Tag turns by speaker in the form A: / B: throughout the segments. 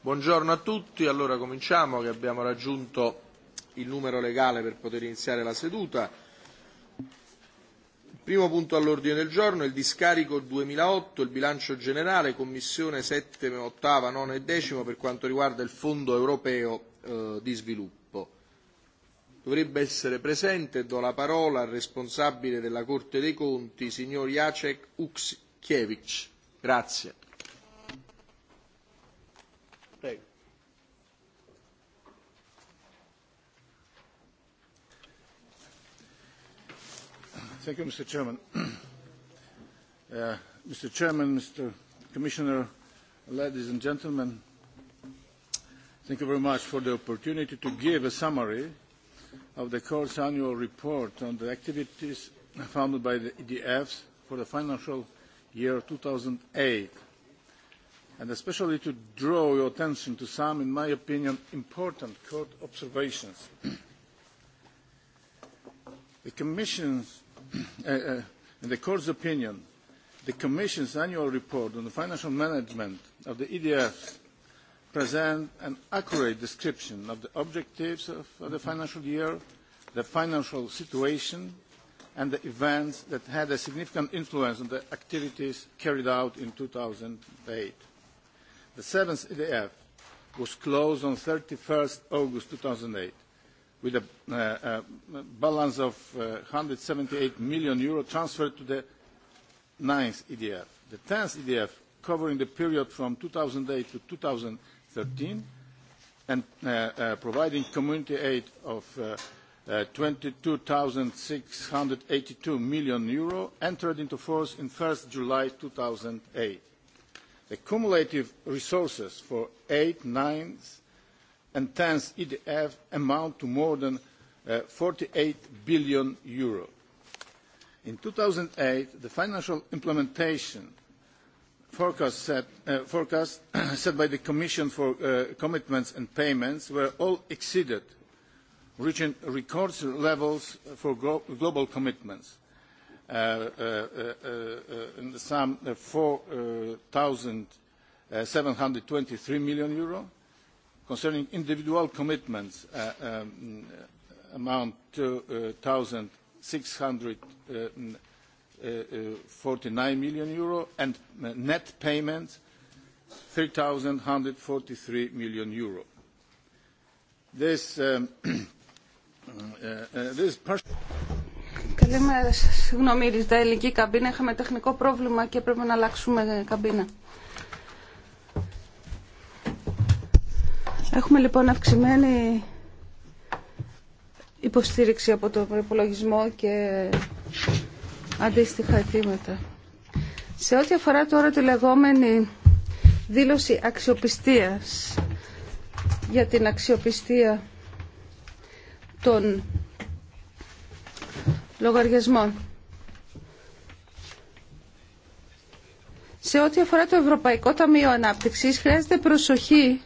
A: Buongiorno a tutti, allora cominciamo che abbiamo raggiunto il numero legale per poter iniziare la seduta. Il primo punto all'ordine del giorno è il discarico 2008, il bilancio generale, commissione 7, 8, 9 e 10 per quanto riguarda il Fondo europeo di sviluppo. Dovrebbe essere presente, do la parola al responsabile della Corte dei Conti, signor Jacek Kievich. Grazie.
B: Thank you, Mr. Chairman. Mr. Chairman, Mr. Commissioner, ladies and gentlemen, thank you very much for the opportunity to give a summary of the Court's annual report on the activities founded by the EDFs for the financial year 2008, and especially to draw your attention to some, in my opinion, important court observations. in the Court's opinion, the Commission's annual report on the financial management of the EDF presents an accurate description of the objectives of the financial year, the financial situation, and the events that had a significant influence on the activities carried out in 2008. The 7th EDF was closed on 31st August 2008 with a balance of 178 million euro transferred to the 9th EDF. The 10th EDF, covering the period from 2008 to 2013 and providing community aid of 22,682 million euro entered into force in 1st July 2008. The cumulative resources for 8 ninth 9 and 10 EDF amount to more than 48 billion euro. In 2008, the financial implementation forecast set by the Commission for commitments and payments were all exceeded reaching record levels for global commitments in some of 4,723 million euro concerning individual commitments amount to 1,649 million euro and net payments 3,143 million euro. This
C: Καλημέρα σας. Συγγνώμη, η ελληνική καμπίνα. Είχαμε τεχνικό πρόβλημα και πρέπει να αλλάξουμε καμπίνα. Έχουμε λοιπόν αυξημένη υποστήριξη από τον προπολογισμό και αντίστοιχα αιτήματα. Σε ό,τι αφορά τώρα τη λεγόμενη δήλωση αξιοπιστίας για την αξιοπιστία των λογαριασμών. Σε ό,τι αφορά το Ευρωπαϊκό Ταμείο Ανάπτυξης χρειάζεται προσοχή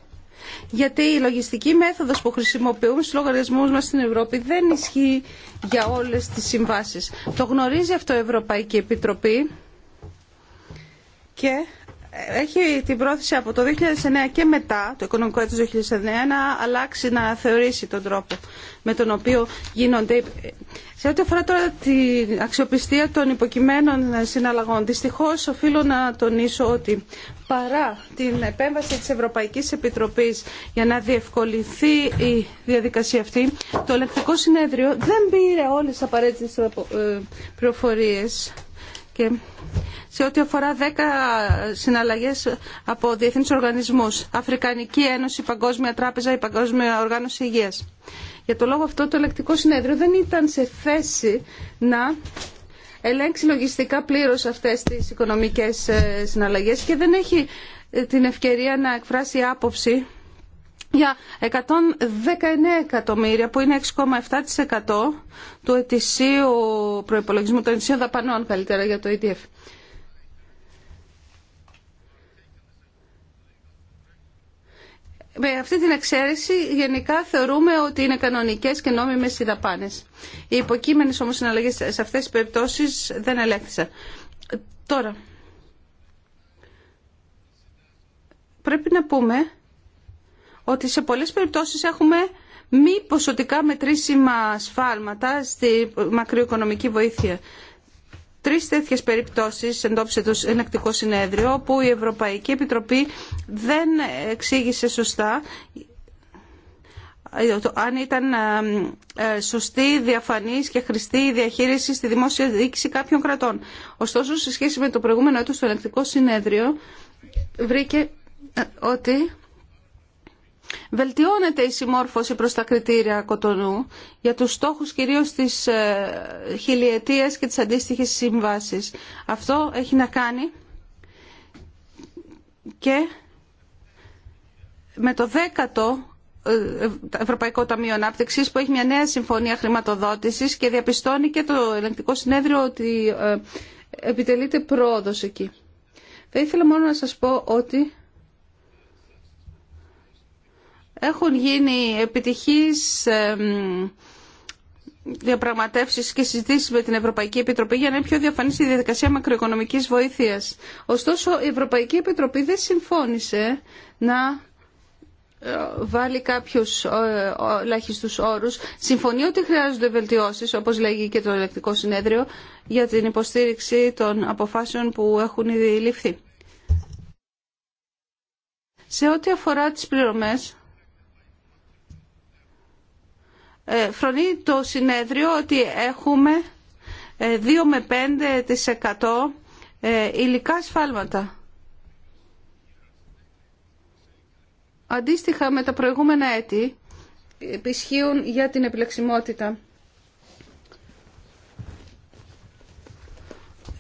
C: γιατί η λογιστική μέθοδος που χρησιμοποιούμε στους λογαριασμούς μας στην Ευρώπη δεν ισχύει για όλες τις συμβάσεις. Το γνωρίζει αυτό η Ευρωπαϊκή Επιτροπή και έχει την πρόθεση από το 2009 και μετά, το οικονομικό έτος 2009, να αλλάξει, να θεωρήσει τον τρόπο με τον οποίο γίνονται. Σε ό,τι αφορά τώρα την αξιοπιστία των υποκειμένων συναλλαγών, δυστυχώς οφείλω να τονίσω ότι παρά την επέμβαση της Ευρωπαϊκής Επιτροπής για να διευκολυνθεί η διαδικασία αυτή, το ελεκτικό συνέδριο δεν πήρε όλες τις απαραίτητες ε, πληροφορίες σε ό,τι αφορά 10 συναλλαγές από διεθνείς οργανισμούς, Αφρικανική Ένωση, Παγκόσμια Τράπεζα, η Παγκόσμια Οργάνωση Υγείας. Για το λόγο αυτό το ελεκτικό συνέδριο δεν ήταν σε θέση να ελέγξει λογιστικά πλήρως αυτές τις οικονομικές ε, συναλλαγές και δεν έχει ε, την ευκαιρία να εκφράσει άποψη για 119 εκατομμύρια που είναι 6,7% του ετησίου προϋπολογισμού των ετησίων δαπανών καλύτερα για το ETF. με αυτή την εξαίρεση γενικά θεωρούμε ότι είναι κανονικές και νόμιμες οι δαπάνες. Οι υποκείμενες όμως συναλλαγές σε αυτές τις περιπτώσεις δεν ελέγχθησαν. Τώρα, πρέπει να πούμε ότι σε πολλές περιπτώσεις έχουμε μη ποσοτικά μετρήσιμα σφάλματα στη μακροοικονομική βοήθεια. Τρεις τέτοιες περιπτώσεις εντόπισε το ενακτικό συνέδριο που η Ευρωπαϊκή Επιτροπή δεν εξήγησε σωστά ε, αν ήταν ε, ε, σωστή, διαφανής και χρηστή η διαχείριση στη δημόσια διοίκηση κάποιων κρατών. Ωστόσο, σε σχέση με το προηγούμενο έτος, το ελεκτικό συνέδριο βρήκε ότι Βελτιώνεται η συμμόρφωση προς τα κριτήρια Κοτονού για τους στόχους κυρίως της ε, χιλιετίας και της αντίστοιχης συμβάσης. Αυτό έχει να κάνει και με το δέκατο ε, Ευρωπαϊκό Ταμείο Ανάπτυξης που έχει μια νέα συμφωνία χρηματοδότησης και διαπιστώνει και το ελεγκτικό συνέδριο ότι ε, επιτελείται πρόοδος εκεί. Θα ήθελα μόνο να σας πω ότι έχουν γίνει επιτυχείς διαπραγματεύσεις και συζητήσεις με την Ευρωπαϊκή Επιτροπή για να είναι πιο διαφανής η διαδικασία μακροοικονομικής βοήθειας. Ωστόσο, η Ευρωπαϊκή Επιτροπή δεν συμφώνησε να ε, βάλει κάποιους ε, ελάχιστου όρους. Συμφωνεί ότι χρειάζονται βελτιώσεις, όπως λέγει και το ελεκτικό συνέδριο, για την υποστήριξη των αποφάσεων που έχουν ήδη ληφθεί. Σε ό,τι αφορά τις πληρωμές, ε, φρονεί το συνέδριο ότι έχουμε 2 ε, με 5% ε, υλικά σφάλματα. Αντίστοιχα με τα προηγούμενα έτη, επισχύουν για την επιλεξιμότητα.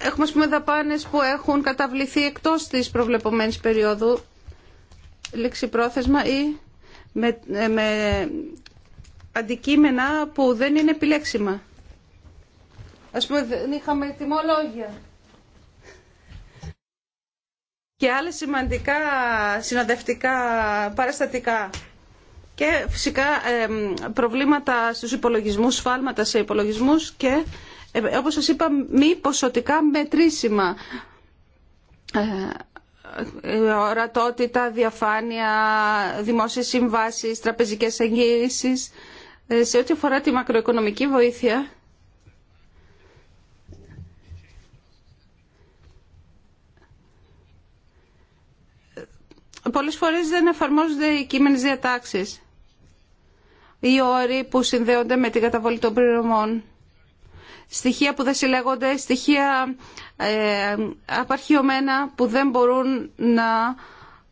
C: Έχουμε, ας πούμε, δαπάνες που έχουν καταβληθεί εκτός της προβλεπόμενης περίοδου, λεξιπρόθεσμα ή με αντικείμενα που δεν είναι επιλέξιμα. Ας πούμε δεν είχαμε τιμολόγια. Και άλλες σημαντικά συναντευτικά παραστατικά. Και φυσικά προβλήματα στους υπολογισμούς, σφάλματα σε υπολογισμούς και ε, όπως σας είπα μη ποσοτικά μετρήσιμα ε, ε, ορατότητα, διαφάνεια, δημόσιες συμβάσεις, τραπεζικές εγγύησεις ε, σε ό,τι αφορά τη μακροοικονομική βοήθεια, ε, πολλές φορές δεν εφαρμόζονται οι κείμενες διατάξεις οι όροι που συνδέονται με την καταβολή των πληρωμών, στοιχεία που δεν συλλέγονται, στοιχεία ε, απαρχιωμένα που δεν μπορούν να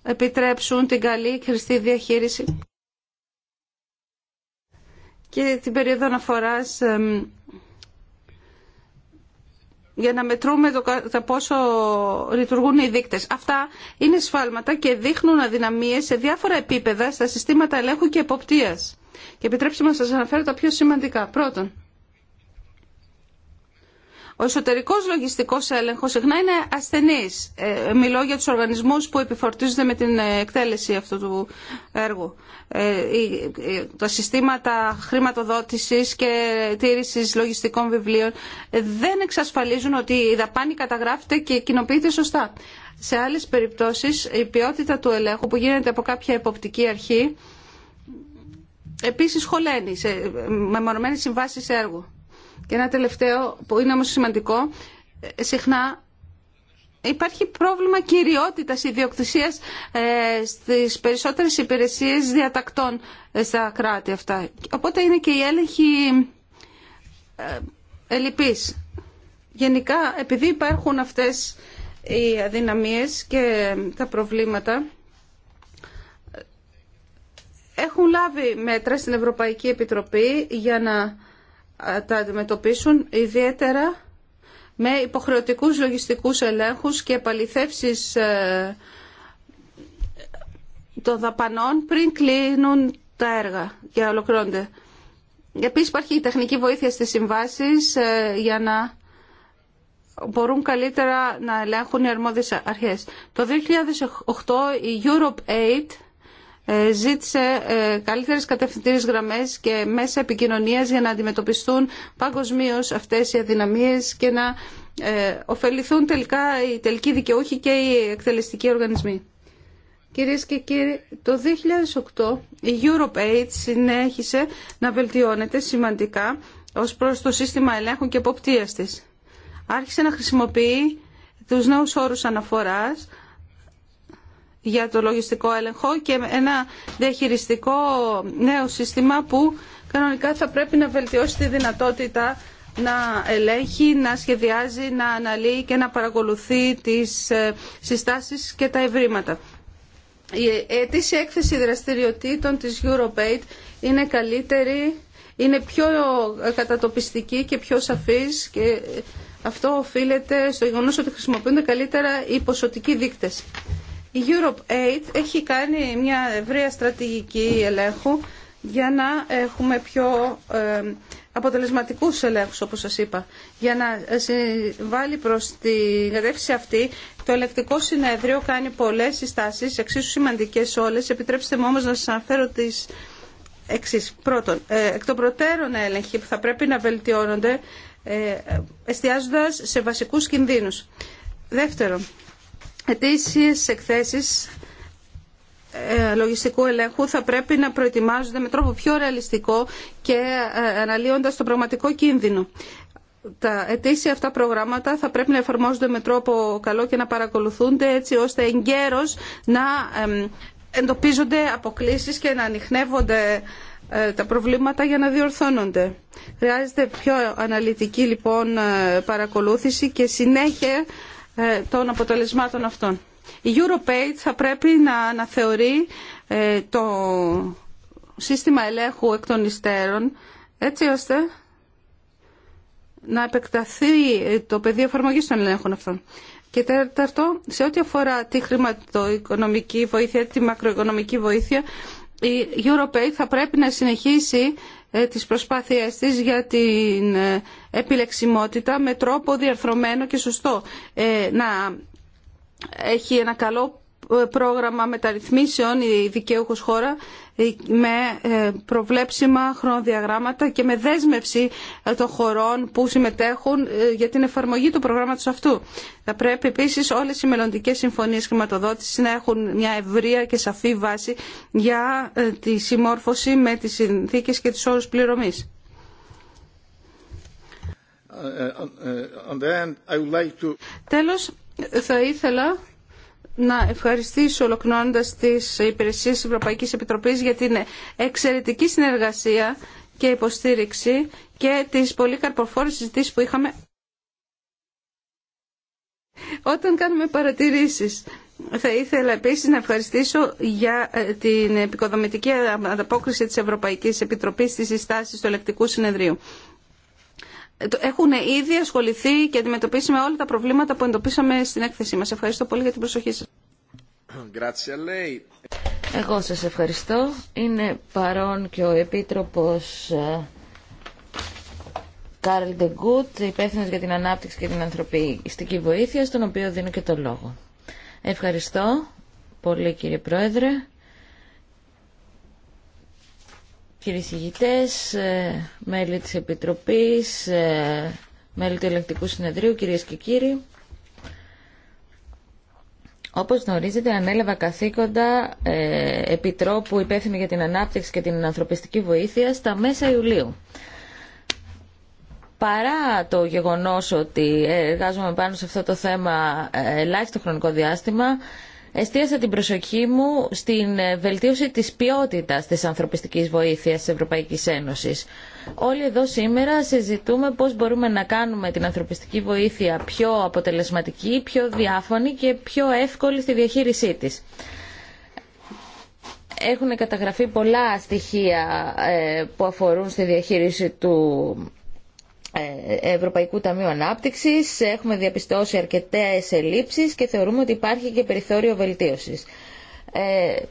C: επιτρέψουν την καλή χρηστή διαχείριση και την περίοδο αναφοράς για να μετρούμε το, πόσο λειτουργούν οι δείκτες. Αυτά είναι σφάλματα και δείχνουν αδυναμίες σε διάφορα επίπεδα στα συστήματα ελέγχου και εποπτείας. Και επιτρέψτε μας να σας αναφέρω τα πιο σημαντικά. Πρώτον, ο εσωτερικό λογιστικό έλεγχο συχνά είναι ασθενή. Ε, μιλώ για τους οργανισμούς που επιφορτίζονται με την ε, εκτέλεση αυτού του έργου. Ε, ε τα συστήματα χρηματοδότησης και τήρηση λογιστικών βιβλίων δεν εξασφαλίζουν ότι η δαπάνη καταγράφεται και κοινοποιείται σωστά. Σε άλλες περιπτώσεις η ποιότητα του ελέγχου που γίνεται από κάποια εποπτική αρχή επίσης χωλαίνει σε μεμονωμένες συμβάσεις έργου. Και ένα τελευταίο που είναι όμως σημαντικό, ε, συχνά υπάρχει πρόβλημα κυριότητας ιδιοκτησίας ε, στις περισσότερες υπηρεσίες διατακτών ε, στα κράτη αυτά. Οπότε είναι και η έλεγχη ε, ελλειπής. Γενικά, επειδή υπάρχουν αυτές οι αδυναμίες και τα προβλήματα, ε, έχουν λάβει μέτρα στην Ευρωπαϊκή Επιτροπή για να τα αντιμετωπίσουν ιδιαίτερα με υποχρεωτικούς λογιστικούς ελέγχους και επαληθεύσεις ε, των δαπανών πριν κλείνουν τα έργα και ολοκληρώνονται. Επίσης υπάρχει η τεχνική βοήθεια στις συμβάσεις ε, για να μπορούν καλύτερα να ελέγχουν οι αρμόδιες αρχές. Το 2008 η Europe Aid ε, ζήτησε ε, καλύτερες κατευθυντήριες γραμμές και μέσα επικοινωνίας για να αντιμετωπιστούν παγκοσμίω αυτές οι αδυναμίες και να ε, ωφεληθούν τελικά οι τελικοί δικαιούχοι και οι εκτελεστικοί οργανισμοί. Κυρίες και κύριοι, το 2008 η EuropeAid συνέχισε να βελτιώνεται σημαντικά ως προς το σύστημα ελέγχου και εποπτείας της. Άρχισε να χρησιμοποιεί τους νέους όρους αναφοράς για το λογιστικό έλεγχο και ένα διαχειριστικό νέο σύστημα που κανονικά θα πρέπει να βελτιώσει τη δυνατότητα να ελέγχει, να σχεδιάζει, να αναλύει και να παρακολουθεί τις ε, συστάσεις και τα ευρήματα. Η αιτήσια έκθεση δραστηριοτήτων της EuroPaid είναι καλύτερη, είναι πιο κατατοπιστική και πιο σαφής και αυτό οφείλεται στο γεγονός ότι χρησιμοποιούνται καλύτερα οι ποσοτικοί δείκτες. Η Europe Aid έχει κάνει μια ευρεία στρατηγική ελέγχου για να έχουμε πιο ε, αποτελεσματικούς ελέγχους, όπως σας είπα. Για να ε, συμβάλλει προς τη κατεύθυνση αυτή, το ελεκτικό συνέδριο κάνει πολλές συστάσεις, εξίσου σημαντικές όλες. Επιτρέψτε μου όμως να σας αναφέρω τις εξής. Πρώτον, ε, εκ των προτέρων έλεγχοι που θα πρέπει να βελτιώνονται, εστιάζοντας σε βασικούς κινδύνους. Δεύτερον, ετήσιες εκθέσεις ε, λογιστικού ελέγχου θα πρέπει να προετοιμάζονται με τρόπο πιο ρεαλιστικό και ε, αναλύοντας το πραγματικό κίνδυνο. Τα ετήσια αυτά προγράμματα θα πρέπει να εφαρμόζονται με τρόπο καλό και να παρακολουθούνται έτσι ώστε εγκαίρως να εντοπίζονται αποκλήσεις και να ανοιχνεύονται ε, τα προβλήματα για να διορθώνονται. Χρειάζεται πιο αναλυτική λοιπόν παρακολούθηση και συνέχεια ε, των αποτελεσμάτων αυτών. Η Europaid θα πρέπει να αναθεωρεί ε, το σύστημα ελέγχου εκ των υστέρων έτσι ώστε να επεκταθεί ε, το πεδίο εφαρμογής των ελέγχων αυτών. Και τέταρτο, σε ό,τι αφορά τη χρηματοοικονομική βοήθεια, τη μακροοικονομική βοήθεια, η Europaid θα πρέπει να συνεχίσει ε, τις προσπάθειές της για την ε, επιλεξιμότητα με τρόπο διαρθρωμένο και σωστό. Ε, να έχει ένα καλό πρόγραμμα μεταρρυθμίσεων η δικαιούχος χώρα με προβλέψιμα χρονοδιαγράμματα και με δέσμευση των χωρών που συμμετέχουν για την εφαρμογή του προγράμματος αυτού. Θα πρέπει επίσης όλες οι μελλοντικές συμφωνίες χρηματοδότησης να έχουν μια ευρεία και σαφή βάση για τη συμμόρφωση με τις συνθήκες και τις όρους πληρωμής. Τέλος, θα ήθελα να ευχαριστήσω ολοκληρώνοντα τι υπηρεσίε τη Ευρωπαϊκή Επιτροπή για την εξαιρετική συνεργασία και υποστήριξη και τι πολύ καρποφόρε συζητήσει που είχαμε όταν κάνουμε παρατηρήσεις. Θα ήθελα επίσης να ευχαριστήσω για ε, την επικοδομητική ανταπόκριση της Ευρωπαϊκής Επιτροπής στις συστάσεις του Ελεκτικού Συνεδρίου. Ε, έχουν ήδη ασχοληθεί και αντιμετωπίσει με όλα τα προβλήματα που εντοπίσαμε στην έκθεσή μας. Ευχαριστώ πολύ για την προσοχή σας. Εγώ σας ευχαριστώ. Είναι παρόν και ο
D: Επίτροπος ε, Κάρλ Ντεγκούτ, υπεύθυνο για την ανάπτυξη και την ανθρωπιστική βοήθεια, στον οποίο δίνω και το λόγο. Ευχαριστώ πολύ κύριε Πρόεδρε. Κύριοι συγητές, ε, μέλη της Επιτροπής, ε, μέλη του Ελεκτικού Συνεδρίου, κυρίες και κύριοι, όπως γνωρίζετε, ανέλαβα καθήκοντα ε, Επιτρόπου υπεύθυνη για την ανάπτυξη και την ανθρωπιστική βοήθεια στα μέσα Ιουλίου. Παρά το γεγονός ότι εργάζομαι πάνω σε αυτό το θέμα ε, ελάχιστο χρονικό διάστημα, εστίασα την προσοχή μου στην ε, βελτίωση της ποιότητας της ανθρωπιστικής βοήθειας της Ευρωπαϊκής Ένωσης. Όλοι εδώ σήμερα συζητούμε πώς μπορούμε να κάνουμε την ανθρωπιστική βοήθεια πιο αποτελεσματική, πιο διάφωνη και πιο εύκολη στη διαχείρισή της. Έχουν καταγραφεί πολλά στοιχεία ε, που αφορούν στη διαχείριση του ε, Ευρωπαϊκού Ταμείου Ανάπτυξης. Έχουμε διαπιστώσει αρκετές ελλείψεις και θεωρούμε ότι υπάρχει και περιθώριο βελτίωσης. Ε,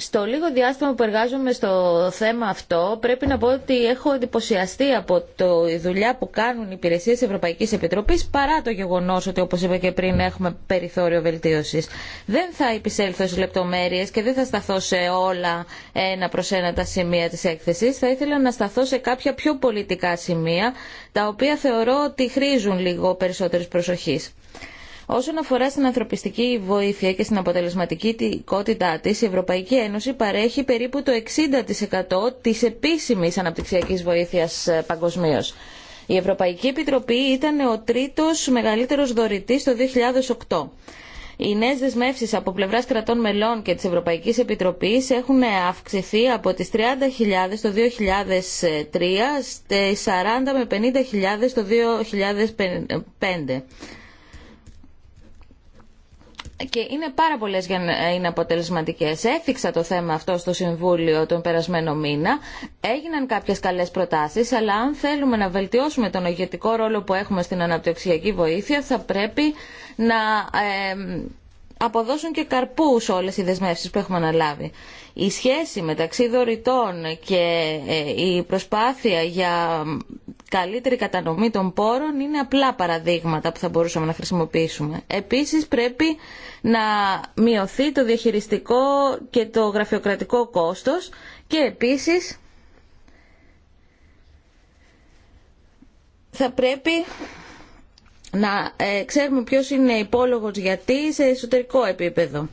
D: στο λίγο διάστημα που εργάζομαι στο θέμα αυτό, πρέπει να πω ότι έχω εντυπωσιαστεί από τη δουλειά που κάνουν οι υπηρεσίε τη Ευρωπαϊκή Επιτροπή, παρά το γεγονό ότι, όπω είπα και πριν, έχουμε περιθώριο βελτίωση. Δεν θα επισέλθω σε λεπτομέρειε και δεν θα σταθώ σε όλα ένα προ ένα τα σημεία τη έκθεση. Θα ήθελα να σταθώ σε κάποια πιο πολιτικά σημεία, τα οποία θεωρώ ότι χρήζουν λίγο περισσότερη προσοχή. Όσον αφορά στην ανθρωπιστική βοήθεια και στην αποτελεσματικότητά τη, η Ευρωπαϊκή Ένωση παρέχει περίπου το 60% τη επίσημη αναπτυξιακή βοήθεια ε, παγκοσμίω. Η Ευρωπαϊκή Επιτροπή ήταν ο τρίτο μεγαλύτερο δωρητή το 2008. Οι νέε δεσμεύσει από πλευρά κρατών μελών και τη Ευρωπαϊκή Επιτροπή έχουν αυξηθεί από τι 30.000 το 2003 στι 40 με 50.000 το 2005 και είναι πάρα πολλές για να είναι αποτελεσματικές. Έφυξα το θέμα αυτό στο Συμβούλιο τον περασμένο μήνα. Έγιναν κάποιες καλές προτάσεις, αλλά αν θέλουμε να βελτιώσουμε τον ογετικό ρόλο που έχουμε στην αναπτυξιακή βοήθεια, θα πρέπει να αποδώσουν και καρπούς όλες οι δεσμεύσεις που έχουμε αναλάβει. Η σχέση μεταξύ δωρητών και ε, η προσπάθεια για καλύτερη κατανομή των πόρων είναι απλά παραδείγματα που θα μπορούσαμε να χρησιμοποιήσουμε. Επίσης πρέπει να μειωθεί το διαχειριστικό και το γραφειοκρατικό κόστος και επίσης θα πρέπει να ε, ξέρουμε ποιος είναι υπόλογος γιατί σε εσωτερικό επίπεδο.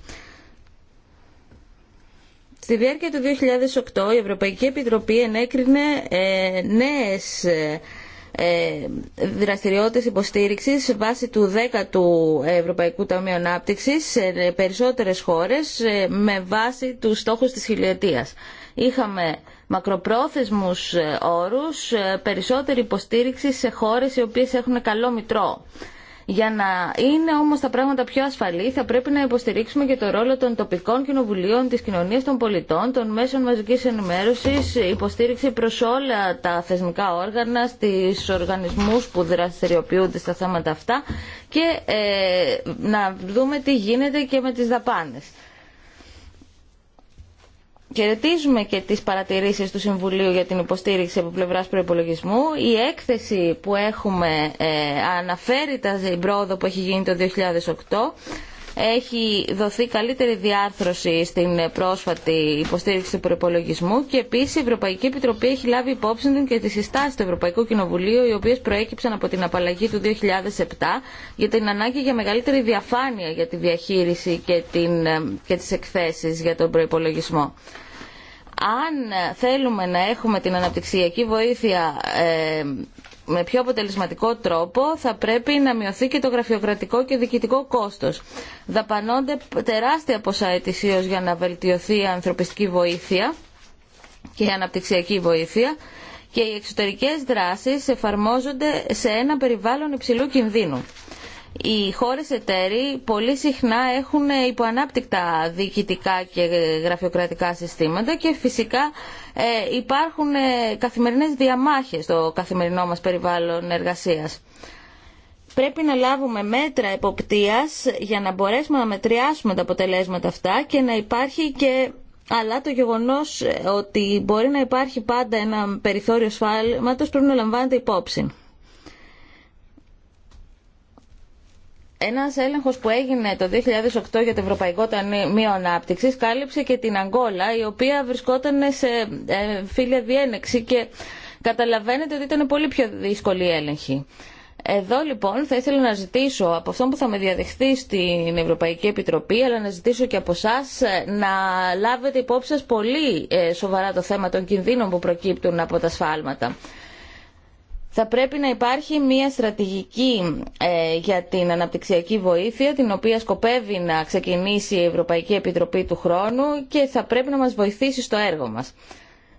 D: Στη διάρκεια του 2008 η Ευρωπαϊκή Επιτροπή ενέκρινε ε, νέες ε, ε, δραστηριότητες υποστήριξης βάσει του 10ου Ευρωπαϊκού Ταμείου Ανάπτυξης σε περισσότερες χώρες ε, με βάση τους στόχους της χιλιετίας. Είχαμε μακροπρόθεσμους ε, όρους, περισσότερη υποστήριξη σε χώρες οι οποίες έχουν καλό μητρό. Για να είναι όμως τα πράγματα πιο ασφαλή θα πρέπει να υποστηρίξουμε και το ρόλο των τοπικών κοινοβουλίων, της κοινωνίας των πολιτών, των μέσων μαζικής ενημέρωσης, υποστήριξη προς όλα τα θεσμικά όργανα, στις οργανισμούς που δραστηριοποιούνται στα θέματα αυτά και ε, να δούμε τι γίνεται και με τις δαπάνες. Χαιρετίζουμε και τις παρατηρήσεις του Συμβουλίου για την υποστήριξη από πλευράς προϋπολογισμού. Η έκθεση που έχουμε ε, αναφέρει τα πρόοδο που έχει γίνει το 2008 έχει δοθεί καλύτερη διάρθρωση στην πρόσφατη υποστήριξη του προπολογισμού και επίση η Ευρωπαϊκή Επιτροπή έχει λάβει υπόψη την και τι συστάσει του Ευρωπαϊκού Κοινοβουλίου, οι οποίε προέκυψαν από την απαλλαγή του 2007 για την ανάγκη για μεγαλύτερη διαφάνεια για τη διαχείριση και, ε, και τι εκθέσει για τον προπολογισμό. Αν θέλουμε να έχουμε την αναπτυξιακή βοήθεια ε, με πιο αποτελεσματικό τρόπο θα πρέπει να μειωθεί και το γραφειοκρατικό και διοικητικό κόστος. Δαπανώνται τεράστια ποσά ετησίως για να βελτιωθεί η ανθρωπιστική βοήθεια και η αναπτυξιακή βοήθεια και οι εξωτερικές δράσεις εφαρμόζονται σε ένα περιβάλλον υψηλού κινδύνου οι χώρες εταίροι πολύ συχνά έχουν υποανάπτυκτα διοικητικά και γραφειοκρατικά συστήματα και φυσικά ε, υπάρχουν ε, καθημερινές διαμάχες στο καθημερινό μας περιβάλλον εργασίας. Πρέπει να λάβουμε μέτρα εποπτείας για να μπορέσουμε να μετριάσουμε τα αποτελέσματα αυτά και να υπάρχει και αλλά το γεγονός ε, ότι μπορεί να υπάρχει πάντα ένα περιθώριο σφάλματος πρέπει να λαμβάνεται υπόψη. ένας έλεγχος που έγινε το 2008 για το Ευρωπαϊκό Ταμείο Ανάπτυξη κάλυψε και την Αγκόλα η οποία βρισκόταν σε ε, φίλια διένεξη και καταλαβαίνετε ότι ήταν πολύ πιο δύσκολη η έλεγχη. Εδώ λοιπόν θα ήθελα να ζητήσω από αυτόν που θα με διαδεχθεί στην Ευρωπαϊκή Επιτροπή αλλά να ζητήσω και από εσά ε, να λάβετε υπόψη σας πολύ ε, σοβαρά το θέμα των κινδύνων που προκύπτουν από τα σφάλματα θα πρέπει να υπάρχει μια στρατηγική ε, για την αναπτυξιακή βοήθεια, την οποία σκοπεύει να ξεκινήσει η Ευρωπαϊκή Επιτροπή του χρόνου και θα πρέπει να μας βοηθήσει στο έργο μας.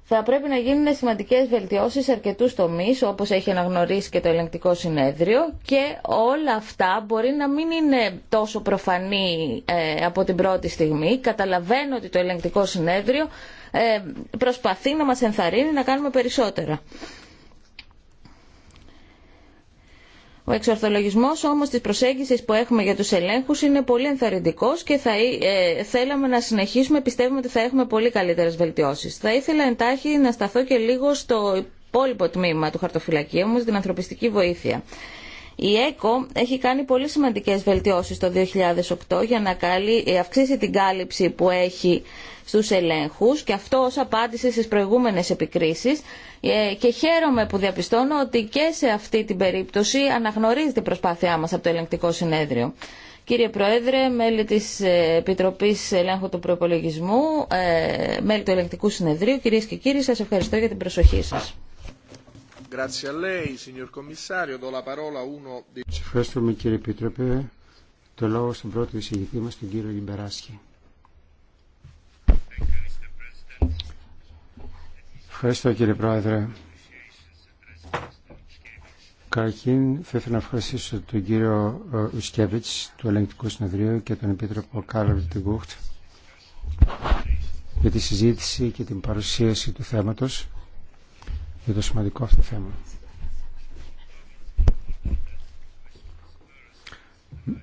D: Θα πρέπει να γίνουν σημαντικές βελτιώσεις σε αρκετούς τομείς, όπως έχει αναγνωρίσει και το ελεγκτικό συνέδριο και όλα αυτά μπορεί να μην είναι τόσο προφανή ε, από την πρώτη στιγμή. Καταλαβαίνω ότι το ελεγκτικό συνέδριο ε, προσπαθεί να μας ενθαρρύνει να κάνουμε περισσότερα. Ο εξορθολογισμό όμως τη προσέγγιση που έχουμε για τους ελέγχου είναι πολύ ενθαρρυντικός και θα, ε, θέλαμε να συνεχίσουμε, πιστεύουμε ότι θα έχουμε πολύ καλύτερες βελτιώσεις. Θα ήθελα εντάχει να σταθώ και λίγο στο υπόλοιπο τμήμα του χαρτοφυλακίου μας, την ανθρωπιστική βοήθεια. Η ΕΚΟ έχει κάνει πολύ σημαντικές βελτιώσεις το 2008 για να αυξήσει την κάλυψη που έχει στους ελέγχους και αυτό ως απάντηση στις προηγούμενες επικρίσεις ε, και χαίρομαι που διαπιστώνω ότι και σε αυτή την περίπτωση αναγνωρίζεται η προσπάθειά μας από το ελεγκτικό συνέδριο. Κύριε Πρόεδρε, μέλη της ε, Επιτροπής Ελέγχου του Προπολογισμού, ε, μέλη του Ελεγκτικού Συνεδρίου, κυρίες και κύριοι, σας ευχαριστώ για την προσοχή σας.
A: Σε
E: ευχαριστούμε κύριε Επίτροπε. Το λόγο στον πρώτο εισηγητή μας, τον κύριο Λιμπεράσχη. Ευχαριστώ κύριε Πρόεδρε. Καταρχήν θα ήθελα να ευχαριστήσω τον κύριο ε, Ουσκεβιτς του Ελεγκτικού Συνεδρίου και τον Επίτροπο Κάρολ Τιγκούχτ για τη συζήτηση και την παρουσίαση του θέματος για το σημαντικό αυτό θέμα.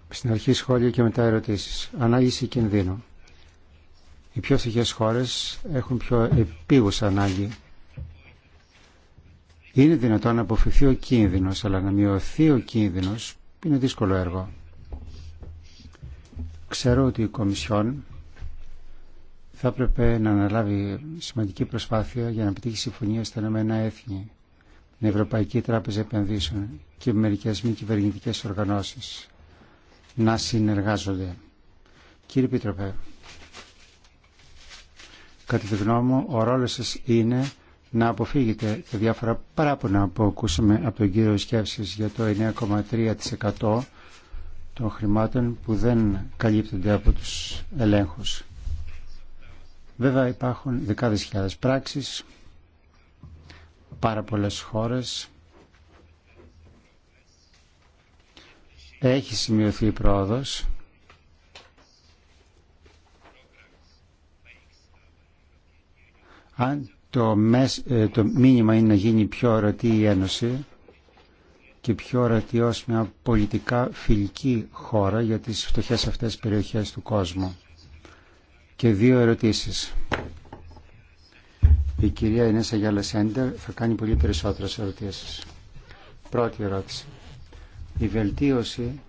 E: Στην αρχή σχόλια και μετά ερωτήσεις. Ανάλυση κινδύνου. Οι πιο φτυχές χώρες έχουν πιο επίγουσα ανάγκη. Είναι δυνατόν να αποφευθεί ο κίνδυνος, αλλά να μειωθεί ο κίνδυνος είναι δύσκολο έργο. Ξέρω ότι η Κομισιόν θα έπρεπε να αναλάβει σημαντική προσπάθεια για να πετύχει συμφωνία στα Ηνωμένα Έθνη, την Ευρωπαϊκή Τράπεζα Επενδύσεων και μερικέ μη κυβερνητικέ οργανώσει να συνεργάζονται. Κύριε Πίτροπε, κατά τη γνώμη μου, ο ρόλο σα είναι να αποφύγετε τα διάφορα παράπονα που ακούσαμε από τον κύριο σκέψη για το 9,3% των χρημάτων που δεν καλύπτονται από τους ελέγχους. Βέβαια υπάρχουν δεκάδες χιλιάδες πράξεις, πάρα πολλές χώρες. Έχει σημειωθεί η πρόοδος. Αν το, μεσ, ε, το μήνυμα είναι να γίνει πιο ορατή η Ένωση και πιο ορατή ως μια πολιτικά φιλική χώρα για τις φτωχές αυτές περιοχές του κόσμου και δύο ερωτήσεις. Η κυρία Ενέσα Γιάλα Σέντερ θα κάνει πολύ περισσότερες ερωτήσεις. Πρώτη ερώτηση. Η βελτίωση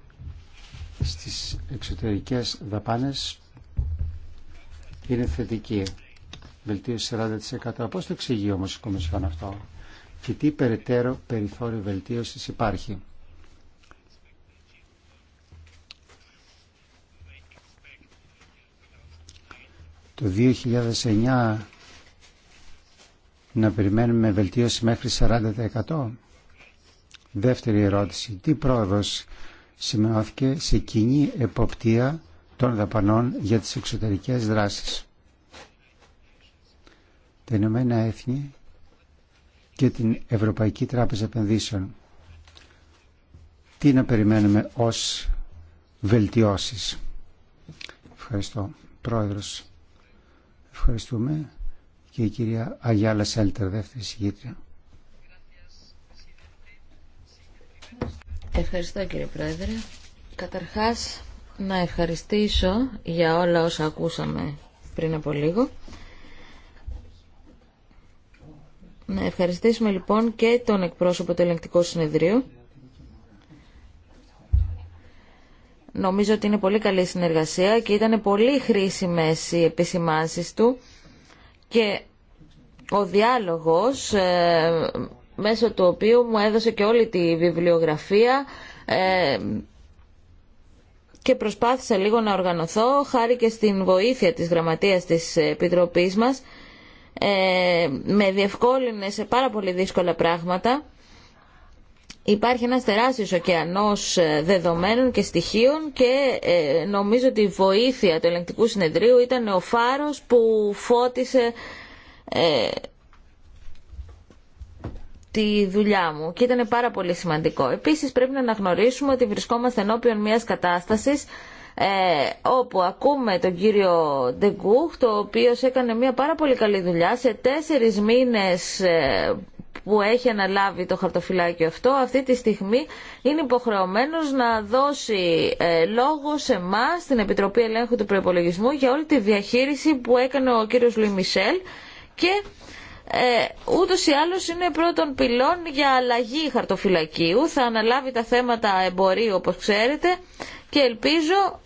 E: στις εξωτερικές δαπάνες είναι θετική. Βελτίωση 40%. Πώς το εξηγεί όμως η Κομισιόν αυτό και τι περαιτέρω περιθώριο βελτίωσης υπάρχει. το 2009 να περιμένουμε βελτίωση μέχρι 40%. Δεύτερη ερώτηση. Τι πρόοδος σημειώθηκε σε κοινή εποπτεία των δαπανών για τις εξωτερικές δράσεις. Τα Ηνωμένα Έθνη και την Ευρωπαϊκή Τράπεζα Επενδύσεων. Τι να περιμένουμε ως βελτιώσεις. Ευχαριστώ. Πρόεδρος. Ευχαριστούμε. Και η κυρία Αγιάλα Σέλτερ, δεύτερη συγκήτρια.
D: Ευχαριστώ κύριε Πρόεδρε. Καταρχάς να ευχαριστήσω για όλα όσα ακούσαμε πριν από λίγο. Να ευχαριστήσουμε λοιπόν και τον εκπρόσωπο του ελεγκτικού συνεδρίου Νομίζω ότι είναι πολύ καλή συνεργασία και ήταν πολύ χρήσιμες οι επισημάνσεις του και ο διάλογος ε, μέσω του οποίου μου έδωσε και όλη τη βιβλιογραφία ε, και προσπάθησα λίγο να οργανωθώ χάρη και στην βοήθεια της γραμματείας της Επιτροπής μας ε, με διευκόλυνε σε πάρα πολύ δύσκολα πράγματα Υπάρχει ένας τεράστιος ωκεανός ε, δεδομένων και στοιχείων και ε, νομίζω ότι η βοήθεια του ελεγκτικού συνεδρίου ήταν ο φάρος που φώτισε ε, τη δουλειά μου και ήταν πάρα πολύ σημαντικό. Επίσης πρέπει να αναγνωρίσουμε ότι βρισκόμαστε ενώπιον μιας κατάστασης ε, όπου ακούμε τον κύριο Ντεγκούχ, το οποίο έκανε μια πάρα πολύ καλή δουλειά σε τέσσερις μήνες ε, που έχει αναλάβει το χαρτοφυλάκιο αυτό αυτή τη στιγμή είναι υποχρεωμένος να δώσει ε, λόγο σε εμά στην Επιτροπή Ελέγχου του Προπολογισμού για όλη τη διαχείριση που έκανε ο κύριος Λουί και ε, ούτως ή άλλως είναι πρώτον πυλών για αλλαγή χαρτοφυλακίου θα αναλάβει τα θέματα εμπορίου όπως ξέρετε και ελπίζω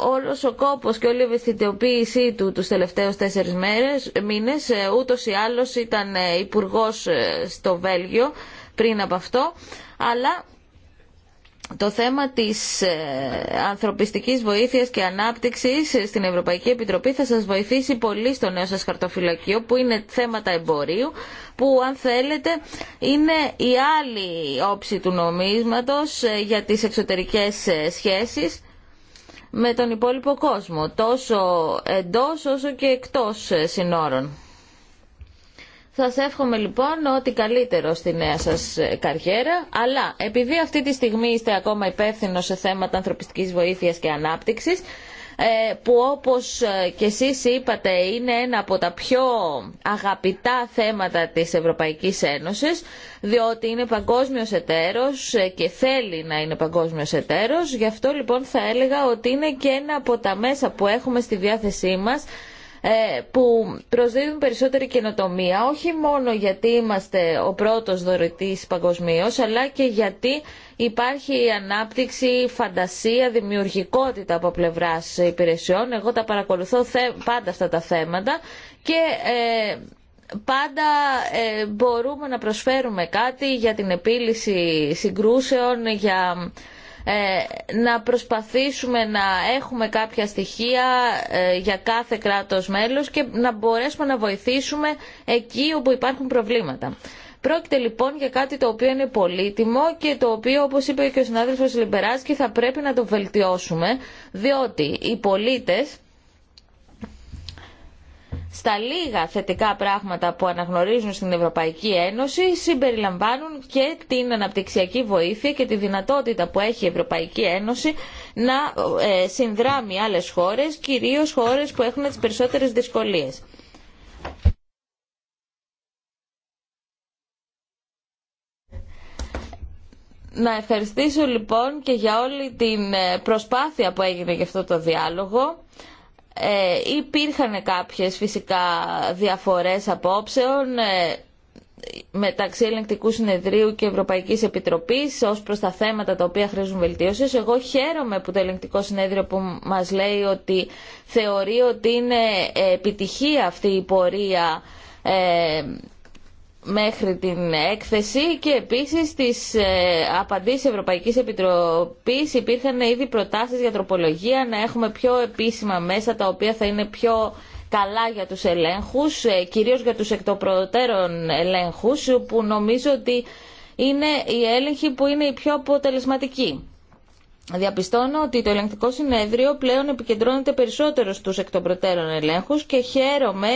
D: Όλο ο κόπο και όλη η ευαισθητοποίησή του τους τελευταίους τέσσερι μήνε, μήνες, ε, ούτως ή άλλως ήταν ε, υπουργό ε, στο Βέλγιο πριν από αυτό, αλλά το θέμα της ανθρωπιστικής βοήθειας και ανάπτυξης στην Ευρωπαϊκή Επιτροπή θα σας βοηθήσει πολύ στο νέο σας χαρτοφυλακείο που είναι θέματα εμπορίου που αν θέλετε είναι η άλλη όψη του νομίσματος για τις εξωτερικές σχέσεις με τον υπόλοιπο κόσμο, τόσο εντός όσο και εκτός ε, συνόρων. Σας εύχομαι λοιπόν ότι καλύτερο στη νέα σας ε, καριέρα, αλλά επειδή αυτή τη στιγμή είστε ακόμα υπεύθυνο σε θέματα ανθρωπιστικής βοήθειας και ανάπτυξης, ε, που όπως ε, και εσείς είπατε είναι ένα από τα πιο αγαπητά θέματα της Ευρωπαϊκής Ένωσης διότι είναι παγκόσμιος εταίρος ε, και θέλει να είναι παγκόσμιος εταίρος γι' αυτό λοιπόν θα έλεγα ότι είναι και ένα από τα μέσα που έχουμε στη διάθεσή μας που προσδίδουν περισσότερη καινοτομία όχι μόνο γιατί είμαστε ο πρώτος δωρητής παγκοσμίως αλλά και γιατί Υπάρχει ανάπτυξη, φαντασία, δημιουργικότητα από πλευρά υπηρεσιών. Εγώ τα παρακολουθώ πάντα αυτά τα θέματα και ε, πάντα ε, μπορούμε να προσφέρουμε κάτι για την επίλυση συγκρούσεων, για ε, να προσπαθήσουμε να έχουμε κάποια στοιχεία ε, για κάθε κράτος μέλος και να μπορέσουμε να βοηθήσουμε εκεί όπου υπάρχουν προβλήματα. Πρόκειται λοιπόν για κάτι το οποίο είναι πολύτιμο και το οποίο όπως είπε και ο συνάδελφος Λιμπεράσκη θα πρέπει να το βελτιώσουμε διότι οι πολίτες στα λίγα θετικά πράγματα που αναγνωρίζουν στην Ευρωπαϊκή Ένωση συμπεριλαμβάνουν και την αναπτυξιακή βοήθεια και τη δυνατότητα που έχει η Ευρωπαϊκή Ένωση να ε, συνδράμει άλλες χώρες, κυρίως χώρες που έχουν τις περισσότερες δυσκολίες. Να ευχαριστήσω λοιπόν και για όλη την ε, προσπάθεια που έγινε για αυτό το διάλογο. Ε, υπήρχαν κάποιες φυσικά διαφορές απόψεων ε, μεταξύ Ελεγκτικού Συνεδρίου και Ευρωπαϊκής Επιτροπής ως προς τα θέματα τα οποία χρήζουν βελτίωση. Εγώ χαίρομαι που το Ελεγκτικό Συνέδριο που μας λέει ότι θεωρεί ότι είναι επιτυχία αυτή η πορεία ε, μέχρι την έκθεση και επίσης στις ε, απαντήσεις Ευρωπαϊκής Επιτροπής υπήρχαν ήδη προτάσεις για τροπολογία να έχουμε πιο επίσημα μέσα τα οποία θα είναι πιο καλά για τους ελέγχους, ε, κυρίως για τους εκτοπροτέρων ελέγχους που νομίζω ότι είναι η έλεγχοι που είναι οι πιο αποτελεσματικοί. Διαπιστώνω ότι το ελεγκτικό συνέδριο πλέον επικεντρώνεται περισσότερο στους εκ των προτέρων ελέγχους και χαίρομαι,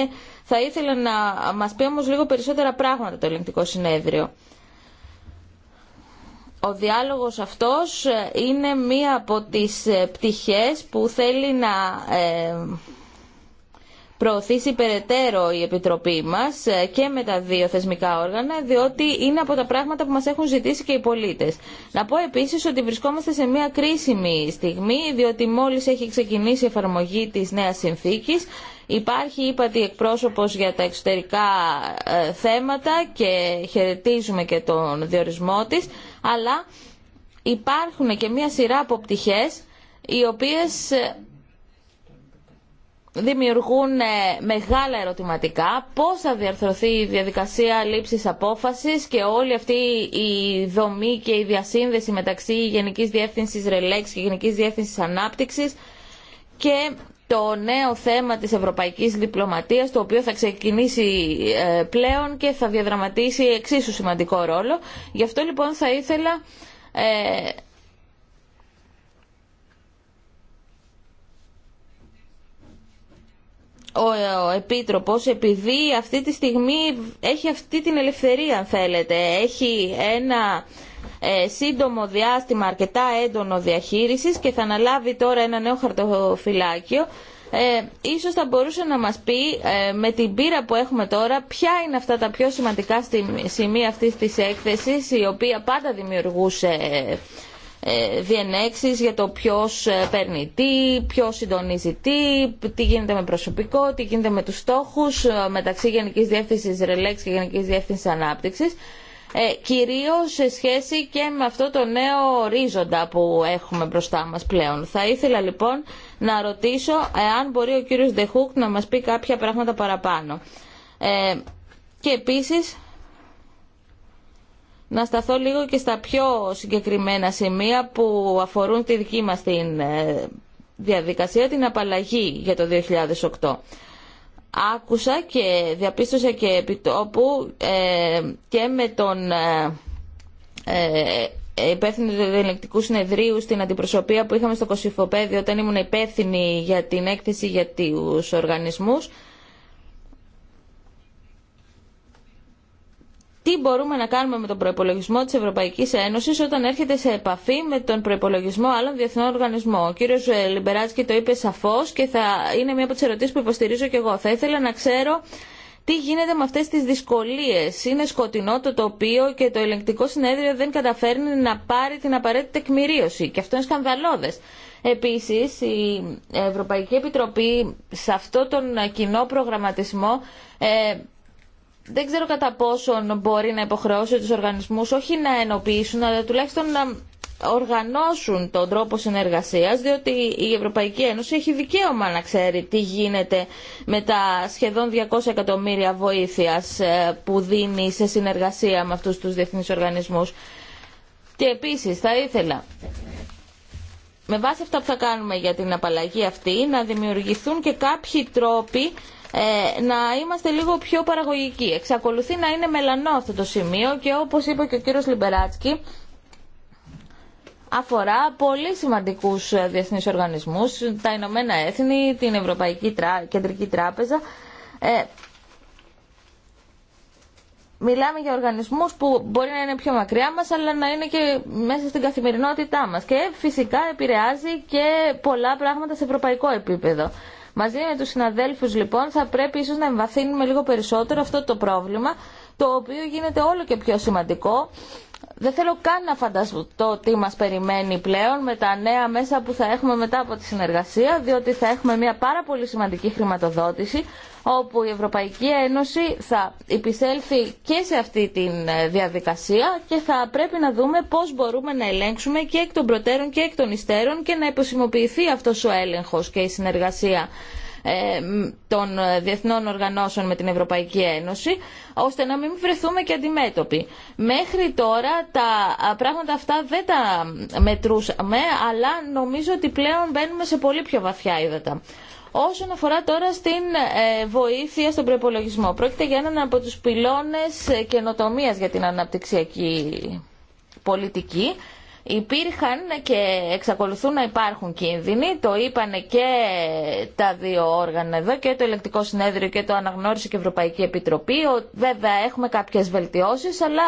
D: θα ήθελα να μας πει όμως λίγο περισσότερα πράγματα το ελεγκτικό συνέδριο. Ο διάλογος αυτός είναι μία από τις πτυχές που θέλει να ε, προωθήσει περαιτέρω η Επιτροπή μας ε, και με τα δύο θεσμικά όργανα, διότι είναι από τα πράγματα που μας έχουν ζητήσει και οι πολίτες. Να πω επίσης ότι βρισκόμαστε σε μια κρίσιμη στιγμή, διότι μόλις έχει ξεκινήσει η εφαρμογή της νέας συνθήκης, Υπάρχει τη εκπρόσωπος για τα εξωτερικά ε, θέματα και χαιρετίζουμε και τον διορισμό της, αλλά υπάρχουν και μια σειρά από πτυχές οι οποίες ε, δημιουργούν ε, μεγάλα ερωτηματικά πώς θα διαρθρωθεί η διαδικασία λήψης απόφασης και όλη αυτή η δομή και η διασύνδεση μεταξύ Γενικής Διεύθυνσης Ρελέξ και Γενικής Διεύθυνσης Ανάπτυξης και το νέο θέμα της ευρωπαϊκής διπλωματίας το οποίο θα ξεκινήσει ε, πλέον και θα διαδραματίσει εξίσου σημαντικό ρόλο. Γι' αυτό λοιπόν θα ήθελα ε, ο Επίτροπος επειδή αυτή τη στιγμή έχει αυτή την ελευθερία αν θέλετε, έχει ένα ε, σύντομο διάστημα αρκετά έντονο διαχείρισης και θα αναλάβει τώρα ένα νέο χαρτοφυλάκιο ε, ίσως θα μπορούσε να μας πει ε, με την πείρα που έχουμε τώρα ποια είναι αυτά τα πιο σημαντικά σημεία αυτής της έκθεσης η οποία πάντα δημιουργούσε ε, διενέξεις για το ποιος ε, παίρνει τι, ποιος συντονίζει τι, τι γίνεται με προσωπικό, τι γίνεται με τους στόχους ε, μεταξύ Γενικής Διεύθυνσης Ρελέξ και Γενικής Διεύθυνσης Ανάπτυξης. Ε, κυρίως σε σχέση και με αυτό το νέο ορίζοντα που έχουμε μπροστά μας πλέον. Θα ήθελα λοιπόν να ρωτήσω αν μπορεί ο κύριος Δεχούκ να μας πει κάποια πράγματα παραπάνω. και επίσης να σταθώ λίγο και στα πιο συγκεκριμένα σημεία που αφορούν τη δική μας την ε, διαδικασία, την απαλλαγή για το 2008. Άκουσα και διαπίστωσα και επιτόπου ε, και με τον ε, ε υπεύθυνο του Ελεκτικού συνεδρίου στην αντιπροσωπεία που είχαμε στο Κωσυφοπέδιο όταν ήμουν υπεύθυνη για την έκθεση για τους οργανισμούς τι μπορούμε να κάνουμε με τον προπολογισμό τη Ευρωπαϊκή Ένωση όταν έρχεται σε επαφή με τον προπολογισμό άλλων διεθνών οργανισμών. Ο κύριο ε, Λιμπεράτσκι το είπε σαφώ και θα είναι μία από τι ερωτήσει που υποστηρίζω και εγώ. Θα ήθελα να ξέρω τι γίνεται με αυτέ τι δυσκολίε. Είναι σκοτεινό το τοπίο και το ελεγκτικό συνέδριο δεν καταφέρνει να πάρει την απαραίτητη τεκμηρίωση. Και αυτό είναι σκανδαλώδε. Επίση, η Ευρωπαϊκή Επιτροπή σε αυτό τον κοινό προγραμματισμό ε, δεν ξέρω κατά πόσον μπορεί να υποχρεώσει τους οργανισμούς όχι να ενοποιήσουν, αλλά τουλάχιστον να οργανώσουν τον τρόπο συνεργασίας, διότι η Ευρωπαϊκή Ένωση έχει δικαίωμα να ξέρει τι γίνεται με τα σχεδόν 200 εκατομμύρια βοήθειας ε, που δίνει σε συνεργασία με αυτούς τους διεθνείς οργανισμούς. Και επίσης θα ήθελα με βάση αυτά που θα κάνουμε για την απαλλαγή αυτή να δημιουργηθούν και κάποιοι τρόποι ε, να είμαστε λίγο πιο παραγωγικοί. Εξακολουθεί να είναι μελανό αυτό το σημείο και όπως είπε και ο κύριος Λιμπεράτσκι, αφορά πολύ σημαντικούς ε, διεθνείς οργανισμούς, τα Ηνωμένα Έθνη, την Ευρωπαϊκή Κεντρική Τράπεζα. Ε, μιλάμε για οργανισμούς που μπορεί να είναι πιο μακριά μας, αλλά να είναι και μέσα στην καθημερινότητά μας. Και φυσικά επηρεάζει και πολλά πράγματα σε ευρωπαϊκό επίπεδο. Μαζί με τους συναδέλφους λοιπόν θα πρέπει ίσως να εμβαθύνουμε λίγο περισσότερο αυτό το πρόβλημα το οποίο γίνεται όλο και πιο σημαντικό. Δεν θέλω καν να φανταστώ τι μας περιμένει πλέον με τα νέα μέσα που θα έχουμε μετά από τη συνεργασία, διότι θα έχουμε μια πάρα πολύ σημαντική χρηματοδότηση, όπου η Ευρωπαϊκή Ένωση θα υπησέλθει και σε αυτή τη ε, διαδικασία και θα πρέπει να δούμε πώς μπορούμε να ελέγξουμε και εκ των προτέρων και εκ των υστέρων και να υποσημοποιηθεί αυτός ο έλεγχος και η συνεργασία ε, των διεθνών οργανώσεων με την Ευρωπαϊκή Ένωση, ώστε να μην βρεθούμε και αντιμέτωποι. Μέχρι τώρα τα πράγματα αυτά δεν τα μετρούσαμε, αλλά νομίζω ότι πλέον μπαίνουμε σε πολύ πιο βαθιά ύδατα. Όσον αφορά τώρα στην ε, βοήθεια στον προπολογισμό, πρόκειται για έναν από τους πυλώνες καινοτομίας για την αναπτυξιακή πολιτική Υπήρχαν και εξακολουθούν να υπάρχουν κίνδυνοι, το είπαν και τα δύο όργανα εδώ, και το Ελεκτικό Συνέδριο και το αναγνώρισε και η Ευρωπαϊκή Επιτροπή. Βέβαια έχουμε κάποιες βελτιώσεις, αλλά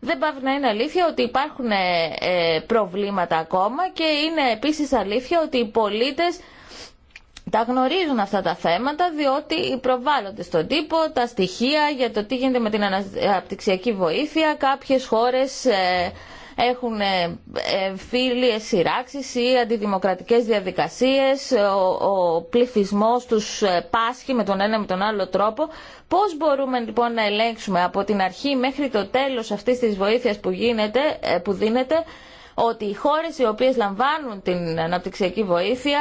D: δεν πάει να είναι αλήθεια ότι υπάρχουν ε, ε, προβλήματα ακόμα και είναι επίσης αλήθεια ότι οι πολίτες τα γνωρίζουν αυτά τα θέματα διότι προβάλλονται στον τύπο τα στοιχεία για το τι γίνεται με την αναπτυξιακή βοήθεια. Κάποιες χώρες ε, έχουν ε, ε, φίλοι σειράξει ή αντιδημοκρατικές διαδικασίες, ο, ο του τους ε, πάσχει με τον ένα με τον άλλο τρόπο. Πώς μπορούμε λοιπόν να ελέγξουμε από την αρχή μέχρι το τέλος αυτή τη βοήθεια που, που δίνεται ότι οι χώρες οι οποίες λαμβάνουν την αναπτυξιακή βοήθεια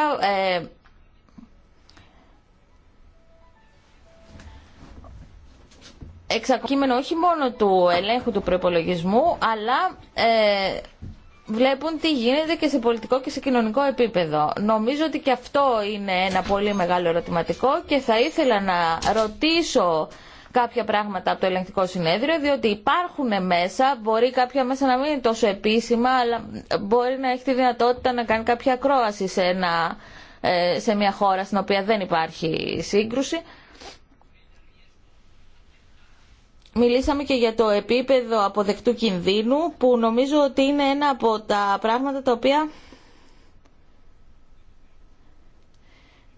D: Εξακείμενο όχι μόνο του ελέγχου του προπολογισμού, αλλά ε, βλέπουν τι γίνεται και σε πολιτικό και σε κοινωνικό επίπεδο. Νομίζω ότι και αυτό είναι ένα πολύ μεγάλο ερωτηματικό και θα ήθελα να ρωτήσω κάποια πράγματα από το ελεγκτικό συνέδριο, διότι υπάρχουν μέσα, μπορεί κάποια μέσα να μην είναι τόσο επίσημα, αλλά μπορεί να έχει τη δυνατότητα να κάνει κάποια ακρόαση σε, ένα, ε, σε μια χώρα στην οποία δεν υπάρχει σύγκρουση. Μιλήσαμε και για το επίπεδο αποδεκτού κινδύνου που νομίζω ότι είναι ένα από τα πράγματα τα οποία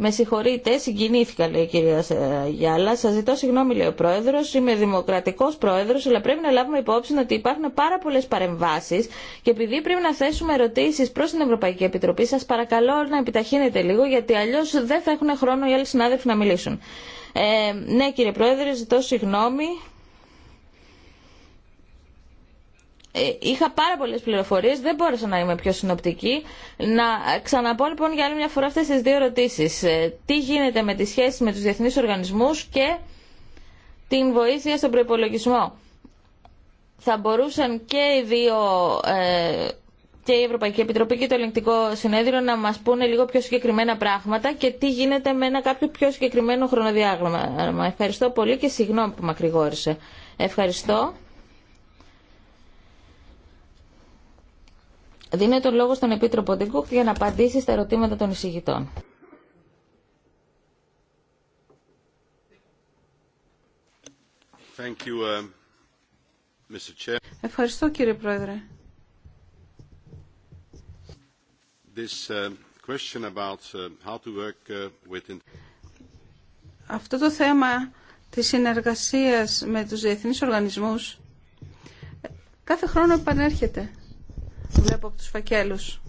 D: Με συγχωρείτε, συγκινήθηκα, λέει η κυρία Γιάλα. Σα ζητώ συγγνώμη, λέει ο πρόεδρο. Είμαι δημοκρατικό πρόεδρο, αλλά πρέπει να λάβουμε υπόψη ότι υπάρχουν πάρα πολλέ παρεμβάσει και επειδή πρέπει να θέσουμε ερωτήσει προ την Ευρωπαϊκή Επιτροπή, σα παρακαλώ να επιταχύνετε λίγο, γιατί αλλιώ δεν θα έχουν χρόνο οι άλλοι συνάδελφοι να μιλήσουν. Ε, ναι, κύριε πρόεδρε, ζητώ συγγνώμη. Ε, είχα πάρα πολλέ πληροφορίε, δεν μπόρεσα να είμαι πιο συνοπτική. Να ξαναπώ λοιπόν για άλλη μια φορά αυτέ τι δύο ερωτήσει. Ε, τι γίνεται με τι σχέσει με του διεθνεί οργανισμού και την βοήθεια στον προπολογισμό. Θα μπορούσαν και οι δύο, ε, και η Ευρωπαϊκή Επιτροπή και το Ελεγκτικό Συνέδριο, να μα πούνε λίγο πιο συγκεκριμένα πράγματα και τι γίνεται με ένα κάποιο πιο συγκεκριμένο χρονοδιάγραμμα. Ευχαριστώ πολύ και συγγνώμη που μακρηγόρησε. Ευχαριστώ. Δίνω τον λόγο στον Επίτροπο Ντεγκούκ για να απαντήσει στα ερωτήματα των εισηγητών.
B: Thank you, uh, Mr. Chair.
C: Ευχαριστώ κύριε Πρόεδρε.
B: This, uh, about, uh, how to work,
C: Αυτό το θέμα της συνεργασίας με τους διεθνείς οργανισμούς ε, κάθε χρόνο επανέρχεται βλέπω από τους φακέλους.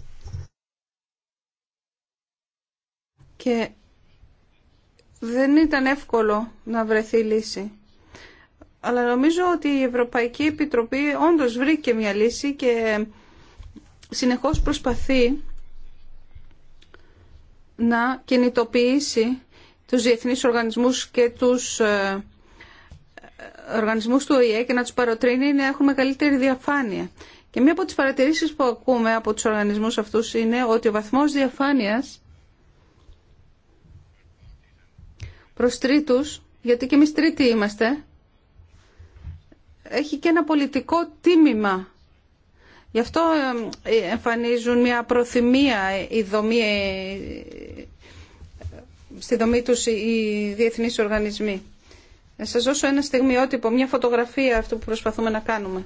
C: Και δεν ήταν εύκολο να βρεθεί λύση. Αλλά νομίζω ότι η Ευρωπαϊκή Επιτροπή όντως βρήκε μια λύση και συνεχώς προσπαθεί να κινητοποιήσει τους διεθνείς οργανισμούς και τους ε, οργανισμούς του ΟΗΕ και να τους παροτρύνει να έχουν μεγαλύτερη διαφάνεια. Και μία από τις παρατηρήσεις που ακούμε από τους οργανισμούς αυτούς είναι ότι ο βαθμός διαφάνειας προς τρίτους, γιατί και εμείς τρίτοι είμαστε, έχει και ένα πολιτικό τίμημα. Γι' αυτό ε, εμφανίζουν μια προθυμία η δομή, ε, στη δομή τους οι διεθνείς οργανισμοί. Να σας δώσω ένα στιγμιότυπο, μια φωτογραφία αυτού που προσπαθούμε να κάνουμε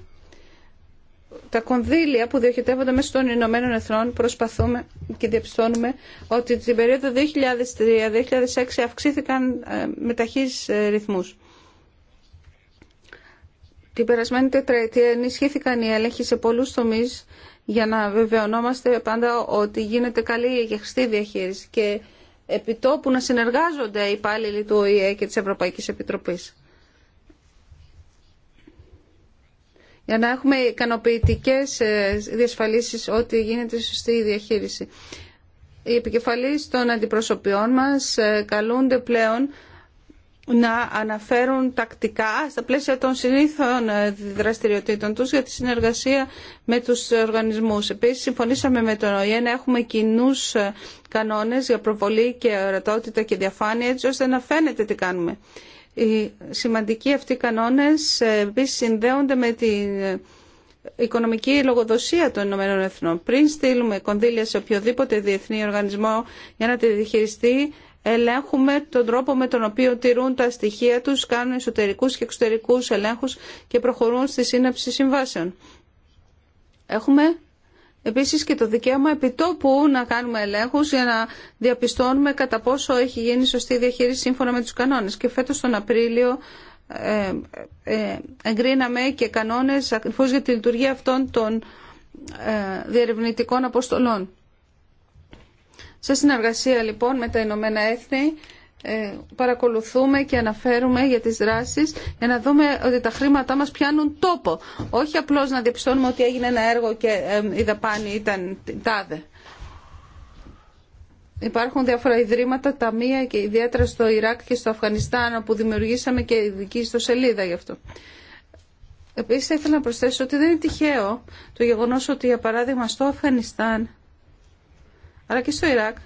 C: τα κονδύλια που διοχετεύονται μέσα των Ηνωμένων Εθνών προσπαθούμε και διαπιστώνουμε ότι την περίοδο 2003-2006 αυξήθηκαν ε, με ταχύς ε, ρυθμούς. Την περασμένη τετραετία ενισχύθηκαν οι έλεγχοι σε πολλούς τομείς για να βεβαιωνόμαστε πάντα ότι γίνεται καλή και χρηστή διαχείριση και επιτόπου να συνεργάζονται οι υπάλληλοι του ΟΗΕ και της Ευρωπαϊκής Επιτροπής. για να έχουμε ικανοποιητικές ε, διασφαλίσεις ότι γίνεται σωστή η διαχείριση. Οι επικεφαλείς των αντιπροσωπιών μας ε, καλούνται πλέον να αναφέρουν τακτικά στα πλαίσια των συνήθων ε, δραστηριοτήτων τους για τη συνεργασία με τους οργανισμούς. Επίσης, συμφωνήσαμε με τον ΟΗΕ να έχουμε κοινού κανόνες για προβολή και ορατότητα και διαφάνεια, έτσι ώστε να φαίνεται τι κάνουμε. Οι σημαντικοί αυτοί κανόνες ε, επίσης συνδέονται με την ε, οικονομική λογοδοσία των Ηνωμένων Εθνών. Πριν στείλουμε κονδύλια σε οποιοδήποτε διεθνή οργανισμό για να τη διχειριστεί, ελέγχουμε τον τρόπο με τον οποίο τηρούν τα στοιχεία τους, κάνουν εσωτερικούς και εξωτερικούς ελέγχους και προχωρούν στη σύναψη συμβάσεων. Έχουμε Επίσης και το δικαίωμα επιτόπου να κάνουμε ελέγχους για να διαπιστώνουμε κατά πόσο έχει γίνει σωστή διαχείριση σύμφωνα με τους κανόνες. Και φέτος τον Απρίλιο ε, ε εγκρίναμε και κανόνες ακριβώ για τη λειτουργία αυτών των ε, διερευνητικών αποστολών. Σε συνεργασία λοιπόν με τα Ηνωμένα Έθνη ε, παρακολουθούμε και αναφέρουμε για τις δράσεις για να δούμε ότι τα χρήματά μας πιάνουν τόπο. Όχι απλώς να διαπιστώνουμε ότι έγινε ένα έργο και η δαπάνη ήταν τάδε. Υπάρχουν διάφορα ιδρύματα, ταμεία και ιδιαίτερα στο Ιράκ και στο Αφγανιστάν όπου δημιουργήσαμε και ειδική σελίδα γι' αυτό. Επίσης ήθελα να προσθέσω ότι δεν είναι τυχαίο το γεγονός ότι για παράδειγμα στο Αφγανιστάν αλλά και στο Ιράκ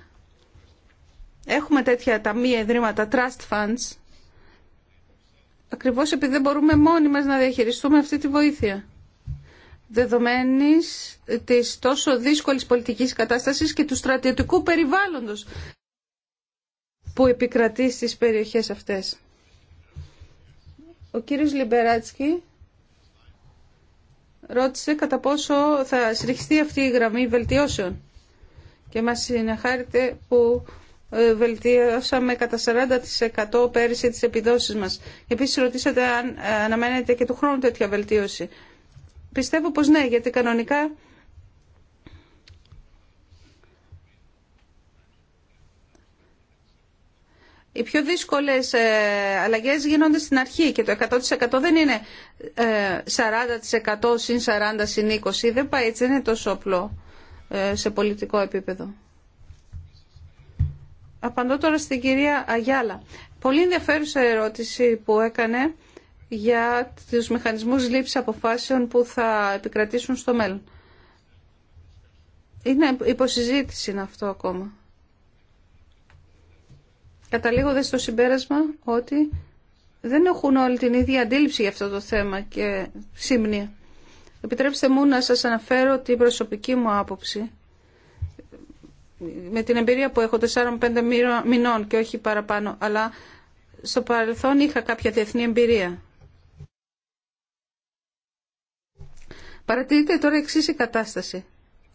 C: Έχουμε τέτοια ταμεία, ιδρύματα, trust funds, ακριβώς επειδή δεν μπορούμε μόνοι μας να διαχειριστούμε αυτή τη βοήθεια. Δεδομένης της τόσο δύσκολης πολιτικής κατάστασης και του στρατιωτικού περιβάλλοντος που επικρατεί στις περιοχές αυτές. Ο κύριος Λιμπεράτσκι ρώτησε κατά πόσο θα συνεχιστεί αυτή η γραμμή βελτιώσεων και μας που ε, βελτίωσαμε κατά 40% πέρυσι τις επιδόσεις μας. Επίσης ρωτήσατε αν ε, αναμένεται και του χρόνου τέτοια βελτίωση. Πιστεύω πως ναι, γιατί κανονικά οι πιο δύσκολες ε, αλλαγές γίνονται στην αρχή και το 100% δεν είναι 40% συν 40 συν 20. Δεν πάει έτσι, δεν είναι τόσο απλό σε πολιτικό επίπεδο. Απαντώ τώρα στην κυρία Αγιάλα. Πολύ ενδιαφέρουσα ερώτηση που έκανε για τους μηχανισμούς λήψης αποφάσεων που θα επικρατήσουν στο μέλλον. Είναι υποσυζήτηση είναι αυτό ακόμα. Καταλήγω δε στο συμπέρασμα ότι δεν έχουν όλη την ίδια αντίληψη για αυτό το θέμα και σύμνοια. Επιτρέψτε μου να σας αναφέρω την προσωπική μου άποψη με την εμπειρία που έχω 4-5 μηνών και όχι παραπάνω, αλλά στο παρελθόν είχα κάποια διεθνή εμπειρία. Παρατηρείτε τώρα εξής η κατάσταση.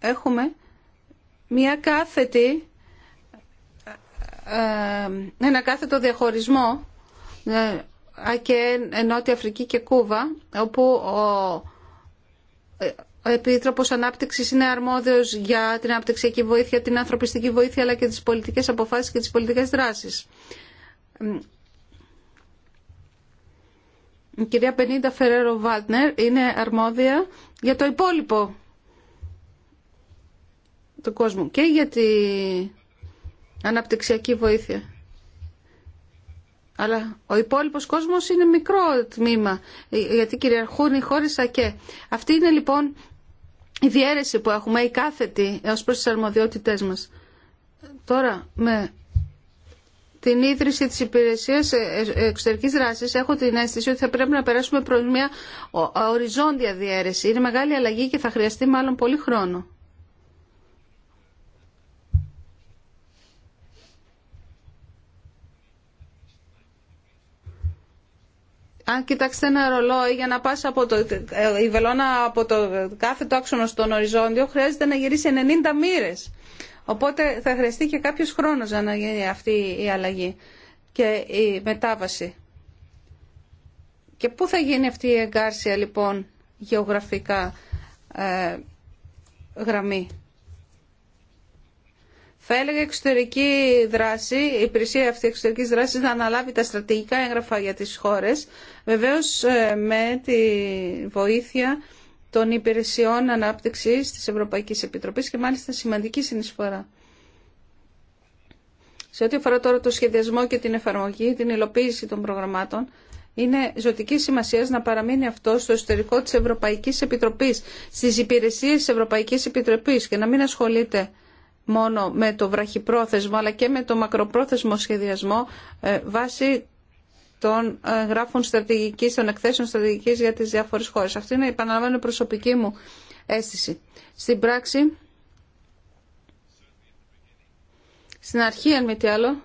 C: Έχουμε μια κάθετη, ε, ε, ένα κάθετο διαχωρισμό ε, και Νότια Αφρική και Κούβα, όπου ο επίτροπο Ανάπτυξης είναι αρμόδιος για την αναπτυξιακή βοήθεια, την ανθρωπιστική βοήθεια, αλλά και τις πολιτικές αποφάσεις και τις πολιτικές δράσεις. Η κυρία Πενίντα Φεραίρο Βάλτνερ είναι αρμόδια για το υπόλοιπο του κόσμου και για την αναπτυξιακή βοήθεια. Αλλά ο υπόλοιπο κόσμο είναι μικρό τμήμα, γιατί κυριαρχούν οι χώρε ΑΚΕ. Αυτή είναι λοιπόν η διαίρεση που έχουμε, η κάθετη ως προς τις αρμοδιότητές μας. Τώρα, με την ίδρυση της υπηρεσίας ε, ε, εξωτερικής δράσης έχω την αίσθηση ότι θα πρέπει να περάσουμε προς μια οριζόντια διαίρεση. Είναι μεγάλη αλλαγή και θα χρειαστεί μάλλον πολύ χρόνο. αν κοιτάξετε ένα ρολόι για να πας από το, ε, η βελόνα από το κάθε το άξονο στον οριζόντιο χρειάζεται να γυρίσει 90 μοίρες. Οπότε θα χρειαστεί και κάποιος χρόνος για να γίνει αυτή η αλλαγή και η μετάβαση. Και πού θα γίνει αυτή η εγκάρσια λοιπόν γεωγραφικά ε, γραμμή. Θα έλεγα εξωτερική δράση, η υπηρεσία αυτή εξωτερικής δράσης να αναλάβει τα στρατηγικά έγγραφα για τις χώρες, βεβαίως ε, με τη βοήθεια των υπηρεσιών ανάπτυξης της Ευρωπαϊκής Επιτροπής και μάλιστα σημαντική συνεισφορά. Σε ό,τι αφορά τώρα το σχεδιασμό και την εφαρμογή, την υλοποίηση των προγραμμάτων, είναι ζωτική σημασία να παραμείνει αυτό στο εσωτερικό της Ευρωπαϊκής Επιτροπής, στις υπηρεσίες της Ευρωπαϊκής Επιτροπής και να μην ασχολείται μόνο με το βραχυπρόθεσμο αλλά και με το μακροπρόθεσμο σχεδιασμό ε, βάσει των ε, γράφων στρατηγικής, των εκθέσεων στρατηγικής για τις διάφορες χώρες. Αυτή είναι, η επαναλαμβάνω, προσωπική μου αίσθηση. Στην πράξη, στην αρχή, αν μη τι άλλο,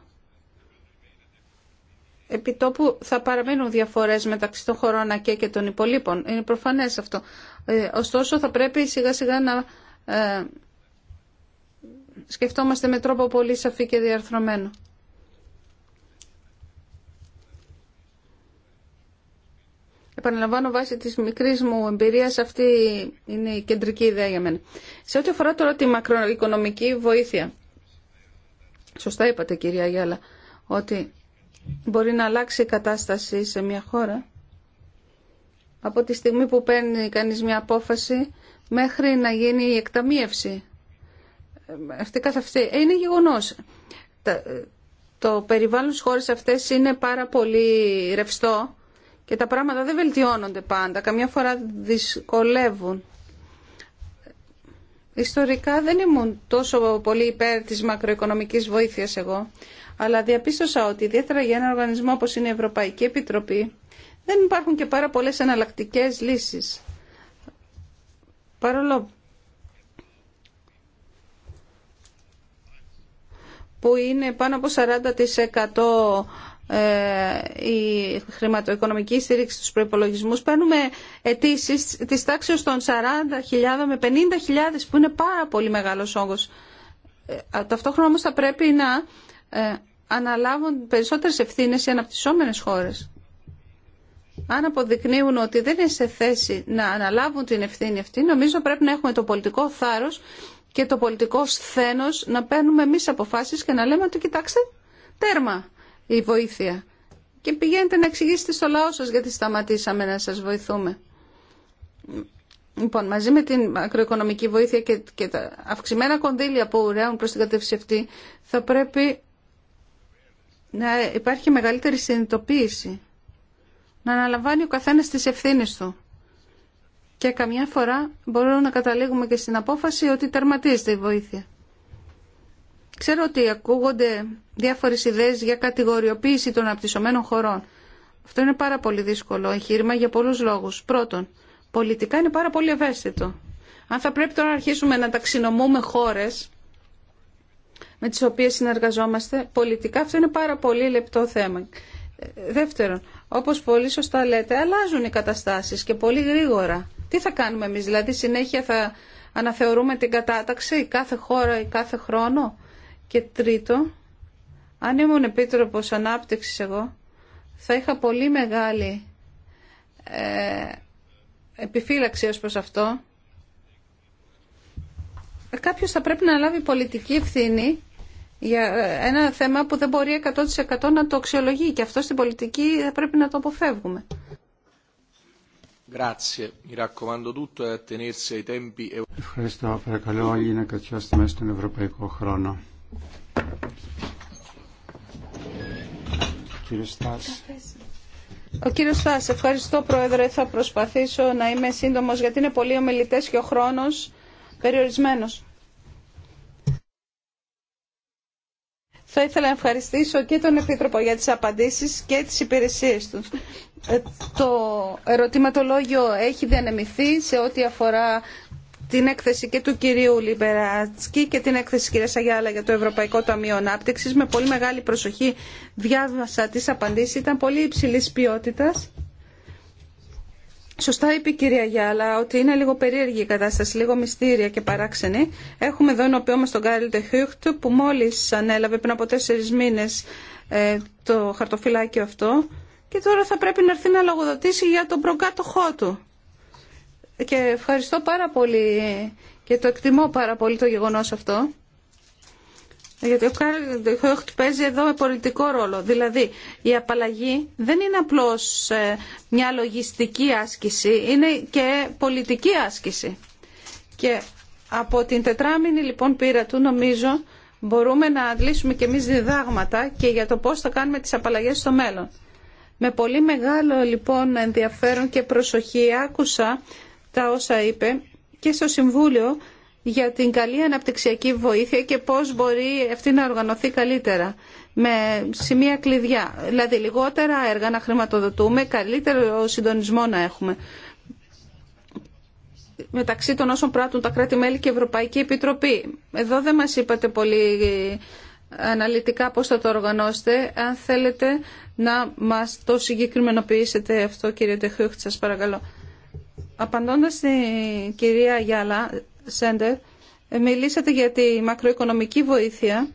C: επί τόπου θα παραμείνουν διαφορές μεταξύ των χωρών ΑΚΕ και των υπολείπων. Είναι προφανές αυτό. Ε, ωστόσο, θα πρέπει σιγά-σιγά να σκεφτόμαστε με τρόπο πολύ σαφή και διαρθρωμένο. Επαναλαμβάνω, βάσει της μικρής μου εμπειρίας, αυτή είναι η κεντρική ιδέα για μένα. Σε ό,τι αφορά τώρα τη μακροοικονομική βοήθεια. Σωστά είπατε, κυρία Γιάλα, ότι μπορεί να αλλάξει η κατάσταση σε μια χώρα από τη στιγμή που παίρνει κανείς μια απόφαση μέχρι να γίνει η εκταμίευση αυτή καθ' ε, είναι γεγονός. Το περιβάλλον στις χώρες αυτές είναι πάρα πολύ ρευστό και τα πράγματα δεν βελτιώνονται πάντα, καμιά φορά δυσκολεύουν. Ιστορικά δεν ήμουν τόσο πολύ υπέρ της μακροοικονομικής βοήθειας εγώ, αλλά διαπίστωσα ότι ιδιαίτερα για ένα οργανισμό όπως είναι η Ευρωπαϊκή Επιτροπή δεν υπάρχουν και πάρα πολλές εναλλακτικέ λύσεις. Παρόλο που είναι πάνω από 40% ε, η χρηματοοικονομική στήριξη στους προϋπολογισμούς παίρνουμε αιτήσει της τάξης των 40.000 με 50.000 που είναι πάρα πολύ μεγάλος όγκος ε, ταυτόχρονα όμως θα πρέπει να ε, αναλάβουν περισσότερες ευθύνες οι αναπτυσσόμενες χώρες αν αποδεικνύουν ότι δεν είναι σε θέση να αναλάβουν την ευθύνη αυτή νομίζω πρέπει να έχουμε το πολιτικό θάρρος και το πολιτικό σθένος να παίρνουμε εμείς αποφάσεις και να λέμε ότι κοιτάξτε τέρμα η βοήθεια και πηγαίνετε να εξηγήσετε στο λαό σας γιατί σταματήσαμε να σας βοηθούμε. Λοιπόν, μαζί με την μακροοικονομική βοήθεια και, και τα αυξημένα κονδύλια που ουραίουν προς την κατεύθυνση αυτή, θα πρέπει να υπάρχει μεγαλύτερη συνειδητοποίηση. Να αναλαμβάνει ο καθένας τις ευθύνες του και καμιά φορά μπορούμε να καταλήγουμε και στην απόφαση ότι τερματίζεται η βοήθεια. Ξέρω ότι ακούγονται διάφορες ιδέες για κατηγοριοποίηση των απτυσσομένων χωρών. Αυτό είναι πάρα πολύ δύσκολο εγχείρημα για πολλούς λόγους. Πρώτον, πολιτικά είναι πάρα πολύ ευαίσθητο. Αν θα πρέπει τώρα να αρχίσουμε να ταξινομούμε χώρες με τις οποίες συνεργαζόμαστε, πολιτικά αυτό είναι πάρα πολύ λεπτό θέμα. Ε, δεύτερον, όπως πολύ σωστά λέτε, αλλάζουν οι καταστάσεις και πολύ γρήγορα. Τι θα κάνουμε εμείς, δηλαδή συνέχεια θα αναθεωρούμε την κατάταξη κάθε χώρα ή κάθε χρόνο. Και τρίτο, αν ήμουν επίτροπος ανάπτυξης εγώ, θα είχα πολύ μεγάλη ε, επιφύλαξη ως προς αυτό. Ε, κάποιος θα πρέπει να λάβει πολιτική ευθύνη για ε, ένα θέμα που δεν μπορεί 100% να το αξιολογεί και αυτό στην πολιτική θα πρέπει να το αποφεύγουμε.
A: E- ευχαριστώ. Παρακαλώ όλοι
E: να κρατιάστε μέσα στον ευρωπαϊκό χρόνο. Κύριε Στάς.
C: Ο κύριος Στάς, ευχαριστώ Πρόεδρε. Θα προσπαθήσω να είμαι σύντομος γιατί είναι πολλοί ομιλητές και ο χρόνος περιορισμένος. Θα ήθελα να ευχαριστήσω και τον Επίτροπο για τις απαντήσεις και τις υπηρεσίες του. Ε, το ερωτηματολόγιο έχει διανεμηθεί σε ό,τι αφορά την έκθεση και του κυρίου Λιμπεράτσκι και την έκθεση κυρία Αγιάλα για το Ευρωπαϊκό Ταμείο Ανάπτυξης. Με πολύ μεγάλη προσοχή διάβασα τις απαντήσεις. Ήταν πολύ υψηλής ποιότητας. Σωστά είπε η κυρία Γιάλα ότι είναι λίγο περίεργη η κατάσταση, λίγο μυστήρια και παράξενη. Έχουμε εδώ ενωπιό μας τον Γκάριλ Τεχιούχτ που μόλις ανέλαβε πριν από τέσσερις μήνες ε, το χαρτοφυλάκιο αυτό και τώρα θα πρέπει να έρθει να λογοδοτήσει για τον προκάτοχό του. Και ευχαριστώ πάρα πολύ και το εκτιμώ πάρα πολύ το γεγονός αυτό. Γιατί ο Καρλ Χόχτ παίζει εδώ πολιτικό ρόλο. Δηλαδή, η απαλλαγή δεν είναι απλώς ε, μια λογιστική άσκηση, είναι και πολιτική άσκηση. Και από την τετράμινη λοιπόν πείρα του νομίζω μπορούμε να αντλήσουμε και εμείς διδάγματα και για το πώς θα κάνουμε τις απαλλαγές στο μέλλον. Με πολύ μεγάλο λοιπόν ενδιαφέρον και προσοχή άκουσα τα όσα είπε και στο Συμβούλιο για την καλή αναπτυξιακή βοήθεια και πώς μπορεί αυτή να οργανωθεί καλύτερα με σημεία κλειδιά. Δηλαδή λιγότερα έργα να χρηματοδοτούμε, καλύτερο συντονισμό να έχουμε μεταξύ των όσων πράττουν τα κράτη-μέλη και η Ευρωπαϊκή Επιτροπή. Εδώ δεν μας είπατε πολύ ε, αναλυτικά πώς θα το οργανώσετε. Αν θέλετε να μας το συγκεκριμενοποιήσετε αυτό, κύριε Τεχιούχτη, σας παρακαλώ. Απαντώντας στην κυρία Γιάλα, Σέντερ, μιλήσατε για τη μακροοικονομική βοήθεια,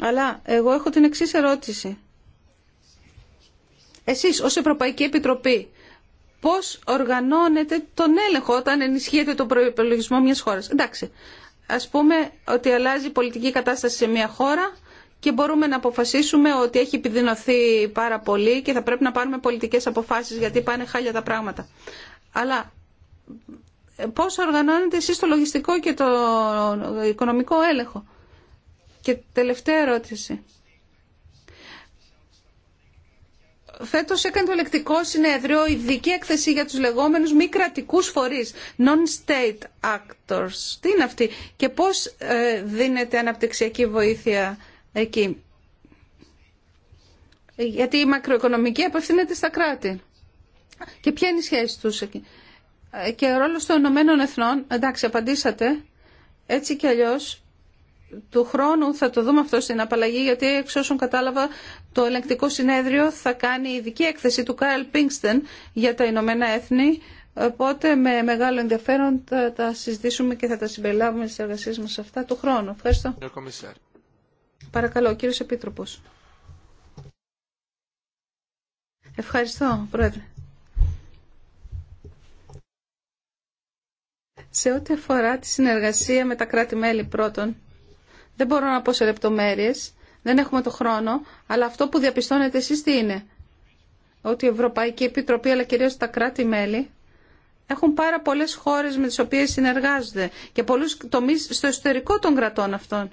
C: αλλά εγώ έχω την εξής ερώτηση. Εσείς ως Ευρωπαϊκή Επιτροπή, πώς οργανώνετε τον έλεγχο όταν ενισχύεται τον προϋπολογισμό μιας χώρας. Εντάξει, ας πούμε ότι αλλάζει η πολιτική κατάσταση σε μια χώρα και μπορούμε να αποφασίσουμε ότι έχει επιδεινωθεί πάρα πολύ και θα πρέπει να πάρουμε πολιτικές αποφάσεις γιατί πάνε χάλια τα πράγματα. Αλλά πώς οργανώνετε εσείς το λογιστικό και το οικονομικό έλεγχο. Και τελευταία ερώτηση. Φέτος έκανε το ελεκτικό συνέδριο ειδική έκθεση για τους λεγόμενους μη κρατικούς φορείς, non-state actors. Τι είναι αυτή και πώς ε, δίνεται αναπτυξιακή βοήθεια εκεί. Γιατί η μακροοικονομική απευθύνεται στα κράτη. Και ποια είναι η σχέση τους εκεί και ο ρόλος των Ηνωμένων Εθνών, εντάξει απαντήσατε, έτσι κι αλλιώς του χρόνου θα το δούμε αυτό στην απαλλαγή γιατί εξ όσων κατάλαβα το ελεγκτικό συνέδριο θα κάνει ειδική έκθεση του Κάιλ Πίνγκστεν για τα Ηνωμένα Έθνη οπότε με μεγάλο ενδιαφέρον θα τα συζητήσουμε και θα τα συμπεριλάβουμε στις εργασίες μα αυτά του χρόνου. Ευχαριστώ. Παρακαλώ, κύριος Επίτροπος. Ευχαριστώ, Πρόεδρε. Σε ό,τι αφορά τη συνεργασία με τα κράτη-μέλη πρώτον, δεν μπορώ να πω σε λεπτομέρειες, δεν έχουμε το χρόνο, αλλά αυτό που διαπιστώνετε εσείς τι είναι. Ότι η Ευρωπαϊκή Επιτροπή, αλλά κυρίως τα κράτη-μέλη, έχουν πάρα πολλές χώρες με τις οποίες συνεργάζονται και πολλούς τομείς στο εσωτερικό των κρατών αυτών.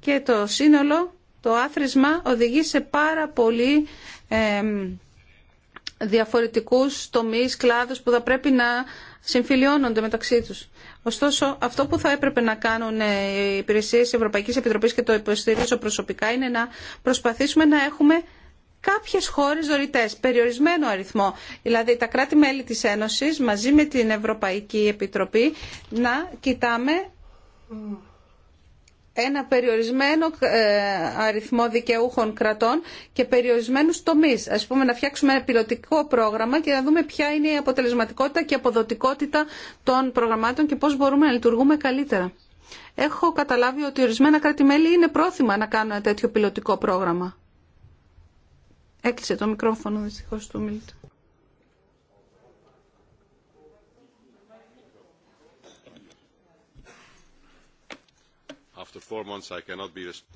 C: Και το σύνολο, το άθροισμα οδηγεί σε πάρα πολύ ε, διαφορετικούς τομείς, κλάδους που θα πρέπει να συμφιλιώνονται μεταξύ του. Ωστόσο, αυτό που θα έπρεπε να κάνουν ε, οι υπηρεσίε τη Ευρωπαϊκή Επιτροπή και το υποστηρίζω προσωπικά είναι να προσπαθήσουμε να έχουμε κάποιες χώρες δωρητές, περιορισμένο αριθμό. Δηλαδή τα κράτη-μέλη της Ένωσης μαζί με την Ευρωπαϊκή Επιτροπή να κοιτάμε ένα περιορισμένο ε, αριθμό δικαιούχων κρατών και περιορισμένους τομείς. Ας πούμε να φτιάξουμε ένα πιλωτικό πρόγραμμα και να δούμε ποια είναι η αποτελεσματικότητα και αποδοτικότητα των προγραμμάτων και πώς μπορούμε να λειτουργούμε καλύτερα. Έχω καταλάβει ότι ορισμένα κράτη-μέλη είναι πρόθυμα να κάνουν ένα τέτοιο πιλωτικό πρόγραμμα. Έκλεισε το μικρόφωνο δυστυχώς του Μίλτου.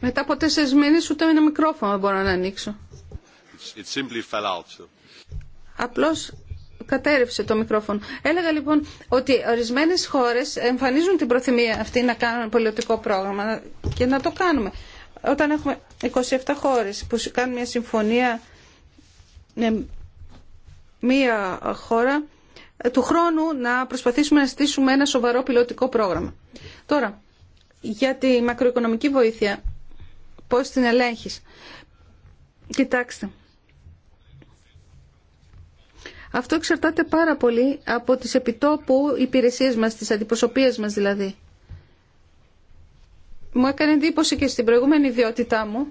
C: Μετά από τέσσερις μήνες ούτε ένα μικρόφωνο μπορώ να ανοίξω.
B: It simply fell out,
C: Απλώς κατέρευσε το μικρόφωνο. Έλεγα λοιπόν ότι ορισμένες χώρες εμφανίζουν την προθυμία αυτή να κάνουν πολιτικό πρόγραμμα και να το κάνουμε. Όταν έχουμε 27 χώρες που κάνουν μια συμφωνία με μια χώρα, ε, του χρόνου να προσπαθήσουμε να στήσουμε ένα σοβαρό πιλωτικό πρόγραμμα. Τώρα, για τη μακροοικονομική βοήθεια. Πώς την ελέγχεις. Κοιτάξτε. Αυτό εξαρτάται πάρα πολύ από τις επιτόπου υπηρεσίες μας, τις αντιπροσωπίες μας δηλαδή. Μου έκανε εντύπωση και στην προηγούμενη ιδιότητά μου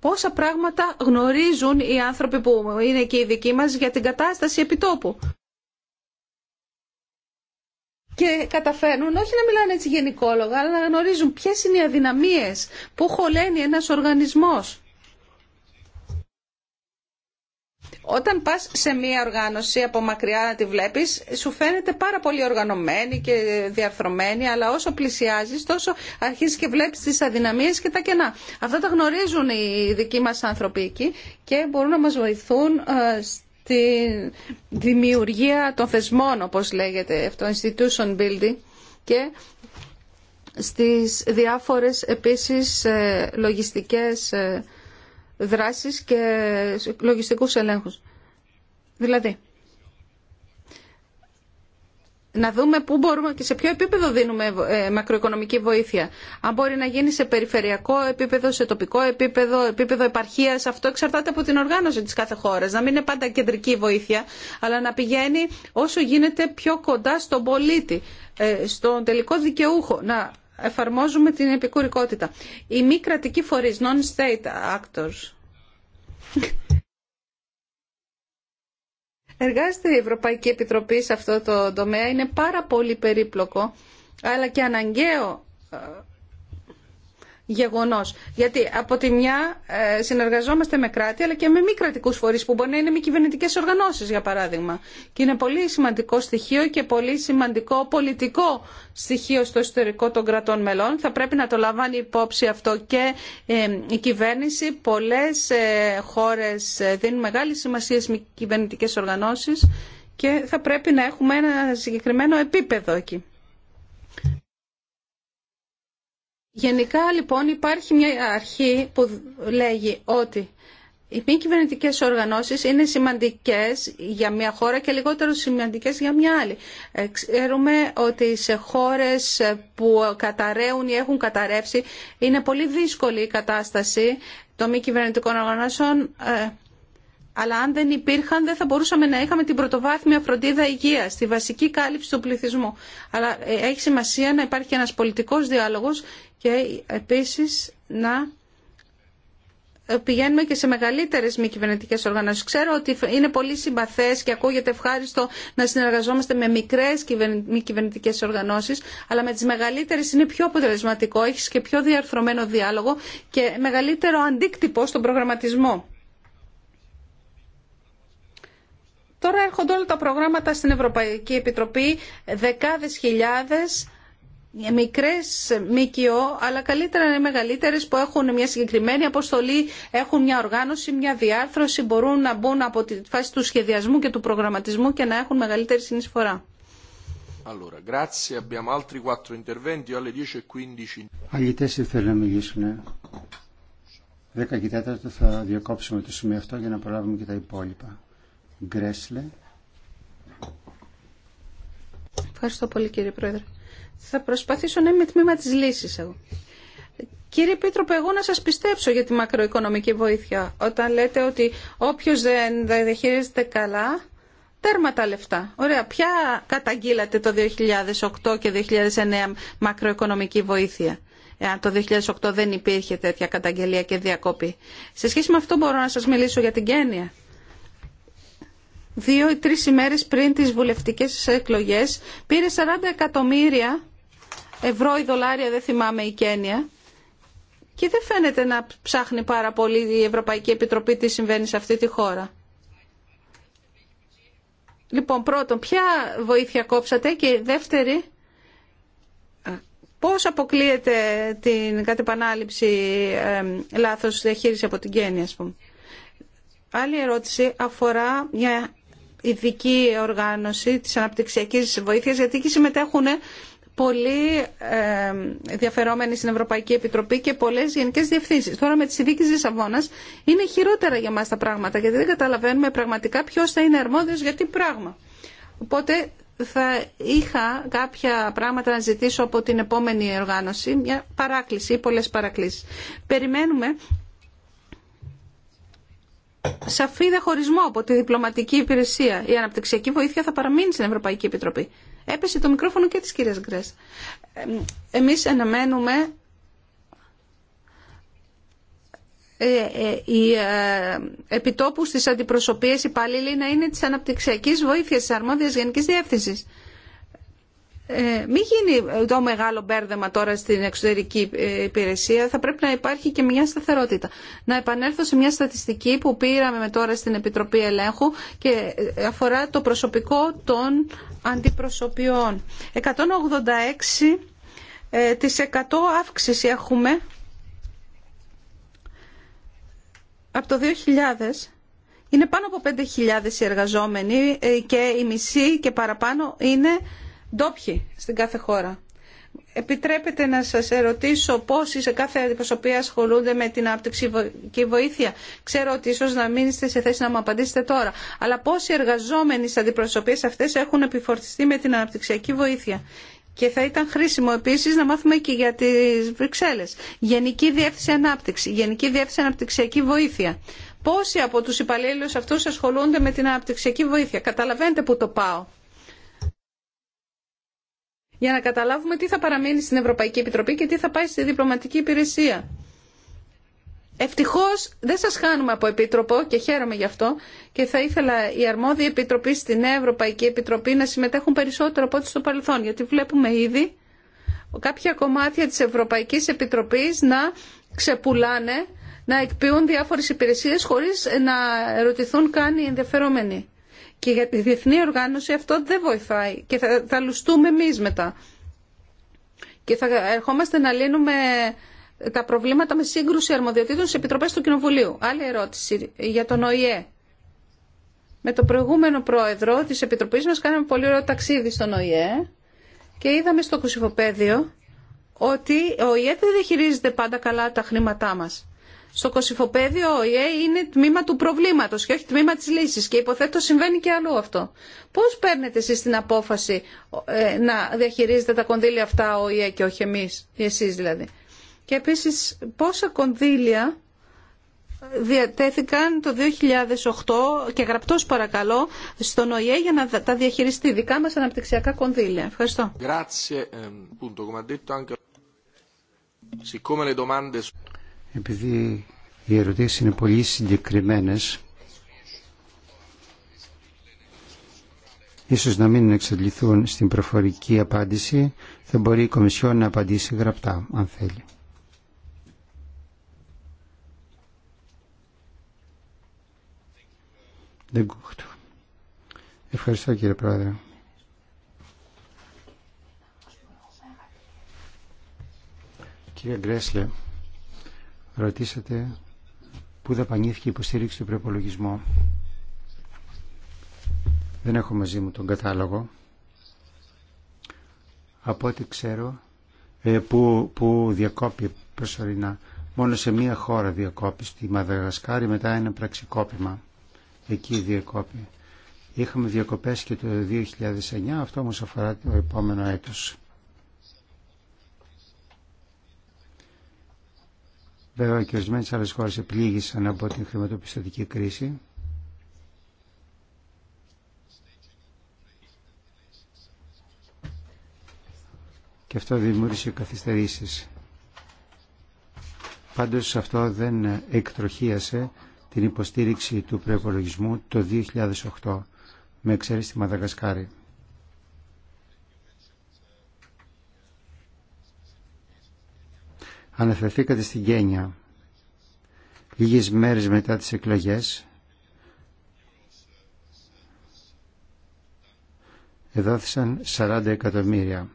C: πόσα πράγματα γνωρίζουν οι άνθρωποι που είναι εκεί οι δικοί μας για την κατάσταση επιτόπου και καταφέρνουν όχι να μιλάνε έτσι γενικόλογα, αλλά να γνωρίζουν ποιε είναι οι αδυναμίες, πού χωλαίνει ένας οργανισμός. Όταν πας σε μία οργάνωση από μακριά να τη βλέπεις, σου φαίνεται πάρα πολύ οργανωμένη και διαρθρωμένη, αλλά όσο πλησιάζεις τόσο αρχίζεις και βλέπεις τις αδυναμίες και τα κενά. Αυτά τα γνωρίζουν οι δικοί μας άνθρωποι εκεί και μπορούν να μας βοηθούν ε, τη δημιουργία των θεσμών, όπως λέγεται, αυτό, institution building και στις διάφορες επίσης ε, λογιστικές ε, δράσεις και λογιστικούς ελέγχους. Δηλαδή, να δούμε πού μπορούμε και σε ποιο επίπεδο δίνουμε ε, μακροοικονομική βοήθεια. Αν μπορεί να γίνει σε περιφερειακό επίπεδο, σε τοπικό επίπεδο, επίπεδο επαρχίας, αυτό εξαρτάται από την οργάνωση της κάθε χώρας. Να μην είναι πάντα κεντρική βοήθεια, αλλά να πηγαίνει όσο γίνεται πιο κοντά στον πολίτη, ε, στον τελικό δικαιούχο, να εφαρμόζουμε την επικουρικότητα. Οι μη κρατικοι φορει φορείς, non-state actors, Εργάζεται η Ευρωπαϊκή Επιτροπή σε αυτό το τομέα. Είναι πάρα πολύ περίπλοκο αλλά και αναγκαίο ε, γιατί από τη μια ε, συνεργαζόμαστε με κράτη αλλά και με μη κρατικού φορεί που μπορεί να είναι μη κυβερνητικέ οργανώσει, για παράδειγμα. Και είναι πολύ σημαντικό στοιχείο και πολύ σημαντικό πολιτικό στοιχείο στο εσωτερικό των κρατών μελών. Θα πρέπει να το λαμβάνει υπόψη αυτό και ε, η κυβέρνηση. Πολλές ε, χώρες δίνουν μεγάλη σημασία στις μη κυβερνητικέ οργανώσεις και θα πρέπει να έχουμε ένα συγκεκριμένο επίπεδο εκεί. Γενικά λοιπόν υπάρχει μια αρχή που λέγει ότι οι μη κυβερνητικέ οργανώσεις είναι σημαντικές για μια χώρα και λιγότερο σημαντικές για μια άλλη. Ε, ξέρουμε ότι σε χώρες που καταραίουν ή έχουν καταρρεύσει είναι πολύ δύσκολη η κατάσταση των μη κυβερνητικών οργανώσεων ε, αλλά αν δεν υπήρχαν δεν θα μπορούσαμε να είχαμε την πρωτοβάθμια φροντίδα υγεία, τη βασική κάλυψη του πληθυσμού. Αλλά ε, έχει σημασία να υπάρχει ένας πολιτικός διάλογος και επίσης να ε, πηγαίνουμε και σε μεγαλύτερε μη κυβερνητικέ οργανώσει. Ξέρω ότι είναι πολύ συμπαθέ και ακούγεται ευχάριστο να συνεργαζόμαστε με μικρέ μη κυβερνητικέ οργανώσει, αλλά με τι μεγαλύτερε είναι πιο αποτελεσματικό, έχει και πιο διαρθρωμένο διάλογο και μεγαλύτερο αντίκτυπο στον προγραμματισμό. Τώρα έρχονται όλα τα προγράμματα στην Ευρωπαϊκή Επιτροπή, δεκάδες χιλιάδες ε, μικρές ΜΚΟ, αλλά καλύτερα είναι μεγαλύτερες που έχουν μια συγκεκριμένη αποστολή, έχουν μια οργάνωση, μια διάρθρωση, μπορούν να μπουν από τη φάση του σχεδιασμού και του προγραμματισμού και να έχουν μεγαλύτερη συνεισφορά.
E: Άλλοι τέσσερι θέλουν να μιλήσουν. 10 ε. και τέταρτο θα διακόψουμε το σημείο αυτό για να προλάβουμε και τα υπόλοιπα. Γκρέσλε.
C: Ευχαριστώ πολύ κύριε Πρόεδρε. Θα προσπαθήσω να είμαι τμήμα της λύσης εγώ. Κύριε Πίτροπε, εγώ να σας πιστέψω για τη μακροοικονομική βοήθεια. Όταν λέτε ότι όποιος δεν διαχειρίζεται καλά, τέρμα τα λεφτά. Ωραία, ποια καταγγείλατε το 2008 και 2009 μακροοικονομική βοήθεια. Εάν το 2008 δεν υπήρχε τέτοια καταγγελία και διακόπη. Σε σχέση με αυτό μπορώ να σας μιλήσω για την Κένια δύο ή τρεις ημέρες πριν τις βουλευτικές εκλογές πήρε 40 εκατομμύρια ευρώ ή δολάρια, δεν θυμάμαι η Κένια και δεν φαίνεται να ψάχνει πάρα πολύ η Ευρωπαϊκή Επιτροπή τι συμβαίνει σε αυτή τη χώρα. Λοιπόν, πρώτον, ποια βοήθεια κόψατε και δεύτερη, πώς αποκλείεται την κατεπανάληψη ε, λάθος διαχείριση από την Κένια, ας πούμε. Άλλη ερώτηση αφορά μια ειδική οργάνωση της αναπτυξιακής βοήθειας, γιατί εκεί συμμετέχουν πολύ ε, διαφερόμενοι στην Ευρωπαϊκή Επιτροπή και πολλές γενικές διευθύνσει. Τώρα με τι της Λισαβόνα είναι χειρότερα για μας τα πράγματα, γιατί δεν καταλαβαίνουμε πραγματικά ποιο θα είναι αρμόδιος για τι πράγμα. Οπότε θα είχα κάποια πράγματα να ζητήσω από την επόμενη οργάνωση, μια παράκληση ή πολλέ παρακλήσει. Περιμένουμε σαφή διαχωρισμό από τη διπλωματική υπηρεσία. Η αναπτυξιακή βοήθεια θα παραμείνει στην Ευρωπαϊκή Επιτροπή. Έπεσε το μικρόφωνο και της κυρίας Γκρέσ. Εμείς αναμένουμε ε, ε, οι ε, επιτόπου στις αντιπροσωπείες υπαλλήλοι να είναι της αναπτυξιακής βοήθειας της αρμόδιας γενικής διεύθυνσης. Ε, μην γίνει το μεγάλο μπέρδεμα τώρα στην εξωτερική ε, υπηρεσία. Θα πρέπει να υπάρχει και μια σταθερότητα. Να επανέλθω σε μια στατιστική που πήραμε με τώρα στην Επιτροπή Ελέγχου και ε, αφορά το προσωπικό των αντιπροσωπιών. 186% ε, αύξηση έχουμε από το 2000. Είναι πάνω από 5.000 οι εργαζόμενοι ε, και η μισή και παραπάνω είναι ντόπιοι στην κάθε χώρα. Επιτρέπετε να σας ερωτήσω πόσοι σε κάθε αντιπροσωπεία ασχολούνται με την άπτυξη και βοήθεια. Ξέρω ότι ίσως να μην είστε σε θέση να μου απαντήσετε τώρα. Αλλά πόσοι εργαζόμενοι στις αντιπροσωπείες αυτές έχουν επιφορτιστεί με την αναπτυξιακή βοήθεια. Και θα ήταν χρήσιμο επίσης να μάθουμε και για τις Βρυξέλλες. Γενική Διεύθυνση Ανάπτυξη, Γενική Διεύθυνση Αναπτυξιακή Βοήθεια. Πόσοι από τους υπαλλήλους αυτούς ασχολούνται με την αναπτυξιακή βοήθεια. Καταλαβαίνετε που το πάω για να καταλάβουμε τι θα παραμείνει στην Ευρωπαϊκή Επιτροπή και τι θα πάει στη διπλωματική υπηρεσία. Ευτυχώ δεν σα χάνουμε από επίτροπο και χαίρομαι γι' αυτό και θα ήθελα οι αρμόδιοι επιτροποί στη Νέα Ευρωπαϊκή Επιτροπή να συμμετέχουν περισσότερο από ό,τι στο παρελθόν γιατί βλέπουμε ήδη κάποια κομμάτια τη Ευρωπαϊκή Επιτροπή να ξεπουλάνε, να εκποιούν διάφορε υπηρεσίε χωρί να ρωτηθούν καν οι ενδιαφερόμενοι. Και για τη διεθνή οργάνωση αυτό δεν βοηθάει και θα, θα λουστούμε εμείς μετά. Και θα ερχόμαστε να λύνουμε τα προβλήματα με σύγκρουση αρμοδιοτήτων σε επιτροπές του Κοινοβουλίου. Άλλη ερώτηση για τον ΟΗΕ. Με τον προηγούμενο πρόεδρο της Επιτροπής μας κάναμε πολύ ωραίο ταξίδι στον ΟΗΕ και είδαμε στο κουσιφοπέδιο ότι ο ΟΗΕ δεν διαχειρίζεται πάντα καλά τα χρήματά μας στο Κωσυφοπέδιο ο ΙΕ ΕΕ είναι τμήμα του προβλήματος και όχι τμήμα της λύσης και υποθέτω συμβαίνει και αλλού αυτό. Πώς παίρνετε εσείς την απόφαση ε, να διαχειρίζετε τα κονδύλια αυτά ο ΙΕ και όχι εμείς, εσείς δηλαδή. Και επίσης πόσα κονδύλια ε, διατέθηκαν το 2008 και γραπτός παρακαλώ στον ΟΗΕ για να τα διαχειριστεί δικά μας αναπτυξιακά κονδύλια. Ευχαριστώ.
A: Επειδή
E: οι ερωτήσεις είναι πολύ συγκεκριμένες, ίσως να μην εξαντληθούν στην προφορική απάντηση, θα μπορεί η Κομισιόν να απαντήσει γραπτά, αν θέλει. Ευχαριστώ κύριε Πρόεδρε. Κύριε Γκρέσλε, Ρωτήσατε πού δαπανήθηκε η υποστήριξη του προπολογισμού. Δεν έχω μαζί μου τον κατάλογο. Από ό,τι ξέρω, ε, που, που διακόπη προσωρινά. Μόνο σε μία χώρα διακόπη, στη Μαδαγασκάρη, μετά ένα πραξικόπημα. Εκεί διακόπη. Είχαμε διακοπές και το 2009, αυτό όμως αφορά το επόμενο έτος. Βέβαια και ορισμένε άλλε χώρε επλήγησαν από την χρηματοπιστωτική κρίση. Και αυτό δημιούργησε καθυστερήσεις. Πάντως αυτό δεν εκτροχίασε την υποστήριξη του προϋπολογισμού το 2008 με εξαίρεση τη Μαδαγασκάρη. Αναφερθήκατε στην Κένια. Λίγες μέρες μετά τις εκλογές εδόθησαν 40 εκατομμύρια.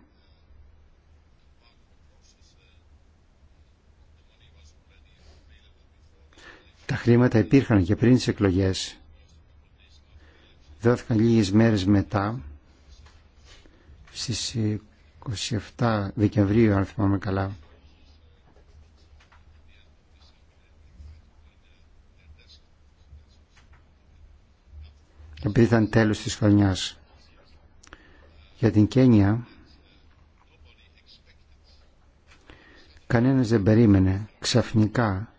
E: Τα χρήματα υπήρχαν και πριν τις εκλογές. Δόθηκαν λίγες μέρες μετά, στις 27 Δεκεμβρίου αν θυμάμαι καλά, επειδή ήταν τέλος της χρονιάς. Για την Κένια κανένας δεν περίμενε ξαφνικά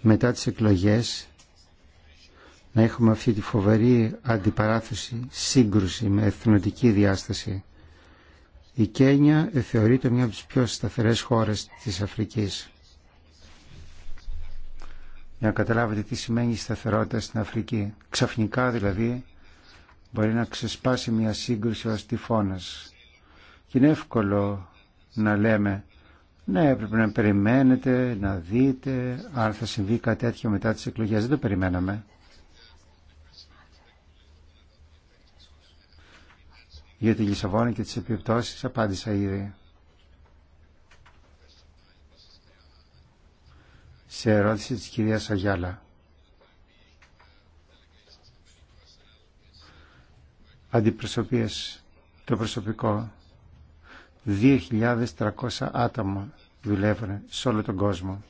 E: μετά τις εκλογές να έχουμε αυτή τη φοβερή αντιπαράθεση, σύγκρουση με εθνοτική διάσταση. Η Κένια θεωρείται μια από τις πιο σταθερές χώρες της Αφρικής. Για να καταλάβετε τι σημαίνει η σταθερότητα στην Αφρική. Ξαφνικά δηλαδή μπορεί να ξεσπάσει μια σύγκρουση ως τυφώνας. Και είναι εύκολο να λέμε ναι, έπρεπε να περιμένετε, να δείτε αν θα συμβεί κάτι τέτοιο μετά τις εκλογές. Δεν το περιμέναμε. Για τη Λισαβόνα και τις επιπτώσεις απάντησα ήδη. Σε ερώτηση της κυρίας Αγιάλα. αντιπροσωπείες το προσωπικό. 2.300 άτομα δουλεύουν σε όλο τον κόσμο.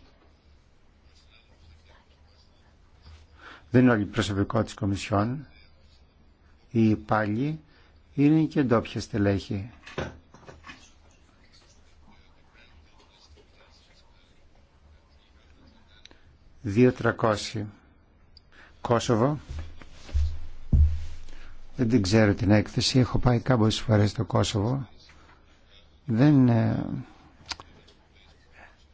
E: Δεν είναι όλοι προσωπικό της Κομισιόν. Οι υπάλληλοι είναι και ντόπια στελέχη. 2.300. τρακόσι. Κόσοβο. Δεν την ξέρω την έκθεση, έχω πάει κάποιες φορές στο Κόσοβο. Δεν είναι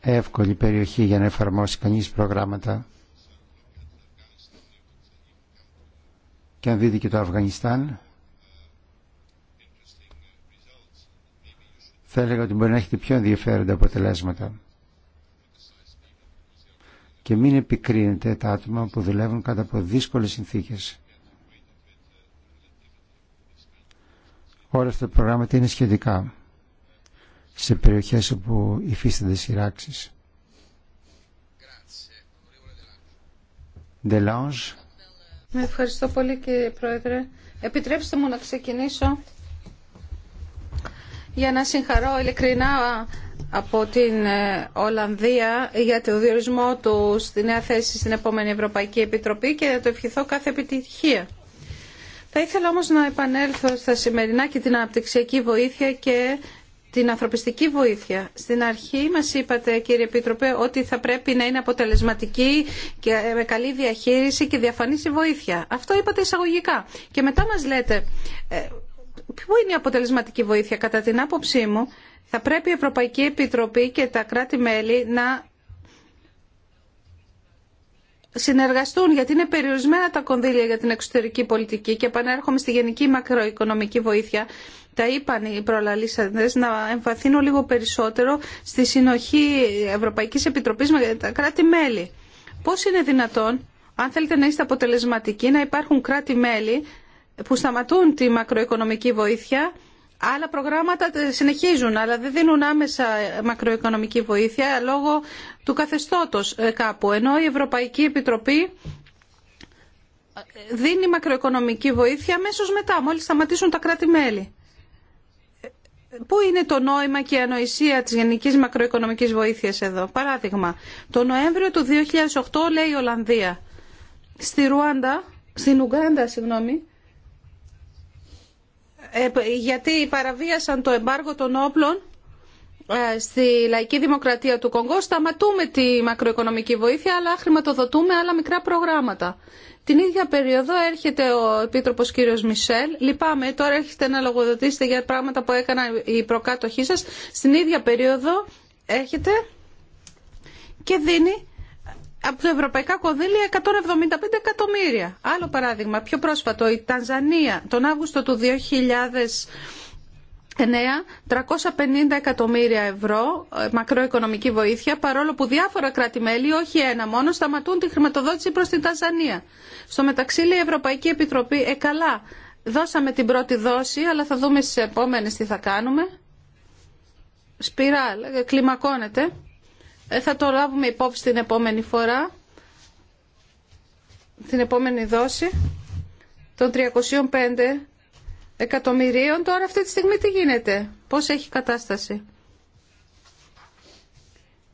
E: εύκολη περιοχή για να εφαρμόσει κανείς προγράμματα. Και αν δείτε και το Αφγανιστάν, θα έλεγα ότι μπορεί να έχετε πιο ενδιαφέροντα αποτελέσματα. Και μην επικρίνετε τα άτομα που δουλεύουν κατά από δύσκολες συνθήκες. όλα αυτά τα προγράμματα είναι σχετικά σε περιοχές όπου υφίστανται σειράξεις.
C: ευχαριστώ πολύ κύριε Πρόεδρε. Επιτρέψτε μου να ξεκινήσω για να συγχαρώ ειλικρινά από την ε, Ολλανδία για το διορισμό του στη νέα θέση στην επόμενη Ευρωπαϊκή Επιτροπή και να το ευχηθώ κάθε επιτυχία. Θα ήθελα όμως να επανέλθω στα σημερινά και την αναπτυξιακή βοήθεια και την ανθρωπιστική βοήθεια. Στην αρχή μας είπατε κύριε Επίτροπε ότι θα πρέπει να είναι αποτελεσματική και με καλή διαχείριση και διαφανής η βοήθεια. Αυτό είπατε εισαγωγικά. Και μετά μας λέτε ε, πού είναι η αποτελεσματική βοήθεια. Κατά την άποψή μου θα πρέπει η Ευρωπαϊκή Επιτροπή και τα κράτη-μέλη να συνεργαστούν γιατί είναι περιορισμένα τα κονδύλια για την εξωτερική πολιτική και επανέρχομαι στη γενική μακροοικονομική βοήθεια. Τα είπαν οι προλαλήσαντες να εμφαθύνω λίγο περισσότερο στη συνοχή Ευρωπαϊκής Επιτροπής με τα κράτη-μέλη. Πώς είναι δυνατόν, αν θέλετε να είστε αποτελεσματικοί, να υπάρχουν κράτη-μέλη που σταματούν τη μακροοικονομική βοήθεια Άλλα προγράμματα συνεχίζουν, αλλά δεν δίνουν άμεσα μακροοικονομική βοήθεια λόγω του καθεστώτος ε, κάπου. Ενώ η Ευρωπαϊκή Επιτροπή ε, δίνει μακροοικονομική βοήθεια αμέσω μετά, μόλις σταματήσουν τα κράτη-μέλη. Πού είναι το νόημα και η ανοησία της γενικής μακροοικονομικής βοήθειας εδώ. Παράδειγμα, το Νοέμβριο του 2008 λέει η Ολλανδία. Στη Ρουάντα, στην Ουγγάντα, συγγνώμη, ε, γιατί παραβίασαν το εμπάργο των όπλων ε, στη λαϊκή δημοκρατία του Κονγκό. Σταματούμε τη μακροοικονομική βοήθεια, αλλά χρηματοδοτούμε άλλα μικρά προγράμματα. Την ίδια περίοδο έρχεται ο Επίτροπο κύριο Μισελ. Λυπάμαι, τώρα έρχεται να λογοδοτήσετε για πράγματα που έκαναν οι προκάτοχοί σα. Στην ίδια περίοδο έρχεται και δίνει από τα ευρωπαϊκά κονδύλια 175 εκατομμύρια. Άλλο παράδειγμα, πιο πρόσφατο, η Τανζανία τον Αύγουστο του 2009 350 εκατομμύρια ευρώ ε, μακροοικονομική βοήθεια παρόλο που διάφορα κράτη-μέλη, όχι ένα μόνο, σταματούν τη χρηματοδότηση προς την Τανζανία. Στο μεταξύ λέει η Ευρωπαϊκή Επιτροπή, ε καλά, δώσαμε την πρώτη δόση αλλά θα δούμε στις επόμενες τι θα κάνουμε. Σπιράλ, ε, κλιμακώνεται. Ε, θα το λάβουμε υπόψη την επόμενη φορά, την επόμενη δόση των 305 εκατομμυρίων. Τώρα αυτή τη στιγμή τι γίνεται, πώς έχει κατάσταση.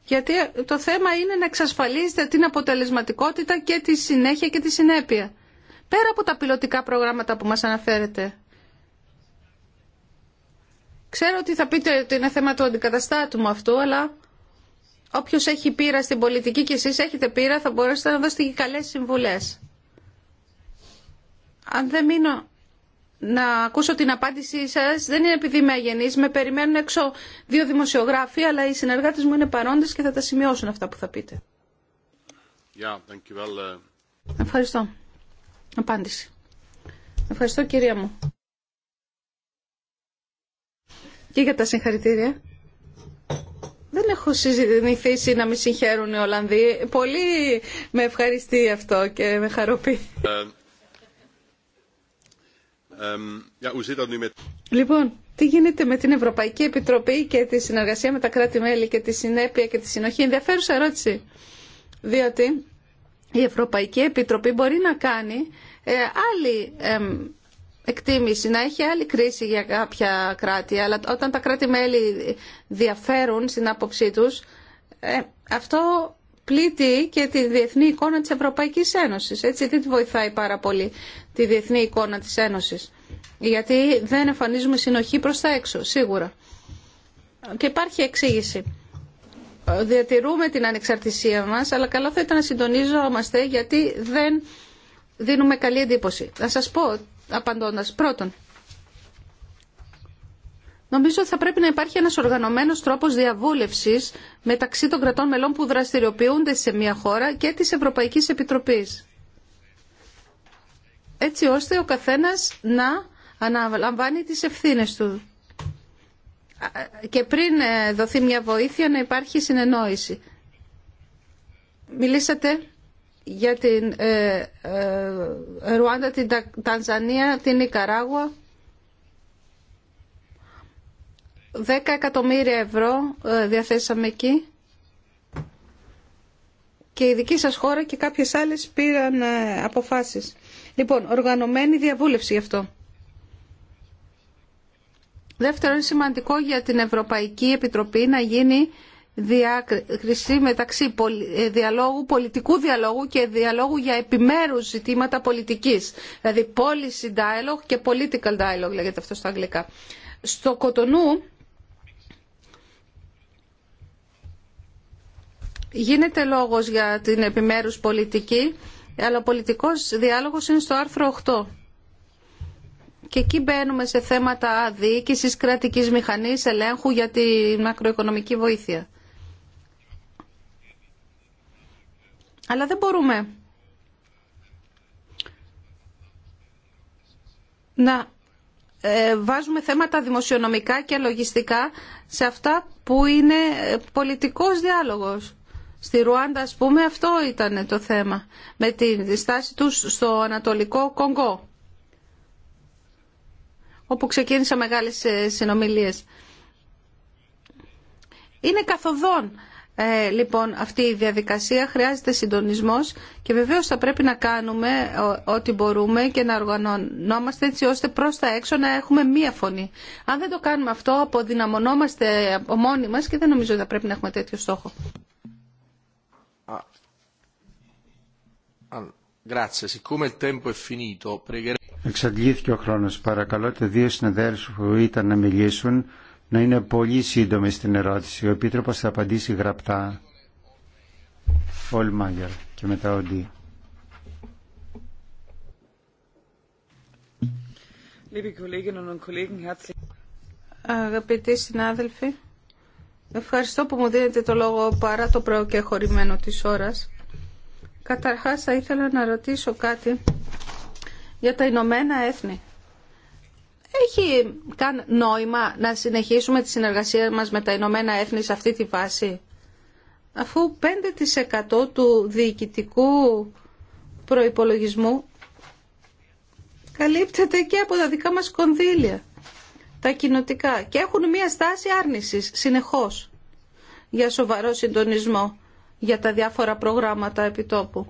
C: Γιατί το θέμα είναι να εξασφαλίζετε την αποτελεσματικότητα και τη συνέχεια και τη συνέπεια. Πέρα από τα πιλωτικά προγράμματα που μας αναφέρετε. Ξέρω ότι θα πείτε ότι είναι θέμα του αντικαταστάτου μου αυτού, αλλά Όποιος έχει πείρα στην πολιτική και εσείς έχετε πείρα θα μπορέσετε να δώσετε και καλές συμβουλές. Αν δεν μείνω να ακούσω την απάντησή σας, δεν είναι επειδή είμαι αγενής, με περιμένουν έξω δύο δημοσιογράφοι, αλλά οι συνεργάτες μου είναι παρόντες και θα τα σημειώσουν αυτά που θα πείτε.
B: Yeah, uh,
C: Ευχαριστώ. Απάντηση. Ευχαριστώ κυρία μου. Και για τα συγχαρητήρια δεν έχω συνηθίσει να με συγχαίρουν οι Ολλανδοί. Πολύ με ευχαριστεί αυτό και με χαροποιεί. Λοιπόν, τι γίνεται με την Ευρωπαϊκή Επιτροπή και τη συνεργασία με τα κράτη-μέλη και τη συνέπεια και τη συνοχή. Ενδιαφέρουσα ερώτηση. Διότι η Ευρωπαϊκή Επιτροπή μπορεί να κάνει ε, άλλη εκτίμηση να έχει άλλη κρίση για κάποια κράτη, αλλά όταν τα κράτη-μέλη διαφέρουν στην άποψή τους, ε, αυτό πλήττει και τη διεθνή εικόνα της Ευρωπαϊκής Ένωσης. Έτσι δεν τη βοηθάει πάρα πολύ τη διεθνή εικόνα της Ένωσης. Γιατί δεν εμφανίζουμε συνοχή προς τα έξω, σίγουρα. Και υπάρχει εξήγηση. Διατηρούμε την ανεξαρτησία μας, αλλά καλό θα ήταν να συντονίζομαστε γιατί δεν δίνουμε καλή εντύπωση. Να σας πω απαντώντας. Πρώτον, Νομίζω ότι θα πρέπει να υπάρχει ένας οργανωμένος τρόπος διαβούλευσης μεταξύ των κρατών μελών που δραστηριοποιούνται σε μια χώρα και της Ευρωπαϊκής Επιτροπής. Έτσι ώστε ο καθένας να αναλαμβάνει τις ευθύνες του. Και πριν ε, δοθεί μια βοήθεια να υπάρχει συνεννόηση. Μιλήσατε για την ε, ε, Ρουάντα, την Τανζανία, την Ικαράγουα. 10 εκατομμύρια ευρώ ε, διαθέσαμε εκεί και η δική σας χώρα και κάποιες άλλες πήραν αποφάσεις. Λοιπόν, οργανωμένη διαβούλευση γι' αυτό. Δεύτερον, σημαντικό για την Ευρωπαϊκή Επιτροπή να γίνει διάκριση μεταξύ ε, διαλόγου, πολιτικού διαλόγου και διαλόγου για επιμέρους ζητήματα πολιτικής. Δηλαδή policy dialogue και political dialogue λέγεται αυτό στα αγγλικά. Στο Κοτονού γίνεται λόγος για την επιμέρους πολιτική, αλλά ο πολιτικός διάλογος είναι στο άρθρο 8. Και εκεί μπαίνουμε σε θέματα αδίκησης κρατικής μηχανής, ελέγχου για τη μακροοικονομική βοήθεια. Αλλά δεν μπορούμε να ε, βάζουμε θέματα δημοσιονομικά και λογιστικά σε αυτά που είναι πολιτικός διάλογος. Στη Ρουάντα, ας πούμε, αυτό ήταν το θέμα με τη στάση τους στο Ανατολικό Κονγκό, όπου ξεκίνησαν μεγάλες ε, συνομιλίες. Είναι καθοδόν ε, λοιπόν, αυτή η διαδικασία χρειάζεται συντονισμός και βεβαίως θα πρέπει να κάνουμε ό,τι μπορούμε και να οργανωνόμαστε έτσι ώστε προς τα έξω να έχουμε μία φωνή. Αν δεν το κάνουμε αυτό, αποδυναμωνόμαστε ο μόνοι μας και δεν νομίζω ότι θα πρέπει να έχουμε τέτοιο στόχο.
E: Εξαντλήθηκε ο χρόνος. Παρακαλώ τα δύο συνεδέρους που ήταν να μιλήσουν να είναι πολύ σύντομη στην ερώτηση. Ο Επίτροπος θα απαντήσει γραπτά. Ολμάγερ και μετά ο Ντί.
C: Αγαπητοί συνάδελφοι, ευχαριστώ που μου δίνετε το λόγο παρά το χωριμένο της ώρας. Καταρχάς θα ήθελα να ρωτήσω κάτι για τα Ηνωμένα Έθνη έχει καν νόημα να συνεχίσουμε τη συνεργασία μας με τα Ηνωμένα Έθνη σε αυτή τη βάση αφού 5% του διοικητικού προϋπολογισμού καλύπτεται και από τα δικά μας κονδύλια, τα κοινοτικά και έχουν μια στάση άρνησης συνεχώς για σοβαρό συντονισμό για τα διάφορα προγράμματα επιτόπου.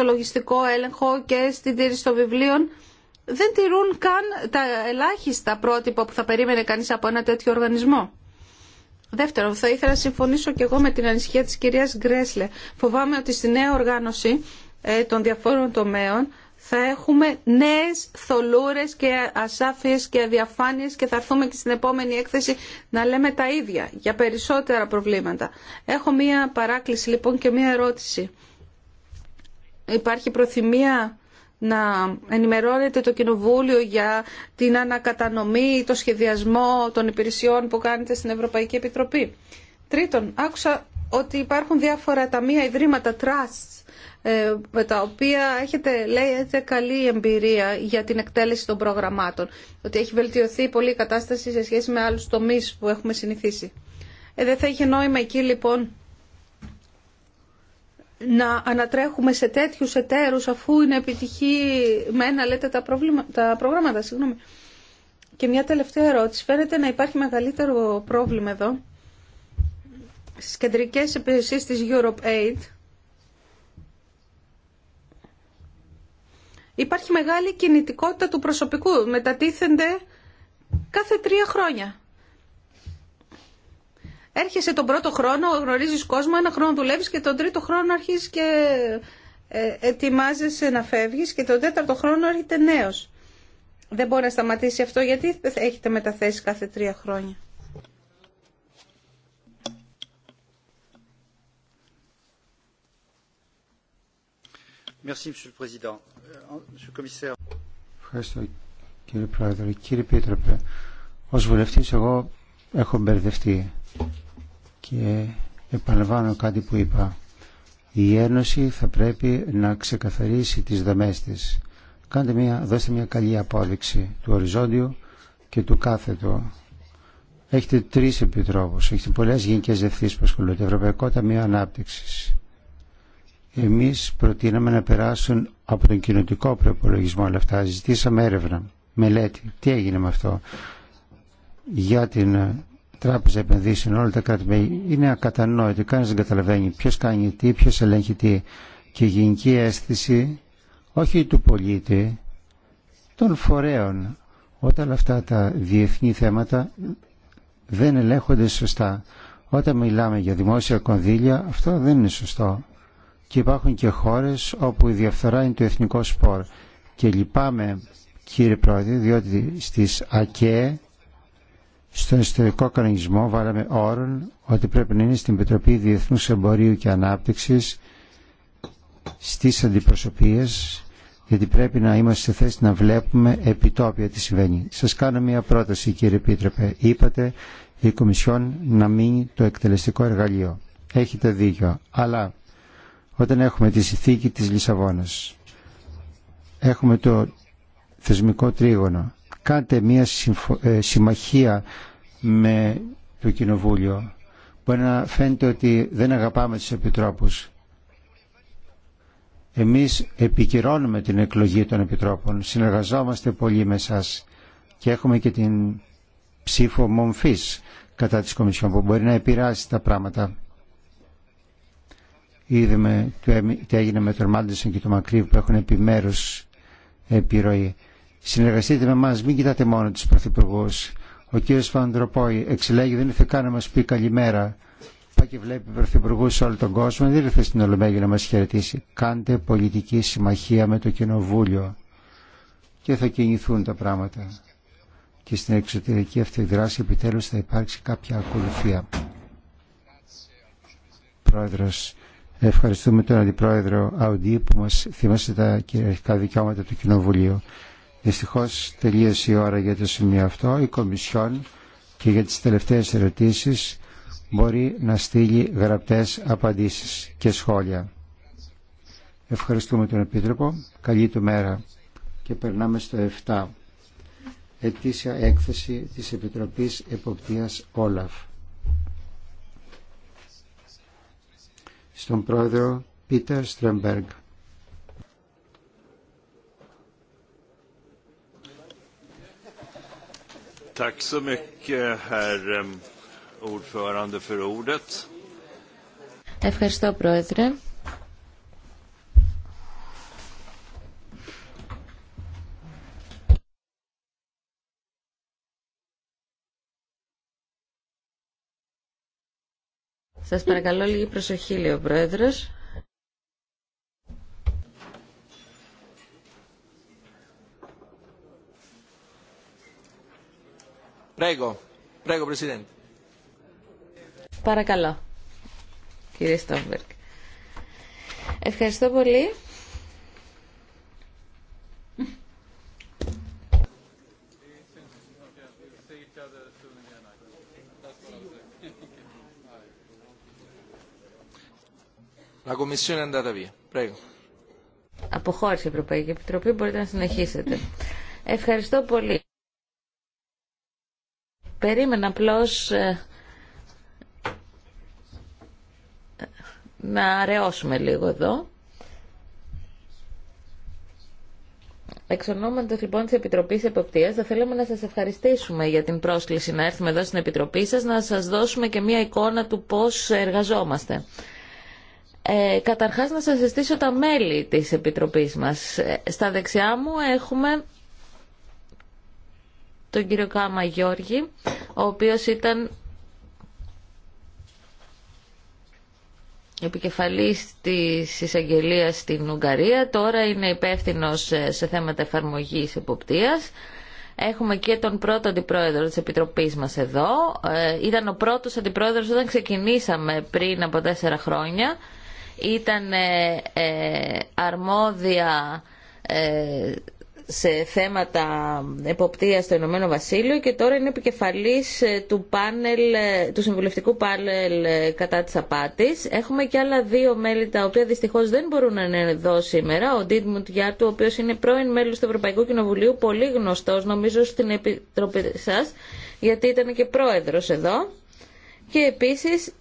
C: στο λογιστικό έλεγχο και στην τήρηση των βιβλίων δεν τηρούν καν τα ελάχιστα πρότυπα που θα περίμενε κανείς από ένα τέτοιο οργανισμό. Δεύτερον, θα ήθελα να συμφωνήσω και εγώ με την ανησυχία της κυρίας Γκρέσλε. Φοβάμαι ότι στη νέα οργάνωση ε, των διαφόρων τομέων θα έχουμε νέες θολούρες και ασάφειες και αδιαφάνειες και θα έρθουμε και στην επόμενη έκθεση να λέμε τα ίδια για περισσότερα προβλήματα. Έχω μία παράκληση λοιπόν και μία ερώτηση υπάρχει προθυμία να ενημερώνεται το Κοινοβούλιο για την ανακατανομή, το σχεδιασμό των υπηρεσιών που κάνετε στην Ευρωπαϊκή Επιτροπή. Τρίτον, άκουσα ότι υπάρχουν διάφορα ταμεία, ιδρύματα, trusts, ε, με τα οποία έχετε, καλή εμπειρία για την εκτέλεση των προγραμμάτων. Ότι έχει βελτιωθεί πολύ η κατάσταση σε σχέση με άλλους τομείς που έχουμε συνηθίσει. Ε, δεν θα είχε νόημα εκεί λοιπόν να ανατρέχουμε σε τέτοιους εταίρους αφού είναι επιτυχή με ένα λέτε τα, προβλημα... τα προγράμματα. Συγγνώμη. Και μια τελευταία ερώτηση. Φαίνεται να υπάρχει μεγαλύτερο πρόβλημα εδώ στις κεντρικές υπηρεσίες της Europe Aid. Υπάρχει μεγάλη κινητικότητα του προσωπικού. Μετατίθενται κάθε τρία χρόνια. Έρχεσαι τον πρώτο χρόνο, γνωρίζεις κόσμο, ένα χρόνο δουλεύεις και τον τρίτο χρόνο αρχίζεις και ε, ετοιμάζεσαι να φεύγεις και τον τέταρτο χρόνο έρχεται νέος. Δεν μπορεί να σταματήσει αυτό γιατί έχετε μεταθέσει κάθε τρία χρόνια.
E: Euh, Ευχαριστώ κύριε Πρόεδρε. Κύριε Πίτροπε, ως βουλευτής εγώ έχω μπερδευτεί και επαναλαμβάνω κάτι που είπα. Η Ένωση θα πρέπει να ξεκαθαρίσει τις δομές της. Κάντε μια, δώστε μια καλή απόδειξη του οριζόντιου και του κάθετου. Έχετε τρεις επιτρόπους, έχετε πολλές γενικές δευθύνσεις που ασχολούνται. Ευρωπαϊκό Ταμείο Ανάπτυξης. Εμείς προτείναμε να περάσουν από τον κοινωτικό προπολογισμό όλα αυτά. Ζητήσαμε έρευνα, μελέτη. Τι έγινε με αυτό. Για την Τράπεζα Επενδύσεων, όλα τα κράτη είναι ακατανόητο. Κανεί δεν καταλαβαίνει ποιο κάνει τι, ποιο ελέγχει τι. Και η γενική αίσθηση, όχι του πολίτη, των φορέων, όταν αυτά τα διεθνή θέματα δεν ελέγχονται σωστά. Όταν μιλάμε για δημόσια κονδύλια, αυτό δεν είναι σωστό. Και υπάρχουν και χώρες όπου η διαφθορά είναι το εθνικό σπορ. Και λυπάμαι, κύριε Πρόεδρε, διότι στις ΑΚΕ στον ιστορικό κανονισμό βάλαμε όρον ότι πρέπει να είναι στην Επιτροπή Διεθνούς Εμπορίου και Ανάπτυξης στις αντιπροσωπείες γιατί πρέπει να είμαστε σε θέση να βλέπουμε επιτόπια τι συμβαίνει. Σας κάνω μια πρόταση κύριε Επίτροπε. Είπατε η Κομισιόν να μείνει το εκτελεστικό εργαλείο. Έχετε δίκιο. Αλλά όταν έχουμε τη συνθήκη της Λισαβόνας, έχουμε το θεσμικό τρίγωνο κάντε μια ε, συμμαχία με το Κοινοβούλιο. Μπορεί να φαίνεται ότι δεν αγαπάμε τις επιτρόπους. Εμείς επικυρώνουμε την εκλογή των επιτρόπων, συνεργαζόμαστε πολύ με σας και έχουμε και την ψήφο μομφής κατά της Κομισιόν που μπορεί να επηρεάσει τα πράγματα. Είδαμε τι έγινε με τον Μάντεσεν και τον Μακρύβ που έχουν επιμέρους επιρροή. Συνεργαστείτε με εμά, μην κοιτάτε μόνο του πρωθυπουργού. Ο κύριο Φαντροπόη εξηλέγει. δεν ήρθε καν να μα πει καλημέρα. Πάει και βλέπει πρωθυπουργού σε όλο τον κόσμο, δεν ήρθε στην Ολομέγεια να μα χαιρετήσει. Κάντε πολιτική συμμαχία με το κοινοβούλιο και θα κινηθούν τα πράγματα. Και στην εξωτερική αυτή δράση επιτέλου θα υπάρξει κάποια ακολουθία. Πρόεδρο, ευχαριστούμε τον Αντιπρόεδρο Αουντή που μας θύμασε τα κυριαρχικά δικαιώματα του Κοινοβουλίου. Δυστυχώς τελείωσε η ώρα για το σημείο αυτό. Η Κομισιόν και για τις τελευταίες ερωτήσεις μπορεί να στείλει γραπτές απαντήσεις και σχόλια. Ευχαριστούμε τον Επίτροπο. Καλή του μέρα. Και περνάμε στο 7. Ετήσια έκθεση της Επιτροπής Εποπτείας Όλαφ. Στον πρόεδρο Πίτερ Στρεμπέργκ.
B: Tack så mycket, herr ehm, ordförande, för ordet.
C: Σας παρακαλώ λίγη προσοχή, λέει ο Πρόεδρος.
D: Παρακαλώ, κύριε Στόμπερκ. Ευχαριστώ πολύ. Αποχώρησε η Ευρωπαϊκή Επιτροπή. Μπορείτε να συνεχίσετε. Ευχαριστώ πολύ. Περίμενα απλώς ε, να αραιώσουμε λίγο εδώ. Εξ ονόματος λοιπόν της Επιτροπής Εποπτείας θα θέλαμε να σας ευχαριστήσουμε για την πρόσκληση να έρθουμε εδώ στην Επιτροπή σας να σας δώσουμε και μία εικόνα του πώς εργαζόμαστε. Ε, καταρχάς να σας συστήσω τα μέλη της Επιτροπής μας. Ε, στα δεξιά μου έχουμε τον κύριο Κάμα Γιώργη, ο οποίος ήταν επικεφαλής της εισαγγελίας στην Ουγγαρία, τώρα είναι υπεύθυνος ε, σε θέματα εφαρμογής εποπτείας. Έχουμε και τον πρώτο αντιπρόεδρο της Επιτροπής μας εδώ. Ε, ήταν ο πρώτος αντιπρόεδρος όταν ξεκινήσαμε πριν από τέσσερα χρόνια. Ήταν ε, αρμόδια σε θέματα εποπτείας στο Ηνωμένο Βασίλειο και τώρα είναι επικεφαλής ε, του, πάνελ, ε, του συμβουλευτικού πάνελ ε, κατά της απάτης. Έχουμε και άλλα δύο μέλη τα οποία δυστυχώς δεν μπορούν να είναι εδώ σήμερα. Ο Ντίτ Γιάρτου, ο οποίος είναι πρώην μέλος του Ευρωπαϊκού Κοινοβουλίου, πολύ γνωστός νομίζω στην Επιτροπή σας, γιατί ήταν και πρόεδρος εδώ. Και επίσης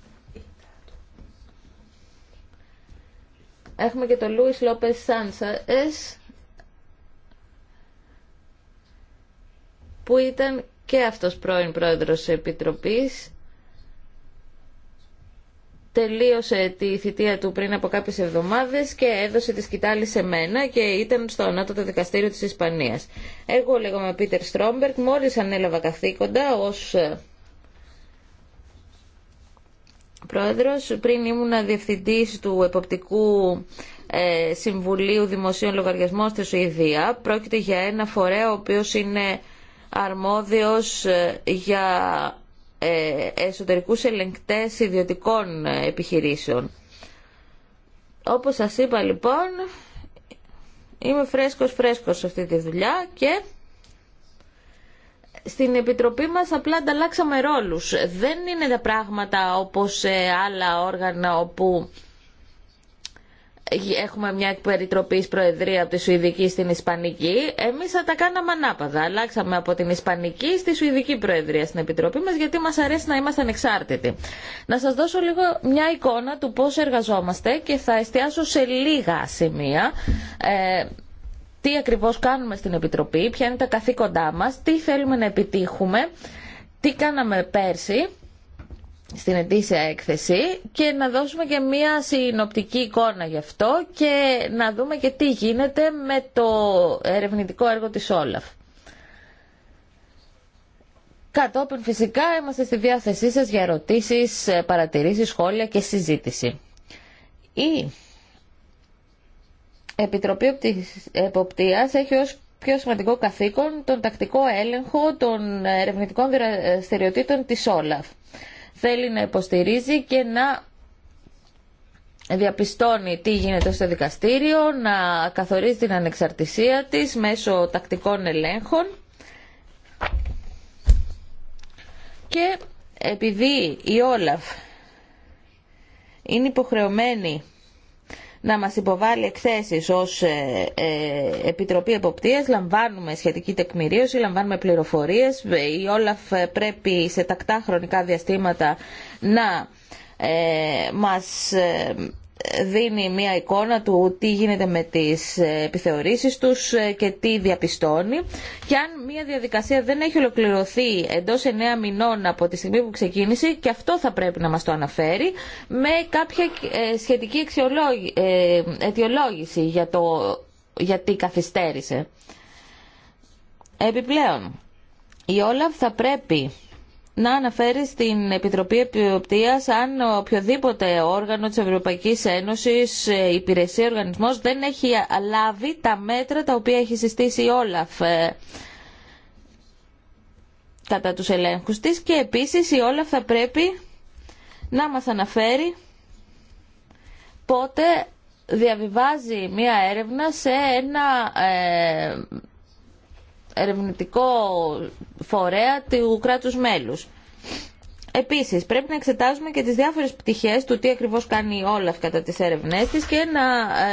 D: έχουμε και τον Λούις Λόπες Σάνσα, που ήταν και αυτός πρώην πρόεδρος της Επιτροπής. Τελείωσε τη θητεία του πριν από κάποιες εβδομάδες και έδωσε τη σκητάλη σε μένα και ήταν στο το δικαστήριο της Ισπανίας. Εγώ λέγομαι Πίτερ Στρόμπερκ, μόλις ανέλαβα καθήκοντα ως ε, πρόεδρος. Πριν ήμουν διευθυντής του Εποπτικού ε, Συμβουλίου Δημοσίων Λογαριασμών στη Σουηδία. Πρόκειται για ένα φορέα ο οποίος είναι αρμόδιος ε, για ε, εσωτερικούς ελεγκτές ιδιωτικών ε, επιχειρήσεων. Όπως σας είπα λοιπόν, είμαι φρέσκος φρέσκος σε αυτή τη δουλειά και στην Επιτροπή μας απλά ανταλλάξαμε ρόλους. Δεν είναι τα πράγματα όπως σε άλλα όργανα όπου έχουμε μια περιτροπή προεδρία από τη Σουηδική στην Ισπανική. Εμεί θα τα κάναμε ανάπαδα. Αλλάξαμε από την Ισπανική στη Σουηδική Προεδρία στην Επιτροπή μα γιατί μα αρέσει να είμαστε ανεξάρτητοι. Να σα δώσω λίγο μια εικόνα του πώ εργαζόμαστε και θα εστιάσω σε λίγα σημεία. Ε, τι ακριβώ κάνουμε στην Επιτροπή, ποια είναι τα καθήκοντά μα, τι θέλουμε να επιτύχουμε, τι κάναμε πέρσι στην ετήσια έκθεση και να δώσουμε και μία συνοπτική εικόνα γι' αυτό και να δούμε και τι γίνεται με το ερευνητικό έργο της Όλαφ. Κατόπιν φυσικά είμαστε στη διάθεσή σας για ερωτήσεις, παρατηρήσεις, σχόλια και συζήτηση. Η Επιτροπή Εποπτείας έχει ως πιο σημαντικό καθήκον τον τακτικό έλεγχο των ερευνητικών δραστηριοτήτων της Όλαφ θέλει να υποστηρίζει και να διαπιστώνει τι γίνεται στο δικαστήριο, να καθορίζει την ανεξαρτησία της μέσω τακτικών ελέγχων και επειδή η Όλαφ είναι υποχρεωμένη να μας υποβάλει εκθέσεις ως ε, ε, Επιτροπή Εποπτείας, λαμβάνουμε σχετική τεκμηρίωση, λαμβάνουμε πληροφορίες, η Όλαφ πρέπει σε τακτά χρονικά διαστήματα να ε, μας δίνει μια εικόνα του τι γίνεται με τις ε, επιθεωρήσεις τους ε, και τι διαπιστώνει και αν μια διαδικασία δεν έχει ολοκληρωθεί εντός εννέα μηνών από τη στιγμή που ξεκίνησε και αυτό θα πρέπει να μας το αναφέρει με κάποια ε, σχετική αιτιολόγηση για το γιατί καθυστέρησε. Επιπλέον, η Όλαφ θα πρέπει να αναφέρει στην Επιτροπή Επιοπτείας αν οποιοδήποτε όργανο της Ευρωπαϊκής Ένωσης, ε, υπηρεσία, οργανισμός δεν έχει λάβει τα μέτρα τα οποία έχει συστήσει η Όλαφ ε, κατά τους ελέγχους της και επίσης η Όλαφ θα πρέπει να μας αναφέρει πότε διαβιβάζει μία έρευνα σε ένα ε, ερευνητικό φορέα του κράτους μέλους. Επίσης, πρέπει να εξετάζουμε και τις διάφορες πτυχές του τι ακριβώς κάνει ΟΛΑΦ κατά τις έρευνές της και να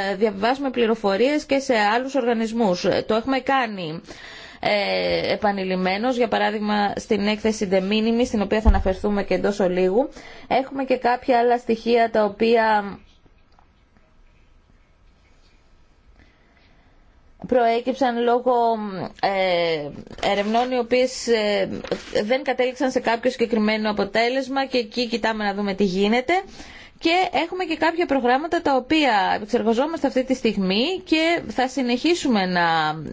D: ε, διαβάσουμε πληροφορίες και σε άλλους οργανισμούς. Το έχουμε κάνει ε, επανειλημμένος, για παράδειγμα στην έκθεση The Minimis, στην οποία θα αναφερθούμε και εντός ολίγου. Έχουμε και κάποια άλλα στοιχεία τα οποία προέκυψαν λόγω ε, ερευνών οι οποίες ε, δεν κατέληξαν σε κάποιο συγκεκριμένο αποτέλεσμα και εκεί κοιτάμε να δούμε τι γίνεται. Και έχουμε και κάποια προγράμματα τα οποία εξεργοζόμαστε αυτή τη στιγμή και θα συνεχίσουμε να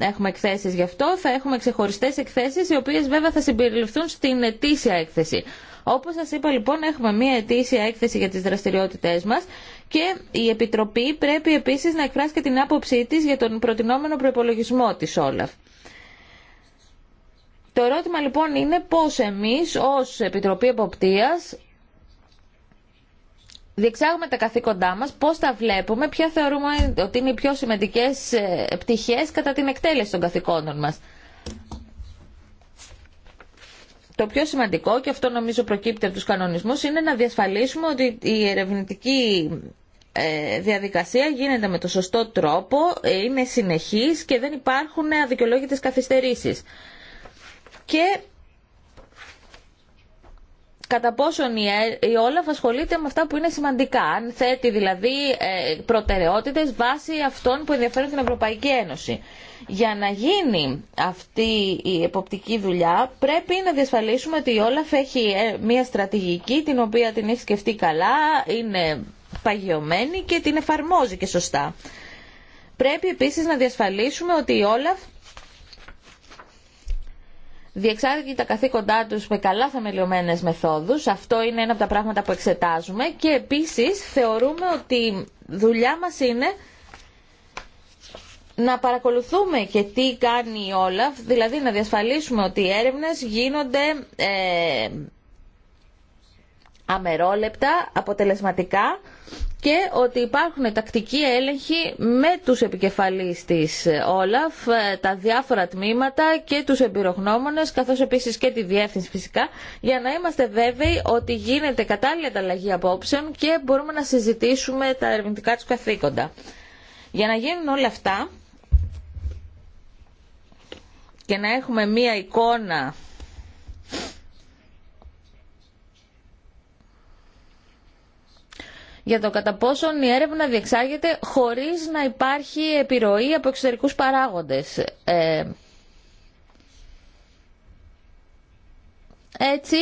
D: έχουμε εκθέσεις γι' αυτό. Θα έχουμε ξεχωριστές εκθέσεις οι οποίες βέβαια θα συμπεριληφθούν στην ετήσια έκθεση. Όπως σας είπα λοιπόν έχουμε μία ετήσια έκθεση για τις δραστηριότητές μας και η Επιτροπή πρέπει επίσης να εκφράσει και την άποψή της για τον προτινόμενο προπολογισμό της Όλαφ. Το ερώτημα λοιπόν είναι πώς εμείς ως Επιτροπή Εποπτείας διεξάγουμε τα καθήκοντά μας, πώς τα βλέπουμε, ποια θεωρούμε ότι είναι οι πιο σημαντικές ε, πτυχές κατά την εκτέλεση των καθηκόντων μας. Το πιο σημαντικό, και αυτό νομίζω προκύπτει από τους κανονισμούς, είναι να διασφαλίσουμε ότι η ερευνητική ε, διαδικασία γίνεται με το σωστό τρόπο, ε, είναι συνεχής και δεν υπάρχουν αδικαιολόγητες καθυστερήσεις. Και κατά πόσον η ε, όλα ασχολείται με αυτά που είναι σημαντικά. Αν θέτει δηλαδή προτεραιότητες βάσει αυτών που ενδιαφέρουν την Ευρωπαϊκή Ένωση. Για να γίνει αυτή η εποπτική δουλειά πρέπει να διασφαλίσουμε ότι η Όλαφ έχει μια στρατηγική την οποία την έχει σκεφτεί καλά, είναι παγιωμένη και την εφαρμόζει και σωστά. Πρέπει επίσης να διασφαλίσουμε ότι η Όλαφ διεξάγει τα καθήκοντά τους με καλά θεμελιωμένες μεθόδους. Αυτό είναι ένα από τα πράγματα που εξετάζουμε και επίσης θεωρούμε ότι δουλειά μας είναι να παρακολουθούμε και τι κάνει η Όλαφ, δηλαδή να διασφαλίσουμε ότι οι έρευνες γίνονται ε, αμερόλεπτα, αποτελεσματικά και ότι υπάρχουν τακτικοί έλεγχοι με τους επικεφαλείς της ε, Όλαφ, ε, τα διάφορα τμήματα και τους εμπειρογνώμονες, καθώς επίσης και τη διεύθυνση φυσικά, για να είμαστε βέβαιοι ότι γίνεται κατάλληλη ανταλλαγή απόψεων και μπορούμε να συζητήσουμε τα ερευνητικά τους καθήκοντα. Για να γίνουν όλα αυτά και να έχουμε μία εικόνα για το κατά πόσον η έρευνα διεξάγεται χωρίς να υπάρχει επιρροή από εξωτερικούς παράγοντες. Ε, έτσι,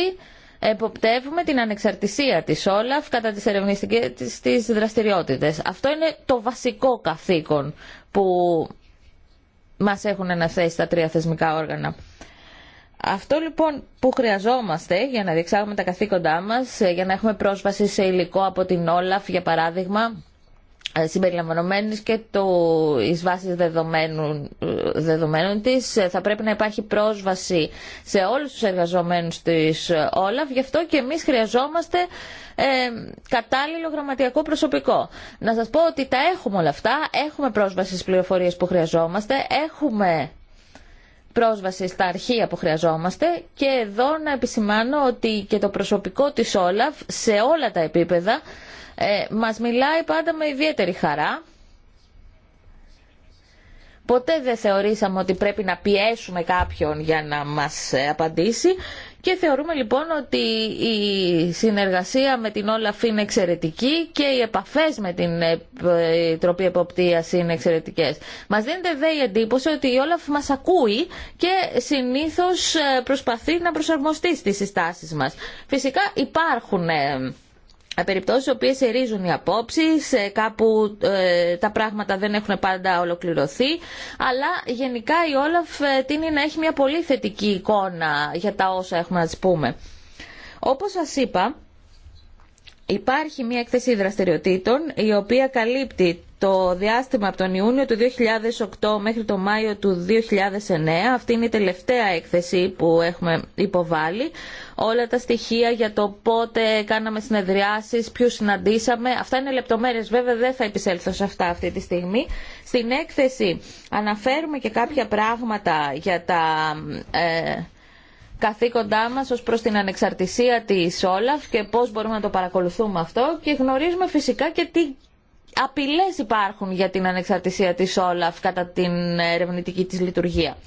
D: εποπτεύουμε την ανεξαρτησία της Όλαφ κατά τις ερευνητικές της δραστηριότητες. Αυτό είναι το βασικό καθήκον που μας έχουν αναθέσει τα τρία θεσμικά όργανα. Αυτό λοιπόν που χρειαζόμαστε για να διεξάγουμε τα καθήκοντά μας, ε, για να έχουμε πρόσβαση σε υλικό από την Όλαφ για παράδειγμα, ε, συμπεριλαμβανομένης και το εις βάσης δεδομένων, ε, δεδομένων της. Θα πρέπει να υπάρχει πρόσβαση σε όλους τους εργαζομένους της Όλαφ. Γι' αυτό και εμείς χρειαζόμαστε κατάλληλο γραμματιακό προσωπικό. Να σας πω ότι τα έχουμε όλα αυτά. Έχουμε πρόσβαση στις πληροφορίες που χρειαζόμαστε. Έχουμε πρόσβαση στα αρχεία που χρειαζόμαστε και εδώ να επισημάνω ότι και το προσωπικό της Όλαφ σε όλα τα επίπεδα ε, μας μιλάει πάντα με ιδιαίτερη χαρά. Ποτέ δεν θεωρήσαμε ότι πρέπει να πιέσουμε κάποιον για να μας ε, απαντήσει και θεωρούμε λοιπόν ότι η συνεργασία με την Όλαφ είναι εξαιρετική και οι επαφές με την Τροπή Εποπτείας είναι εξαιρετικές. Μας δίνεται δε η εντύπωση ότι η Όλαφ μας ακούει και συνήθως ε, προσπαθεί να προσαρμοστεί στις συστάσεις μας. Φυσικά υπάρχουν ε, ε, περιπτώσεις οι οποίες ερίζουν οι απόψεις, ε, κάπου ε, τα πράγματα δεν έχουν πάντα ολοκληρωθεί, αλλά γενικά η Όλαφ τίνει να έχει μια πολύ θετική εικόνα για τα όσα έχουμε να τις πούμε. Όπως σας είπα, υπάρχει μια έκθεση δραστηριοτήτων η οποία καλύπτει το διάστημα από τον Ιούνιο του 2008 μέχρι τον Μάιο του 2009. Αυτή είναι η τελευταία έκθεση που έχουμε υποβάλει. Όλα τα στοιχεία για το πότε κάναμε συνεδριάσεις, ποιους συναντήσαμε. Αυτά είναι λεπτομέρειες. Βέβαια δεν θα επισέλθω σε αυτά αυτή τη στιγμή. Στην έκθεση αναφέρουμε και κάποια πράγματα για τα... Ε, καθήκοντά μας ως προς την ανεξαρτησία της Όλαφ και πώς μπορούμε να το παρακολουθούμε αυτό και γνωρίζουμε φυσικά και τι απειλές υπάρχουν για την ανεξαρτησία της Όλαφ κατά την ερευνητική της λειτουργία.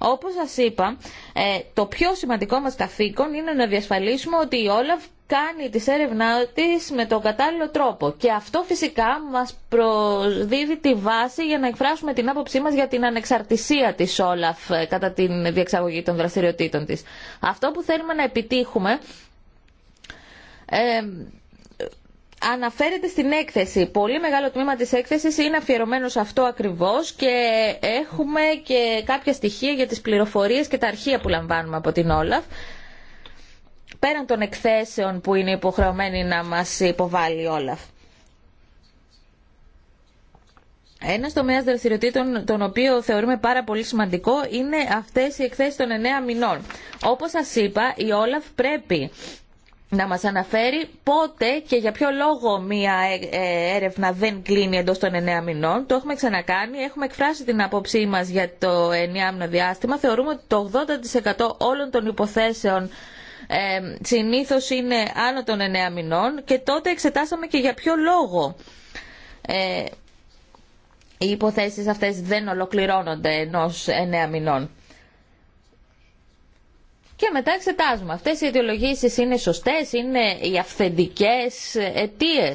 D: Όπως σας είπα, ε, το πιο σημαντικό μας καθήκον είναι να διασφαλίσουμε ότι η Όλαφ κάνει τις έρευνά της με τον κατάλληλο τρόπο. Και αυτό φυσικά μας προδίδει τη βάση για να εκφράσουμε την άποψή μας για την ανεξαρτησία της Όλαφ ε, κατά την διεξαγωγή των δραστηριοτήτων της. Αυτό που θέλουμε να επιτύχουμε... Ε, αναφέρεται στην έκθεση. Πολύ μεγάλο τμήμα της έκθεσης είναι αφιερωμένο σε αυτό ακριβώς και έχουμε και κάποια στοιχεία για τις πληροφορίες και τα αρχεία που λαμβάνουμε από την Όλαφ πέραν των εκθέσεων που είναι υποχρεωμένοι να μας υποβάλει η Όλαφ. Ένα τομέα δραστηριοτήτων, τον οποίο θεωρούμε πάρα πολύ σημαντικό, είναι αυτέ οι εκθέσει των εννέα μηνών. Όπω σα είπα, η Όλαφ πρέπει να μας αναφέρει πότε και για ποιο λόγο μία ε, ε, έρευνα δεν κλείνει εντός των 9 μηνών. Το έχουμε ξανακάνει, έχουμε εκφράσει την άποψή μας για το 9 μηνό διάστημα. Θεωρούμε ότι το 80% όλων των υποθέσεων ε, συνήθως είναι άνω των 9 μηνών και τότε εξετάσαμε και για ποιο λόγο. Ε, οι υποθέσεις αυτές δεν ολοκληρώνονται ενός 9 μηνών και μετά εξετάζουμε. Αυτέ οι αιτιολογήσεις είναι σωστέ, είναι οι αυθεντικές αιτίε.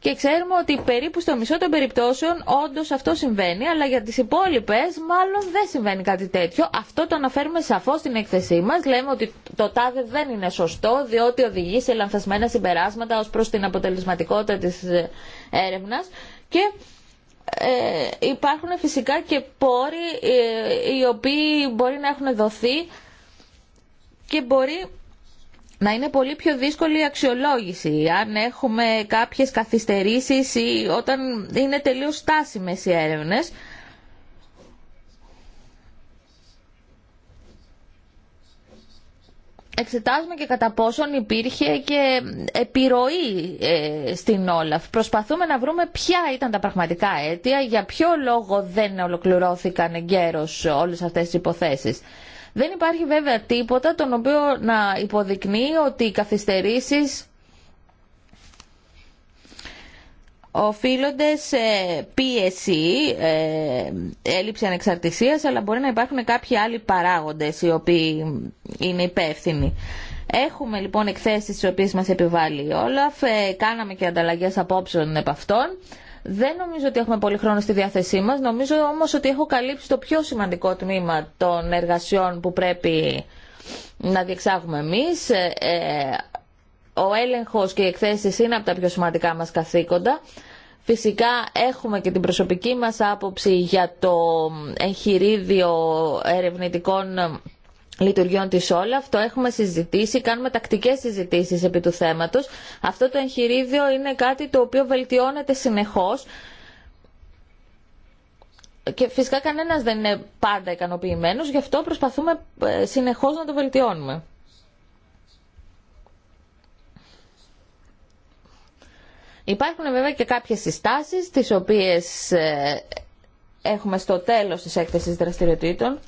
D: Και ξέρουμε ότι περίπου στο μισό των περιπτώσεων όντω αυτό συμβαίνει, αλλά για τι υπόλοιπε, μάλλον δεν συμβαίνει κάτι τέτοιο. Αυτό το αναφέρουμε σαφώ στην έκθεσή μα. Λέμε ότι το τάδε δεν είναι σωστό, διότι οδηγεί σε λανθασμένα συμπεράσματα ω προ την αποτελεσματικότητα τη ε, έρευνα. Και ε, υπάρχουν φυσικά και πόροι ε, οι οποίοι μπορεί να έχουν δοθεί και μπορεί να είναι πολύ πιο δύσκολη η αξιολόγηση αν έχουμε κάποιες καθυστερήσεις ή όταν είναι τελείως στάσιμες οι έρευνες. Εξετάζουμε και κατά πόσον υπήρχε και επιρροή ε, στην Όλαφ. Προσπαθούμε να βρούμε ποια ήταν τα πραγματικά αίτια, για ποιο λόγο δεν ολοκληρώθηκαν εγκαίρως όλες αυτές τις υποθέσεις. Δεν υπάρχει βέβαια τίποτα τον οποίο να υποδεικνύει ότι οι καθυστερήσεις οφείλονται σε πίεση, ε, έλλειψη ανεξαρτησίας, αλλά μπορεί να υπάρχουν κάποιοι άλλοι παράγοντες οι οποίοι είναι υπεύθυνοι. Έχουμε λοιπόν εκθέσεις τις οποίες μας επιβάλλει η Όλαφ, ε, κάναμε και ανταλλαγές απόψεων επ' αυτών. Δεν νομίζω ότι έχουμε πολύ χρόνο στη διάθεσή μας. Νομίζω όμως ότι έχω καλύψει το πιο σημαντικό τμήμα των εργασιών που πρέπει να διεξάγουμε εμείς. Ε, ε, ο έλεγχος και οι εκθέσεις είναι από τα πιο σημαντικά μας καθήκοντα. Φυσικά έχουμε και την προσωπική μας άποψη για το εγχειρίδιο ερευνητικών λειτουργιών της όλα αυτό έχουμε συζητήσει, κάνουμε τακτικές συζητήσεις επί του θέματος. Αυτό το εγχειρίδιο είναι κάτι το οποίο βελτιώνεται συνεχώς και φυσικά κανένας δεν είναι πάντα ικανοποιημένος, γι' αυτό προσπαθούμε ε, συνεχώς να το βελτιώνουμε. Υπάρχουν βέβαια και κάποιες συστάσεις, τις οποίες ε, έχουμε στο τέλος της έκθεσης δραστηριοτήτων.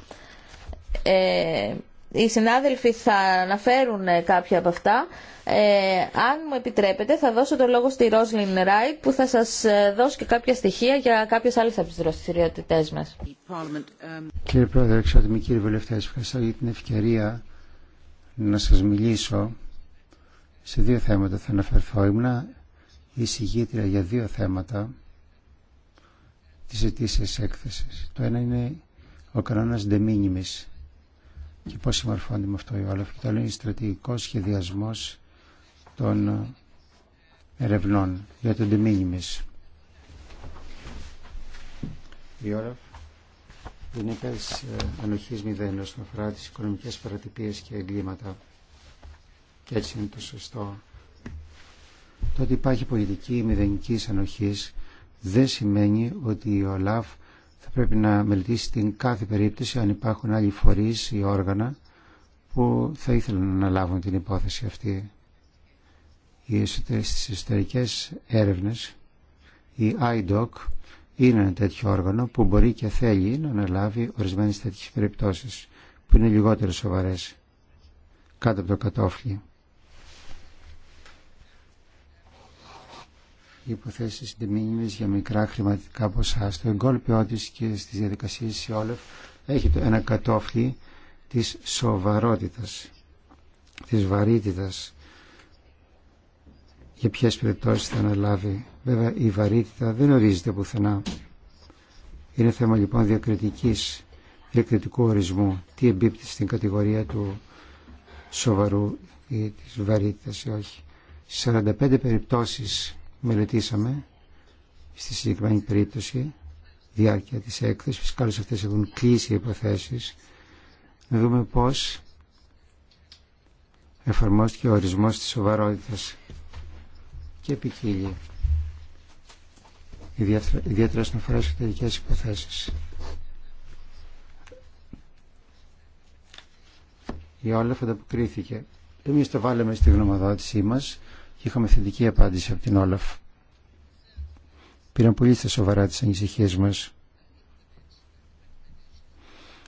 D: Ε, οι συνάδελφοι θα αναφέρουν κάποια από αυτά. Ε, αν μου επιτρέπετε θα δώσω το λόγο στη Ρόσλιν Ράιτ που θα σας ε, δώσει και κάποια στοιχεία για κάποιες άλλες από τις δραστηριότητές μας.
C: Κύριε Πρόεδρε,
E: εξωτιμοί κύριε Βουλευτέ, ευχαριστώ για την ευκαιρία να σας μιλήσω. Σε δύο θέματα θα αναφερθώ. ήμουν εισηγήτρια για δύο θέματα της αιτήσεως έκθεσης. Το ένα είναι ο κανόνας de και πώς συμμορφώνεται με αυτό η Όλαφ. Και το λέει στρατηγικός σχεδιασμός των ε, ερευνών για τον Τεμίνιμις. Η Όλαφ δεν έπαιζε ανοχής μηδέν όσον αφορά τις οικονομικές παρατυπίες και εγκλήματα. Και έτσι είναι το σωστό. Το ότι υπάρχει πολιτική μηδενικής ανοχής δεν σημαίνει ότι η ολαφ και το λεει στρατηγικος σχεδιασμος των ερευνων για τον τεμινιμις η ολαφ δεν ανοχης μηδεν οσον αφορα τις οικονομικες παρατυπιες και εγκληματα και ετσι ειναι το σωστο το οτι υπαρχει πολιτικη μηδενικης ανοχης δεν σημαινει οτι η ολαφ πρέπει να μελετήσει την κάθε περίπτωση αν υπάρχουν άλλοι φορείς ή όργανα που θα ήθελαν να αναλάβουν την υπόθεση αυτή. Οι εσωτερικές έρευνες, η IDOC, είναι ένα τέτοιο όργανο που μπορεί και θέλει να αναλάβει ορισμένες τέτοιες περιπτώσεις που είναι λιγότερο σοβαρές κάτω από το κατόφλι. υποθέσεις συντεμήνες για μικρά χρηματικά ποσά. Στο εγκόλπιό τη και στις διαδικασίες η Όλεφ έχει το ένα κατόφλι της σοβαρότητας, της βαρύτητας για ποιες περιπτώσεις θα αναλάβει. Βέβαια η βαρύτητα δεν ορίζεται πουθενά. Είναι θέμα λοιπόν διακριτικής, διακριτικού ορισμού. Τι εμπίπτει στην κατηγορία του σοβαρού ή της βαρύτητας ή όχι. Σε 45 περιπτώσεις μελετήσαμε στη συγκεκριμένη περίπτωση διάρκεια της έκθεσης. Φυσικά όλες αυτές έχουν κλείσει οι υποθέσεις. Να δούμε πώς εφαρμόστηκε ο ορισμός της σοβαρότητας και επικύλει Ιδιαίτερα όσον αφορά εσωτερικές υποθέσεις. Η όλα ανταποκρίθηκε. Εμείς το βάλαμε στη γνωμοδότησή μας είχαμε θετική απάντηση από την Όλαφ. Πήραν πολύ στα σοβαρά τις ανησυχίες μας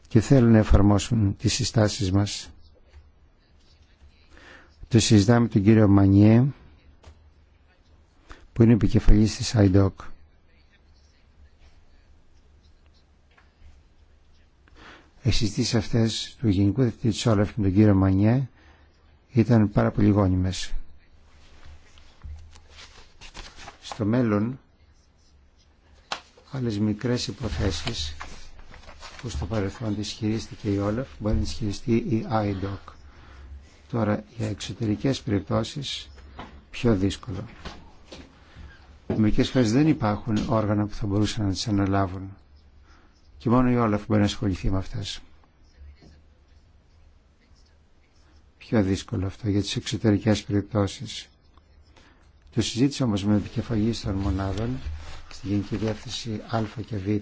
E: και θέλουν να εφαρμόσουν τις συστάσεις μας. Το συζητάμε τον κύριο Μανιέ που είναι επικεφαλής της IDOC. Οι αυτές του Γενικού Διευθυντή της Όλαφ και τον κύριο Μανιέ ήταν πάρα πολύ γόνιμες. Στο μέλλον, άλλες μικρές υποθέσεις που στο παρελθόν τις χειρίστηκε η Όλαφ, μπορεί να τις χειριστεί η IDOC. Τώρα, για εξωτερικές περιπτώσεις, πιο δύσκολο. Μερικές φορές δεν υπάρχουν όργανα που θα μπορούσαν να τις αναλάβουν. Και μόνο η Όλαφ μπορεί να ασχοληθεί με αυτές. Πιο δύσκολο αυτό για τις εξωτερικές περιπτώσεις. Το συζήτησα όμως με επικεφαλή των μονάδων στη Γενική Διεύθυνση Α και Β.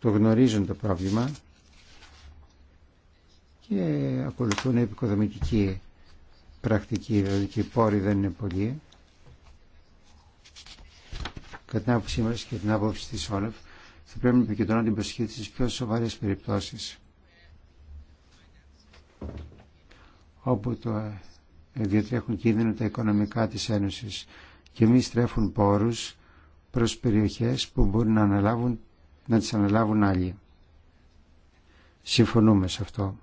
E: Το γνωρίζουν το πρόβλημα και ακολουθούν επικοδομητική πρακτική, δηλαδή και οι πόροι δεν είναι πολλοί. Κατά την άποψή μας και την άποψη της Όλεφ θα πρέπει να επικεντρώνω την προσοχή πιο σοβαρές περιπτώσεις όπου το έχουν κίνδυνο τα οικονομικά της Ένωσης και μη στρέφουν πόρους προς περιοχές που μπορούν να, αναλάβουν, να τις αναλάβουν άλλοι. Συμφωνούμε σε αυτό.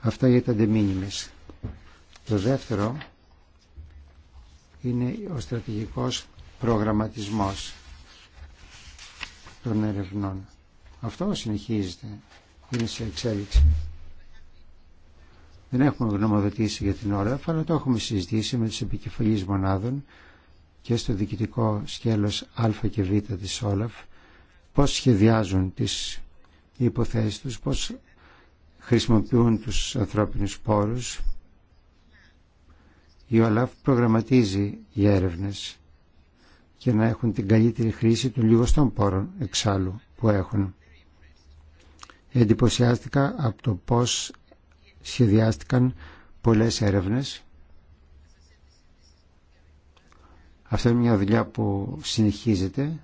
E: Αυτά για τα ντεμίνιμες. Το δεύτερο είναι ο στρατηγικός προγραμματισμός των ερευνών. Αυτό συνεχίζεται. Είναι σε εξέλιξη. Δεν έχουμε γνωμοδοτήσει για την ώρα, αλλά το έχουμε συζητήσει με τους επικεφαλείς μονάδων και στο διοικητικό σκέλος Α και Β της Όλαφ πώς σχεδιάζουν τις υποθέσεις τους, πώς χρησιμοποιούν τους ανθρώπινους πόρους. Η ΟΛΑΦ προγραμματίζει οι έρευνες και να έχουν την καλύτερη χρήση των λιγοστών πόρων εξάλλου που έχουν. Εντυπωσιάστηκα από το πώς σχεδιάστηκαν πολλές έρευνες. Αυτό είναι μια δουλειά που συνεχίζεται.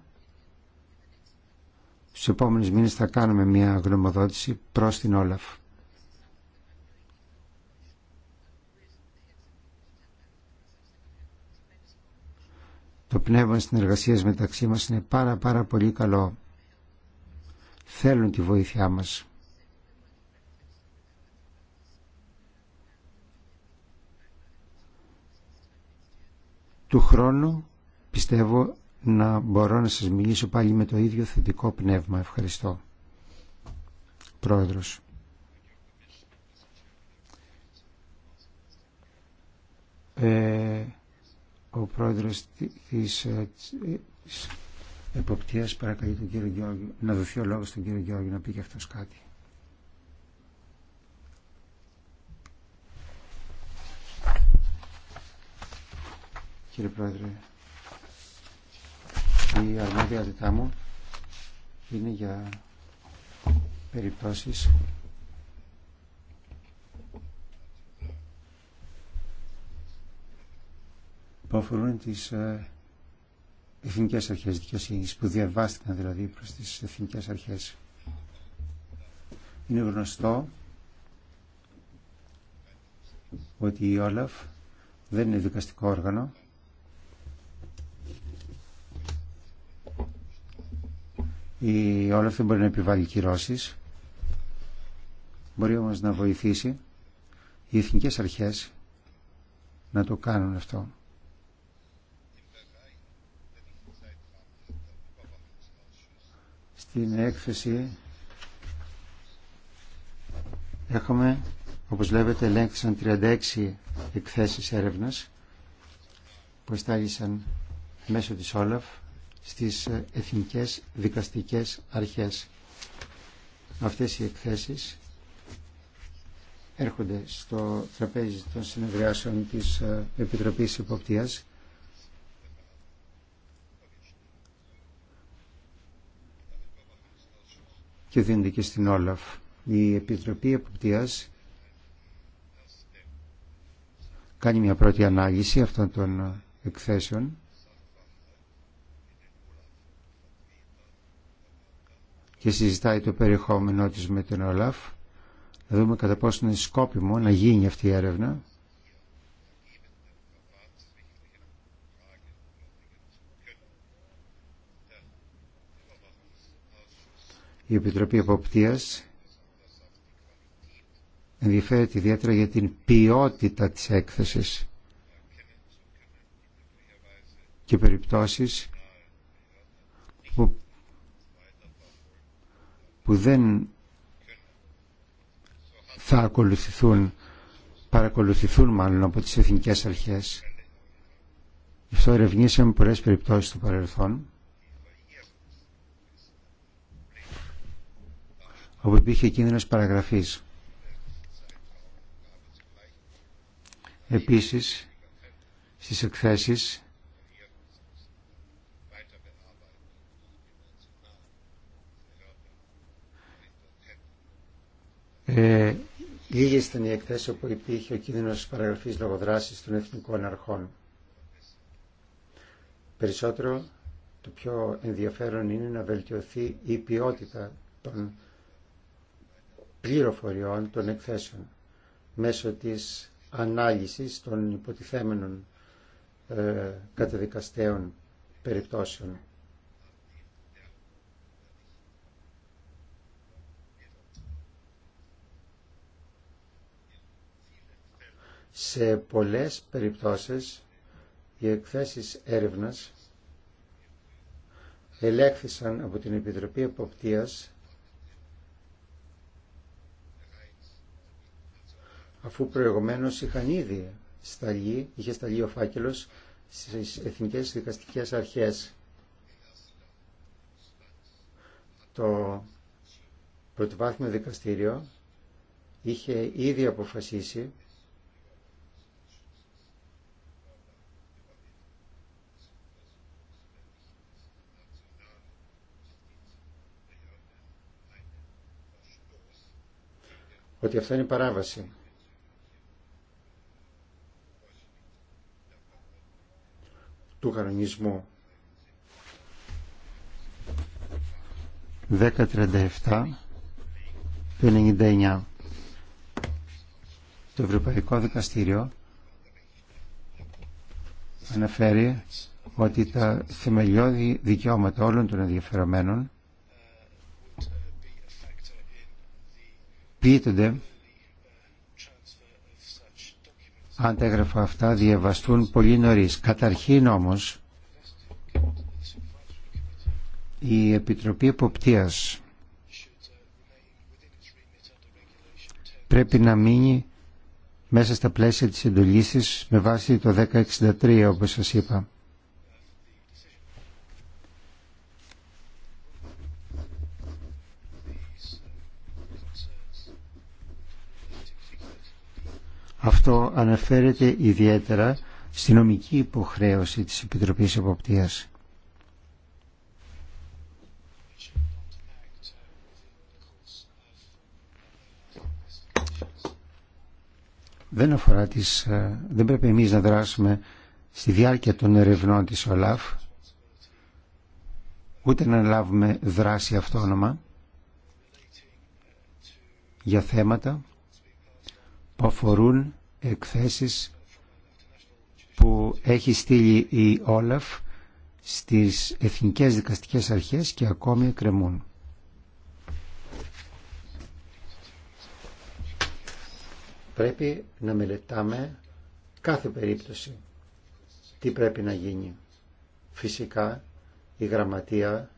E: Στους επόμενους μήνες θα κάνουμε μια γνωμοδότηση προς την Όλαφ. Το πνεύμα συνεργασίας μεταξύ μας είναι πάρα πάρα πολύ καλό. Θέλουν τη βοήθειά μας. του χρόνου πιστεύω να μπορώ να σας μιλήσω πάλι με το ίδιο θετικό πνεύμα. Ευχαριστώ. Πρόεδρος. Ε, ο πρόεδρος της, ε, της εποπτείας παρακαλεί τον κύριο Γιώργη, να δοθεί ο λόγος στον κύριο Γιώργη να πει και αυτός κάτι. κύριε Πρόεδρε. Η αρμόδιότητά μου είναι για περιπτώσεις που αφορούν τις ε, εθνικές αρχές δικαιοσύνης, που διαβάστηκαν δηλαδή προς τις εθνικές αρχές. Είναι γνωστό ότι η Όλαφ δεν είναι δικαστικό όργανο, Η Όλαφ δεν μπορεί να επιβάλλει κυρώσεις. Μπορεί όμως να βοηθήσει οι εθνικές αρχές να το κάνουν αυτό. Στην έκθεση έχουμε, όπως βλέπετε, ελέγχθησαν 36 εκθέσεις έρευνας που εστάγησαν μέσω της Όλαφ στις ε, εθνικές δικαστικές αρχές. Αυτές οι εκθέσεις έρχονται στο τραπέζι των συνεδριάσεων της ε, Επιτροπής Υποπτίας και δίνονται και στην Όλαφ. Η Επιτροπή Εποπτείας κάνει μια πρώτη ανάλυση αυτών των ε, εκθέσεων και συζητάει το περιεχόμενό της με τον ΟΛΑΦ να δούμε κατά πόσο είναι σκόπιμο να γίνει αυτή η έρευνα Η Επιτροπή Εποπτείας ενδιαφέρεται ιδιαίτερα για την ποιότητα της έκθεσης και περιπτώσεις που δεν θα ακολουθηθούν, παρακολουθηθούν μάλλον από τις εθνικές αρχές. Γι' αυτό ερευνήσαμε πολλές περιπτώσεις του παρελθόν. όπου υπήρχε κίνδυνος παραγραφής. Επίσης, στις εκθέσεις Ε, Λίγες ήταν οι εκθέσει όπου υπήρχε ο κίνδυνος παραγραφής λογοδράση των εθνικών αρχών. Περισσότερο, το πιο ενδιαφέρον είναι να βελτιωθεί η ποιότητα των πληροφοριών των εκθέσεων μέσω της ανάλυσης των υποτιθέμενων ε, καταδικαστέων περιπτώσεων. Σε πολλές περιπτώσεις οι εκθέσεις έρευνας ελέγχθησαν από την Επιτροπή Εποπτείας αφού προηγουμένως είχαν ήδη είχε σταλεί ο φάκελος στις Εθνικές Δικαστικές Αρχές. Το πρωτοβάθμιο δικαστήριο είχε ήδη αποφασίσει ότι αυτά είναι παράβαση. του κανονισμού 1037 του 99 το Ευρωπαϊκό Δικαστήριο αναφέρει ότι τα θεμελιώδη δικαιώματα όλων των ενδιαφερομένων πείτε αν τα έγραφα αυτά διαβαστούν πολύ νωρίς. Καταρχήν όμως η Επιτροπή Εποπτείας πρέπει να μείνει μέσα στα πλαίσια της εντολής με βάση το 1063 όπως σας είπα. Αυτό αναφέρεται ιδιαίτερα στη νομική υποχρέωση της Επιτροπής Εποπτείας. Δεν, αφορά τις, ε, δεν πρέπει εμείς να δράσουμε στη διάρκεια των ερευνών της ΟΛΑΦ ούτε να λάβουμε δράση αυτόνομα για θέματα που αφορούν εκθέσεις που έχει στείλει η Όλαφ στις εθνικές δικαστικές αρχές και ακόμη κρεμούν. Πρέπει να μελετάμε κάθε περίπτωση τι πρέπει να γίνει. Φυσικά η γραμματεία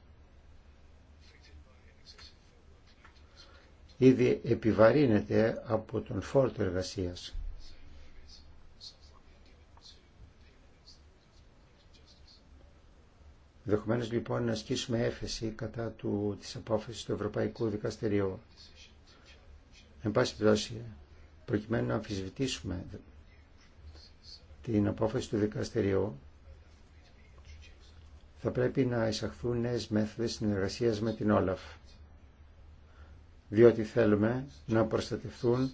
E: ήδη επιβαρύνεται από τον φόρτο εργασίας. Δεχομένως λοιπόν να ασκήσουμε έφεση κατά του, της απόφασης του Ευρωπαϊκού Δικαστηρίου. Εν πάση πτώση, προκειμένου να αμφισβητήσουμε την απόφαση του δικαστηριού, θα πρέπει να εισαχθούν νέες μέθοδες συνεργασίας με την Όλαφ διότι θέλουμε να προστατευτούν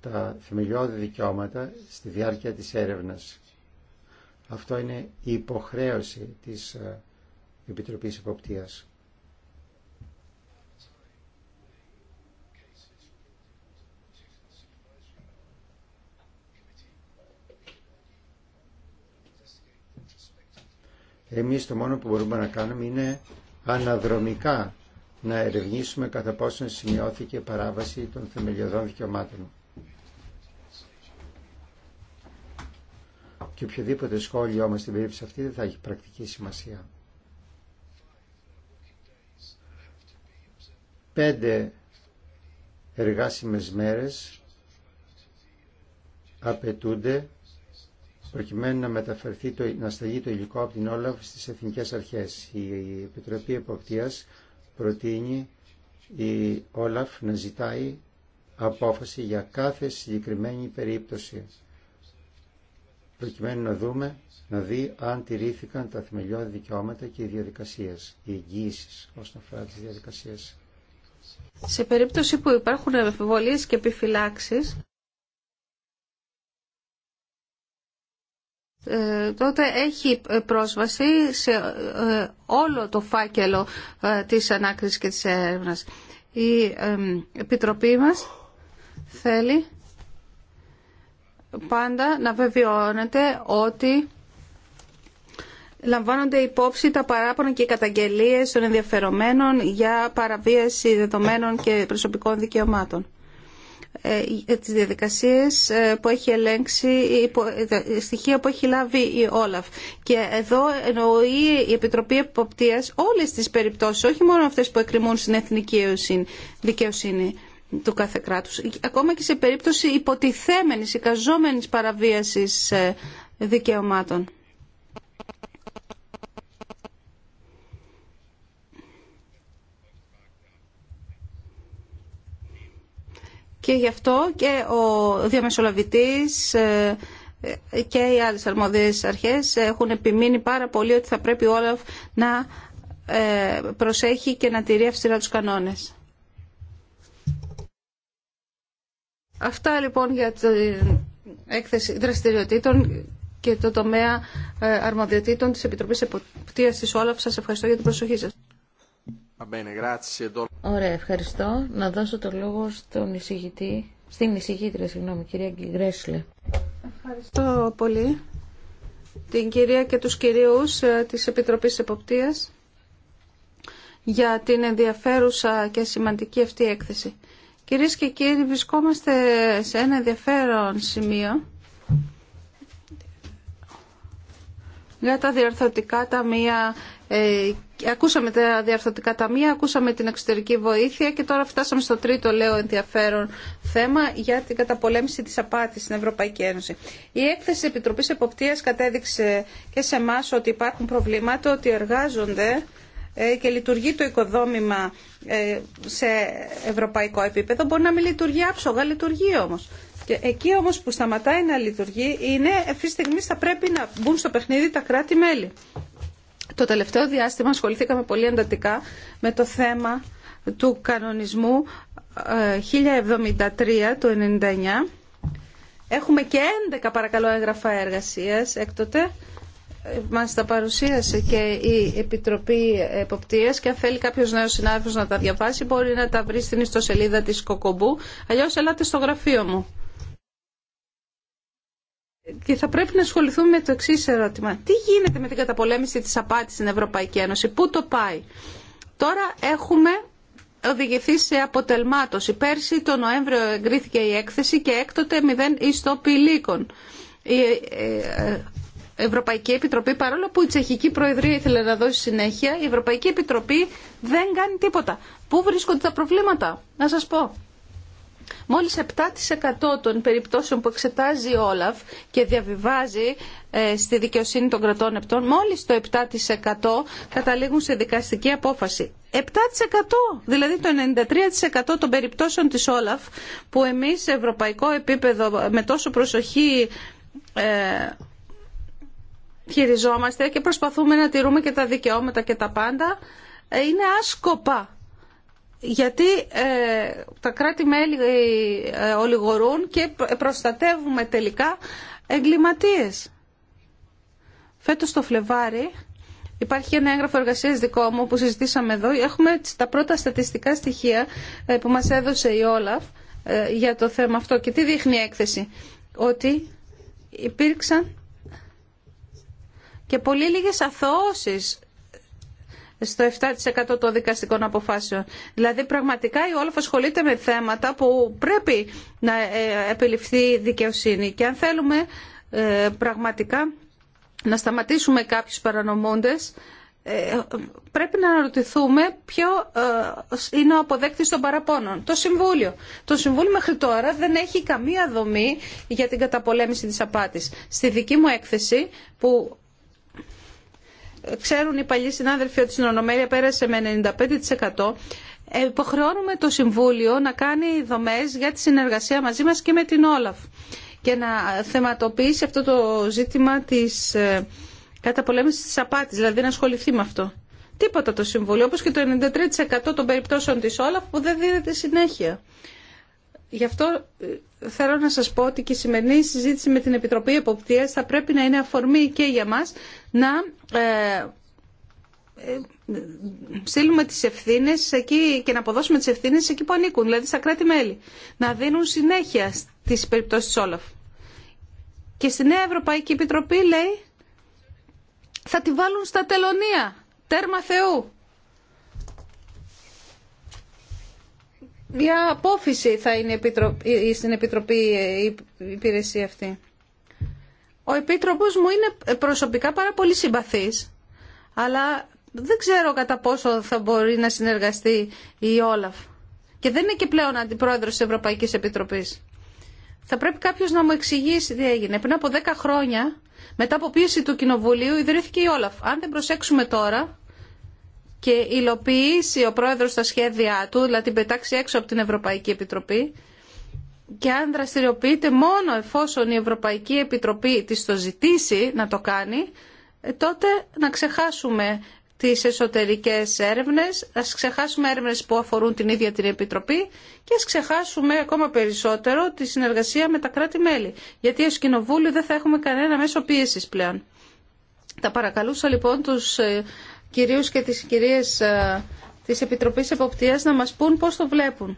E: τα θεμελιώδη δικαιώματα στη διάρκεια της έρευνας. Αυτό είναι η υποχρέωση της ε, Επιτροπής Εποπτείας. Εμείς το μόνο που μπορούμε να κάνουμε είναι αναδρομικά να ερευνήσουμε κατά πόσον σημειώθηκε παράβαση των θεμελιωδών δικαιωμάτων. Και οποιοδήποτε σχόλιο όμως στην περίπτωση αυτή δεν θα έχει πρακτική σημασία. Πέντε εργάσιμες μέρες απαιτούνται προκειμένου να μεταφερθεί το, να σταλεί το υλικό από την Όλαφ στις εθνικές αρχές. Η Επιτροπή Εποπτείας προτείνει η Όλαφ να ζητάει απόφαση για κάθε συγκεκριμένη περίπτωση προκειμένου να δούμε, να δει αν τηρήθηκαν τα θεμελιώδη δικαιώματα και οι διαδικασίες, οι εγγύησεις όσον αφορά τις διαδικασίες.
C: Σε περίπτωση που υπάρχουν αμφιβολίες και επιφυλάξεις, Ε, τότε έχει ε, πρόσβαση σε ε, όλο το φάκελο της ανάκρισης και της έρευνας. Η Επιτροπή μας θέλει πάντα να βεβαιώνεται ότι λαμβάνονται υπόψη τα παράπονα και οι καταγγελίες των ενδιαφερομένων για παραβίαση δεδομένων και προσωπικών δικαιωμάτων. Ε, ε, τις διαδικασίες ε, που έχει ελέγξει, στοιχεία που έχει λάβει η Όλαφ. Και εδώ εννοεί η Επιτροπή Εποπτείας όλες τις περιπτώσεις, όχι μόνο αυτές που εκκριμούν στην εθνική δικαιοσύνη του κάθε κράτους, ακόμα και σε περίπτωση υποτιθέμενης, εικαζόμενης παραβίασης δικαιωμάτων. Και γι' αυτό και ο διαμεσολαβητής ε, και οι άλλες αρμόδιες αρχές έχουν επιμείνει πάρα πολύ ότι θα πρέπει ο Όλαφ να ε, προσέχει και να τηρεί αυστηρά τους κανόνες. Αυτά λοιπόν για την έκθεση δραστηριοτήτων και το τομέα ε, αρμοδιοτήτων της Επιτροπής Εποπτείας της Όλαφ. Σας ευχαριστώ για την προσοχή σας. Ωραία, ευχαριστώ. Να δώσω το λόγο στον εισηγητή, στην εισηγήτρια, συγγνώμη, κυρία Γκρέσλε. Ευχαριστώ πολύ την κυρία και τους κυρίους ε, της Επιτροπής Εποπτείας για την ενδιαφέρουσα και σημαντική αυτή έκθεση. Κυρίες και κύριοι, βρισκόμαστε σε ένα ενδιαφέρον σημείο για τα διορθωτικά ταμεία ε, Ακούσαμε τα διαρθωτικά ταμεία, ακούσαμε την εξωτερική βοήθεια και τώρα φτάσαμε στο τρίτο, λέω, ενδιαφέρον θέμα για την καταπολέμηση της απάτης στην Ευρωπαϊκή Ένωση. Η έκθεση της Επιτροπής Εποπτείας κατέδειξε και σε εμά ότι υπάρχουν προβλήματα, ότι εργάζονται ε, και λειτουργεί το οικοδόμημα ε, σε ευρωπαϊκό επίπεδο. Μπορεί να μην λειτουργεί άψογα, λειτουργεί όμως. Και εκεί όμως που σταματάει να λειτουργεί είναι αυτή τη στιγμή θα πρέπει να μπουν στο παιχνίδι τα κράτη-μέλη. Το τελευταίο διάστημα ασχοληθήκαμε πολύ εντατικά με το θέμα του κανονισμού 1073 ε, του 99. Έχουμε και 11 παρακαλώ έγγραφα εργασίας έκτοτε. Ε, μας τα παρουσίασε και η Επιτροπή Εποπτείας και αν θέλει κάποιος νέος συνάδελφος να τα διαβάσει μπορεί να τα βρει στην ιστοσελίδα της Κοκομπού. Αλλιώς ελάτε στο γραφείο μου. Και θα πρέπει να ασχοληθούμε με το εξή ερώτημα. Τι γίνεται με την καταπολέμηση της απάτης στην Ευρωπαϊκή Ένωση, πού το πάει. Τώρα έχουμε οδηγηθεί σε αποτελμάτωση. Πέρσι το Νοέμβριο εγκρίθηκε η έκθεση και έκτοτε μηδέν ιστοπηλίκων. Η ε, ε, Ευρωπαϊκή Επιτροπή, παρόλο που η Τσεχική Προεδρία ήθελε να δώσει συνέχεια, η Ευρωπαϊκή Επιτροπή δεν κάνει τίποτα. Πού βρίσκονται τα προβλήματα, να σας πω. Μόλις 7% των περιπτώσεων που εξετάζει η Όλαφ και διαβιβάζει ε, στη δικαιοσύνη των κρατών επτών, μόλις το 7% καταλήγουν σε δικαστική απόφαση. 7%! Δηλαδή το 93% των περιπτώσεων της Όλαφ που εμείς σε ευρωπαϊκό επίπεδο με τόσο προσοχή ε, χειριζόμαστε και προσπαθούμε να τηρούμε και τα δικαιώματα και τα πάντα, ε, είναι άσκοπα γιατί ε, τα κράτη-μέλη ε, ολιγορούν και προστατεύουμε τελικά εγκληματίες. Φέτος το Φλεβάρι υπάρχει ένα έγγραφο εργασίας δικό μου που συζητήσαμε εδώ. Έχουμε τα πρώτα στατιστικά στοιχεία ε, που μας έδωσε η Όλαφ για το θέμα αυτό. Και τι δείχνει η έκθεση. Ότι υπήρξαν και πολύ λίγες αθωώσεις στο 7% των δικαστικών αποφάσεων. Δηλαδή πραγματικά η Όλαφ ασχολείται με θέματα που πρέπει να ε, επιληφθεί δικαιοσύνη και αν θέλουμε ε, πραγματικά να σταματήσουμε κάποιους παρανομούντες ε, πρέπει να αναρωτηθούμε ποιο είναι ο αποδέκτης των παραπώνων. Το Συμβούλιο. Το Συμβούλιο μέχρι τώρα δεν έχει καμία δομή για την καταπολέμηση της απάτης. Στη δική μου έκθεση που ξέρουν οι παλιοί συνάδελφοι ότι η Ονομέλεια πέρασε με 95%. Ε, υποχρεώνουμε το Συμβούλιο να κάνει δομές για τη συνεργασία μαζί μας και με την Όλαφ και να θεματοποιήσει αυτό το ζήτημα της ε, καταπολέμησης της απάτης, δηλαδή να ασχοληθεί με αυτό. Τίποτα το Συμβούλιο, όπως και το 93% των περιπτώσεων τη Όλαφ που δεν δίνεται συνέχεια. Γι' αυτό ε, θέλω να σας πω ότι και η σημερινή συζήτηση με την Επιτροπή Εποπτείας θα πρέπει να είναι αφορμή και για μας να ε, ε, στείλουμε τις ευθύνες εκεί και να αποδώσουμε τις ευθύνες εκεί που ανήκουν, δηλαδή στα κράτη-μέλη. Να δίνουν συνέχεια στις περιπτώσεις της Όλαφ. Και στη Νέα Ευρωπαϊκή Επιτροπή λέει θα τη βάλουν στα τελωνία, τέρμα Θεού. μια απόφυση θα είναι στην Επιτροπή η υπηρεσία αυτή. Ο Επίτροπος μου είναι προσωπικά πάρα πολύ συμπαθής, αλλά δεν ξέρω κατά πόσο θα μπορεί να συνεργαστεί η Όλαφ. Και δεν είναι και πλέον αντιπρόεδρος της Ευρωπαϊκής Επιτροπής. Θα πρέπει κάποιος να μου εξηγήσει τι έγινε. Πριν από 10 χρόνια, μετά από πίεση του Κοινοβουλίου, ιδρύθηκε η Όλαφ. Αν δεν προσέξουμε τώρα, και υλοποιήσει ο πρόεδρος τα σχέδιά του, δηλαδή την πετάξει έξω από την Ευρωπαϊκή Επιτροπή και αν δραστηριοποιείται μόνο εφόσον η Ευρωπαϊκή Επιτροπή της το ζητήσει να το κάνει, ε, τότε να ξεχάσουμε τις εσωτερικές έρευνες, να ξεχάσουμε έρευνες που αφορούν την ίδια την Επιτροπή και να ξεχάσουμε ακόμα περισσότερο τη συνεργασία με τα κράτη-μέλη, γιατί ως Κοινοβούλιο δεν θα έχουμε κανένα μέσο πίεσης πλέον. Τα παρακαλούσα λοιπόν τους ε, κυρίους και τις κυρίες ε, της Επιτροπής Εποπτείας να μας πούν πώς το βλέπουν.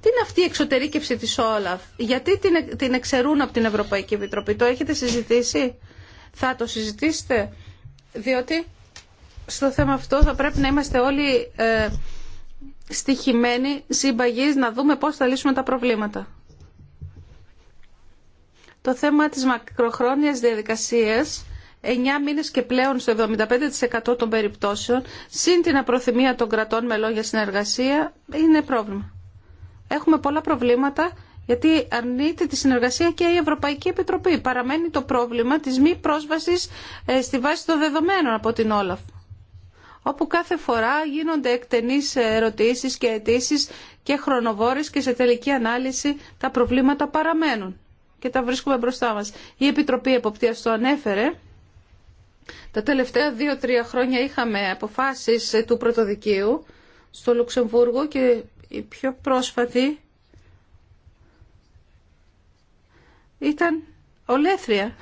C: Τι είναι αυτή η εξωτερήκευση της Όλαφ, γιατί την, την εξαιρούν από την Ευρωπαϊκή Επιτροπή, το έχετε συζητήσει, θα το συζητήσετε, διότι στο θέμα αυτό θα πρέπει να είμαστε όλοι ε, στοιχημένοι, συμπαγείς, να δούμε πώς θα λύσουμε τα προβλήματα. Το θέμα της μακροχρόνιας διαδικασίας 9 μήνες και πλέον στο 75% των περιπτώσεων, συν την απροθυμία των κρατών μελών για συνεργασία, είναι πρόβλημα. Έχουμε πολλά προβλήματα γιατί αρνείται τη συνεργασία και η Ευρωπαϊκή Επιτροπή. Παραμένει το πρόβλημα της μη πρόσβασης ε, στη βάση των δεδομένων από την Όλαφ όπου κάθε φορά γίνονται εκτενείς ερωτήσεις και αιτήσει και χρονοβόρες και σε τελική ανάλυση τα προβλήματα παραμένουν και τα βρίσκουμε μπροστά μας. Η Επιτροπή Εποπτείας το ανέφερε τα τελευταία δύο-τρία χρόνια είχαμε αποφάσεις ε, του πρωτοδικείου στο Λουξεμβούργο και η πιο πρόσφατη ήταν ολέθρια.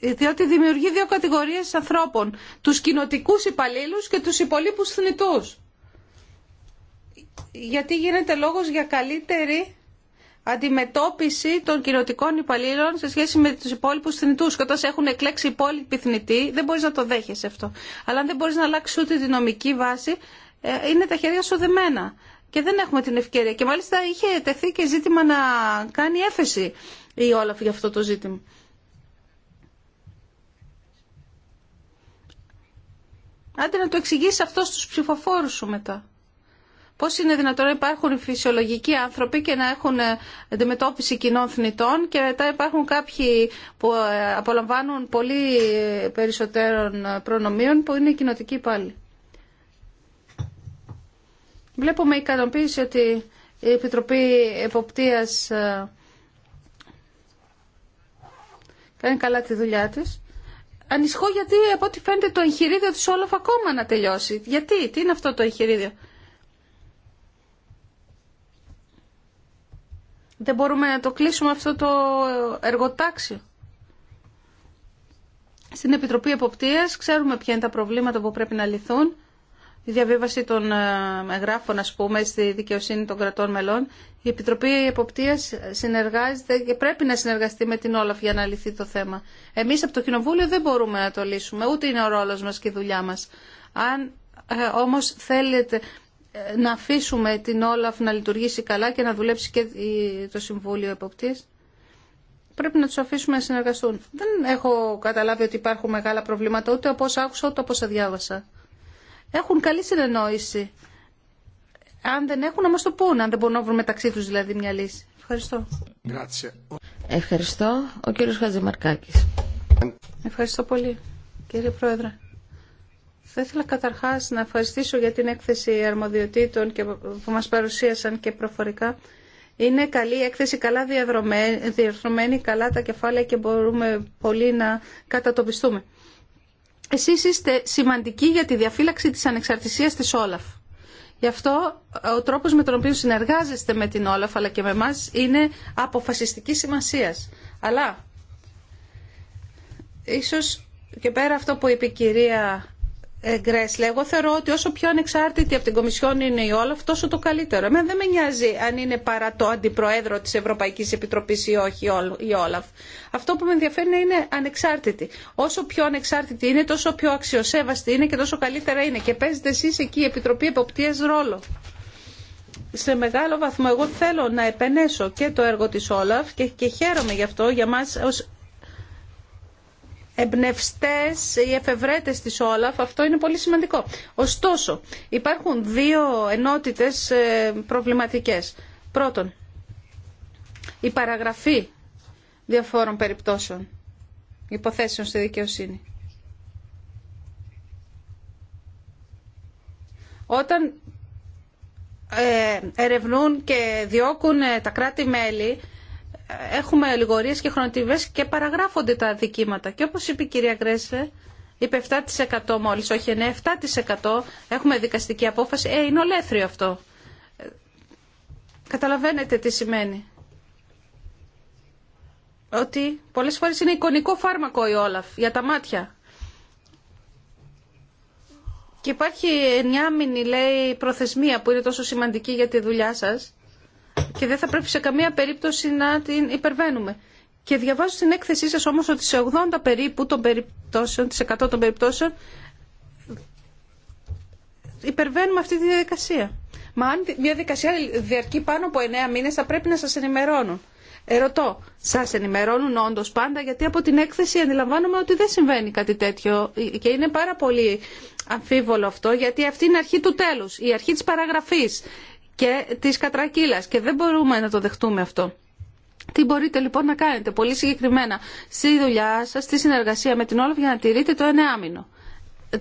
C: Διότι δημιουργεί δύο κατηγορίες ανθρώπων. Τους κοινοτικούς υπαλλήλους και τους υπολείπους θνητούς. Γιατί γίνεται λόγος για καλύτερη αντιμετώπιση των κοινοτικών υπαλλήλων σε σχέση με του υπόλοιπου θνητού. Και όταν σε έχουν εκλέξει υπόλοιποι θνητοί, δεν μπορεί να το δέχεσαι αυτό. Αλλά αν δεν μπορεί να αλλάξει ούτε τη νομική βάση, ε, είναι τα χέρια σου δεμένα. Και δεν έχουμε την ευκαιρία. Και μάλιστα είχε τεθεί και ζήτημα να κάνει έφεση η Όλαφ για αυτό το ζήτημα. Άντε να το εξηγήσει αυτό στους ψηφοφόρους σου μετά. Πώς είναι δυνατόν να υπάρχουν φυσιολογικοί άνθρωποι και να έχουν ε, αντιμετώπιση κοινών θνητών και μετά υπάρχουν κάποιοι που ε, απολαμβάνουν πολύ ε, περισσότερων προνομίων που είναι κοινοτικοί πάλι. Βλέπουμε με ικανοποίηση ότι η Επιτροπή Εποπτείας κάνει καλά τη δουλειά της. Ανισχώ γιατί από ό,τι φαίνεται το εγχειρίδιο της Όλαφ ακόμα να τελειώσει. Γιατί, τι είναι αυτό το εγχειρίδιο. Δεν μπορούμε να το κλείσουμε αυτό το εργοτάξιο. Στην Επιτροπή Εποπτείας ξέρουμε ποια είναι τα προβλήματα που πρέπει να λυθούν. Η διαβίβαση των ε, εγγράφων, ας πούμε, στη δικαιοσύνη των κρατών μελών. Η Επιτροπή Εποπτείας συνεργάζεται και πρέπει να συνεργαστεί με την Όλαφ για να λυθεί το θέμα. Εμείς από το Κοινοβούλιο δεν μπορούμε να το λύσουμε, ούτε είναι ο ρόλος μας και η δουλειά μας. Αν ε, όμως θέλετε να αφήσουμε την Όλαφ να λειτουργήσει καλά και να δουλέψει και το Συμβούλιο Εποπτής. Πρέπει να τους αφήσουμε να συνεργαστούν. Δεν έχω καταλάβει ότι υπάρχουν μεγάλα προβλήματα ούτε από όσα άκουσα ούτε από όσα διάβασα. Έχουν καλή συνεννόηση. Αν δεν έχουν να μα το πούν, αν δεν μπορούν να βρουν μεταξύ τους δηλαδή μια λύση. Ευχαριστώ.
D: Ευχαριστώ. Ο κύριος Χατζημαρκάκη.
C: Ευχαριστώ πολύ κύριε Πρόεδρε. Θα ήθελα καταρχάς να ευχαριστήσω για την έκθεση αρμοδιοτήτων και που μας παρουσίασαν και προφορικά. Είναι καλή έκθεση, καλά διαρθρωμένη, καλά τα κεφάλαια και μπορούμε πολύ να κατατοπιστούμε. Εσείς είστε σημαντικοί για τη διαφύλαξη της ανεξαρτησίας της Όλαφ. Γι' αυτό ε, ο τρόπος με τον οποίο συνεργάζεστε με την Όλαφ αλλά και με εμά είναι αποφασιστική σημασίας. Αλλά ίσως και πέρα αυτό που είπε η κυρία ε, Γκρέσλε, εγώ θεωρώ ότι όσο πιο ανεξάρτητη από την Κομισιόν είναι η Όλαφ, τόσο το καλύτερο. Εμένα δεν με νοιάζει αν είναι παρά το αντιπροέδρο τη Ευρωπαϊκή Επιτροπή ή όχι η Όλαφ. Αυτό που με ενδιαφέρει είναι ανεξάρτητη. Όσο πιο ανεξάρτητη είναι, τόσο πιο αξιοσέβαστη είναι και τόσο καλύτερα είναι. Και παίζετε εσεί εκεί η Επιτροπή Εποπτεία ρόλο. Σε μεγάλο βαθμό εγώ θέλω να επενέσω και το έργο της Όλαφ και, και χαίρομαι γι' αυτό για μας ως εμπνευστέ ή εφευρέτε τη Όλαφ. Αυτό είναι πολύ σημαντικό. Ωστόσο, υπάρχουν δύο ενότητε προβληματικέ. Πρώτον, η παραγραφή διαφόρων περιπτώσεων υποθέσεων στη δικαιοσύνη. Όταν ε, ερευνούν και διώκουν ε, τα κράτη-μέλη έχουμε λιγορίες και χρονοτιβές και παραγράφονται τα αδικήματα. Και όπως είπε η κυρία Γκρέσλε, είπε 7% μόλις, όχι 9, 7% έχουμε δικαστική απόφαση. Ε, είναι ολέθριο αυτό. Καταλαβαίνετε τι σημαίνει. Ότι πολλές φορές είναι εικονικό φάρμακο η Όλαφ για τα μάτια. Και υπάρχει εννιάμινη, λέει, προθεσμία που είναι τόσο σημαντική για τη δουλειά σας και δεν θα πρέπει σε καμία περίπτωση να την υπερβαίνουμε. Και διαβάζω στην έκθεσή σας όμως ότι σε 80 περίπου των περιπτώσεων, τις 100 των περιπτώσεων, υπερβαίνουμε αυτή τη διαδικασία. Μα αν μια διαδικασία διαρκεί πάνω από 9 μήνες θα πρέπει να σας ενημερώνουν. Ερωτώ, σας ενημερώνουν όντω πάντα γιατί από την έκθεση αντιλαμβάνομαι ότι δεν συμβαίνει κάτι τέτοιο και είναι πάρα πολύ αμφίβολο αυτό γιατί αυτή είναι η αρχή του τέλους, η αρχή της παραγραφής και της κατρακύλας και δεν μπορούμε να το δεχτούμε αυτό. Τι μπορείτε λοιπόν να κάνετε πολύ συγκεκριμένα στη δουλειά σας, στη συνεργασία με την Όλαφ για να τηρείτε το ένα άμυνο.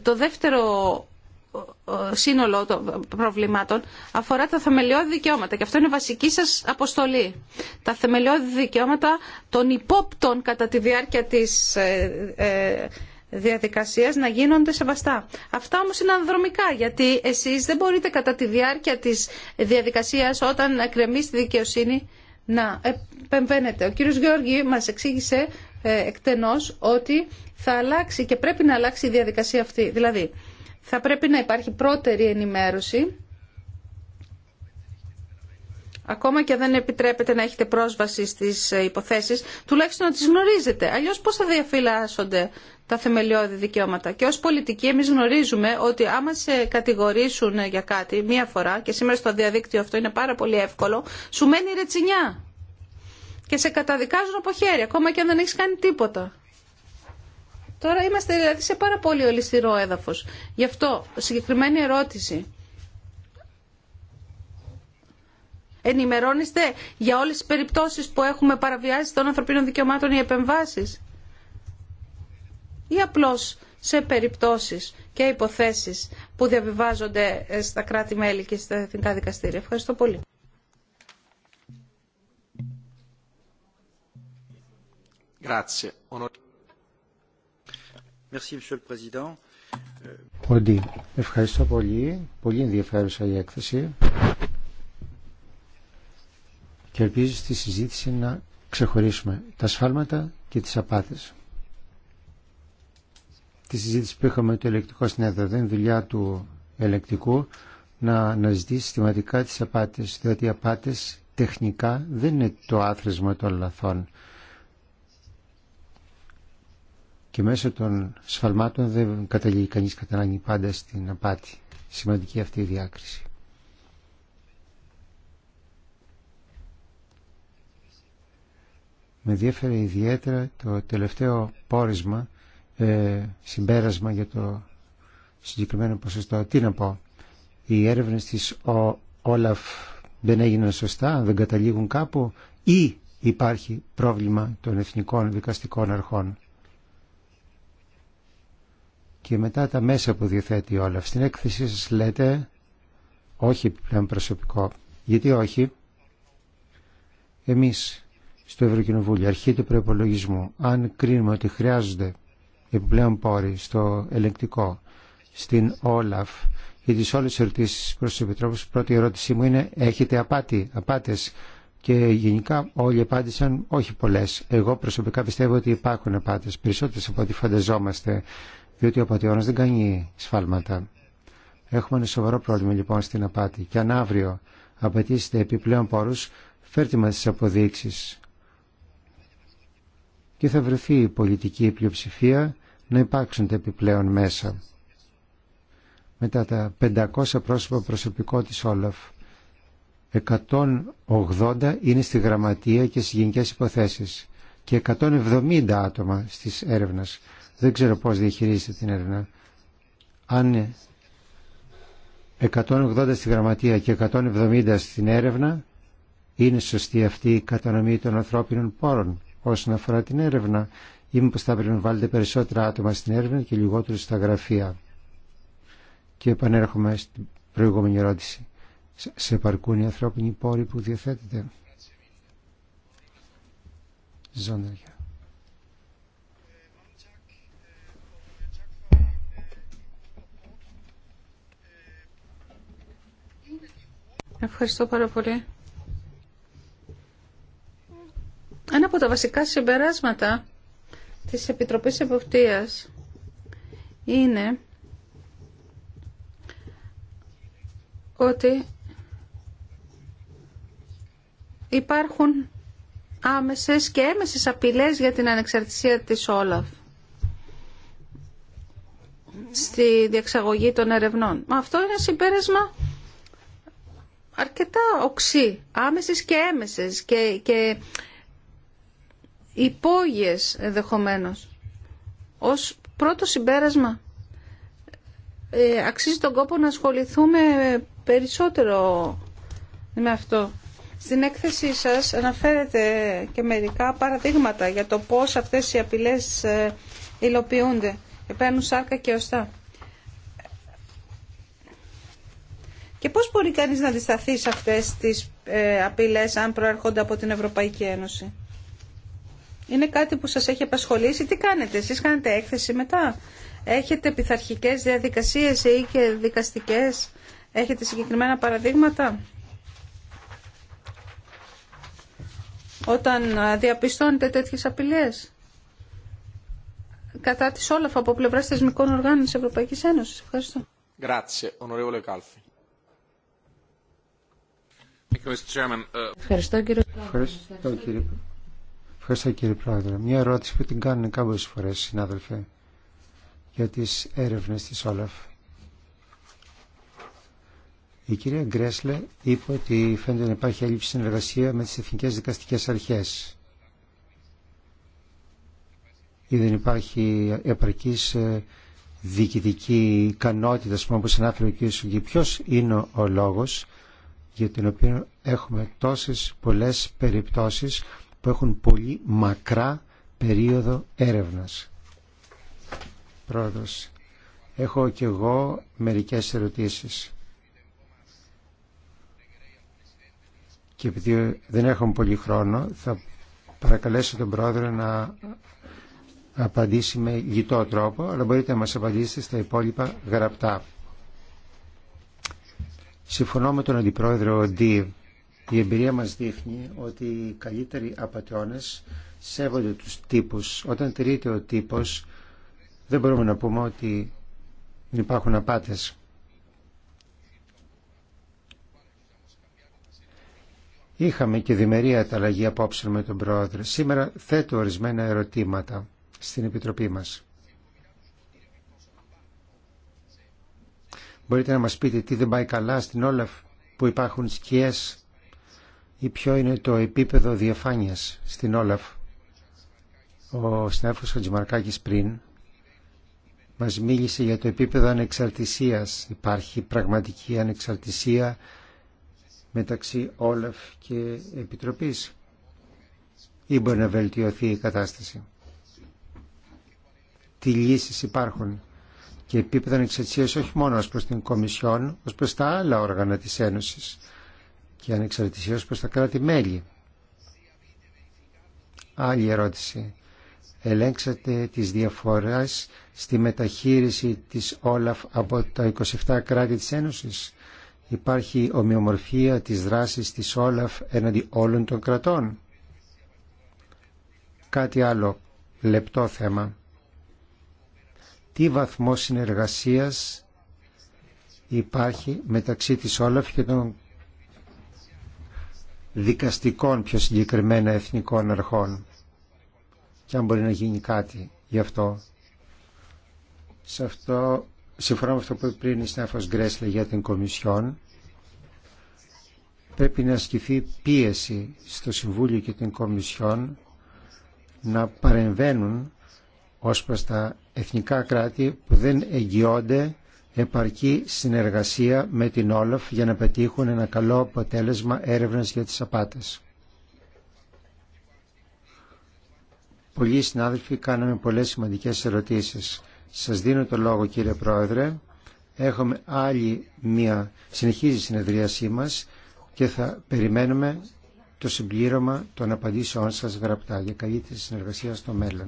C: Το δεύτερο σύνολο των προβλημάτων αφορά τα θεμελιώδη δικαιώματα και αυτό είναι βασική σας αποστολή. Τα θεμελιώδη δικαιώματα των υπόπτων κατά τη διάρκεια της ε, ε, Διαδικασία να γίνονται σεβαστά. Αυτά όμω είναι ανδρομικά γιατί εσεί δεν μπορείτε κατά τη διάρκεια τη διαδικασία όταν κρεμεί τη δικαιοσύνη να επεμβαίνετε. Ο κύριο Γεώργη μα εξήγησε ε, εκτενώς ότι θα αλλάξει και πρέπει να αλλάξει η διαδικασία αυτή. Δηλαδή θα πρέπει να υπάρχει πρώτερη ενημέρωση ακόμα και δεν επιτρέπεται να έχετε πρόσβαση στις ε, υποθέσεις, τουλάχιστον να τις γνωρίζετε. Αλλιώς πώς θα διαφυλάσσονται τα θεμελιώδη δικαιώματα. Και ως πολιτικοί εμείς γνωρίζουμε ότι άμα σε κατηγορήσουν για κάτι μία φορά, και σήμερα στο διαδίκτυο αυτό είναι πάρα πολύ εύκολο, σου μένει ρετσινιά. Και σε καταδικάζουν από χέρι, ακόμα και αν δεν έχεις κάνει τίποτα. Τώρα είμαστε δηλαδή σε πάρα πολύ ολιστηρό έδαφος. Γι' αυτό, συγκεκριμένη ερώτηση. Ενημερώνεστε για όλες τις περιπτώσεις που έχουμε παραβιάσει των ανθρωπίνων δικαιωμάτων οι επεμβάσεις ή απλώς σε περιπτώσεις και υποθέσεις που διαβιβάζονται ε, στα κράτη-μέλη και στα εθνικά δικαστήρια. Ευχαριστώ πολύ.
E: Euh, ευχαριστώ πολύ. Πολύ ενδιαφέρουσα η έκθεση. Και ελπίζω στη συζήτηση να ξεχωρίσουμε τα σφάλματα και τις απάτες τη συζήτηση που είχαμε το ελεκτικό συνέδριο. Δεν είναι δουλειά του ελεκτικού να αναζητήσει συστηματικά τι απάτες, διότι δηλαδή, οι απάτες τεχνικά δεν είναι το άθροισμα των λαθών. Και μέσω των σφαλμάτων δεν καταλήγει κανείς κατά ανάγκη πάντα στην απάτη. Σημαντική αυτή η διάκριση. Με διέφερε ιδιαίτερα το τελευταίο πόρισμα ε, συμπέρασμα για το συγκεκριμένο ποσοστό. Τι να πω, οι έρευνες της Όλαφ δεν έγιναν σωστά, δεν καταλήγουν κάπου ή υπάρχει πρόβλημα των εθνικών δικαστικών αρχών. Και μετά τα μέσα που διαθέτει η υπαρχει προβλημα των εθνικων δικαστικων αρχων και μετα τα μεσα που διαθετει η Στην έκθεσή σας λέτε όχι πλέον προσωπικό. Γιατί όχι. Εμείς στο Ευρωκοινοβούλιο, αρχή του προπολογισμού, αν κρίνουμε ότι χρειάζονται επιπλέον πόροι στο ελεγκτικό, στην Όλαφ για τις όλες τις ερωτήσεις προς τους Επιτρόπους. Η πρώτη ερώτησή μου είναι έχετε απάτη, απάτες και γενικά όλοι απάντησαν όχι πολλέ. Εγώ προσωπικά πιστεύω ότι υπάρχουν απάτες, περισσότερες από ό,τι φανταζόμαστε, διότι ο απαταιώνας δεν κάνει σφάλματα. Έχουμε ένα σοβαρό πρόβλημα λοιπόν στην απάτη και αν αύριο απαιτήσετε επιπλέον πόρου, φέρτε μας τι αποδείξεις και θα βρεθεί η πολιτική πλειοψηφία να υπάρξουν τα επιπλέον μέσα. Μετά τα 500 πρόσωπα προσωπικό της Όλαφ, 180 είναι στη γραμματεία και στις γενικές υποθέσεις και 170 άτομα στις έρευνας. Δεν ξέρω πώς διαχειρίζεται την έρευνα. Αν 180 στη γραμματεία και 170 στην έρευνα, είναι σωστή αυτή η κατανομή των ανθρώπινων πόρων όσον αφορά την έρευνα ή μήπως θα πρέπει να βάλετε περισσότερα άτομα στην έρευνα και λιγότερο στα γραφεία. Και επανέρχομαι στην προηγούμενη ερώτηση. Σε επαρκούν οι ανθρώπινοι πόροι που διαθέτεται.
C: Ευχαριστώ πάρα πολύ. Ένα από τα βασικά συμπεράσματα της Επιτροπής Εποπτείας είναι ότι υπάρχουν άμεσες και έμεσες απειλές για την ανεξαρτησία της Όλαφ στη διεξαγωγή των ερευνών. Αυτό είναι συμπέρασμα αρκετά οξύ, άμεσες και έμεσες και, και υπόγειες ενδεχομένω. Ως πρώτο συμπέρασμα ε, αξίζει τον κόπο να ασχοληθούμε περισσότερο με αυτό. Στην έκθεσή σας αναφέρετε και μερικά παραδείγματα για το πώς αυτές οι απειλές ε, υλοποιούνται και σάρκα και οστά. Και πώς μπορεί κανείς να αντισταθεί σε αυτές τις ε, απειλές αν προέρχονται από την Ευρωπαϊκή Ένωση. Είναι κάτι που σας έχει απασχολήσει. Τι κάνετε, εσείς κάνετε έκθεση μετά. Έχετε πειθαρχικές διαδικασίες ή και δικαστικές. Έχετε συγκεκριμένα παραδείγματα. Όταν διαπιστώνετε τέτοιες απειλές κατά της όλαφα από πλευρά θεσμικών οργάνων της Ευρωπαϊκής Ένωσης. Ευχαριστώ.
A: Ευχαριστώ,
D: κύριε.
E: Ευχαριστώ κύριε Πρόεδρε. Μια ερώτηση που την κάνουν κάποιε φορές συνάδελφε για τι έρευνε της Όλαφ. Η κυρία Γκρέσλε είπε ότι φαίνεται να υπάρχει έλλειψη συνεργασία με τις εθνικέ δικαστικές αρχές ή δεν υπάρχει επαρκής ε, διοικητική ικανότητα, πούμε, όπως ανάφερε ο κ. Σουγγί. ποιο είναι ο λόγο, για τον οποίο έχουμε τόσες πολλές περιπτώσεις που έχουν πολύ μακρά περίοδο έρευνας. Πρόεδρος, έχω και εγώ μερικές ερωτήσεις. Και επειδή δεν έχουμε πολύ χρόνο, θα παρακαλέσω τον πρόεδρο να απαντήσει με γητό τρόπο, αλλά μπορείτε να μας απαντήσετε στα υπόλοιπα γραπτά. Συμφωνώ με τον αντιπρόεδρο Ντίβ η εμπειρία μας δείχνει ότι οι καλύτεροι απατεώνες σέβονται τους τύπους. Όταν τηρείται ο τύπος δεν μπορούμε να πούμε ότι υπάρχουν απάτες. Είχαμε και διμερή αλλαγή απόψε με τον Πρόεδρο. Σήμερα θέτω ορισμένα ερωτήματα στην Επιτροπή μας. Μπορείτε να μας πείτε τι δεν πάει καλά στην Όλαφ που υπάρχουν σκιές ή ποιο είναι το επίπεδο διαφάνειας στην Όλαφ. Ο συνάδελφος Χατζημαρκάκης πριν μας μίλησε για το επίπεδο ανεξαρτησίας. Υπάρχει πραγματική ανεξαρτησία μεταξύ Όλαφ και Επιτροπής ή μπορεί να βελτιωθεί η κατάσταση. Τι λύσεις υπάρχουν και επίπεδο ανεξαρτησίας όχι μόνο ως προς την Κομισιόν, ως προς τα άλλα όργανα της Ένωσης και ανεξαρτησίως προς τα κράτη-μέλη. Άλλη ερώτηση. Ελέγξατε τις διαφορές στη μεταχείριση της Όλαφ από τα 27 κράτη της Ένωσης. Υπάρχει ομοιομορφία της δράσης της Όλαφ έναντι όλων των κρατών. Κάτι άλλο λεπτό θέμα. Τι βαθμό συνεργασίας υπάρχει μεταξύ της Όλαφ και των δικαστικών πιο συγκεκριμένα εθνικών αρχών και αν μπορεί να γίνει κάτι γι' αυτό. Σε αυτό συμφωνώ με αυτό που είπε πριν η Στέφος Γκρέσλε για την Κομισιόν πρέπει να ασκηθεί πίεση στο Συμβούλιο και την Κομισιόν να παρεμβαίνουν ως προς τα εθνικά κράτη που δεν εγγυώνται επαρκή συνεργασία με την Όλαφ για να πετύχουν ένα καλό αποτέλεσμα έρευνας για τις απάτες. Πολλοί συνάδελφοι κάναμε πολλές σημαντικές ερωτήσεις. Σας δίνω το λόγο κύριε Πρόεδρε. Έχουμε άλλη μία, συνεχίζει η συνεδρίασή μας και θα περιμένουμε το συμπλήρωμα των απαντήσεών σας γραπτά για καλύτερη συνεργασία στο μέλλον.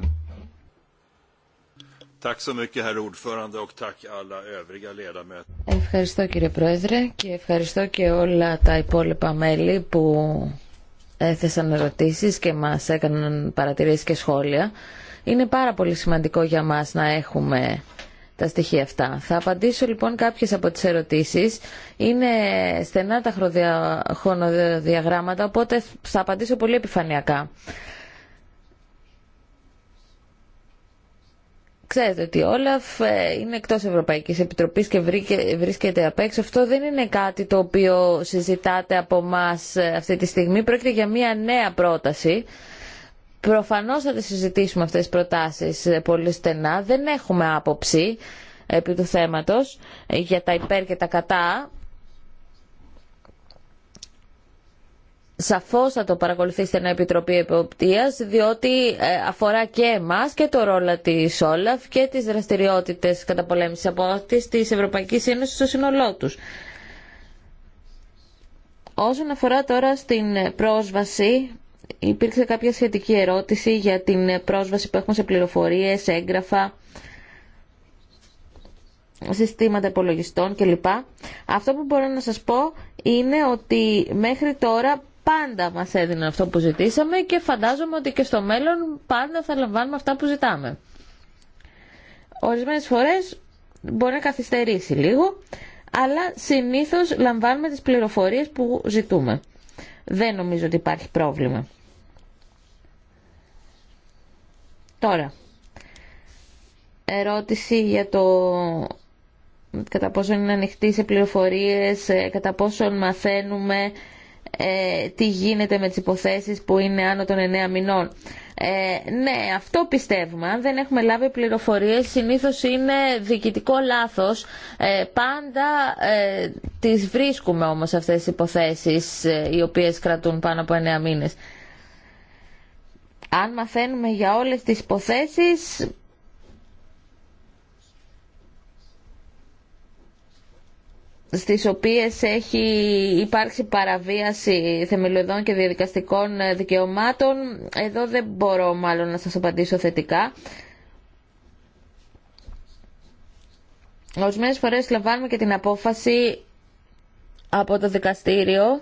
B: Ευχαριστώ κύριε
D: Πρόεδρε και ευχαριστώ και όλα τα υπόλοιπα μέλη που έθεσαν ερωτήσεις και μας έκαναν παρατηρήσεις και σχόλια. Είναι πάρα πολύ σημαντικό για μας να έχουμε τα στοιχεία αυτά. Θα απαντήσω λοιπόν κάποιες από τις ερωτήσεις. Είναι στενά τα χρονοδιαγράμματα, οπότε θα απαντήσω πολύ επιφανειακά. Ξέρετε ότι η Όλαφ ε, είναι εκτός Ευρωπαϊκής Επιτροπής και βρίσκεται απ' έξω. Αυτό δεν είναι κάτι το οποίο συζητάτε από εμά ε, αυτή τη στιγμή. Πρόκειται για μια νέα πρόταση. Προφανώς θα τη συζητήσουμε αυτές τις προτάσεις ε, πολύ στενά. Δεν έχουμε άποψη επί του θέματος για τα υπέρ και τα κατά. σαφώς θα το παρακολουθήσετε ένα Επιτροπή Εποπτείας διότι ε, αφορά και εμάς και το ρόλο της Όλαφ και τις δραστηριότητες πολέμηση από αυτής της Ευρωπαϊκής Ένωσης στο σύνολό τους. Όσον αφορά τώρα στην πρόσβαση, υπήρξε κάποια σχετική ερώτηση για την πρόσβαση που έχουμε σε πληροφορίες, έγγραφα, συστήματα υπολογιστών κλπ. Αυτό που μπορώ να σας πω είναι ότι μέχρι τώρα πάντα μας έδιναν αυτό που ζητήσαμε και φαντάζομαι ότι και στο μέλλον πάντα θα λαμβάνουμε αυτά που ζητάμε. Ορισμένες φορές μπορεί να καθυστερήσει λίγο, αλλά συνήθως λαμβάνουμε τις πληροφορίες που ζητούμε. Δεν νομίζω ότι υπάρχει πρόβλημα. Τώρα, ερώτηση για το κατά πόσο είναι ανοιχτή σε πληροφορίες, ε, κατά πόσο μαθαίνουμε ε, τι γίνεται με τις υποθέσεις που είναι άνω των 9 μηνών. Ε, ναι, αυτό πιστεύουμε. Αν δεν έχουμε λάβει πληροφορίες, συνήθως είναι διοικητικό λάθος. Ε, πάντα ε, τις βρίσκουμε όμως αυτές τις υποθέσεις οι οποίες κρατούν πάνω από 9 μήνες. Αν μαθαίνουμε για όλες τις υποθέσεις, στις οποίες έχει υπάρξει παραβίαση θεμελιωδών και διαδικαστικών δικαιωμάτων. Εδώ δεν μπορώ μάλλον να σας απαντήσω θετικά. Ορισμένε φορές λαμβάνουμε και την απόφαση από το δικαστήριο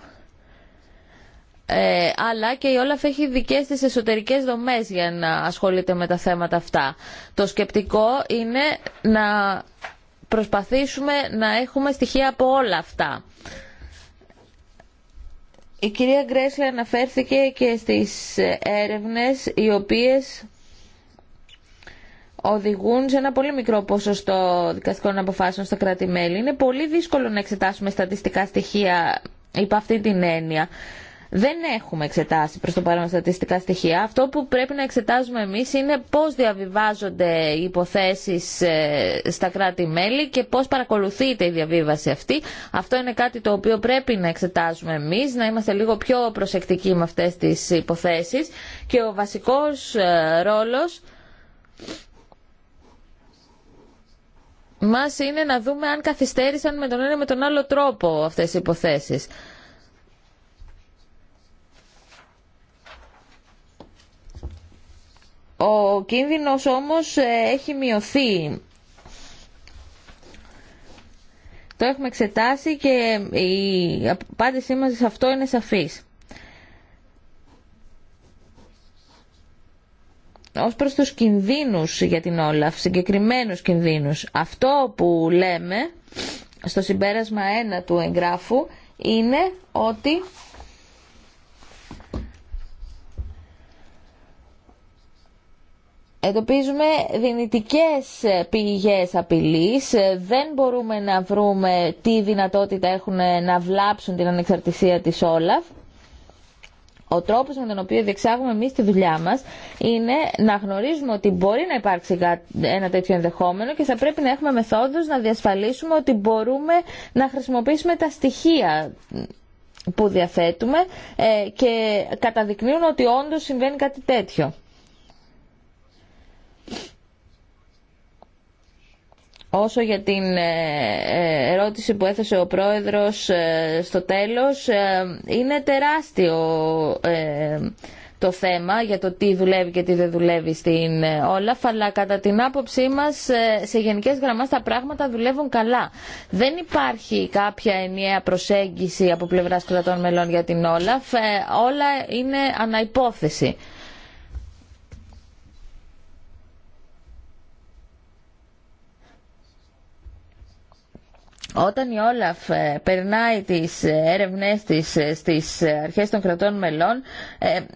D: ε, αλλά και η Όλαφ έχει δικές της εσωτερικές δομές για να ασχολείται με τα θέματα αυτά. Το σκεπτικό είναι να προσπαθήσουμε να έχουμε στοιχεία από όλα αυτά. Η κυρία Γκρέσλε αναφέρθηκε και στις έρευνες οι οποίες οδηγούν σε ένα πολύ μικρό ποσοστό δικαστικών αποφάσεων στα κράτη-μέλη. Είναι πολύ δύσκολο να εξετάσουμε στατιστικά στοιχεία υπό αυτή την έννοια. Δεν έχουμε εξετάσει προς το παρόν στατιστικά στοιχεία. Αυτό που πρέπει να εξετάζουμε εμείς είναι πώς διαβιβάζονται οι υποθέσεις ε, στα κράτη-μέλη και πώς παρακολουθείται η διαβίβαση αυτή. Αυτό είναι κάτι το οποίο πρέπει να εξετάζουμε εμείς, να είμαστε λίγο πιο προσεκτικοί με αυτές τις υποθέσεις. Και ο βασικός ε, ρόλος μας είναι να δούμε αν καθυστέρησαν με τον ένα με τον άλλο τρόπο αυτές οι υποθέσεις. Ο κίνδυνος όμως ε, έχει μειωθεί. Το έχουμε εξετάσει και η απάντησή μας σε αυτό είναι σαφής. Ως προς τους κινδύνους για την Όλαφ, συγκεκριμένους κινδύνους, αυτό που λέμε στο συμπέρασμα 1 του εγγράφου είναι ότι Εντοπίζουμε δυνητικές ε, πηγές απειλής, ε, δεν μπορούμε να βρούμε τι δυνατότητα έχουν ε, να βλάψουν την ανεξαρτησία της Όλαφ. Ο τρόπος με τον οποίο διεξάγουμε εμείς τη δουλειά μας είναι να γνωρίζουμε ότι μπορεί να υπάρξει ένα τέτοιο ενδεχόμενο και θα πρέπει να έχουμε μεθόδους να διασφαλίσουμε ότι μπορούμε να χρησιμοποιήσουμε τα στοιχεία που διαθέτουμε και καταδεικνύουν ότι όντως συμβαίνει κάτι τέτοιο. Όσο για την ε, ε, ερώτηση που έθεσε ο πρόεδρος ε, στο τέλος, είναι τεράστιο το θέμα για το τι δουλεύει και τι δεν δουλεύει στην Όλαφ, αλλά κατά την άποψή μας σε γενικές γραμμές τα πράγματα δουλεύουν καλά. Δεν υπάρχει κάποια ενιαία προσέγγιση από πλευράς κρατών μελών για την Όλαφ, όλα είναι αναϋπόθεση. Όταν η Όλαφ ε, περνάει τις ε, έρευνές της ε, στις αρχές των κρατών μελών,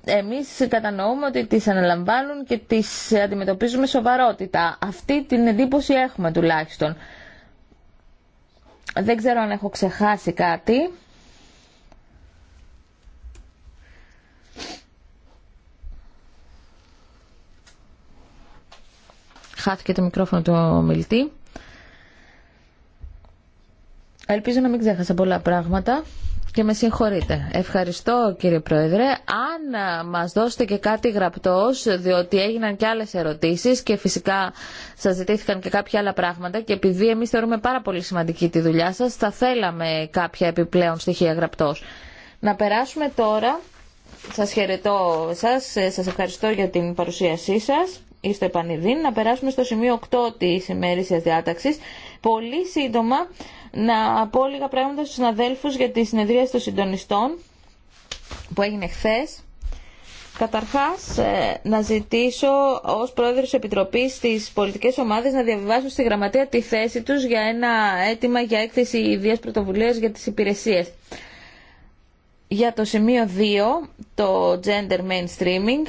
D: εμείς κατανοούμε ότι τις αναλαμβάνουν και τις αντιμετωπίζουμε σοβαρότητα. Αυτή την εντύπωση έχουμε τουλάχιστον. Δεν ξέρω αν έχω ξεχάσει κάτι. Χάθηκε το μικρόφωνο του ομιλητή. Ελπίζω να μην ξέχασα πολλά πράγματα και με συγχωρείτε. Ευχαριστώ κύριε Πρόεδρε. Αν ε, μας δώσετε και κάτι γραπτός, διότι έγιναν και άλλες ερωτήσεις και φυσικά σας ζητήθηκαν και κάποια άλλα πράγματα και επειδή εμείς θεωρούμε πάρα πολύ σημαντική τη δουλειά σας, θα θέλαμε κάποια επιπλέον στοιχεία γραπτός. Να περάσουμε τώρα. Σας χαιρετώ σας, ε, σας ευχαριστώ για την παρουσίασή σας. Είστε επανειδήν. Να περάσουμε στο σημείο 8 της τη διάταξης. Πολύ σύντομα να πω λίγα πράγματα στους αδέλφους για τη συνεδρία των συντονιστών που έγινε χθε. Καταρχάς, ε, να ζητήσω ως πρόεδρος Επιτροπής της πολιτικές ομάδες να διαβιβάσουν στη γραμματεία τη θέση τους για ένα αίτημα για έκθεση ιδίας πρωτοβουλίας για τις υπηρεσίες. Για το σημείο 2, το gender mainstreaming,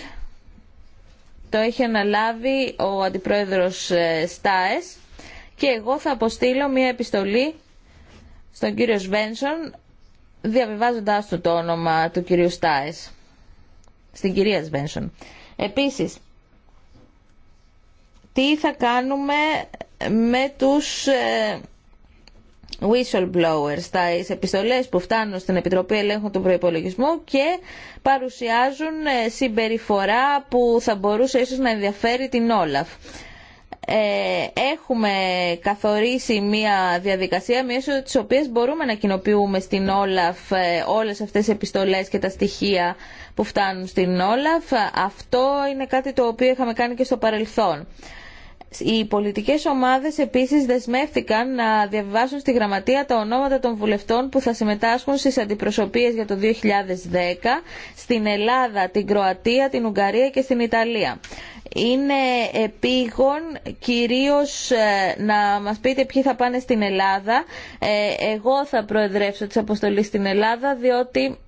D: το έχει αναλάβει ο αντιπρόεδρος ε, Στάες και εγώ θα αποστείλω μια επιστολή στον κύριο Σβένσον διαβιβάζοντάς του το όνομα του κυρίου Στάες στην κυρία Σβένσον. Επίσης, τι θα κάνουμε με τους ε, whistleblowers, τα επιστολές που φτάνουν στην Επιτροπή Ελέγχου του Προϋπολογισμού και παρουσιάζουν ε, συμπεριφορά που θα μπορούσε ίσως να ενδιαφέρει την Όλαφ. Ε, έχουμε καθορίσει μία διαδικασία μέσω της οποίας μπορούμε να κοινοποιούμε στην Όλαφ ε, όλες αυτές τις επιστολές και τα στοιχεία που φτάνουν στην Όλαφ. Αυτό είναι κάτι το οποίο είχαμε κάνει και στο παρελθόν. Οι πολιτικές ομάδες επίσης δεσμεύτηκαν να διαβάσουν στη Γραμματεία τα ονόματα των βουλευτών που θα συμμετάσχουν στις αντιπροσωπείες για το 2010 στην Ελλάδα, την Κροατία, την Ουγγαρία και στην Ιταλία. Είναι επίγον κυρίως ε, να μας πείτε ποιοι θα πάνε στην Ελλάδα. Ε, εγώ θα προεδρεύσω τις αποστολής στην Ελλάδα διότι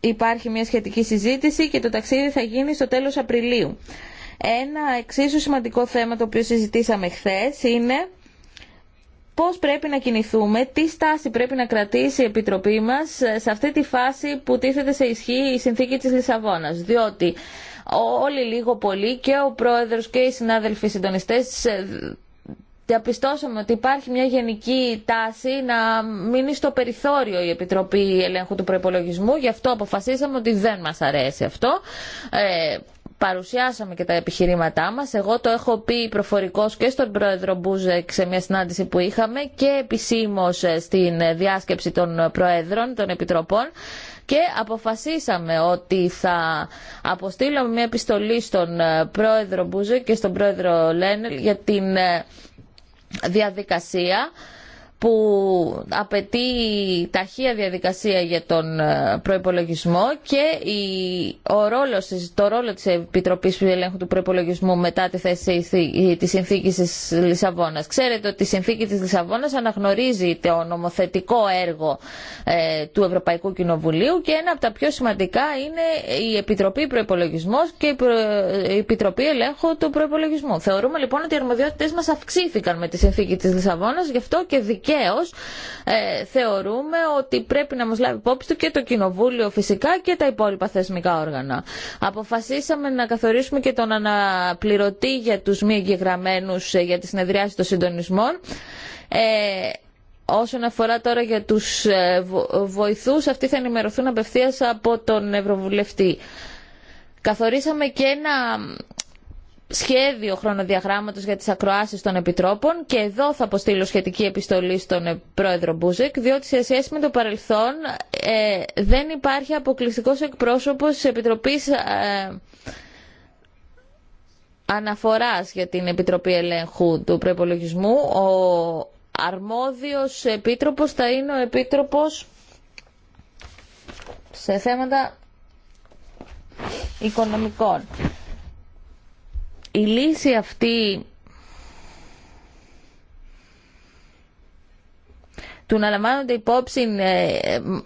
D: υπάρχει μια σχετική συζήτηση και το ταξίδι θα γίνει στο τέλος Απριλίου. Ένα εξίσου σημαντικό θέμα το οποίο συζητήσαμε χθε είναι πώς πρέπει να κινηθούμε, τι στάση πρέπει να κρατήσει η Επιτροπή μας σε αυτή τη φάση που τίθεται σε ισχύ η συνθήκη της Λισαβόνας. Διότι όλοι λίγο πολύ και ο Πρόεδρος και οι συνάδελφοι συντονιστές διαπιστώσαμε ότι υπάρχει μια γενική τάση να μείνει στο περιθώριο η Επιτροπή Ελέγχου του Προπολογισμού. Γι' αυτό αποφασίσαμε ότι δεν μας αρέσει αυτό. Ε, παρουσιάσαμε και τα επιχειρήματά μας. Εγώ το έχω πει προφορικός και στον πρόεδρο Μπούζεκ σε μια συνάντηση που είχαμε και επισήμως ε, στην διάσκεψη των προέδρων των επιτροπών και αποφασίσαμε ότι θα αποστείλουμε μια επιστολή στον ε, πρόεδρο Μπούζεκ και στον πρόεδρο Λένελ για την ε, διαδικασία που απαιτεί ταχεία διαδικασία για τον ε, προϋπολογισμό και η, ο ρόλος, το ρόλο της Επιτροπής του Ελέγχου του Προϋπολογισμού μετά τη θέση της Συνθήκης της Λισαβόνας. Ξέρετε ότι η Συνθήκη της Λισαβόνας αναγνωρίζει το νομοθετικό έργο ε, του Ευρωπαϊκού Κοινοβουλίου και ένα από τα πιο σημαντικά είναι η Επιτροπή Προϋπολογισμός και η, Επιτροπή Ελέγχου του Προϋπολογισμού. Θεωρούμε λοιπόν ότι οι αρμοδιότητες μας αυξήθηκαν με τη Συνθήκη της Λισαβόνας, γι' αυτό και ε, θεωρούμε ότι πρέπει να μα λάβει υπόψη του και το Κοινοβούλιο φυσικά και τα υπόλοιπα θεσμικά όργανα. Αποφασίσαμε να καθορίσουμε και τον αναπληρωτή για τους μη εγγεγραμμένους ε, για τη συνεδριάση των συντονισμών. Ε, Όσον αφορά τώρα για τους ε, βοηθούς, αυτοί θα ενημερωθούν απευθείας από τον Ευρωβουλευτή. Καθορίσαμε και ένα σχέδιο χρονοδιαγράμματος για τις ακροάσεις των επιτρόπων και εδώ θα αποστείλω σχετική επιστολή στον ε, πρόεδρο Μπούζεκ διότι σε σχέση με το παρελθόν ε, δεν υπάρχει αποκλειστικός εκπρόσωπος της Επιτροπής ε, Αναφοράς για την Επιτροπή Ελέγχου του Προϋπολογισμού. Ο αρμόδιος επίτροπος θα είναι ο επίτροπος σε θέματα οικονομικών η λύση αυτή του να λαμβάνονται υπόψη ε,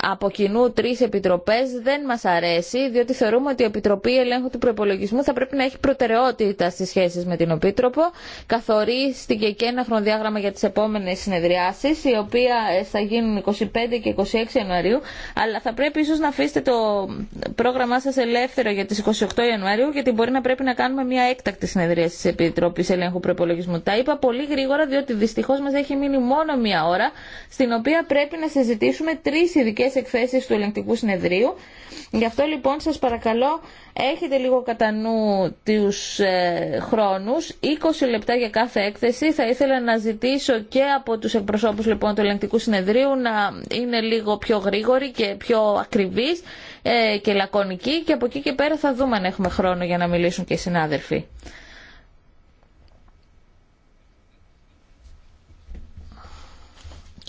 D: από κοινού τρει επιτροπέ δεν μα αρέσει, διότι θεωρούμε ότι η Επιτροπή Ελέγχου του Προπολογισμού θα πρέπει να έχει προτεραιότητα στι σχέσει με την Επίτροπο. Καθορίστηκε και ένα χρονοδιάγραμμα για τι επόμενε συνεδριάσει, η οποία ε, θα γίνουν 25 και 26 Ιανουαρίου, αλλά θα πρέπει ίσω να αφήσετε το πρόγραμμά σα ελεύθερο για τι 28 Ιανουαρίου, γιατί μπορεί να πρέπει να κάνουμε μια έκτακτη συνεδρία τη Επιτροπή Ελέγχου Προπολογισμού. Τα είπα πολύ γρήγορα, διότι δυστυχώ μα έχει μείνει μόνο μία ώρα στην την οποία πρέπει να συζητήσουμε τρεις ειδικέ εκθέσεις του ελεγκτικού συνεδρίου. Γι' αυτό λοιπόν σας παρακαλώ έχετε λίγο κατά νου τους ε, χρόνους, 20 λεπτά για κάθε έκθεση. Θα ήθελα να ζητήσω και από τους εκπροσώπους λοιπόν του ελεγκτικού συνεδρίου να είναι λίγο πιο γρήγοροι και πιο ακριβείς ε, και λακωνικοί και από εκεί και πέρα θα δούμε αν έχουμε χρόνο για να μιλήσουν και οι συνάδελφοι.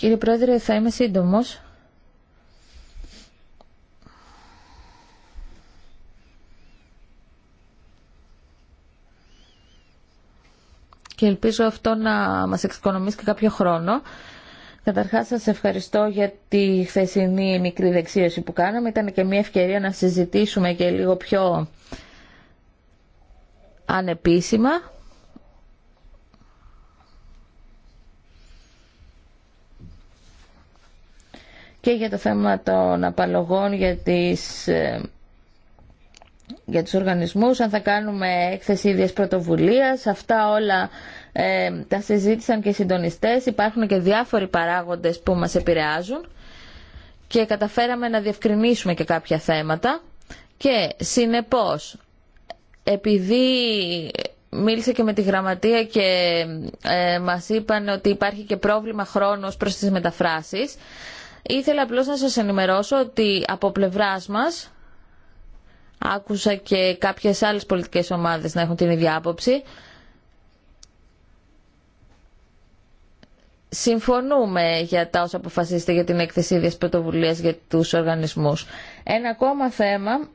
D: Κύριε Πρόεδρε, θα είμαι σύντομος. και ελπίζω αυτό να μας εξοικονομήσει και κάποιο χρόνο. Καταρχάς σας ευχαριστώ για τη χθεσινή μικρή δεξίωση που κάναμε. Ήταν και μια ευκαιρία να συζητήσουμε και λίγο πιο ανεπίσημα. και για το θέμα των απαλλογών για τις ε, για τους οργανισμούς, αν θα κάνουμε έκθεση ίδιας πρωτοβουλίας. Αυτά όλα ε, τα συζήτησαν και οι συντονιστές. Υπάρχουν και διάφοροι παράγοντες που μας επηρεάζουν και καταφέραμε να διευκρινίσουμε και κάποια θέματα. Και συνεπώς, επειδή μίλησε και με τη γραμματεία και ε, μας είπαν ότι υπάρχει και πρόβλημα χρόνος προς τις μεταφράσεις, Ήθελα απλώς να σας ενημερώσω ότι από πλευράς μας άκουσα και κάποιες άλλες πολιτικές ομάδες να έχουν την ίδια άποψη. Συμφωνούμε για τα όσα αποφασίσετε για την έκθεση ίδιας πρωτοβουλίας για τους οργανισμούς. Ένα ακόμα θέμα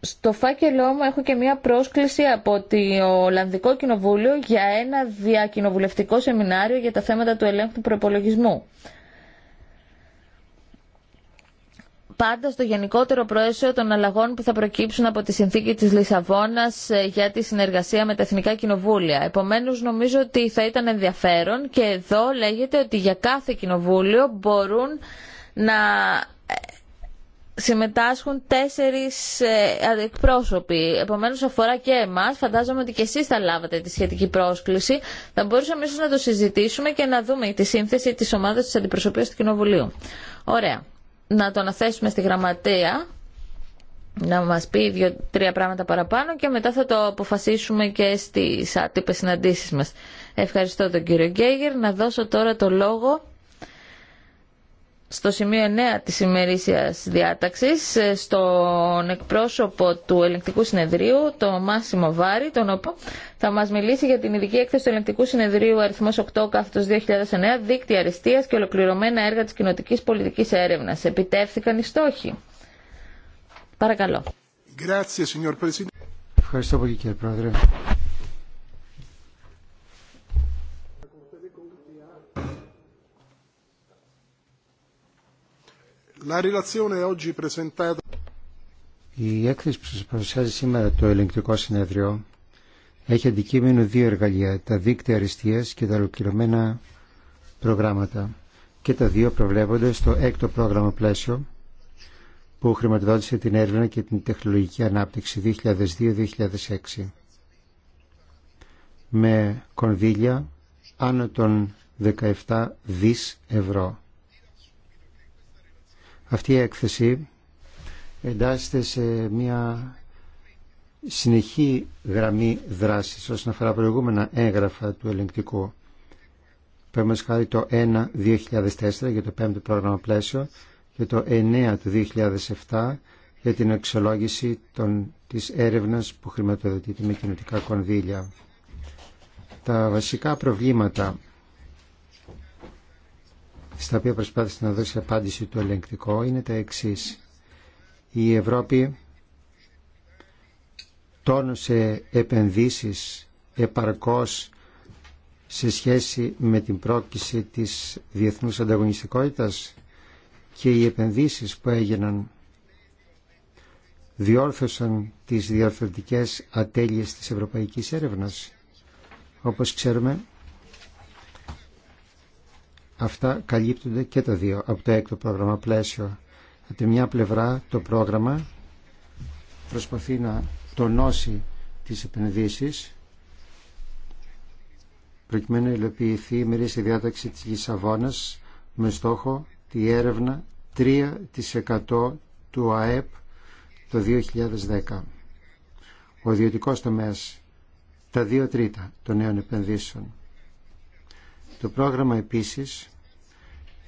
D: στο φάκελό μου έχω και μία πρόσκληση από το Ολλανδικό Κοινοβούλιο για ένα διακοινοβουλευτικό σεμινάριο για τα θέματα του ελέγχου του προπολογισμού. πάντα στο γενικότερο προέσιο των αλλαγών που θα προκύψουν από τη συνθήκη της Λισαβόνας ε, για τη συνεργασία με τα Εθνικά Κοινοβούλια. Επομένως νομίζω ότι θα ήταν ενδιαφέρον και εδώ λέγεται ότι για κάθε κοινοβούλιο μπορούν να ε, συμμετάσχουν τέσσερις ε, εκπρόσωποι. Επομένως αφορά και εμάς. Φαντάζομαι ότι και εσείς θα λάβατε τη σχετική πρόσκληση. Θα μπορούσαμε ίσως να το συζητήσουμε και να δούμε τη σύνθεση της ομάδας της αντιπροσωπείας του Κοινοβουλίου. Ωραία να το αναθέσουμε στη γραμματεία να μας πει δύο-τρία πράγματα παραπάνω και μετά θα το αποφασίσουμε και στις άτυπες συναντήσεις μας. Ευχαριστώ τον κύριο Γκέγερ Να δώσω τώρα το λόγο στο σημείο 9 της ημερήσιας διάταξης ε, στον εκπρόσωπο του ελεγκτικού συνεδρίου, το Μάσιμο Βάρη, τον οποίο θα μας μιλήσει για την ειδική έκθεση του ελεγκτικού συνεδρίου αριθμός 8 κάθετος 2009, δίκτυα αριστείας και ολοκληρωμένα έργα της κοινοτική πολιτικής έρευνας. Επιτεύθηκαν οι στόχοι. Παρακαλώ.
E: Ευχαριστώ πολύ κύριε Πρόεδρε. Η έκθεση που σας παρουσιάζει σήμερα το ελεγκτικό συνέδριο έχει αντικείμενο δύο εργαλεία, τα δίκτυα αριστείας και τα ολοκληρωμένα προγράμματα και τα δύο προβλέπονται στο έκτο πρόγραμμα πλαίσιο που χρηματοδότησε την έρευνα και την τεχνολογική ανάπτυξη 2002-2006 με κονδύλια άνω των 17 δις ευρώ. Αυτή η έκθεση εντάσσεται σε μια συνεχή γραμμή δράσης όσον αφορά προηγούμενα έγγραφα του ελεγκτικού. Παίρνουμε χάρη το 1-2004 για το 5ο πρόγραμμα πλαίσιο και το 9 του 2007 για την εξολόγηση των, της έρευνας που χρηματοδοτείται με κοινωτικά κονδύλια. Τα βασικά προβλήματα στα οποία προσπάθησε να δώσει απάντηση το ελεγκτικό είναι τα εξής. Η Ευρώπη τόνωσε επενδύσεις επαρκώς σε σχέση με την πρόκληση της διεθνούς ανταγωνιστικότητας και οι επενδύσεις που έγιναν διόρθωσαν τις διορθωτικές ατέλειες της ευρωπαϊκής έρευνας. Όπως ξέρουμε, αυτά καλύπτονται και τα δύο από το έκτο πρόγραμμα πλαίσιο. Από τη μια πλευρά το πρόγραμμα προσπαθεί να τονώσει τις επενδύσεις προκειμένου να υλοποιηθεί η μερίστη διάταξη της Λισαβόνας με στόχο τη έρευνα 3% του ΑΕΠ το 2010. Ο ιδιωτικό τομέα τα δύο τρίτα των νέων επενδύσεων. Το πρόγραμμα επίσης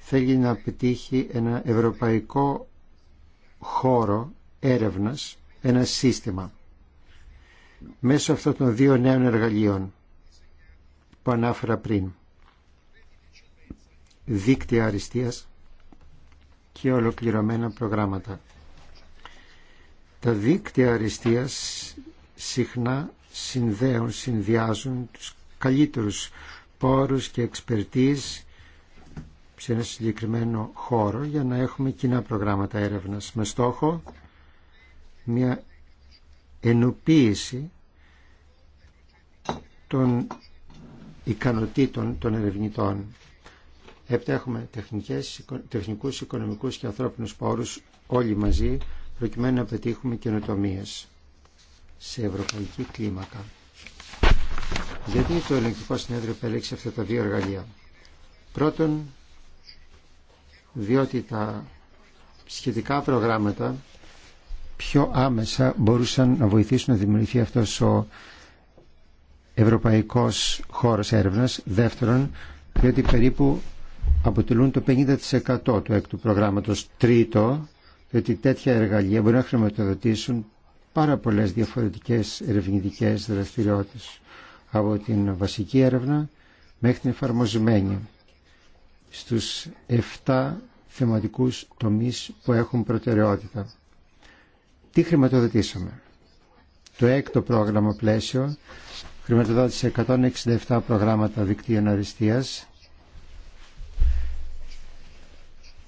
E: θέλει να πετύχει ένα ευρωπαϊκό χώρο έρευνας, ένα σύστημα. Μέσω αυτών των δύο νέων εργαλείων που ανάφερα πριν, δίκτυα αριστείας και ολοκληρωμένα προγράμματα. Τα δίκτυα αριστείας συχνά συνδέουν, συνδυάζουν τους καλύτερους πόρους και εξπερτής σε ένα συγκεκριμένο χώρο για να έχουμε κοινά προγράμματα έρευνας με στόχο μια ενοποίηση των ικανοτήτων των ερευνητών. Έπειτα έχουμε τεχνικές, τεχνικούς, οικονομικούς και ανθρώπινους πόρους όλοι μαζί προκειμένου να πετύχουμε καινοτομίες σε ευρωπαϊκή κλίμακα. Γιατί το ελληνικό συνέδριο επέλεξε αυτά τα δύο εργαλεία. Πρώτον, διότι τα σχετικά προγράμματα πιο άμεσα μπορούσαν να βοηθήσουν να δημιουργηθεί αυτός ο ευρωπαϊκός χώρος έρευνας. Δεύτερον, διότι περίπου αποτελούν το 50% του έκτου προγράμματος. Τρίτο, διότι τέτοια εργαλεία μπορεί να χρηματοδοτήσουν πάρα πολλές διαφορετικές ερευνητικές δραστηριότητες από την βασική έρευνα μέχρι την εφαρμοσμένη στους 7 θεματικούς τομείς που έχουν προτεραιότητα. Τι χρηματοδοτήσαμε. Το έκτο πρόγραμμα πλαίσιο χρηματοδότησε 167 προγράμματα δικτύων αριστείας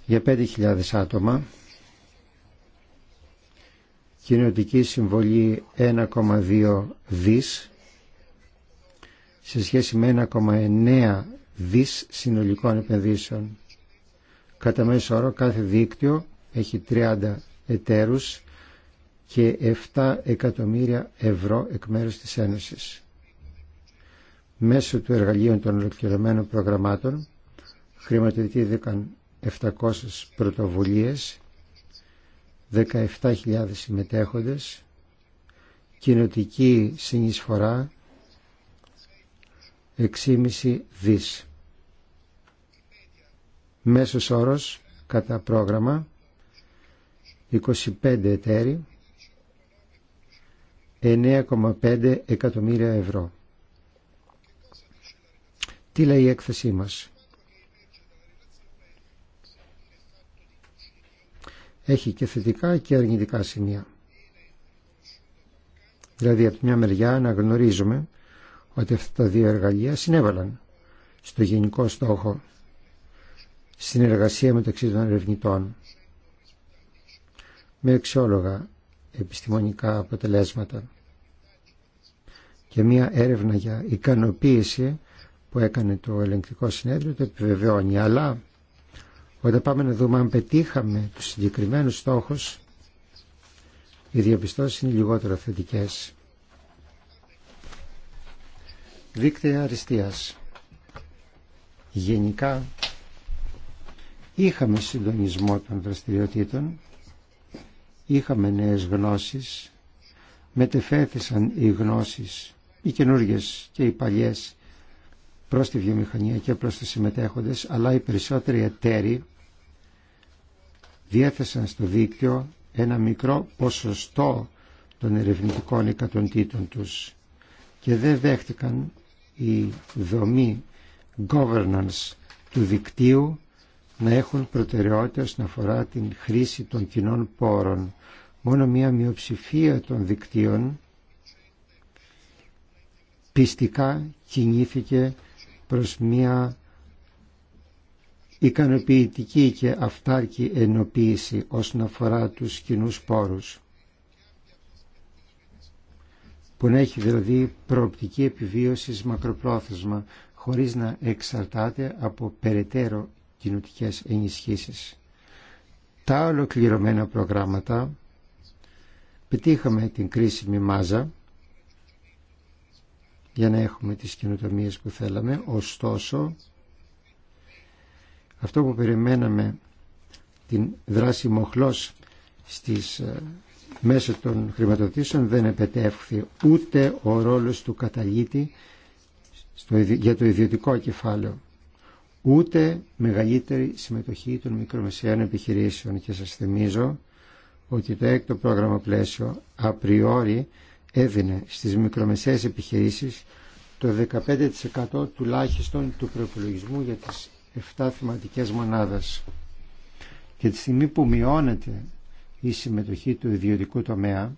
E: για 5.000 άτομα κοινωτική συμβολή 1,2 δις σε σχέση με 1,9 δις συνολικών επενδύσεων. Κατά μέσο όρο κάθε δίκτυο έχει 30 εταίρους και 7 εκατομμύρια ευρώ εκ μέρους της Ένωσης. Μέσω του εργαλείου των ολοκληρωμένων προγραμμάτων χρηματοδοτήθηκαν 700 πρωτοβουλίες, 17.000 συμμετέχοντες, κοινοτική συνεισφορά 6,5 δις. Μέσος όρος κατά πρόγραμμα 25 εταίροι 9,5 εκατομμύρια ευρώ. Τι λέει η έκθεσή μας. Έχει και θετικά και αρνητικά σημεία. Δηλαδή από μια μεριά να γνωρίζουμε ότι αυτά τα δύο εργαλεία συνέβαλαν στο γενικό στόχο συνεργασία μεταξύ των ερευνητών με αξιόλογα επιστημονικά αποτελέσματα και μια έρευνα για ικανοποίηση που έκανε το ελεγκτικό συνέδριο το επιβεβαιώνει αλλά όταν πάμε να δούμε αν πετύχαμε τους συγκεκριμένους στόχους οι διαπιστώσεις είναι λιγότερο θετικές δίκτυα αριστείας. Γενικά είχαμε συντονισμό των δραστηριοτήτων, είχαμε νέες γνώσεις, μετεφέθησαν οι γνώσεις, οι καινούργιες και οι παλιές προς τη βιομηχανία και προς τους συμμετέχοντες, αλλά οι περισσότεροι εταίροι διέθεσαν στο δίκτυο ένα μικρό ποσοστό των ερευνητικών εκατοντήτων τους και δεν δέχτηκαν η δομή governance του δικτύου να έχουν προτεραιότητα όσον αφορά την χρήση των κοινών πόρων. Μόνο μια μειοψηφία των δικτύων πιστικά κινήθηκε προς μια ικανοποιητική και αυτάρκη ενοποίηση όσον αφορά τους κοινούς πόρους που να έχει δηλαδή προοπτική επιβίωσης μακροπρόθεσμα χωρίς να εξαρτάται από περαιτέρω κοινωτικέ ενισχύσεις. Τα ολοκληρωμένα προγράμματα πετύχαμε την κρίσιμη μάζα για να έχουμε τις καινοτομίε που θέλαμε, ωστόσο αυτό που περιμέναμε την δράση μοχλός στις ε, μέσω των χρηματοδοτήσεων δεν επετεύχθη ούτε ο ρόλος του καταλήτη για το ιδιωτικό κεφάλαιο, ούτε μεγαλύτερη συμμετοχή των μικρομεσαίων επιχειρήσεων. Και σας θυμίζω ότι το έκτο πρόγραμμα πλαίσιο απριόρι έδινε στις μικρομεσαίες επιχειρήσεις το 15% τουλάχιστον του προπολογισμού για τις 7 θεματικές μονάδες. Και τη στιγμή που μειώνεται η συμμετοχή του ιδιωτικού τομέα,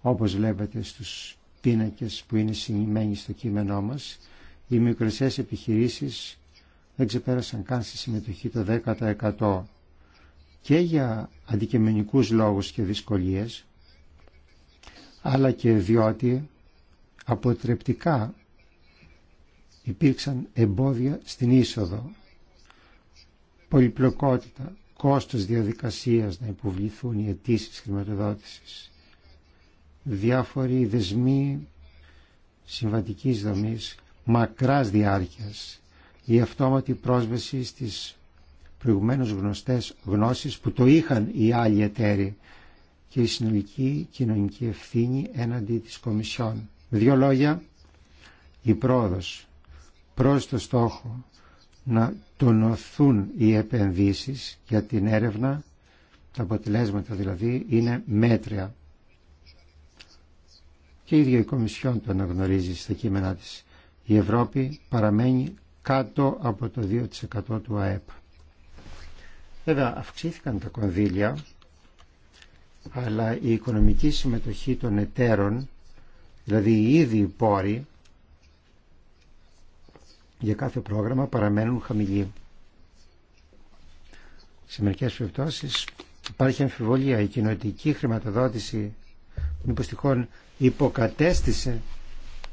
E: όπως βλέπετε στους πίνακες που είναι συνημένοι στο κείμενό μας, οι μικροσές επιχειρήσεις δεν ξεπέρασαν καν στη συμμετοχή το 10% και για αντικειμενικούς λόγους και δυσκολίες, αλλά και διότι αποτρεπτικά υπήρξαν εμπόδια στην είσοδο, πολυπλοκότητα, κόστος διαδικασίας να υποβληθούν οι αιτήσει χρηματοδότησης, διάφοροι δεσμοί συμβατικής δομής μακράς διάρκειας, η αυτόματη πρόσβαση στις προηγουμένως γνωστές γνώσεις που το είχαν οι άλλοι εταίροι και η συνολική κοινωνική ευθύνη έναντι της Κομισιόν. Με δύο λόγια, η πρόοδος προς το στόχο να τονωθούν οι επενδύσεις για την έρευνα, τα αποτελέσματα δηλαδή είναι μέτρια. Και η ίδια η Κομισιόν το αναγνωρίζει στα κείμενά της. Η Ευρώπη παραμένει κάτω από το 2% του ΑΕΠ. Βέβαια αυξήθηκαν τα κονδύλια, αλλά η οικονομική συμμετοχή των εταίρων, δηλαδή οι ίδιοι πόροι, για κάθε πρόγραμμα παραμένουν χαμηλοί. Σε μερικέ περιπτώσει υπάρχει αμφιβολία. Η κοινοτική χρηματοδότηση μήπω τυχόν υποκατέστησε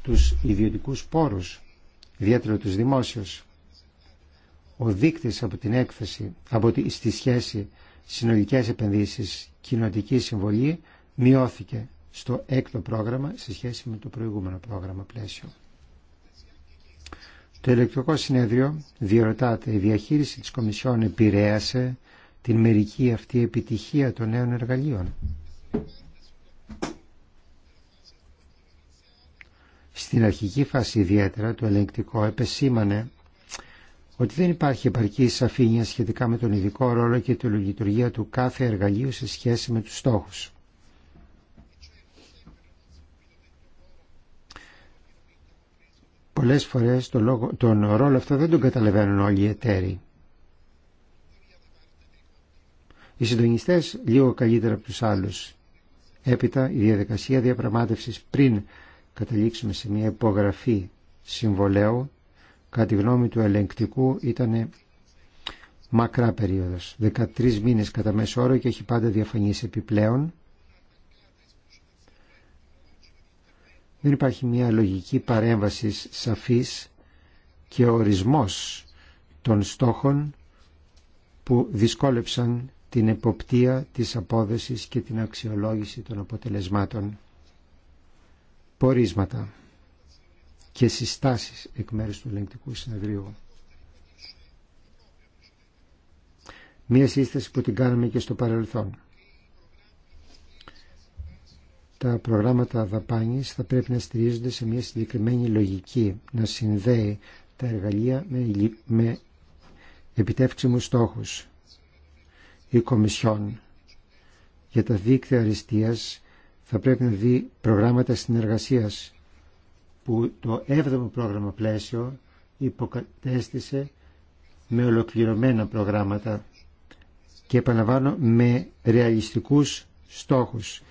E: τους ιδιωτικούς πόρους, ιδιαίτερα τους δημόσιους. Ο δείκτης από την έκθεση, από τη, στη σχέση συνολικέ επενδύσεις κοινοτική συμβολή μειώθηκε στο έκτο πρόγραμμα σε σχέση με το προηγούμενο πρόγραμμα πλαίσιο. Το ηλεκτρικό συνέδριο διερωτάται η διαχείριση της Κομισιόν επηρέασε την μερική αυτή επιτυχία των νέων εργαλείων. Στην αρχική φάση ιδιαίτερα το ελεγκτικό επεσήμανε ότι δεν υπάρχει επαρκή σαφήνεια σχετικά με τον ειδικό ρόλο και τη λειτουργία του κάθε εργαλείου σε σχέση με τους στόχους. Πολλές φορές τον, λόγο, ρόλο αυτό δεν τον καταλαβαίνουν όλοι οι εταίροι. Οι συντονιστές λίγο καλύτερα από τους άλλους. Έπειτα η διαδικασία διαπραγμάτευσης πριν καταλήξουμε σε μια υπογραφή συμβολέου κατά τη γνώμη του ελεγκτικού ήταν μακρά περίοδος. 13 μήνες κατά μέσο όρο και έχει πάντα διαφανείς επιπλέον δεν υπάρχει μια λογική παρέμβαση σαφής και ορισμός των στόχων που δυσκόλεψαν την εποπτεία της απόδεσης και την αξιολόγηση των αποτελεσμάτων. Πορίσματα και συστάσεις εκ μέρους του ελεγκτικού συνεδρίου. Μία σύσταση που την κάναμε και στο παρελθόν τα προγράμματα δαπάνης θα πρέπει να στηρίζονται σε μια συγκεκριμένη λογική, να συνδέει τα εργαλεία με επιτεύξιμους στόχους. Η Κομισιόν για τα δίκτυα αριστείας θα πρέπει να δει προγράμματα συνεργασίας που το 7ο πρόγραμμα πλαίσιο υποκατέστησε με ολοκληρωμένα προγράμματα και επαναλαμβάνω με ρεαλιστικούς στόχους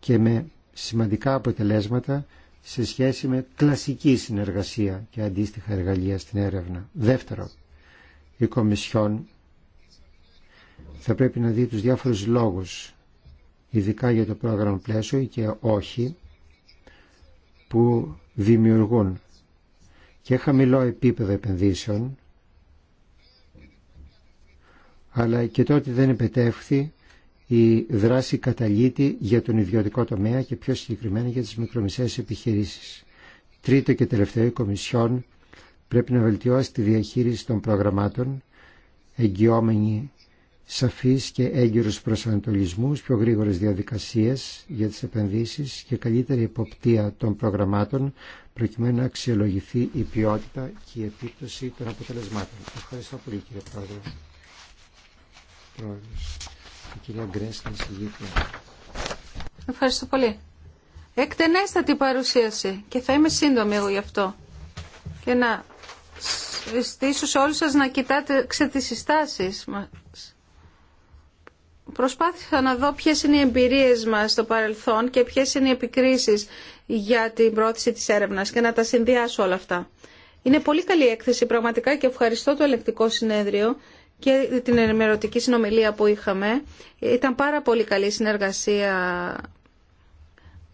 E: και με σημαντικά αποτελέσματα σε σχέση με κλασική συνεργασία και αντίστοιχα εργαλεία στην έρευνα. Δεύτερο, η Κομισιόν θα πρέπει να δει τους διάφορους λόγους, ειδικά για το πρόγραμμα πλαίσιο και όχι, που δημιουργούν και χαμηλό επίπεδο επενδύσεων, αλλά και τότε δεν επιτεύχθη η δράση καταλήτη για τον ιδιωτικό τομέα και πιο συγκεκριμένα για τις μικρομεσαίες επιχειρήσεις. Τρίτο και τελευταίο, η Κομισιόν πρέπει να βελτιώσει τη διαχείριση των προγραμμάτων, εγγυόμενη σαφής και έγκυρους προσανατολισμούς, πιο γρήγορες διαδικασίες για τις επενδύσεις και καλύτερη υποπτία των προγραμμάτων προκειμένου να αξιολογηθεί η ποιότητα και η επίπτωση των αποτελεσμάτων. Ευχαριστώ πολύ κύριε Πρόεδρε. Η κυρία Γκρέσλη, συγγήτρια.
C: Ευχαριστώ πολύ. Εκτενέστατη παρουσίαση και θα είμαι σύντομη εγώ γι' αυτό. Και να στήσω σε όλους σας να κοιτάτε τις συστάσεις μας. Προσπάθησα να δω ποιες είναι οι εμπειρίες μας στο παρελθόν και ποιες είναι οι επικρίσεις για την πρόθεση της έρευνας και να τα συνδυάσω όλα αυτά. Είναι πολύ καλή έκθεση πραγματικά και ευχαριστώ το ελεκτικό συνέδριο και την ενημερωτική συνομιλία που είχαμε. Ήταν πάρα πολύ καλή συνεργασία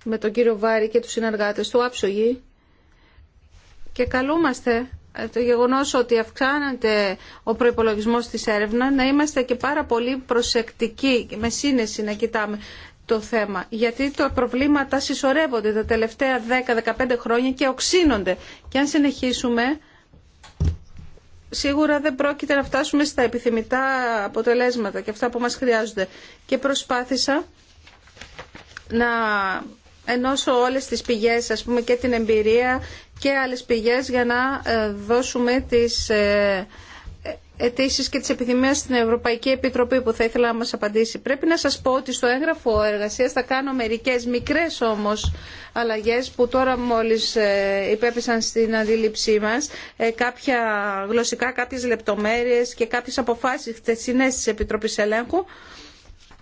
C: με τον κύριο Βάρη και τους συνεργάτες του άψογη και καλούμαστε το γεγονός ότι αυξάνεται ο προϋπολογισμός της έρευνα να είμαστε και πάρα πολύ προσεκτικοί με σύνεση να κοιτάμε το θέμα. Γιατί τα προβλήματα συσσωρεύονται τα τελευταία 10-15 χρόνια και οξύνονται. Και αν συνεχίσουμε σίγουρα δεν πρόκειται να φτάσουμε στα επιθυμητά αποτελέσματα και αυτά που μας χρειάζονται. Και προσπάθησα να ενώσω όλες τις πηγές, ας πούμε, και την εμπειρία και άλλες πηγές για να ε, δώσουμε τις ε, αιτήσει και τι επιθυμίε στην Ευρωπαϊκή Επιτροπή που θα ήθελα να μα απαντήσει. Πρέπει να σα πω ότι στο έγγραφο εργασία θα κάνω μερικέ μικρέ όμω αλλαγέ που τώρα μόλι ε, υπέπεσαν στην αντίληψή μα. Ε, κάποια γλωσσικά, κάποιε λεπτομέρειε και κάποιε αποφάσει χτεσινέ τη Επιτροπή Ελέγχου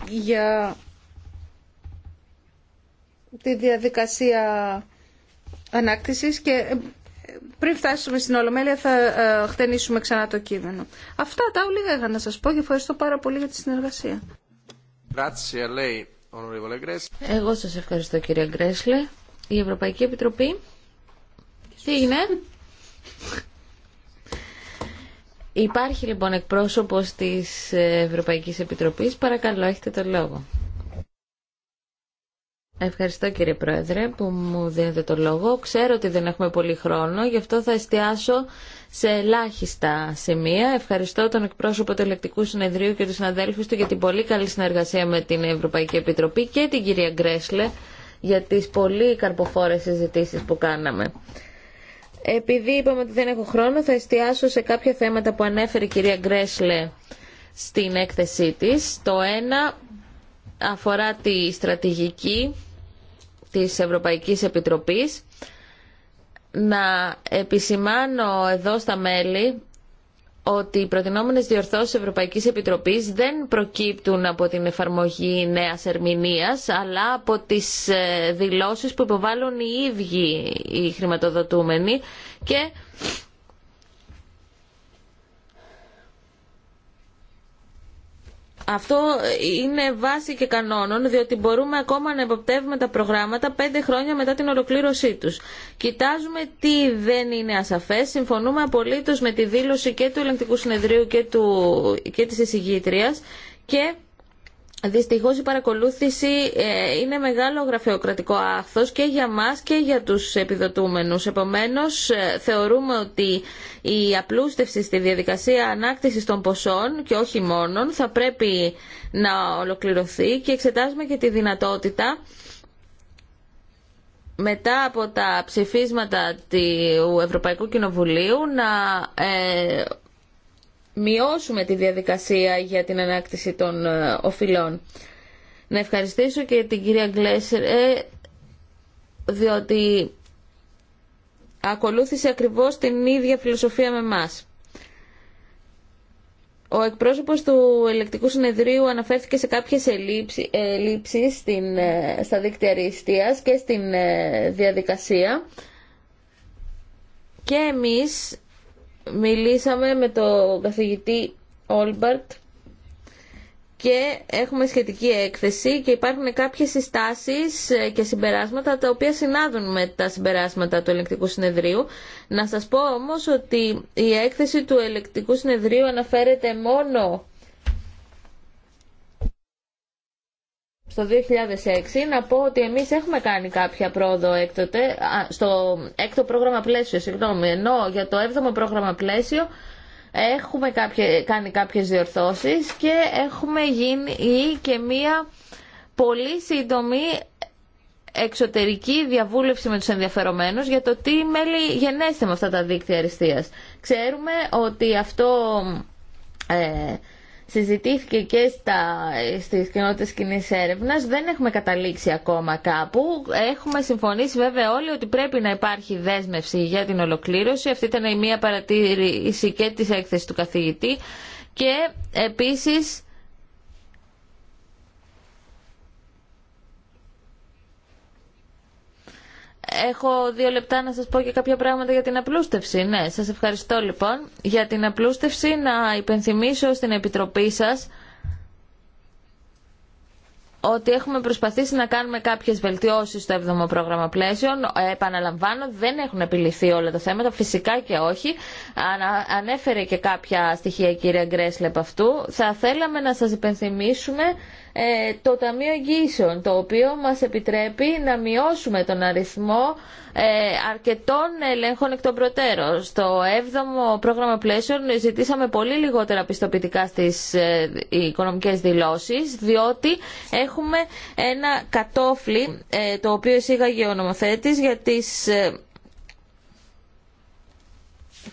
C: για τη διαδικασία ανάκτησης και πριν φτάσουμε στην Ολομέλεια θα ε, χτενίσουμε ξανά το κείμενο. Αυτά τα όλοι είχα να σας πω και ευχαριστώ πάρα πολύ για τη συνεργασία.
D: Εγώ σας ευχαριστώ κύριε Γκρέσλε. Η Ευρωπαϊκή Επιτροπή. Τι είναι. Υπάρχει λοιπόν εκπρόσωπος της Ευρωπαϊκής Επιτροπής. Παρακαλώ έχετε το λόγο. Ευχαριστώ κύριε Πρόεδρε που μου δίνετε το λόγο. Ξέρω ότι δεν έχουμε πολύ χρόνο, γι' αυτό θα εστιάσω σε ελάχιστα σημεία. Ευχαριστώ τον εκπρόσωπο του Ελεκτικού Συνεδρίου και του συναδέλφου του για την πολύ καλή συνεργασία με την Ευρωπαϊκή Επιτροπή και την κυρία Γκρέσλε για τι πολύ καρποφόρε συζητήσει που κάναμε. Επειδή είπαμε ότι δεν έχω χρόνο, θα εστιάσω σε κάποια θέματα που ανέφερε η κυρία Γκρέσλε στην έκθεσή της. Το ένα αφορά τη στρατηγική της Ευρωπαϊκής Επιτροπής. Να επισημάνω εδώ στα μέλη ότι οι προτινόμενες διορθώσεις Ευρωπαϊκής Επιτροπής δεν προκύπτουν από την εφαρμογή νέας ερμηνείας, αλλά από τις ε, δηλώσεις που υποβάλλουν οι ίδιοι οι χρηματοδοτούμενοι και Αυτό είναι βάση και κανόνων, διότι μπορούμε ακόμα να εποπτεύουμε τα προγράμματα πέντε χρόνια μετά την ολοκλήρωσή τους. Κοιτάζουμε τι δεν είναι ασαφές, συμφωνούμε απολύτως με τη δήλωση και του ελεγκτικού συνεδρίου και, του, και της εισηγήτριας και Δυστυχώ η παρακολούθηση ε, είναι μεγάλο γραφειοκρατικό άθος και για μας και για τους επιδοτούμενους. Επομένως, ε, θεωρούμε ότι η απλούστευση στη διαδικασία ανάκτησης των ποσών και όχι μόνον θα πρέπει να ολοκληρωθεί και εξετάζουμε και τη δυνατότητα μετά από τα ψηφίσματα του Ευρωπαϊκού Κοινοβουλίου να ε, μειώσουμε τη διαδικασία για την ανάκτηση των ε, οφειλών. Να ευχαριστήσω και την κυρία Γκλέσσερ, ε, διότι ακολούθησε ακριβώς την ίδια φιλοσοφία με μας. Ο εκπρόσωπος του ελεκτικού συνεδρίου αναφέρθηκε σε κάποιες ελλείψεις ε, στα δίκτυα και στην διαδικασία και εμείς μιλήσαμε με τον καθηγητή Όλμπαρτ και έχουμε σχετική έκθεση και υπάρχουν κάποιες συστάσεις και συμπεράσματα τα οποία συνάδουν με τα συμπεράσματα του ελεκτικού συνεδρίου. Να σας πω όμως ότι η έκθεση του ελεκτικού συνεδρίου αναφέρεται μόνο στο 2006 να πω ότι εμείς έχουμε κάνει κάποια πρόοδο έκτοτε, στο έκτο πρόγραμμα πλαίσιο, συγγνώμη, ενώ για το έβδομο πρόγραμμα πλαίσιο έχουμε κάνει κάποιες διορθώσεις και έχουμε γίνει και μία πολύ σύντομη εξωτερική διαβούλευση με τους ενδιαφερομένους για το τι μέλη γενέστε με αυτά τα δίκτυα αριστείας. Ξέρουμε ότι αυτό... Ε, συζητήθηκε και στα, στις κοινότητες κοινή έρευνα. Δεν έχουμε καταλήξει ακόμα κάπου. Έχουμε συμφωνήσει βέβαια όλοι ότι πρέπει να υπάρχει δέσμευση για την ολοκλήρωση. Αυτή ήταν η μία παρατήρηση και της έκθεσης του καθηγητή. Και επίσης έχω δύο λεπτά να σας πω και κάποια πράγματα για την απλούστευση. Ναι, σας ευχαριστώ λοιπόν. Για την απλούστευση να υπενθυμίσω στην Επιτροπή σας ότι έχουμε προσπαθήσει να κάνουμε κάποιες βελτιώσεις στο 7ο πρόγραμμα πλαίσιων. επαναλαμβάνω, δεν έχουν επιληθεί όλα τα θέματα, φυσικά και όχι. ανέφερε και κάποια στοιχεία η κυρία Γκρέσλε από αυτού. Θα θέλαμε να σας υπενθυμίσουμε ε, το Ταμείο Εγγύσεων, το οποίο μας επιτρέπει να μειώσουμε τον αριθμό ε, αρκετών ελέγχων εκ των προτέρων. Στο 7ο πρόγραμμα πλαίσιο ζητήσαμε πολύ λιγότερα πιστοποιητικά στις ε, οικονομικές δηλώσεις, διότι έχουμε ένα κατόφλι το οποίο εισήγαγε ο νομοθέτης για τις...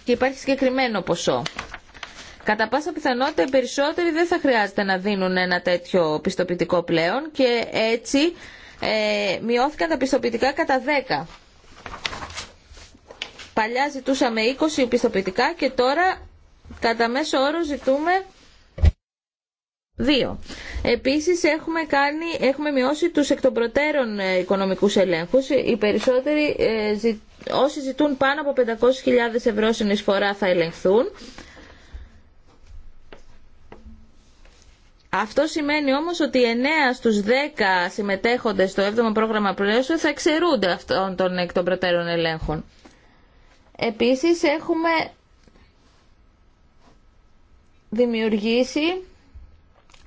D: και υπάρχει συγκεκριμένο ποσό. Κατά πάσα πιθανότητα οι περισσότεροι δεν θα χρειάζεται να δίνουν ένα τέτοιο πιστοποιητικό πλέον και έτσι ε, μειώθηκαν τα πιστοποιητικά κατά 10. Παλιά ζητούσαμε 20 πιστοποιητικά και τώρα κατά μέσο όρο ζητούμε 2. Επίσης έχουμε, κάνει, έχουμε μειώσει τους εκ των προτέρων ε, οικονομικούς ελέγχους. Οι περισσότεροι ε, όσοι ζητούν πάνω από 500.000 ευρώ συνεισφορά θα ελεγχθούν Αυτό σημαίνει όμως ότι 9 στους 10 συμμετέχοντες στο 7ο πρόγραμμα προέλευση θα εξαιρούνται αυτών των εκ των προτέρων ελέγχων. Επίσης έχουμε δημιουργήσει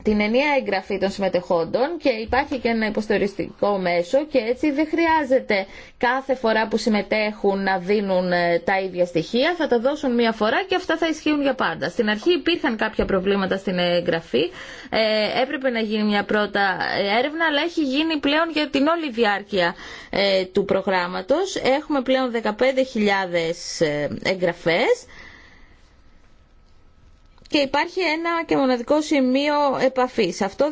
D: την ενία εγγραφή των συμμετεχόντων και υπάρχει και ένα υποστηριστικό μέσο και έτσι δεν χρειάζεται κάθε φορά που συμμετέχουν να δίνουν ε, τα ίδια στοιχεία, θα τα δώσουν μία φορά και αυτά θα ισχύουν για πάντα. Στην αρχή υπήρχαν κάποια προβλήματα στην εγγραφή, ε, έπρεπε να γίνει μια πρώτα ε, έρευνα, αλλά έχει γίνει πλέον για την όλη διάρκεια ε, του προγράμματος. Έχουμε πλέον 15.000 εγγραφές και υπάρχει ένα και μοναδικό σημείο επαφής. Αυτό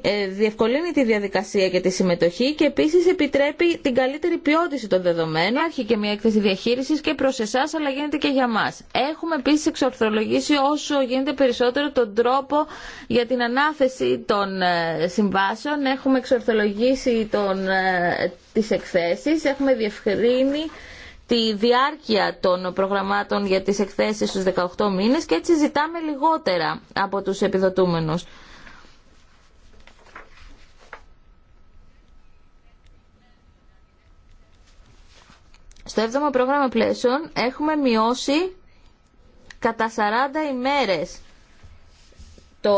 D: ε, διευκολύνει τη διαδικασία και τη συμμετοχή και επίσης επιτρέπει την καλύτερη ποιότητα των δεδομένων. Υπάρχει και μια έκθεση διαχείρισης και προς εσάς αλλά γίνεται και για μας. Έχουμε επίσης εξορθολογήσει όσο γίνεται περισσότερο τον τρόπο για την ανάθεση των ε, συμβάσεων. Έχουμε εξορθολογήσει τον, ε, τις εκθέσεις, έχουμε διευκρίνει τη διάρκεια των προγραμμάτων για τις εκθέσεις στους 18 μήνες και έτσι ζητάμε λιγότερα από τους επιδοτούμενους. Στο 7ο πρόγραμμα πλαίσεων έχουμε μειώσει κατά 40 ημέρες το,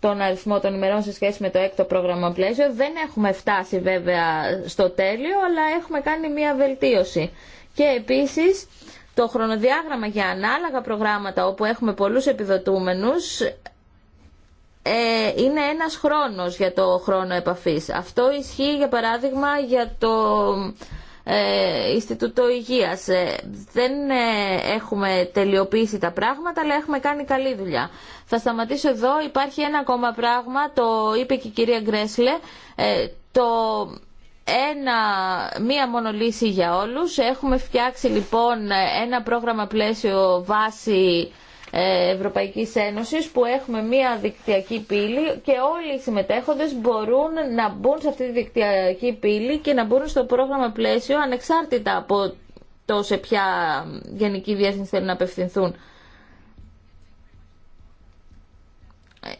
D: τον αριθμό των ημερών σε σχέση με το έκτο πρόγραμμα πλαίσιο. Δεν έχουμε φτάσει βέβαια στο τέλειο, αλλά έχουμε κάνει μία βελτίωση. Και επίσης το χρονοδιάγραμμα για ανάλογα προγράμματα όπου έχουμε πολλούς επιδοτούμενους ε, είναι ένας χρόνος για το χρόνο επαφής. Αυτό ισχύει για παράδειγμα για το ε, Ινστιτούτο Υγείας. Ε, δεν ε, έχουμε τελειοποιήσει τα πράγματα, αλλά έχουμε κάνει καλή δουλειά. Θα σταματήσω εδώ. Υπάρχει ένα ακόμα πράγμα, το είπε και η κυρία Γκρέσλε, το ένα, μία μόνο για όλους. Έχουμε φτιάξει λοιπόν ένα πρόγραμμα πλαίσιο βάση ε, Ευρωπαϊκής Ένωσης που έχουμε μία δικτυακή πύλη και όλοι οι συμμετέχοντες μπορούν να μπουν σε αυτή τη δικτυακή πύλη και να μπουν στο πρόγραμμα πλαίσιο ανεξάρτητα από το σε ποια γενική διεύθυνση θέλουν να απευθυνθούν.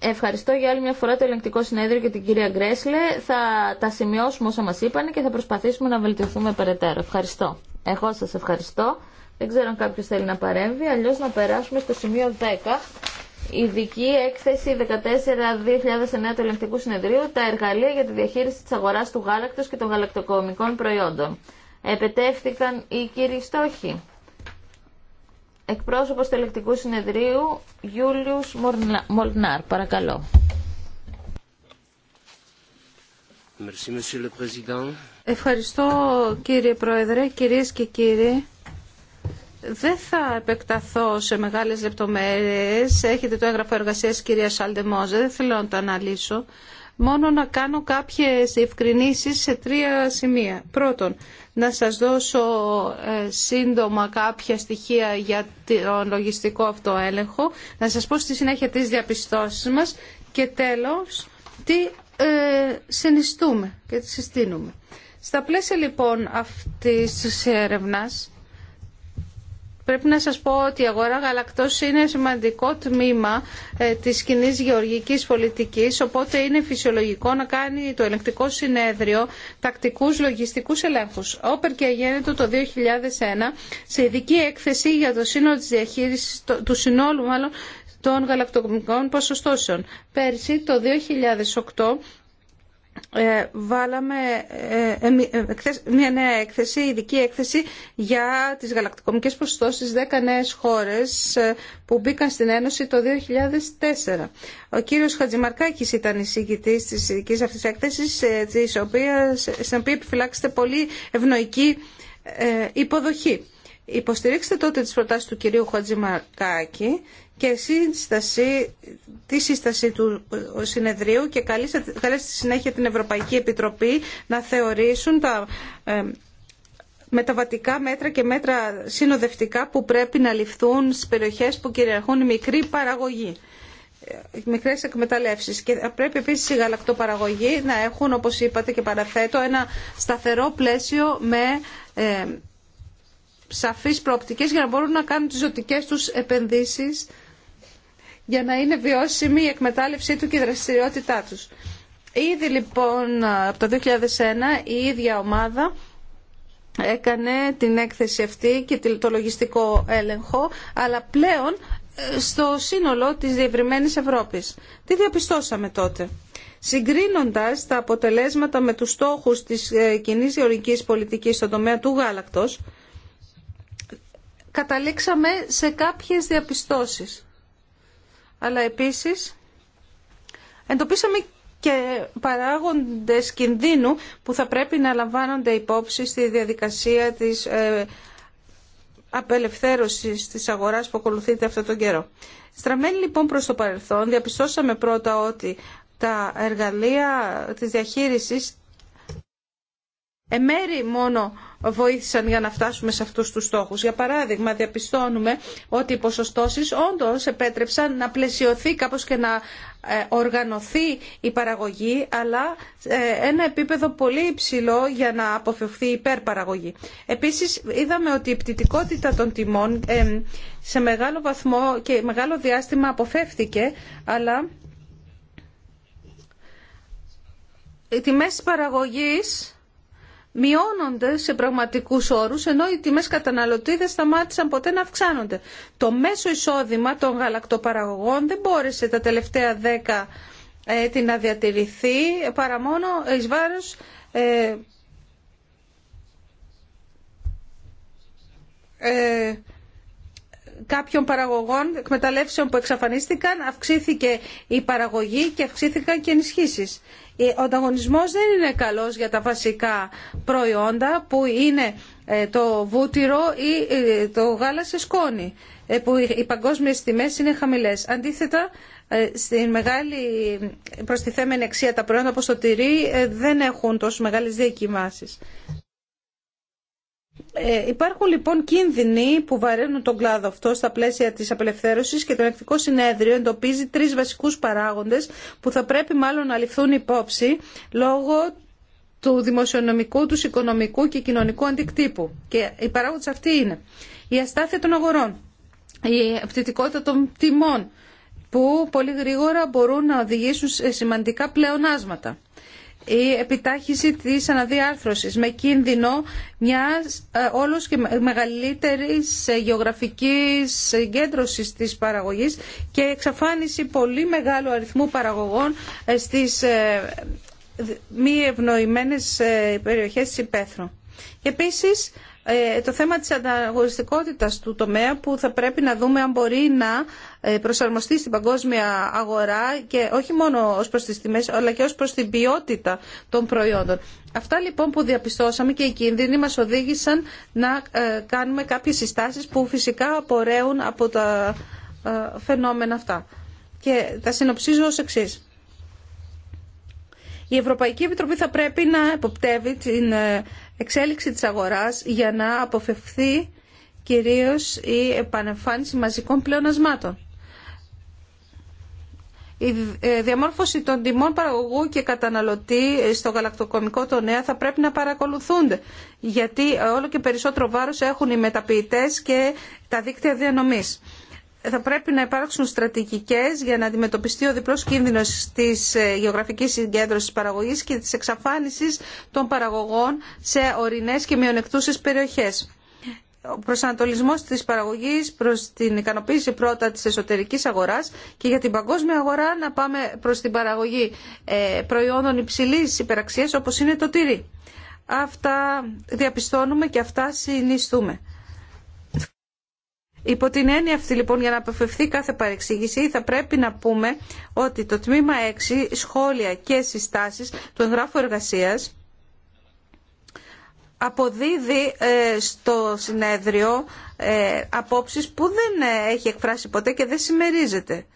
D: Ευχαριστώ για άλλη μια φορά το ελεγκτικό συνέδριο και την κυρία Γκρέσλε. Θα τα σημειώσουμε όσα μας είπαν και θα προσπαθήσουμε να βελτιωθούμε περαιτέρω. Ευχαριστώ. Εγώ σας ευχαριστώ. Δεν ξέρω αν κάποιος θέλει να παρέμβει, αλλιώς να περάσουμε στο σημείο 10. Ειδική έκθεση 14-2009 του Ελεγκτικού Συνεδρίου, τα εργαλεία για τη διαχείριση της αγοράς του γάλακτος και των γαλακτοκομικών προϊόντων. Επετεύθηκαν οι κύριοι στόχοι. Εκπρόσωπος του Ελεγκτικού Συνεδρίου, Γιούλιους Μολνάρ.
C: Παρακαλώ. Ευχαριστώ κύριε Πρόεδρε, κυρίες και κύριοι. Δεν θα επεκταθώ σε μεγάλες λεπτομέρειες. Έχετε το έγγραφο εργασίας κυρία Σαλτεμόζε. δεν θέλω να το αναλύσω. Μόνο να κάνω κάποιες ευκρινήσεις σε τρία σημεία. Πρώτον, να σας δώσω ε, σύντομα κάποια στοιχεία για τον λογιστικό αυτό έλεγχο, να σας πω στη συνέχεια τις διαπιστώσεις μας και τέλος τι ε, συνιστούμε και τι συστήνουμε. Στα πλαίσια λοιπόν αυτής της έρευνας, Πρέπει να σας πω ότι η αγορά γαλακτός είναι σημαντικό τμήμα ε, της κοινή γεωργικής πολιτικής, οπότε είναι φυσιολογικό να κάνει το ελεκτικό συνέδριο τακτικούς λογιστικούς ελέγχους. Όπερ και αγέννητο το 2001, σε ειδική έκθεση για το σύνολο της διαχείρισης, του συνόλου μάλλον, των γαλακτοκομικών ποσοστώσεων. Πέρσι, το 2008, ε, βάλαμε ε, ε, μια νέα έκθεση, ειδική έκθεση για τις γαλακτοκομικές προσθώσεις 10 νέες χώρες που μπήκαν στην Ένωση το 2004. Ο κύριος Χατζημαρκάκης ήταν εισηγητής της ειδικής αυτής έκθεσης, της οποίας, στην οποία επιφυλάξετε πολύ ευνοϊκή υποδοχή. Υποστηρίξτε τότε τις προτάσεις του κυρίου Χατζημαρκάκη και σύσταση, τη σύσταση του συνεδρίου και καλέσει στη συνέχεια την Ευρωπαϊκή Επιτροπή να θεωρήσουν τα ε, μεταβατικά μέτρα και μέτρα συνοδευτικά που πρέπει να ληφθούν στις περιοχές που κυριαρχούν μικρή παραγωγή ε, μικρές εκμεταλλεύσεις και πρέπει επίσης η γαλακτοπαραγωγή να έχουν όπως είπατε και παραθέτω ένα σταθερό πλαίσιο με ε, σαφείς προοπτικές για να μπορούν να κάνουν τις ζωτικές τους επενδύσεις για να είναι βιώσιμη η εκμετάλλευσή του και η δραστηριότητά τους. Ήδη λοιπόν από το 2001 η ίδια ομάδα έκανε την έκθεση αυτή και το λογιστικό έλεγχο, αλλά πλέον ε, στο σύνολο της διευρυμένης Ευρώπης. Τι διαπιστώσαμε τότε. Συγκρίνοντας τα αποτελέσματα με τους στόχους της ε, κοινής γεωργικής πολιτικής στον τομέα του γάλακτος, καταλήξαμε σε κάποιες διαπιστώσεις αλλά επίσης εντοπίσαμε και παράγοντες κινδύνου που θα πρέπει να λαμβάνονται υπόψη στη διαδικασία της ε, απελευθέρωσης της αγοράς που ακολουθείται αυτόν τον καιρό. Στραμμένοι λοιπόν προς το παρελθόν, διαπιστώσαμε πρώτα ότι τα εργαλεία της διαχείρισης εμέρι μόνο βοήθησαν για να φτάσουμε σε αυτούς τους στόχους. Για παράδειγμα, διαπιστώνουμε ότι οι ποσοστώσεις όντως επέτρεψαν να πλαισιωθεί κάπως και να ε, οργανωθεί η παραγωγή, αλλά ε, ένα επίπεδο πολύ υψηλό για να αποφευθεί η υπερπαραγωγή. Επίσης, είδαμε ότι η πτυτικότητα των τιμών ε, σε μεγάλο βαθμό και μεγάλο διάστημα αποφεύθηκε, αλλά οι τιμές παραγωγής μειώνονται σε πραγματικούς όρου, ενώ οι τιμές καταναλωτή δεν σταμάτησαν ποτέ να αυξάνονται. Το μέσο εισόδημα των γαλακτοπαραγωγών δεν μπόρεσε τα τελευταία δέκα έτη να διατηρηθεί, παρά μόνο εις βάρος ε, ε κάποιων παραγωγών εκμεταλλεύσεων που εξαφανίστηκαν αυξήθηκε η παραγωγή και αυξήθηκαν και ενισχύσεις. Ο ανταγωνισμός δεν είναι καλός για τα βασικά προϊόντα που είναι ε, το βούτυρο ή ε, το γάλα σε σκόνη ε, που οι παγκόσμιες τιμές είναι χαμηλές. Αντίθετα, στην μεγάλη προστιθέμενη αξία τα προϊόντα όπως το τυρί δεν έχουν τόσο μεγάλες διακοιμάσεις. Ε, υπάρχουν λοιπόν κίνδυνοι που βαραίνουν τον κλάδο αυτό στα πλαίσια της απελευθέρωσης και το ελεκτικό συνέδριο εντοπίζει τρεις βασικούς παράγοντες που θα πρέπει μάλλον να ληφθούν υπόψη λόγω του δημοσιονομικού, του οικονομικού και κοινωνικού αντικτύπου. Και οι παράγοντες αυτοί είναι η αστάθεια των αγορών, η πτυτικότητα των τιμών που πολύ γρήγορα μπορούν να οδηγήσουν σε σημαντικά πλεονάσματα η επιτάχυση της αναδιάρθρωσης με κίνδυνο μιας ε, όλος και μεγαλύτερης ε, γεωγραφικής συγκέντρωσης της παραγωγής και εξαφάνιση πολύ μεγάλου αριθμού παραγωγών ε, στις μη ευνοημένες περιοχές της υπαίθρου. Επίσης, ε, το θέμα της ανταγωνιστικότητας του τομέα που θα πρέπει να δούμε αν μπορεί να ε, προσαρμοστεί στην παγκόσμια αγορά και όχι μόνο ως προς τις τιμές αλλά και ως προς την ποιότητα των προϊόντων. Αυτά λοιπόν που διαπιστώσαμε και οι κίνδυνοι μας οδήγησαν να ε, κάνουμε κάποιες συστάσεις που φυσικά απορρέουν από τα φαινόμενα αυτά. Και τα συνοψίζω ως εξής. Η Ευρωπαϊκή Επιτροπή θα πρέπει να εποπτεύει την εξέλιξη της αγοράς για να αποφευθεί κυρίως η επανεμφάνιση μαζικών πλεονασμάτων. Η ε, διαμόρφωση των τιμών παραγωγού και καταναλωτή στο γαλακτοκομικό τομέα θα πρέπει να παρακολουθούνται, γιατί όλο και περισσότερο βάρος έχουν οι μεταποιητές και τα δίκτυα διανομής θα πρέπει να υπάρξουν στρατηγικές για να αντιμετωπιστεί ο διπλός κίνδυνος της ε, γεωγραφικής συγκέντρωσης παραγωγής και της εξαφάνισης των παραγωγών σε ορεινές και μειονεκτούσες περιοχές. Ο προσανατολισμός της παραγωγής προς την ικανοποίηση πρώτα της εσωτερικής αγοράς και για την παγκόσμια αγορά να πάμε προς την παραγωγή ε, προϊόντων υψηλής υπεραξίας όπως είναι το τυρί. Αυτά διαπιστώνουμε και αυτά συνιστούμε. Υπό την έννοια αυτή λοιπόν για να αποφευθεί κάθε παρεξήγηση θα πρέπει να πούμε ότι το τμήμα 6 σχόλια και συστάσεις του εγγράφου εργασίας αποδίδει ε, στο συνέδριο ε, απόψεις που δεν ε, έχει εκφράσει ποτέ και δεν συμμερίζεται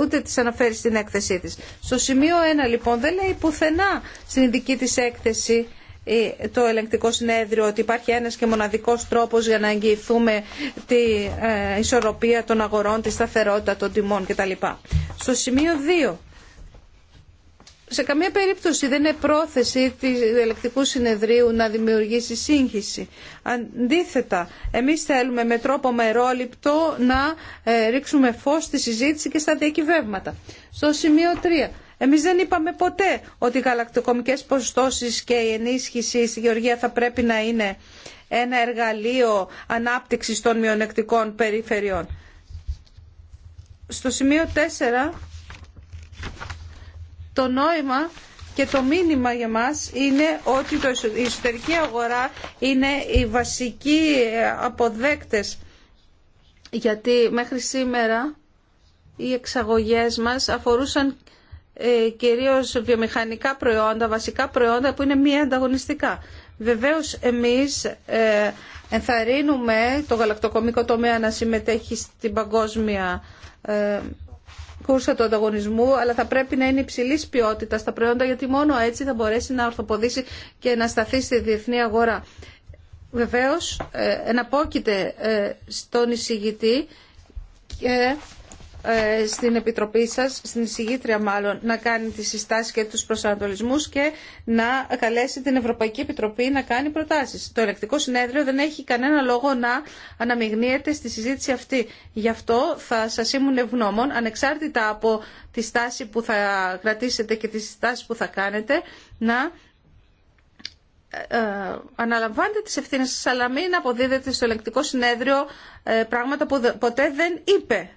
C: ούτε τις αναφέρει στην έκθεσή της. Στο σημείο 1 λοιπόν δεν λέει πουθενά στην ειδική της έκθεση ε, το ελεγκτικό συνέδριο ότι υπάρχει ένας και μοναδικός τρόπος για να εγγυηθούμε τη ε, ισορροπία των αγορών, τη σταθερότητα των τιμών κτλ. Στο σημείο 2. Σε καμία περίπτωση δεν είναι πρόθεση του ελεκτικού συνεδρίου να δημιουργήσει σύγχυση. Αντίθετα, εμείς θέλουμε με τρόπο μερόληπτο να ε, ρίξουμε φως στη συζήτηση και στα διακυβεύματα. Στο σημείο 3 εμείς δεν είπαμε ποτέ ότι οι γαλακτοκομικές ποσοστώσεις και η ενίσχυση στη Γεωργία θα πρέπει να είναι ένα εργαλείο ανάπτυξης των μειονεκτικών περιφερειών. Στο σημείο 4, το νόημα και το μήνυμα για μας είναι ότι η εσωτερική αγορά είναι οι βασικοί ε, αποδέκτες γιατί μέχρι σήμερα οι εξαγωγές μας αφορούσαν ε, κυρίως βιομηχανικά προϊόντα, βασικά προϊόντα που είναι μη ανταγωνιστικά. Βεβαίως εμείς ε, ενθαρρύνουμε το γαλακτοκομικό τομέα να συμμετέχει στην παγκόσμια ε, κούρσα του ανταγωνισμού, αλλά θα πρέπει να είναι υψηλή ποιότητα τα προϊόντα, γιατί μόνο έτσι θα μπορέσει να ορθοποδήσει και να σταθεί στη διεθνή αγορά. Βεβαίω, εναπόκειται στον εισηγητή και ε, στην Επιτροπή σας, στην εισηγήτρια μάλλον, να κάνει τις συστάσεις και τους προσανατολισμούς και να καλέσει την Ευρωπαϊκή Επιτροπή να κάνει προτάσεις. Το ελεκτικό συνέδριο δεν έχει κανένα λόγο να αναμειγνύεται στη συζήτηση αυτή. Γι' αυτό θα σας ήμουν ευγνώμων, ανεξάρτητα από τη στάση που θα κρατήσετε και τη στάση που θα κάνετε, να ε, ε, αναλαμβάνετε τις ευθύνες σας, αλλά μην αποδίδετε στο ελεκτικό συνέδριο πράγματα που ποτέ δεν είπε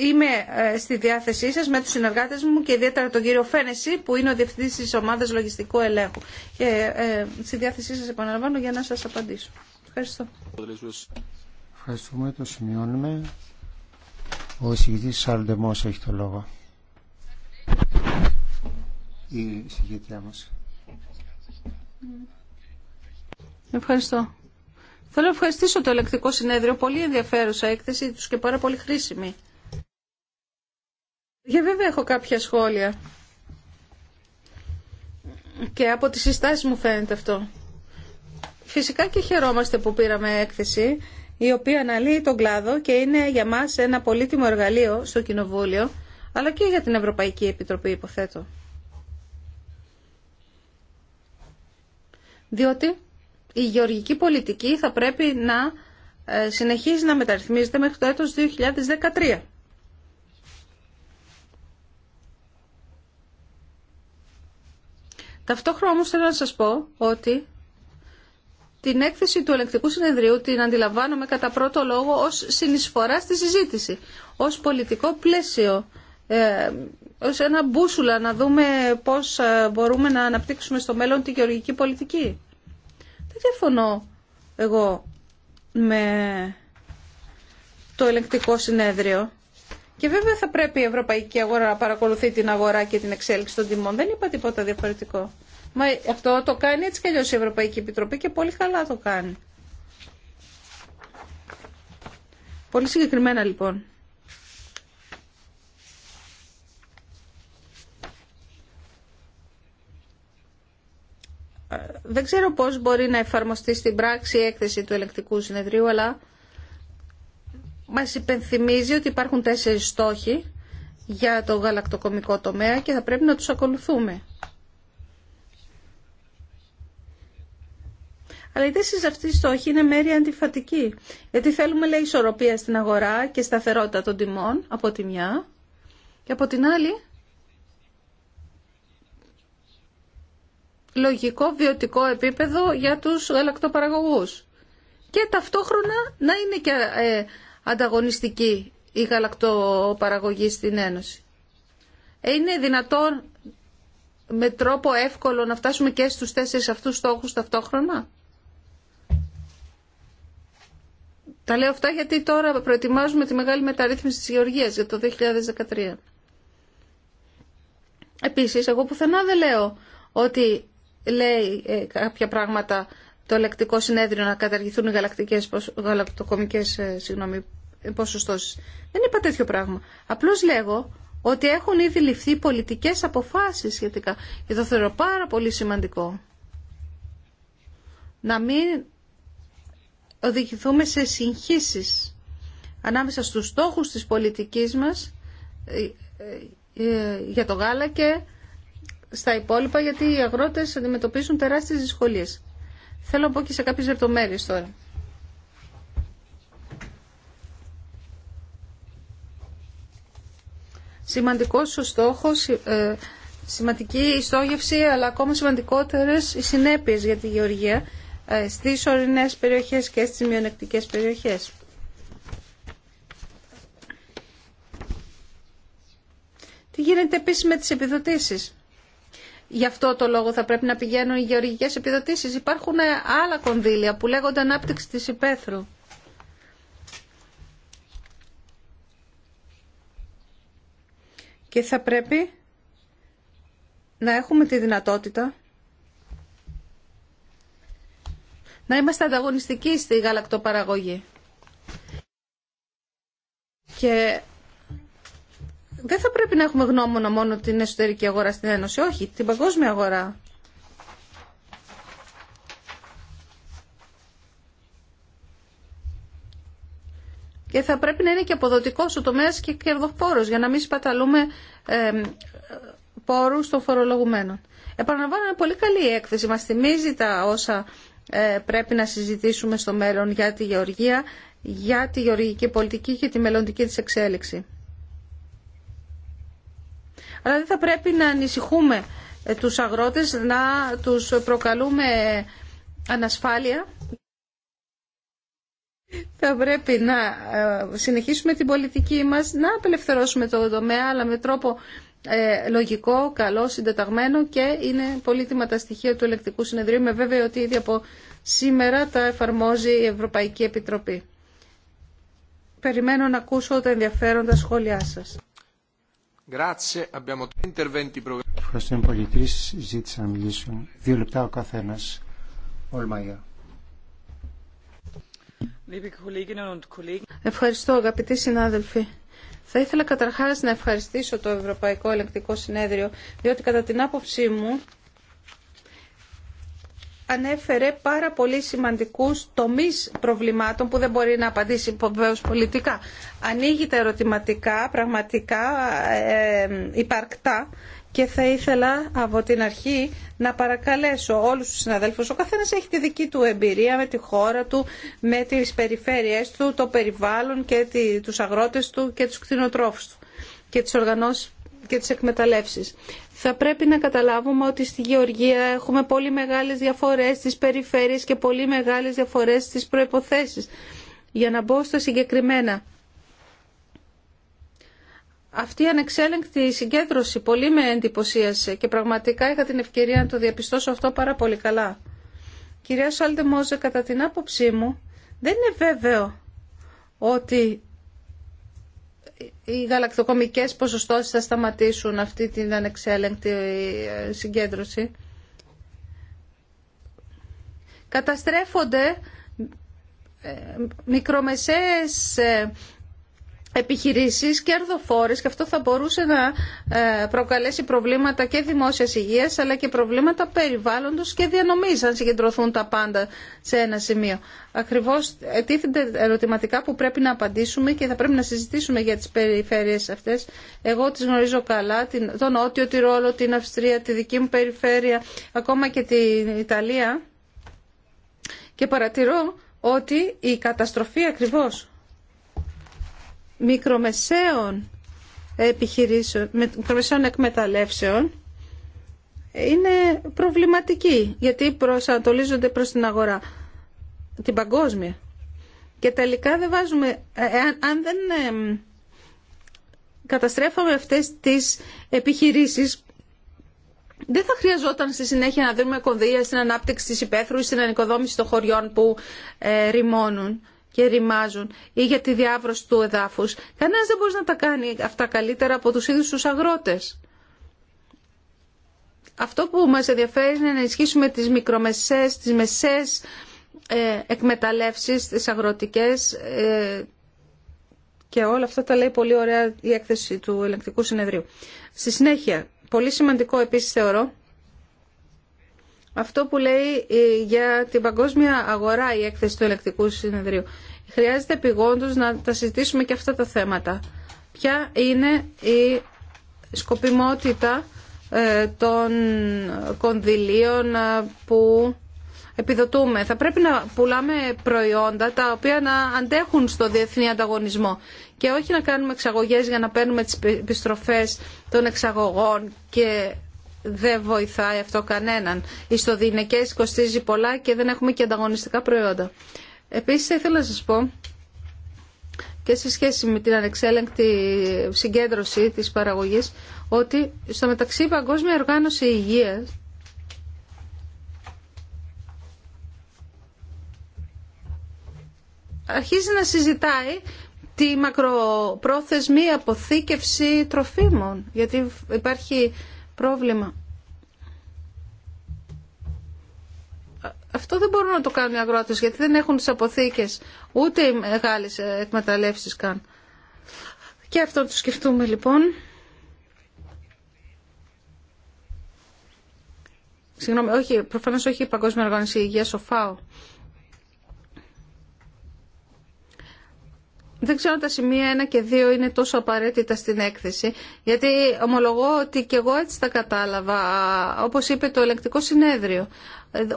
C: Είμαι ε, στη διάθεσή σα με του συνεργάτε μου και ιδιαίτερα τον κύριο Φένεση που είναι ο Διευθυντής της Ομάδας Λογιστικού Ελέγχου. Και ε, στη διάθεσή σα επαναλαμβάνω για να σα απαντήσω. Ευχαριστώ.
E: Ευχαριστούμε, το σημειώνουμε. Ο εισηγητή Σαλντεμό έχει το λόγο. Η εισηγητριά μα.
C: Ευχαριστώ. Θέλω να ευχαριστήσω το ελεκτικό συνέδριο. Πολύ ενδιαφέρουσα έκθεση του και πάρα πολύ χρήσιμη. Για βέβαια έχω κάποια σχόλια. Και από τις συστάσεις μου φαίνεται αυτό. Φυσικά και χαιρόμαστε που πήραμε έκθεση η οποία αναλύει τον κλάδο και είναι για μας ένα πολύτιμο εργαλείο στο Κοινοβούλιο αλλά και για την Ευρωπαϊκή Επιτροπή υποθέτω. Διότι η γεωργική πολιτική θα πρέπει να ε, συνεχίζει να μεταρρυθμίζεται μέχρι το έτος 2013. Ταυτόχρονα όμως θέλω να σας πω ότι την έκθεση του ελεκτικού συνεδρίου την αντιλαμβάνομαι κατά πρώτο λόγο ως συνεισφορά στη συζήτηση, ως πολιτικό πλαίσιο, ε, ως ένα μπούσουλα να δούμε πώς ε, μπορούμε να αναπτύξουμε στο μέλλον τη γεωργική πολιτική. Δεν διαφωνώ εγώ με το Ελεκτικό συνέδριο. Και βέβαια θα πρέπει η ευρωπαϊκή αγορά να παρακολουθεί την αγορά και την εξέλιξη των τιμών. Δεν είπα τίποτα διαφορετικό. Μα αυτό το κάνει έτσι κι αλλιώς η Ευρωπαϊκή Επιτροπή και πολύ καλά το κάνει. Πολύ συγκεκριμένα λοιπόν. Ε, δεν ξέρω πώς μπορεί να εφαρμοστεί στην πράξη η έκθεση του ελεκτικού συνεδρίου, αλλά μας υπενθυμίζει ότι υπάρχουν τέσσερις στόχοι για το γαλακτοκομικό τομέα και θα πρέπει να τους ακολουθούμε. Αλλά οι τέσσερις αυτοί στόχοι είναι μέρη αντιφατική. Γιατί θέλουμε, λέει, ισορροπία στην αγορά και σταθερότητα των τιμών από τη μια και από την άλλη λογικό βιωτικό επίπεδο για τους γαλακτοπαραγωγούς. Και ταυτόχρονα να είναι και ε, ανταγωνιστική η γαλακτοπαραγωγή στην Ένωση. Ε, είναι δυνατόν με τρόπο εύκολο να φτάσουμε και στους τέσσερις αυτούς στόχους ταυτόχρονα. Τα λέω αυτά γιατί τώρα προετοιμάζουμε τη μεγάλη μεταρρύθμιση της Γεωργίας για το 2013. Επίσης, εγώ πουθενά δεν λέω ότι λέει ε, κάποια πράγματα το ελεκτικό συνέδριο να καταργηθούν οι γαλακτικές, γαλακτοκομικές ε, συγγνώμη, ποσοστώσεις. Δεν είπα τέτοιο πράγμα. Απλώς λέγω ότι έχουν ήδη ληφθεί πολιτικές αποφάσεις σχετικά. Και το θεωρώ πάρα πολύ σημαντικό. Να μην οδηγηθούμε σε συγχύσεις ανάμεσα στους στόχους της πολιτικής μας ε, ε, για το γάλα και στα υπόλοιπα γιατί οι αγρότες αντιμετωπίζουν τεράστιες δυσκολίες. Θέλω να πω και σε κάποιε λεπτομέρειε τώρα. Σημαντικός ο στόχος, ε, σημαντική η στόγευση, αλλά ακόμα σημαντικότερε οι συνέπειε για τη γεωργία ε, στις ορεινέ περιοχές και στις μειονεκτικέ περιοχές. Τι γίνεται επίση με τι επιδοτήσεις. Γι' αυτό το λόγο θα πρέπει να πηγαίνουν οι γεωργικές επιδοτήσεις. Υπάρχουν ε, άλλα κονδύλια που λέγονται ανάπτυξη της υπαίθρου. Και θα πρέπει να έχουμε τη δυνατότητα να είμαστε ανταγωνιστικοί στη γαλακτοπαραγωγή. Και δεν θα πρέπει να έχουμε γνώμονα μόνο την εσωτερική αγορά στην Ένωση, όχι, την παγκόσμια αγορά. Και θα πρέπει να είναι και αποδοτικό ο τομέα και κερδοφόρος για να μην σπαταλούμε ε, πόρους των φορολογουμένων. Επαναλαμβάνω, είναι πολύ καλή η έκθεση. Μας θυμίζει τα όσα ε, πρέπει να συζητήσουμε στο μέλλον για τη γεωργία, για τη γεωργική πολιτική και τη μελλοντική τη εξέλιξη. Αλλά θα πρέπει να ανησυχούμε ε, τους αγρότες, να τους προκαλούμε ε, ανασφάλεια. Θα πρέπει να ε, συνεχίσουμε την πολιτική μας, να απελευθερώσουμε το τομέα, αλλά με τρόπο λογικό, καλό, συντεταγμένο και είναι πολύτιμα τα στοιχεία του ελεκτικού συνεδρίου. με βέβαιο ότι ήδη από σήμερα τα εφαρμόζει η Ευρωπαϊκή Επιτροπή. Περιμένω να ακούσω τα ενδιαφέροντα σχόλιά σας
A: πολύ. Λοιπόν,
E: ζήτησαν
C: Ευχαριστώ αγαπητοί συνάδελφοι. Θα ήθελα καταρχάς να ευχαριστήσω το Ευρωπαϊκό Ελεκτικό Συνέδριο, διότι κατά την άποψή μου ανέφερε πάρα πολύ σημαντικούς τομείς προβλημάτων που δεν μπορεί να απαντήσει βεβαίω πολιτικά. Ανοίγει τα ερωτηματικά, πραγματικά ε, υπαρκτά και θα ήθελα από την αρχή να παρακαλέσω όλους τους συναδέλφους, ο καθένας έχει τη δική του εμπειρία με τη χώρα του, με τις περιφέρειές του, το περιβάλλον και τη, τους αγρότες του και τους κτηνοτρόφους του και τις οργανώσεις και τις εκμεταλλεύσεις θα πρέπει να καταλάβουμε ότι στη Γεωργία έχουμε πολύ μεγάλες διαφορές στις περιφέρειες και πολύ μεγάλες διαφορές στις προϋποθέσεις. Για να μπω στα συγκεκριμένα. Αυτή η ανεξέλεγκτη συγκέντρωση πολύ με εντυπωσίασε και πραγματικά είχα την ευκαιρία να το διαπιστώσω αυτό πάρα πολύ καλά. Κυρία Σάλτε Μόζε, κατά την άποψή μου, δεν είναι βέβαιο ότι οι γαλακτοκομικές ποσοστώσεις θα σταματήσουν αυτή την ανεξέλεγκτη ε, συγκέντρωση. Καταστρέφονται ε, μικρομεσαίες ε, επιχειρήσεις κερδοφόρες και αυτό θα μπορούσε να ε, προκαλέσει προβλήματα και δημόσιας υγείας αλλά και προβλήματα περιβάλλοντος και διανομής αν συγκεντρωθούν τα πάντα σε ένα σημείο. Ακριβώς ετίθενται ερωτηματικά που πρέπει να απαντήσουμε και θα πρέπει να συζητήσουμε για τις περιφέρειες αυτές. Εγώ τις γνωρίζω καλά, την, τον Νότιο Ρόλο, την Αυστρία, τη δική μου περιφέρεια, ακόμα και την Ιταλία και παρατηρώ ότι η καταστροφή ακριβώς μικρομεσαίων επιχειρήσεων, μικρομεσαίων εκμεταλλεύσεων είναι προβληματική γιατί προσανατολίζονται προς την αγορά, την παγκόσμια. Και τελικά δεν βάζουμε, ε, ε, αν δεν καταστρέφαμε αυτές τις επιχειρήσεις δεν θα χρειαζόταν στη συνέχεια να δίνουμε κονδύλια στην ανάπτυξη της υπαίθρου ή στην ανοικοδόμηση των χωριών που ε, ρημώνουν και ρημάζουν ή για τη διάβρωση του εδάφους. Κανένας δεν μπορεί να τα κάνει αυτά καλύτερα από τους ίδιους τους αγρότες. Αυτό που μας ενδιαφέρει είναι να ενισχύσουμε τις μικρομεσές, τις μεσές ε, εκμεταλλεύσεις, τις αγροτικές ε, και όλα αυτά τα λέει πολύ ωραία η έκθεση του ελεκτικού συνεδρίου. Στη συνέχεια, πολύ σημαντικό επίσης θεωρώ, αυτό που λέει ε, για την παγκόσμια αγορά η έκθεση του ελεκτικού συνεδρίου. Χρειάζεται επιγόντως να τα συζητήσουμε και αυτά τα θέματα. Ποια είναι η σκοπιμότητα ε, των κονδυλίων ε, που επιδοτούμε. Θα πρέπει να πουλάμε προϊόντα τα οποία να αντέχουν στο διεθνή ανταγωνισμό και όχι να κάνουμε εξαγωγές για να παίρνουμε τις επιστροφές των εξαγωγών και δεν βοηθάει αυτό κανέναν. Οι κοστίζει πολλά και δεν έχουμε και ανταγωνιστικά προϊόντα. Επίσης θα ήθελα να σας πω και σε σχέση με την ανεξέλεγκτη συγκέντρωση της παραγωγής ότι στο μεταξύ η Παγκόσμια Οργάνωση Υγείας αρχίζει να συζητάει τη μακροπρόθεσμη αποθήκευση τροφίμων γιατί υπάρχει πρόβλημα. Αυτό δεν μπορούν να το κάνουν οι αγρότες γιατί δεν έχουν τις αποθήκες ούτε οι μεγάλες εκμεταλλεύσεις καν. Και αυτό το σκεφτούμε λοιπόν. Συγγνώμη, όχι, προφανώς όχι η Παγκόσμια Οργάνωση Υγείας, ο ΦΑΟ. Δεν ξέρω αν τα σημεία 1 και 2 είναι τόσο απαραίτητα στην έκθεση, γιατί ομολογώ ότι και εγώ έτσι τα κατάλαβα, όπως είπε το ελεκτικό συνέδριο.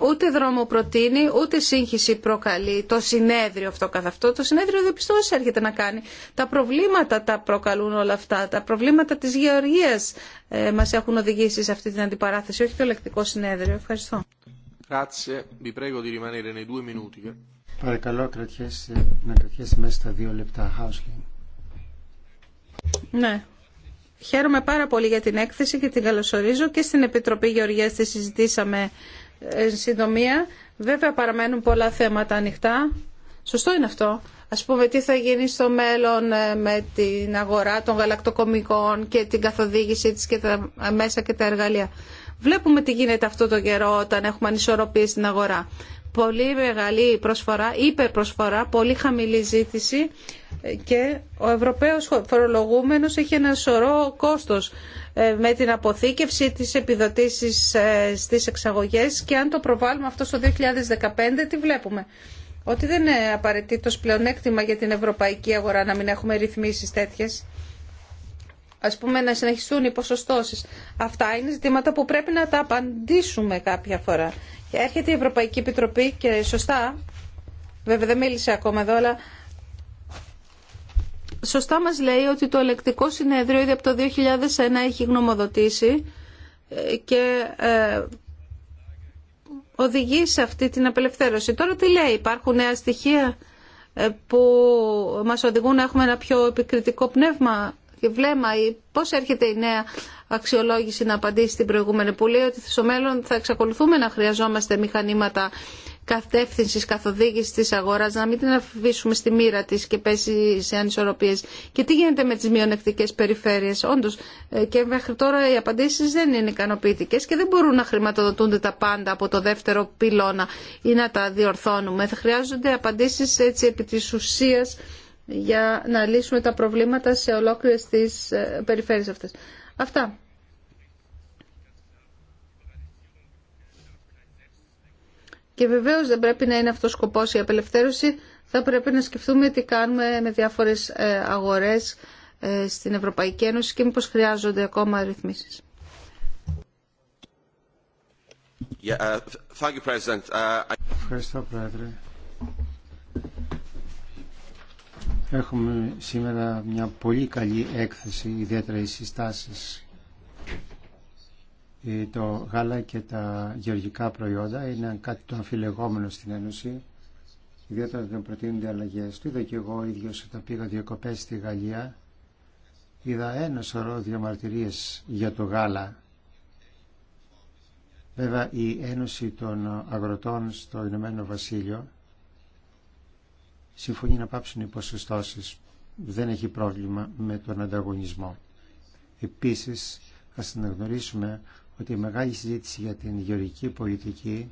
C: Ούτε δρόμο προτείνει, ούτε σύγχυση προκαλεί το συνέδριο αυτό καθ' αυτό. Το συνέδριο δεν πιστώς έρχεται να κάνει. Τα προβλήματα τα προκαλούν όλα αυτά. Τα προβλήματα της γεωργίας ε, μας έχουν οδηγήσει σε αυτή την αντιπαράθεση, όχι το ελεκτικό συνέδριο. Ευχαριστώ.
A: Grazie. Vi prego eh.
E: Παρακαλώ κρατιέσαι, να κρατιέσαι μέσα στα δύο λεπτά. Housling.
C: Ναι. Χαίρομαι πάρα πολύ για την έκθεση και την καλωσορίζω και στην Επιτροπή Γεωργίας τη συζητήσαμε ε, συντομία. Βέβαια παραμένουν πολλά θέματα ανοιχτά. Σωστό είναι αυτό. Ας πούμε τι θα γίνει στο μέλλον ε, με την αγορά των γαλακτοκομικών και την καθοδήγησή της και μέσα και τα εργαλεία. Βλέπουμε τι γίνεται αυτό το καιρό όταν έχουμε ανισορροπίες στην αγορά πολύ μεγάλη προσφορά, υπερπροσφορά, πολύ χαμηλή ζήτηση και ο Ευρωπαίος φορολογούμενος έχει ένα σωρό κόστος ε, με την αποθήκευση της επιδοτήσεις ε, στις εξαγωγές και αν το προβάλλουμε αυτό στο 2015 τι βλέπουμε. Ότι δεν είναι απαραίτητο πλεονέκτημα για την ευρωπαϊκή αγορά να μην έχουμε ρυθμίσεις τέτοιες ας πούμε να συνεχιστούν οι ποσοστώσεις. Αυτά είναι ζητήματα που πρέπει να τα απαντήσουμε κάποια φορά. Και έρχεται η Ευρωπαϊκή Επιτροπή και σωστά, βέβαια δεν μίλησε ακόμα εδώ, αλλά σωστά μας λέει ότι το ελεκτικό συνέδριο ήδη από το 2001 έχει γνωμοδοτήσει ε, και ε, οδηγεί σε αυτή την απελευθέρωση. Τώρα τι λέει, υπάρχουν νέα στοιχεία ε, που μας οδηγούν να έχουμε ένα πιο επικριτικό πνεύμα και βλέμμα ή πώς έρχεται η νέα αξιολόγηση να απαντήσει την προηγούμενη που λέει ότι στο μέλλον θα εξακολουθούμε να χρειαζόμαστε μηχανήματα κατεύθυνση καθοδήγηση τη αγορά, να μην την αφήσουμε στη μοίρα τη και πέσει σε ανισορροπίε. Και τι γίνεται με τι μειονεκτικέ περιφέρειε. Όντω, ε, και μέχρι τώρα οι απαντήσει δεν είναι ικανοποιητικέ και δεν μπορούν να χρηματοδοτούνται τα πάντα από το δεύτερο πυλώνα ή να τα διορθώνουμε. Θα χρειάζονται απαντήσει έτσι επί τη ουσία για να λύσουμε τα προβλήματα σε ολόκληρες τις ε, περιφέρειες αυτές. Αυτά. Και βεβαίως δεν πρέπει να είναι αυτός σκοπός η απελευθέρωση. Θα πρέπει να σκεφτούμε τι κάνουμε με διάφορες ε, αγορές ε, στην Ευρωπαϊκή Ένωση και μήπως χρειάζονται ακόμα ρυθμίσεις.
A: Uh, uh,
E: Ευχαριστώ, Πρόεδρε. Έχουμε σήμερα μια πολύ καλή έκθεση, ιδιαίτερα οι συστάσεις. Ε, το γάλα και τα γεωργικά προϊόντα είναι κάτι το αφιλεγόμενο στην Ένωση, ιδιαίτερα δεν προτείνονται αλλαγέ. Το είδα και εγώ ίδιο όταν πήγα διακοπέ στη Γαλλία. Είδα ένα σωρό διαμαρτυρίες για το γάλα. Βέβαια η Ένωση των Αγροτών στο Ηνωμένο Βασίλειο συμφωνεί να πάψουν οι ποσοστώσεις. Δεν έχει πρόβλημα με τον ανταγωνισμό. Επίσης, θα αναγνωρίσουμε ότι η μεγάλη συζήτηση για την γεωργική πολιτική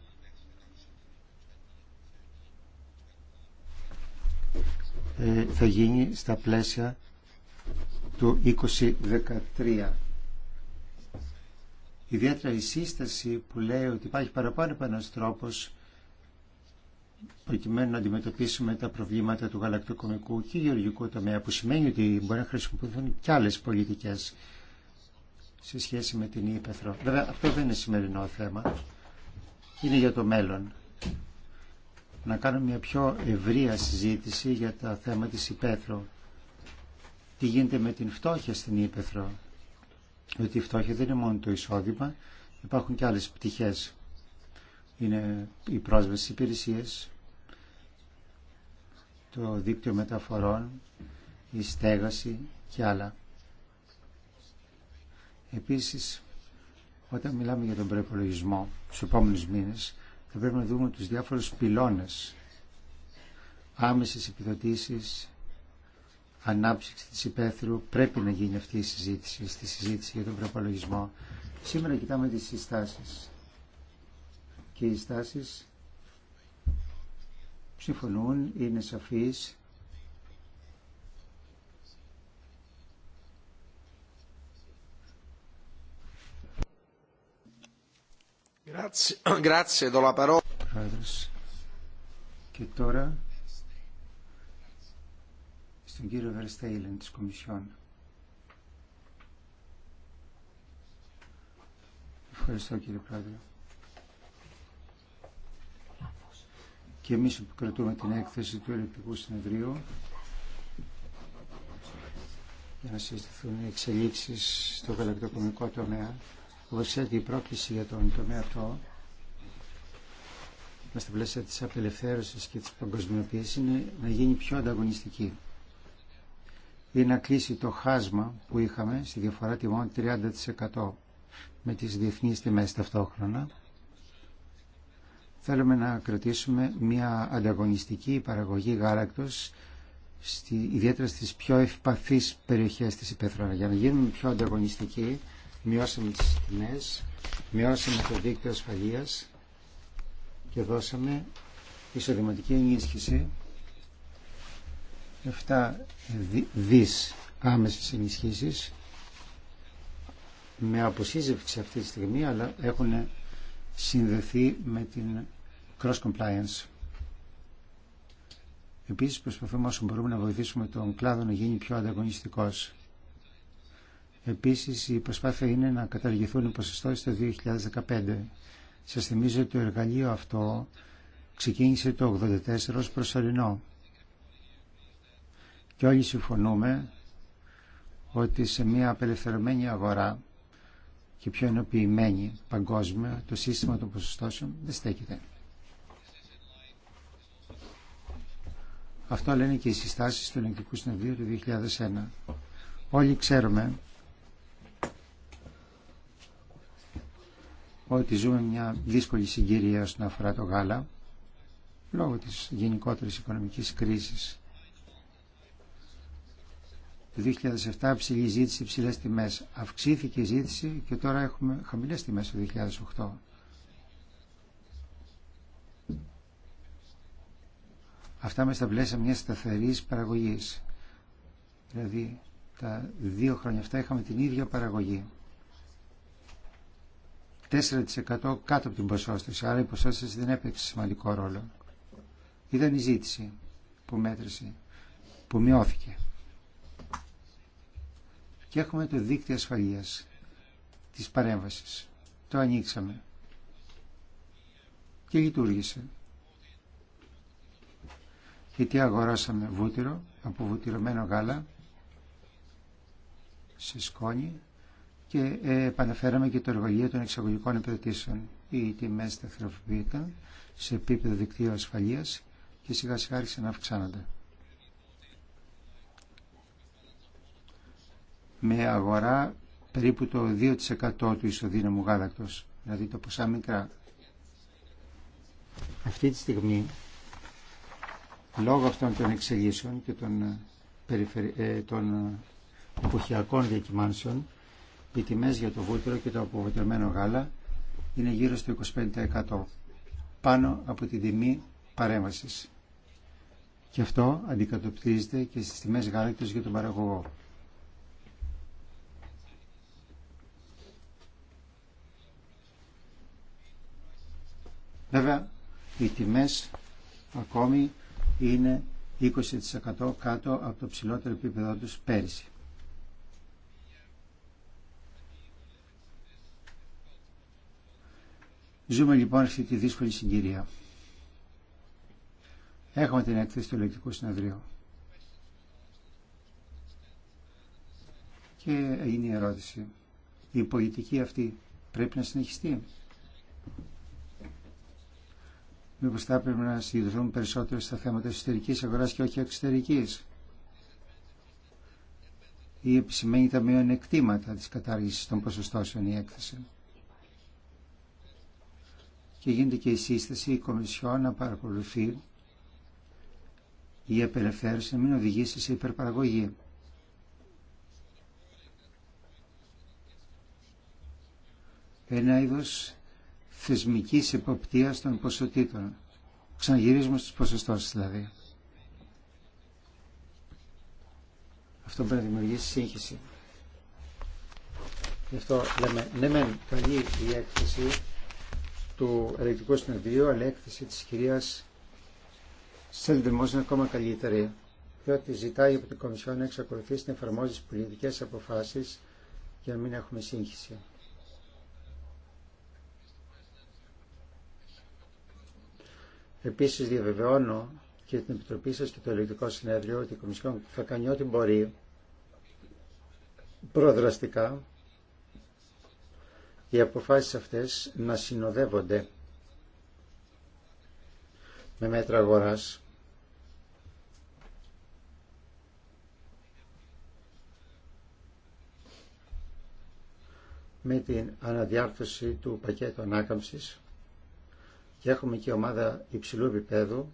E: ε, θα γίνει στα πλαίσια του 2013. Ιδιαίτερα η σύσταση που λέει ότι υπάρχει παραπάνω από προκειμένου να αντιμετωπίσουμε τα προβλήματα του γαλακτοκομικού και γεωργικού τομέα, που σημαίνει ότι μπορεί να χρησιμοποιηθούν και άλλε πολιτικές σε σχέση με την Ήπεθρο. Βέβαια, αυτό δεν είναι σημερινό θέμα. Είναι για το μέλλον. Να κάνουμε μια πιο ευρεία συζήτηση για τα θέματα της Ήπεθρο. Τι γίνεται με την φτώχεια στην Ήπεθρο. Ότι η φτώχεια δεν είναι μόνο το εισόδημα, υπάρχουν και άλλες πτυχές είναι η πρόσβαση στις το δίκτυο μεταφορών, η στέγαση και άλλα. Επίσης, όταν μιλάμε για τον προπολογισμό στους επόμενους μήνες, θα πρέπει να δούμε τους διάφορους πυλώνες, άμεσες επιδοτήσεις, ανάψυξη της υπαίθρου, πρέπει να γίνει αυτή η συζήτηση, στη συζήτηση για τον προπολογισμό. Σήμερα κοιτάμε τις συστάσεις και οι στάσεις συμφωνούν, είναι σαφείς.
A: Και τώρα
E: στον κύριο Βερστέιλεν της Κομισιόν. Ευχαριστώ κύριε Πρόεδρε. και εμείς επικρατούμε την έκθεση του Ελληνικού Συνεδρίου για να συζητηθούν οι εξελίξεις στο γαλακτοκομικό τομέα. Όπως ξέρετε η πρόκληση για τον τομέα αυτό μας στα πλαίσια της απελευθέρωσης και της παγκοσμιοποίησης είναι να γίνει πιο ανταγωνιστική ή να κλείσει το χάσμα που είχαμε στη διαφορά τιμών 30% με τις διεθνείς τιμές ταυτόχρονα Θέλουμε να κρατήσουμε μια ανταγωνιστική παραγωγή γάλακτος στη, ιδιαίτερα στις πιο ευπαθείς περιοχές της υπέθρωνα. Για να γίνουμε πιο ανταγωνιστικοί, μειώσαμε τις τιμές, μειώσαμε το δίκτυο ασφαλείας και δώσαμε εισοδηματική ενίσχυση 7 δις άμεσες ενισχύσεις με αποσύζευξη αυτή τη στιγμή αλλά έχουν συνδεθεί με την cross compliance. Επίσης προσπαθούμε όσο μπορούμε να βοηθήσουμε τον κλάδο να γίνει πιο ανταγωνιστικός. Επίσης η προσπάθεια είναι να καταργηθούν οι ποσοστό το 2015. Σα θυμίζω ότι το εργαλείο αυτό ξεκίνησε το 1984 ως προσωρινό. Και όλοι συμφωνούμε ότι σε μια απελευθερωμένη αγορά και πιο ενοποιημένη παγκόσμια, το σύστημα των ποσοστώσεων δεν στέκεται. Αυτό λένε και οι συστάσεις του Ελληνικού Συνεδρίου του 2001. Όλοι ξέρουμε ότι ζούμε μια δύσκολη συγκυρία όσον αφορά το γάλα λόγω της γενικότερης οικονομικής κρίσης το 2007 ψηλή ζήτηση, ψηλές τιμές. Αυξήθηκε η ζήτηση και τώρα έχουμε χαμηλές τιμές το 2008. Αυτά μέσα στα πλαίσια μιας σταθερής παραγωγής. Δηλαδή τα δύο χρόνια αυτά είχαμε την ίδια παραγωγή. 4% κάτω από την ποσόσταση, άρα η ποσότητα δεν έπαιξε σημαντικό ρόλο. Ήταν η ζήτηση που μέτρησε, που μειώθηκε και έχουμε το δίκτυο ασφαλείας της παρέμβασης. Το ανοίξαμε και λειτουργήσε. Γιατί αγοράσαμε βούτυρο από βουτυρωμένο γάλα σε σκόνη και ε, επαναφέραμε και το εργαλείο των εξαγωγικών επιδοτήσεων. Οι τιμές σταθεροποιήθηκαν σε επίπεδο δικτύου ασφαλείας και σιγά σιγά άρχισαν να αυξάνονται. με αγορά περίπου το 2% του ισοδύναμου γάλακτος, δηλαδή το ποσά μικρά. Αυτή τη στιγμή, λόγω αυτών των εξελίσσεων και των, περιφερει... ε, ε εποχιακών διακυμάνσεων, οι τιμές για το βούτυρο και το απογοητευμένο γάλα είναι γύρω στο 25% πάνω από την τιμή παρέμβασης. Και αυτό αντικατοπτρίζεται και στις τιμές γάλακτος για τον παραγωγό. Βέβαια, οι τιμές ακόμη είναι 20% κάτω από το ψηλότερο επίπεδο τους πέρυσι. Ζούμε λοιπόν αυτή τη δύσκολη συγκυρία. Έχουμε την έκθεση του Ελεκτικού Συνεδρίου. Και είναι η ερώτηση. Η πολιτική αυτή πρέπει να συνεχιστεί. Μήπως θα έπρεπε να συγκεντρωθούμε περισσότερο στα θέματα εσωτερικής αγοράς και όχι εξωτερικής. Ή επισημαίνει τα μειονεκτήματα της κατάργησης των ποσοστώσεων η έκθεση. Και γίνεται και η σύσταση η Κομισιόν να παρακολουθεί η απελευθέρωση να μην οδηγήσει σε υπερπαραγωγή. Ένα είδος θεσμικής υποπτίας των ποσοτήτων. Ξαναγυρίζουμε στους ποσοστώσεις δηλαδή. Αυτό πρέπει να δημιουργήσει σύγχυση. Γι' αυτό λέμε, ναι μεν καλή η έκθεση του ελεκτικού συνεδρίου, αλλά η έκθεση της κυρίας Σέλντεμος είναι ακόμα καλύτερη, διότι ζητάει από την Κομισιόν να εξακολουθήσει να εφαρμόζει τις πολιτικές αποφάσεις για να μην έχουμε σύγχυση. Επίσης διαβεβαιώνω και την Επιτροπή σας και το Ελληνικό Συνέδριο ότι η Κομισιόν θα κάνει ό,τι μπορεί προδραστικά οι αποφάσεις αυτές να συνοδεύονται με μέτρα αγοράς με την αναδιάρθρωση του πακέτου ανάκαμψης και έχουμε και ομάδα υψηλού επίπεδου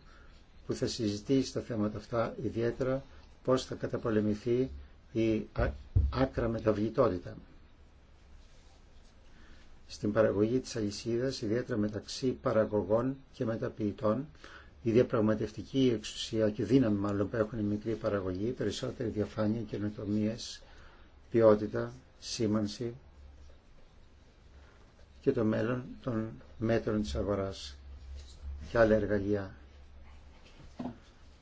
E: που θα συζητήσει τα θέματα αυτά, ιδιαίτερα πώς θα καταπολεμηθεί η άκρα μεταβλητότητα. Στην παραγωγή της αλυσίδα, ιδιαίτερα μεταξύ παραγωγών και μεταποιητών, η διαπραγματευτική εξουσία και δύναμη μάλλον που έχουν οι μικροί παραγωγοί, περισσότερη διαφάνεια, καινοτομίε, ποιότητα, σήμανση και το μέλλον των μέτρων της αγοράς και άλλα εργαλεία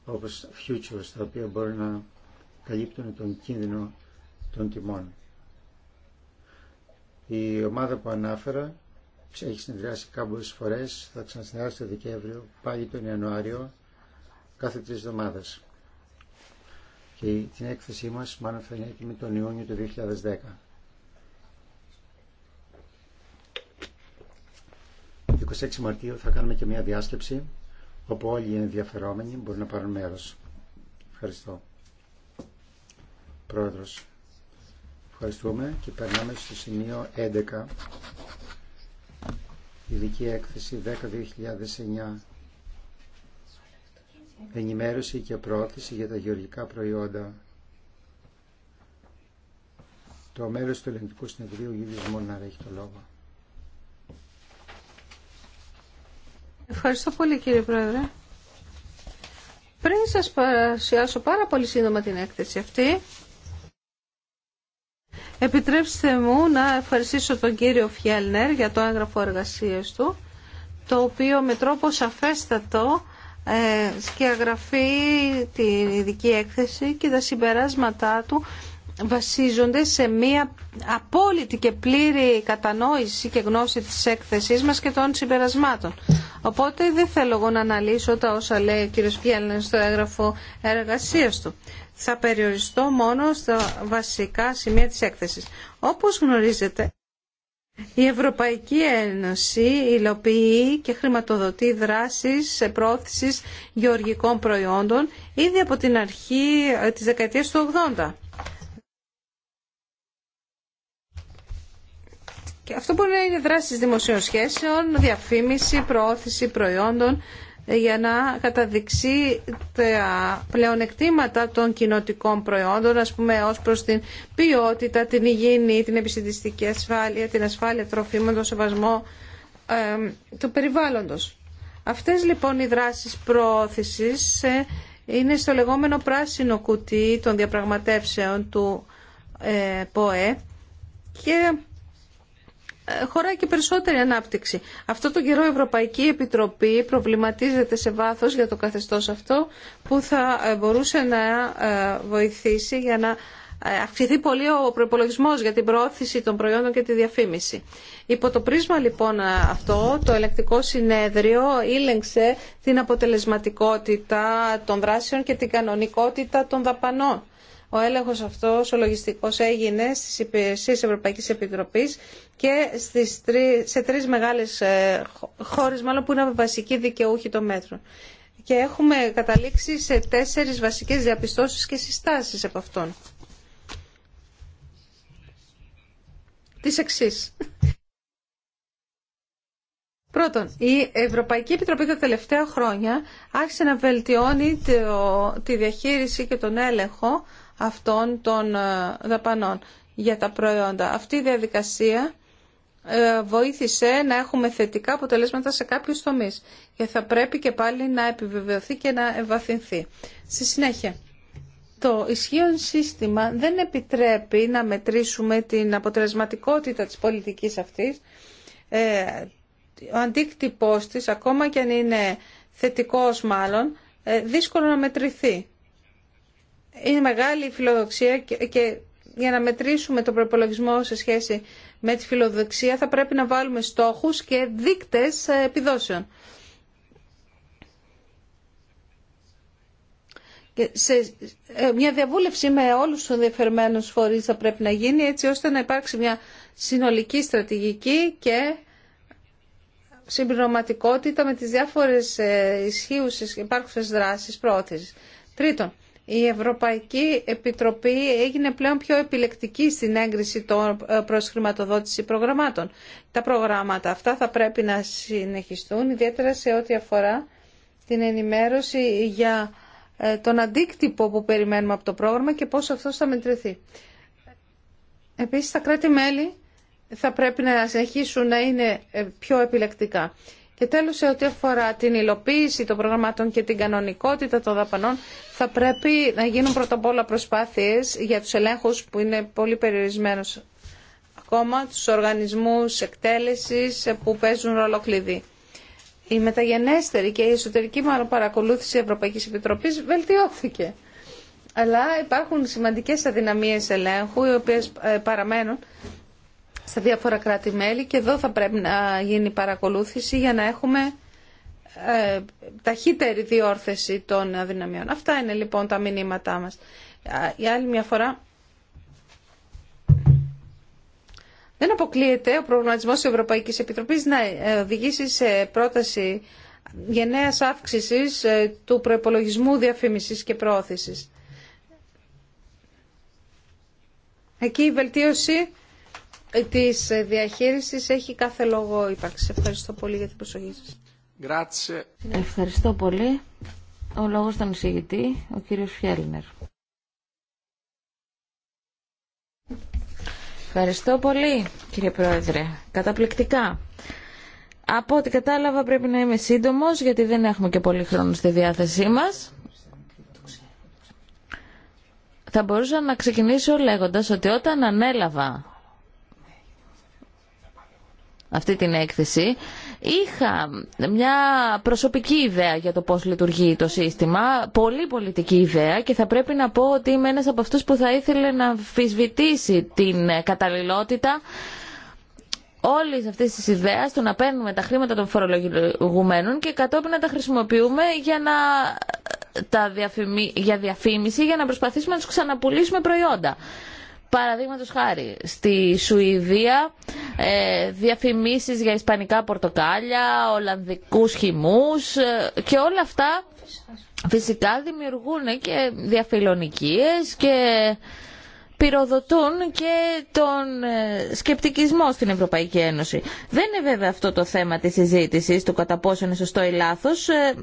E: όπως futures τα οποία μπορούν να καλύπτουν τον κίνδυνο των τιμών. Η ομάδα που ανάφερα έχει συνδυάσει κάποιες φορές, θα ξανασυνδυάσει το Δεκέμβριο, πάλι τον Ιανουάριο, κάθε τρεις εβδομάδες. Και την έκθεσή μας μάλλον θα είναι έτοιμη τον Ιούνιο του 2010. 26 Μαρτίου θα κάνουμε και μια διάσκεψη όπου όλοι οι ενδιαφερόμενοι μπορούν να πάρουν μέρος. Ευχαριστώ. Πρόεδρος. Ευχαριστούμε και περνάμε στο σημείο 11. Ειδική έκθεση 10-2009. Ενημέρωση και πρόθεση για τα γεωργικά προϊόντα. Το μέρος του Ελληνικού συνεδρίου Γιώργης να έχει το λόγο.
C: Ευχαριστώ πολύ κύριε Πρόεδρε. Πριν σας παρουσιάσω πάρα πολύ σύντομα την έκθεση αυτή, επιτρέψτε μου να ευχαριστήσω τον κύριο Φιέλνερ για το έγγραφο εργασία του, το οποίο με τρόπο σαφέστατο ε, σκιαγραφεί την ειδική έκθεση και τα συμπεράσματά του βασίζονται σε μία απόλυτη και πλήρη κατανόηση και γνώση της έκθεσής μας και των συμπερασμάτων. Οπότε δεν θέλω εγώ να αναλύσω τα όσα λέει ο κ. Πιέλνες στο έγγραφο εργασία του. Θα περιοριστώ μόνο στα βασικά σημεία της έκθεσης. Όπως γνωρίζετε, η Ευρωπαϊκή Ένωση υλοποιεί και χρηματοδοτεί δράσεις πρόθεσης γεωργικών προϊόντων ήδη από την αρχή ε, της δεκαετίας του 80. Και αυτό μπορεί να είναι δράσεις δημοσίων σχέσεων, διαφήμιση, προώθηση προϊόντων ε, για να καταδειξεί τα πλεονεκτήματα των κοινοτικών προϊόντων, ας πούμε, ως προς την ποιότητα, την υγιεινή, την επιστημιστική ασφάλεια, την ασφάλεια τροφίμων, τον σεβασμό του περιβάλλοντος. Αυτές λοιπόν οι δράσεις προώθησης ε, είναι στο λεγόμενο πράσινο κουτί των διαπραγματεύσεων του ε, ΠΟΕ και χωράει και περισσότερη ανάπτυξη. Αυτό το καιρό η Ευρωπαϊκή Επιτροπή προβληματίζεται σε βάθος για το καθεστώς αυτό που θα ε, μπορούσε να ε, βοηθήσει για να ε, αυξηθεί πολύ ο προπολογισμό για την προώθηση των προϊόντων και τη διαφήμιση. Υπό το πρίσμα λοιπόν αυτό, το ελεκτικό συνέδριο ήλεγξε την αποτελεσματικότητα των δράσεων και την κανονικότητα των δαπανών. Ο έλεγχος αυτός, ο λογιστικός έγινε στις υπηρεσίες Ευρωπαϊκής Επιτροπής και στις σε τρεις μεγάλες ε, χώρες μάλλον που είναι βασικοί δικαιούχοι των μέτρων. Και έχουμε καταλήξει σε τέσσερις βασικές διαπιστώσεις και συστάσεις από αυτόν. Τις εξής. Πρώτον, η Ευρωπαϊκή Επιτροπή τα τελευταία χρόνια άρχισε να βελτιώνει τη διαχείριση και τον έλεγχο αυτών των ε, δαπανών για τα προϊόντα. Αυτή η διαδικασία ε, βοήθησε να έχουμε θετικά αποτελέσματα σε κάποιους τομείς και θα πρέπει και πάλι να επιβεβαιωθεί και να ευαθυνθεί. Στη συνέχεια, το ισχύον σύστημα δεν επιτρέπει να μετρήσουμε την αποτελεσματικότητα της πολιτικής αυτής. Ε, ο αντίκτυπός της, ακόμα και αν είναι θετικός μάλλον, δύσκολο να μετρηθεί. Είναι μεγάλη η φιλοδοξία και για να μετρήσουμε τον προπολογισμό σε σχέση με τη φιλοδοξία θα πρέπει να βάλουμε στόχους και δείκτες ε, επιδόσεων. Ε, μια διαβούλευση με όλους τους ενδιαφερμένους φορείς θα πρέπει να γίνει έτσι ώστε να υπάρξει μια συνολική στρατηγική και συμπληρωματικότητα με τις διάφορες ε, ισχύουσες και υπάρχουσες δράσεις πρόθεσης. Τρίτον, η Ευρωπαϊκή Επιτροπή έγινε πλέον πιο επιλεκτική στην έγκριση των ε, προσχρηματοδότηση προγραμμάτων. Τα προγράμματα αυτά θα πρέπει να συνεχιστούν, ιδιαίτερα σε ό,τι αφορά την ενημέρωση για ε, τον αντίκτυπο που περιμένουμε από το πρόγραμμα και πώς αυτό θα μετρηθεί. Επίσης, τα κράτη-μέλη θα πρέπει να συνεχίσουν να είναι ε, πιο επιλεκτικά. Και τέλος, σε ό,τι αφορά την υλοποίηση των προγραμμάτων και την κανονικότητα των δαπανών, θα πρέπει να γίνουν πρώτα απ' όλα προσπάθειες για τους ελέγχους που είναι πολύ περιορισμένου ακόμα, τους οργανισμούς εκτέλεσης που παίζουν ρόλο κλειδί. Η μεταγενέστερη και η εσωτερική παρακολούθηση Ευρωπαϊκής Επιτροπής βελτιώθηκε. Αλλά υπάρχουν σημαντικές αδυναμίες ελέγχου, οι οποίες ε, παραμένουν στα διάφορα κράτη-μέλη και εδώ θα πρέπει να γίνει παρακολούθηση για να έχουμε ε, ταχύτερη διόρθεση των αδυναμιών. Αυτά είναι λοιπόν τα μηνύματά μας. Η άλλη μια φορά, δεν αποκλείεται ο προγραμματισμός της Ευρωπαϊκής Επιτροπής να ε, οδηγήσει σε πρόταση γενναίας αύξησης ε, του προϋπολογισμού διαφήμισης και προώθησης. Εκεί η βελτίωση της ε, διαχείρισης έχει κάθε λόγο ύπαρξη. Ευχαριστώ πολύ για την προσοχή σας.
D: Ευχαριστώ πολύ. Ο λόγος των εισηγητή, ο κύριος Φιέλνερ. Ευχαριστώ πολύ, κύριε Πρόεδρε. Καταπληκτικά. Από ό,τι κατάλαβα πρέπει να είμαι σύντομος, γιατί δεν έχουμε και πολύ χρόνο στη διάθεσή μας. Θα μπορούσα να ξεκινήσω λέγοντας ότι όταν ανέλαβα αυτή την έκθεση, είχα μια προσωπική ιδέα για το πώς λειτουργεί το σύστημα, πολύ πολιτική ιδέα και θα πρέπει να πω ότι είμαι ένας από αυτούς που θα ήθελε να αμφισβητήσει την καταλληλότητα όλη αυτή τη ιδέα του να παίρνουμε τα χρήματα των φορολογουμένων και κατόπιν να τα χρησιμοποιούμε για, να... τα διαφημί... για διαφήμιση για να προσπαθήσουμε να του ξαναπουλήσουμε προϊόντα. Παραδείγματο χάρη, στη Σουηδία ε, διαφημίσεις για ισπανικά πορτοκάλια, ολλανδικούς χυμού ε, και όλα αυτά φυσικά δημιουργούν και διαφιλονικίε και πυροδοτούν και τον ε, σκεπτικισμό στην Ευρωπαϊκή Ένωση. Δεν είναι βέβαια αυτό το θέμα της συζήτηση, του κατά πόσο είναι σωστό ή λάθος. Ε,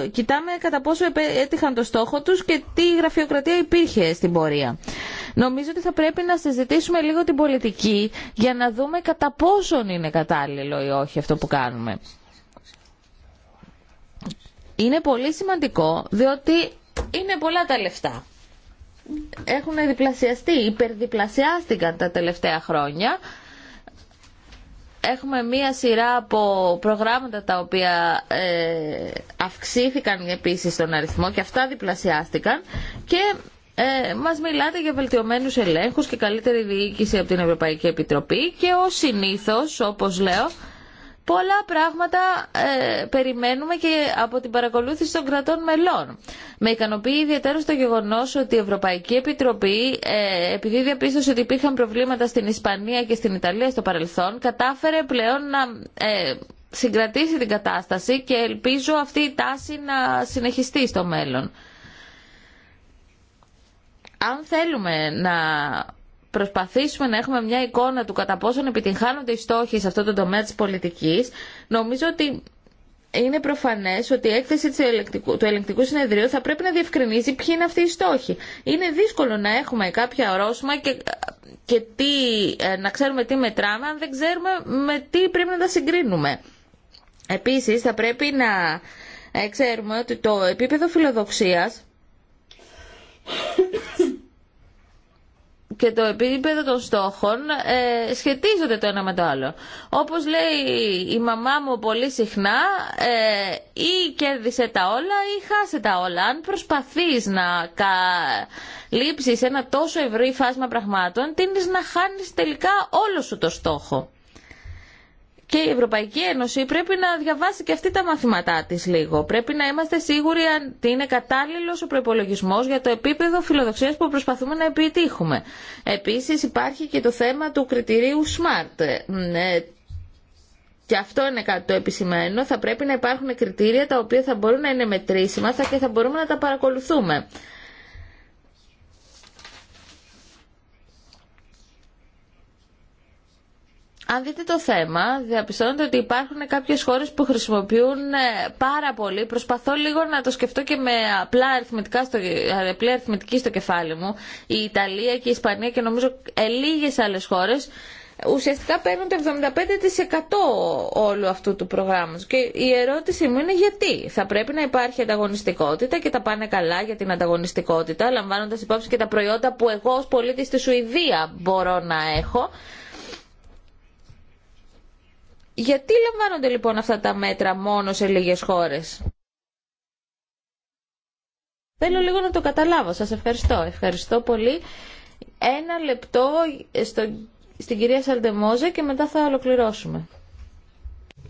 D: ε, κοιτάμε κατά πόσο έτυχαν το στόχο τους και τι γραφειοκρατία υπήρχε στην πορεία. Νομίζω ότι θα πρέπει να συζητήσουμε λίγο την πολιτική για να δούμε κατά πόσον είναι κατάλληλο ή όχι αυτό που κάνουμε. Είναι πολύ σημαντικό διότι είναι πολλά τα λεφτά έχουν διπλασιαστεί, υπερδιπλασιάστηκαν τα τελευταία χρόνια. Έχουμε μία σειρά από προγράμματα τα οποία ε, αυξήθηκαν επίσης στον αριθμό και αυτά διπλασιάστηκαν και ε, μας μιλάτε για βελτιωμένους ελέγχους και καλύτερη διοίκηση από την Ευρωπαϊκή Επιτροπή και ως συνήθως, όπως λέω, πολλά πράγματα ε, περιμένουμε και από την παρακολούθηση των κρατών μελών. Με ικανοποιεί ιδιαίτερα το γεγονό ότι η Ευρωπαϊκή Επιτροπή, ε, επειδή διαπίστωσε ότι υπήρχαν προβλήματα στην Ισπανία και στην Ιταλία στο παρελθόν, κατάφερε πλέον να ε, συγκρατήσει την κατάσταση και ελπίζω αυτή η τάση να συνεχιστεί στο μέλλον. Αν θέλουμε να προσπαθήσουμε να έχουμε μια εικόνα του κατά πόσον επιτυγχάνονται οι στόχοι σε αυτό το τομέα της πολιτικής, νομίζω ότι είναι προφανέ ότι η έκθεση του ελεκτικού συνεδρίου θα πρέπει να διευκρινίζει ποιοι είναι αυτοί οι στόχοι. Είναι δύσκολο να έχουμε κάποια ορόσημα και, και τι, ε, να ξέρουμε τι μετράμε, αν δεν ξέρουμε με τι πρέπει να τα συγκρίνουμε. Επίση, θα πρέπει να ε, ξέρουμε ότι το επίπεδο φιλοδοξία και το επίπεδο των στόχων ε, σχετίζονται το ένα με το άλλο. Όπως λέει η μαμά μου πολύ συχνά, ε, ή κέρδισε τα όλα ή χάσε τα όλα. Αν προσπαθείς να λείψεις ένα τόσο ευρύ φάσμα πραγμάτων, τείνεις να χάνεις τελικά όλο σου το στόχο και η Ευρωπαϊκή Ένωση πρέπει να διαβάσει και αυτή τα μαθήματά της λίγο. Πρέπει να είμαστε σίγουροι αν είναι κατάλληλος ο προπολογισμό για το επίπεδο φιλοδοξία που προσπαθούμε να επιτύχουμε. Επίσης υπάρχει και το θέμα του κριτηρίου SMART. Ναι, και αυτό είναι κάτι το επισημένο. Θα πρέπει να υπάρχουν κριτήρια τα οποία θα μπορούν να είναι μετρήσιμα και θα μπορούμε να τα παρακολουθούμε. Αν δείτε το θέμα, διαπιστώνετε ότι υπάρχουν κάποιε χώρε που χρησιμοποιούν ε, πάρα πολύ. Προσπαθώ λίγο να το σκεφτώ και με απλά αριθμητικά στο, ε, απλή αριθμητική στο κεφάλι μου. Η Ιταλία και η Ισπανία και νομίζω ε, λίγε άλλε χώρε, ουσιαστικά παίρνουν το 75% όλου αυτού του προγράμματος. Και η ερώτηση μου είναι γιατί. Θα πρέπει να υπάρχει ανταγωνιστικότητα και τα πάνε καλά για την ανταγωνιστικότητα, λαμβάνοντας υπόψη και τα προϊόντα που εγώ ως πολίτης στη Σουηδία μπορώ να έχω γιατί λαμβάνονται λοιπόν αυτά τα μέτρα μόνο σε λίγες χώρες. Θέλω λίγο να το καταλάβω. Σας ευχαριστώ. Ευχαριστώ πολύ. Ένα λεπτό
C: στο, στην κυρία Σαλτεμόζα και μετά θα ολοκληρώσουμε.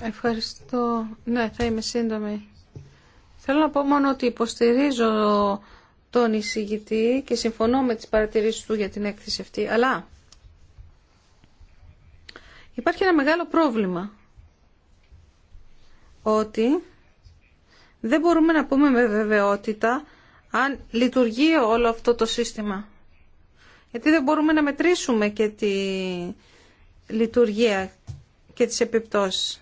C: Ευχαριστώ. Ναι, θα είμαι σύντομη. Θέλω να πω μόνο ότι υποστηρίζω τον εισηγητή και συμφωνώ με τις παρατηρήσεις του για την έκθεση αυτή. Αλλά υπάρχει ένα μεγάλο πρόβλημα ότι δεν μπορούμε να πούμε με βεβαιότητα αν λειτουργεί όλο αυτό το σύστημα. Γιατί δεν μπορούμε να μετρήσουμε και τη λειτουργία και τις επιπτώσεις.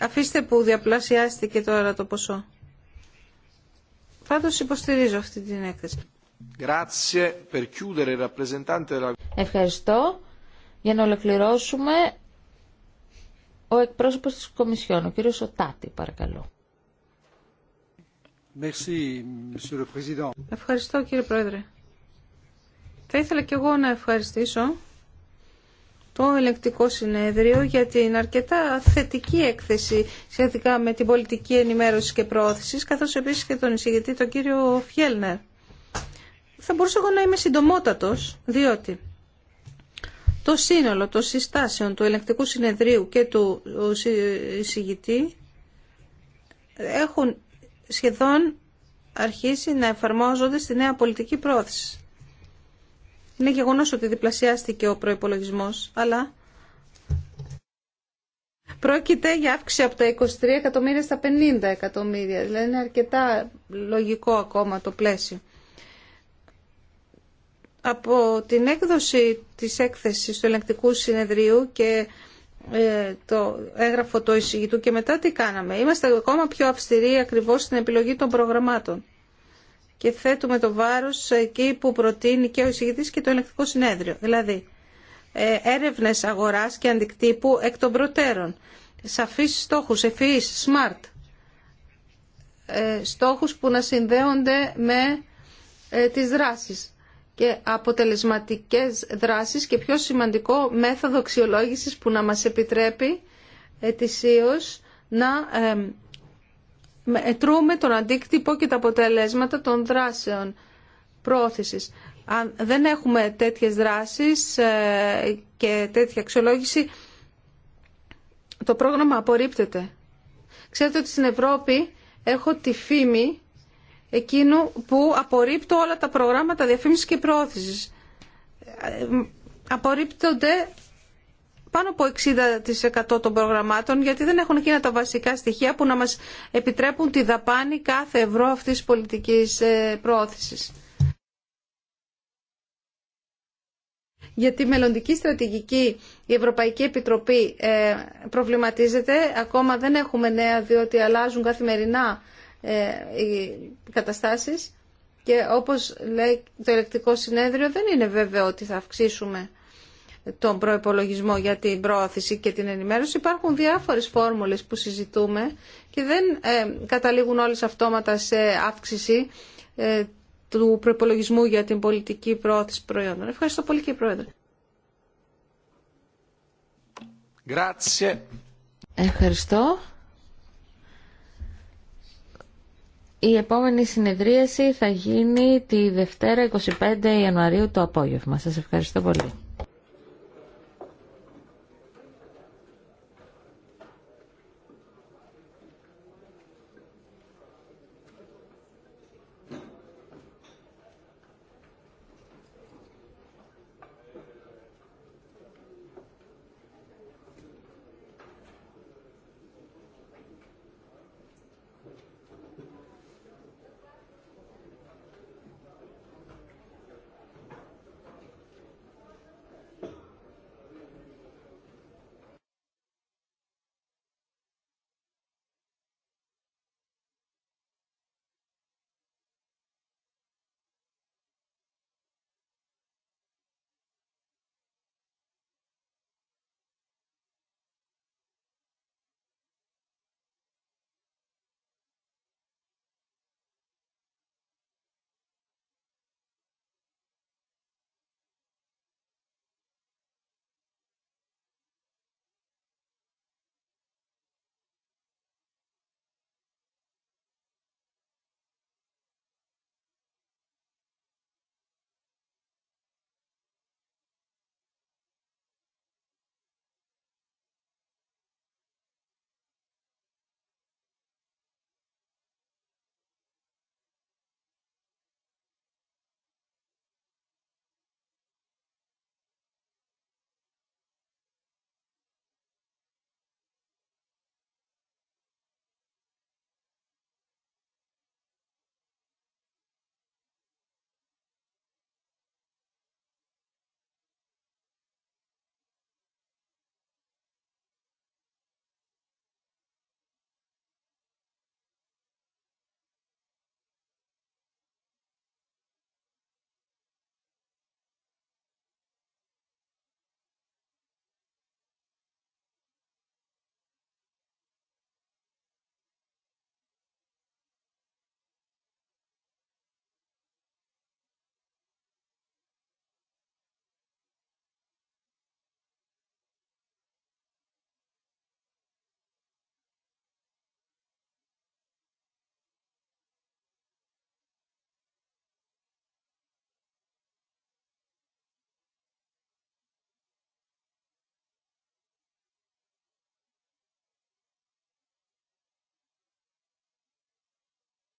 C: Αφήστε που διαπλασιάστηκε τώρα το ποσό. Πάντως υποστηρίζω αυτή την έκθεση. Ευχαριστώ. Για να
D: ολοκληρώσουμε, ο εκπρόσωπος της Κομισιόν, ο κύριος Σωτάτη, παρακαλώ.
C: Ευχαριστώ κύριε Πρόεδρε. Θα ήθελα και εγώ να ευχαριστήσω το ελεκτικό συνέδριο για την αρκετά θετική έκθεση σχετικά με την πολιτική ενημέρωση και προώθηση, καθώς επίσης και τον εισηγητή τον κύριο Φιέλνερ. Θα μπορούσα εγώ να είμαι συντομότατος, διότι το σύνολο των συστάσεων του Ελεκτικού συνεδρίου και του συγητή έχουν σχεδόν αρχίσει να εφαρμόζονται στη νέα πολιτική πρόθεση. Είναι γεγονός ότι διπλασιάστηκε ο προϋπολογισμός, αλλά πρόκειται για αύξηση από τα 23 εκατομμύρια στα 50 εκατομμύρια. Δηλαδή είναι αρκετά λογικό ακόμα το πλαίσιο από την έκδοση της έκθεσης του ελεγκτικού συνεδρίου και ε, το έγγραφο του εισηγητού και μετά τι κάναμε. Είμαστε ακόμα πιο αυστηροί ακριβώς στην επιλογή των προγραμμάτων και θέτουμε το βάρος εκεί που προτείνει και ο εισηγητής και το ελεγκτικό συνέδριο. Δηλαδή, ε, έρευνες αγοράς και αντικτύπου εκ των προτέρων, σαφείς στόχους, ευφυείς, smart, ε, στόχους που να συνδέονται με τις δράσεις και αποτελεσματικές δράσεις και πιο σημαντικό μέθοδο αξιολόγησης που να μας επιτρέπει ετησίως να μετρούμε τον αντίκτυπο και τα αποτελέσματα των δράσεων πρόθεσης. Αν δεν έχουμε τέτοιες δράσεις ε, και τέτοια αξιολόγηση, το πρόγραμμα απορρίπτεται. Ξέρετε ότι στην Ευρώπη έχω τη φήμη εκείνου που απορρίπτω όλα τα προγράμματα διαφήμισης και προώθησης. Απορρίπτονται πάνω από 60% των προγραμμάτων γιατί δεν έχουν εκείνα τα βασικά στοιχεία που να μας επιτρέπουν τη δαπάνη κάθε ευρώ αυτής της πολιτικής ε, προώθησης. Για τη μελλοντική στρατηγική η Ευρωπαϊκή Επιτροπή ε, προβληματίζεται. Ακόμα δεν έχουμε νέα διότι αλλάζουν καθημερινά ε, οι καταστάσεις και όπως λέει το ελεκτικό συνέδριο δεν είναι βέβαιο ότι θα αυξήσουμε τον προϋπολογισμό για την πρόθεση και την ενημέρωση. Υπάρχουν διάφορες φόρμουλες που συζητούμε και δεν ε, καταλήγουν όλες αυτόματα σε αύξηση ε, του προπολογισμού για την πολιτική πρόθεση προϊόντων. Ευχαριστώ πολύ κύριε Πρόεδρε. Ευχαριστώ.
D: Η επόμενη συνεδρίαση θα γίνει τη Δευτέρα 25 Ιανουαρίου το απόγευμα. Σας ευχαριστώ πολύ.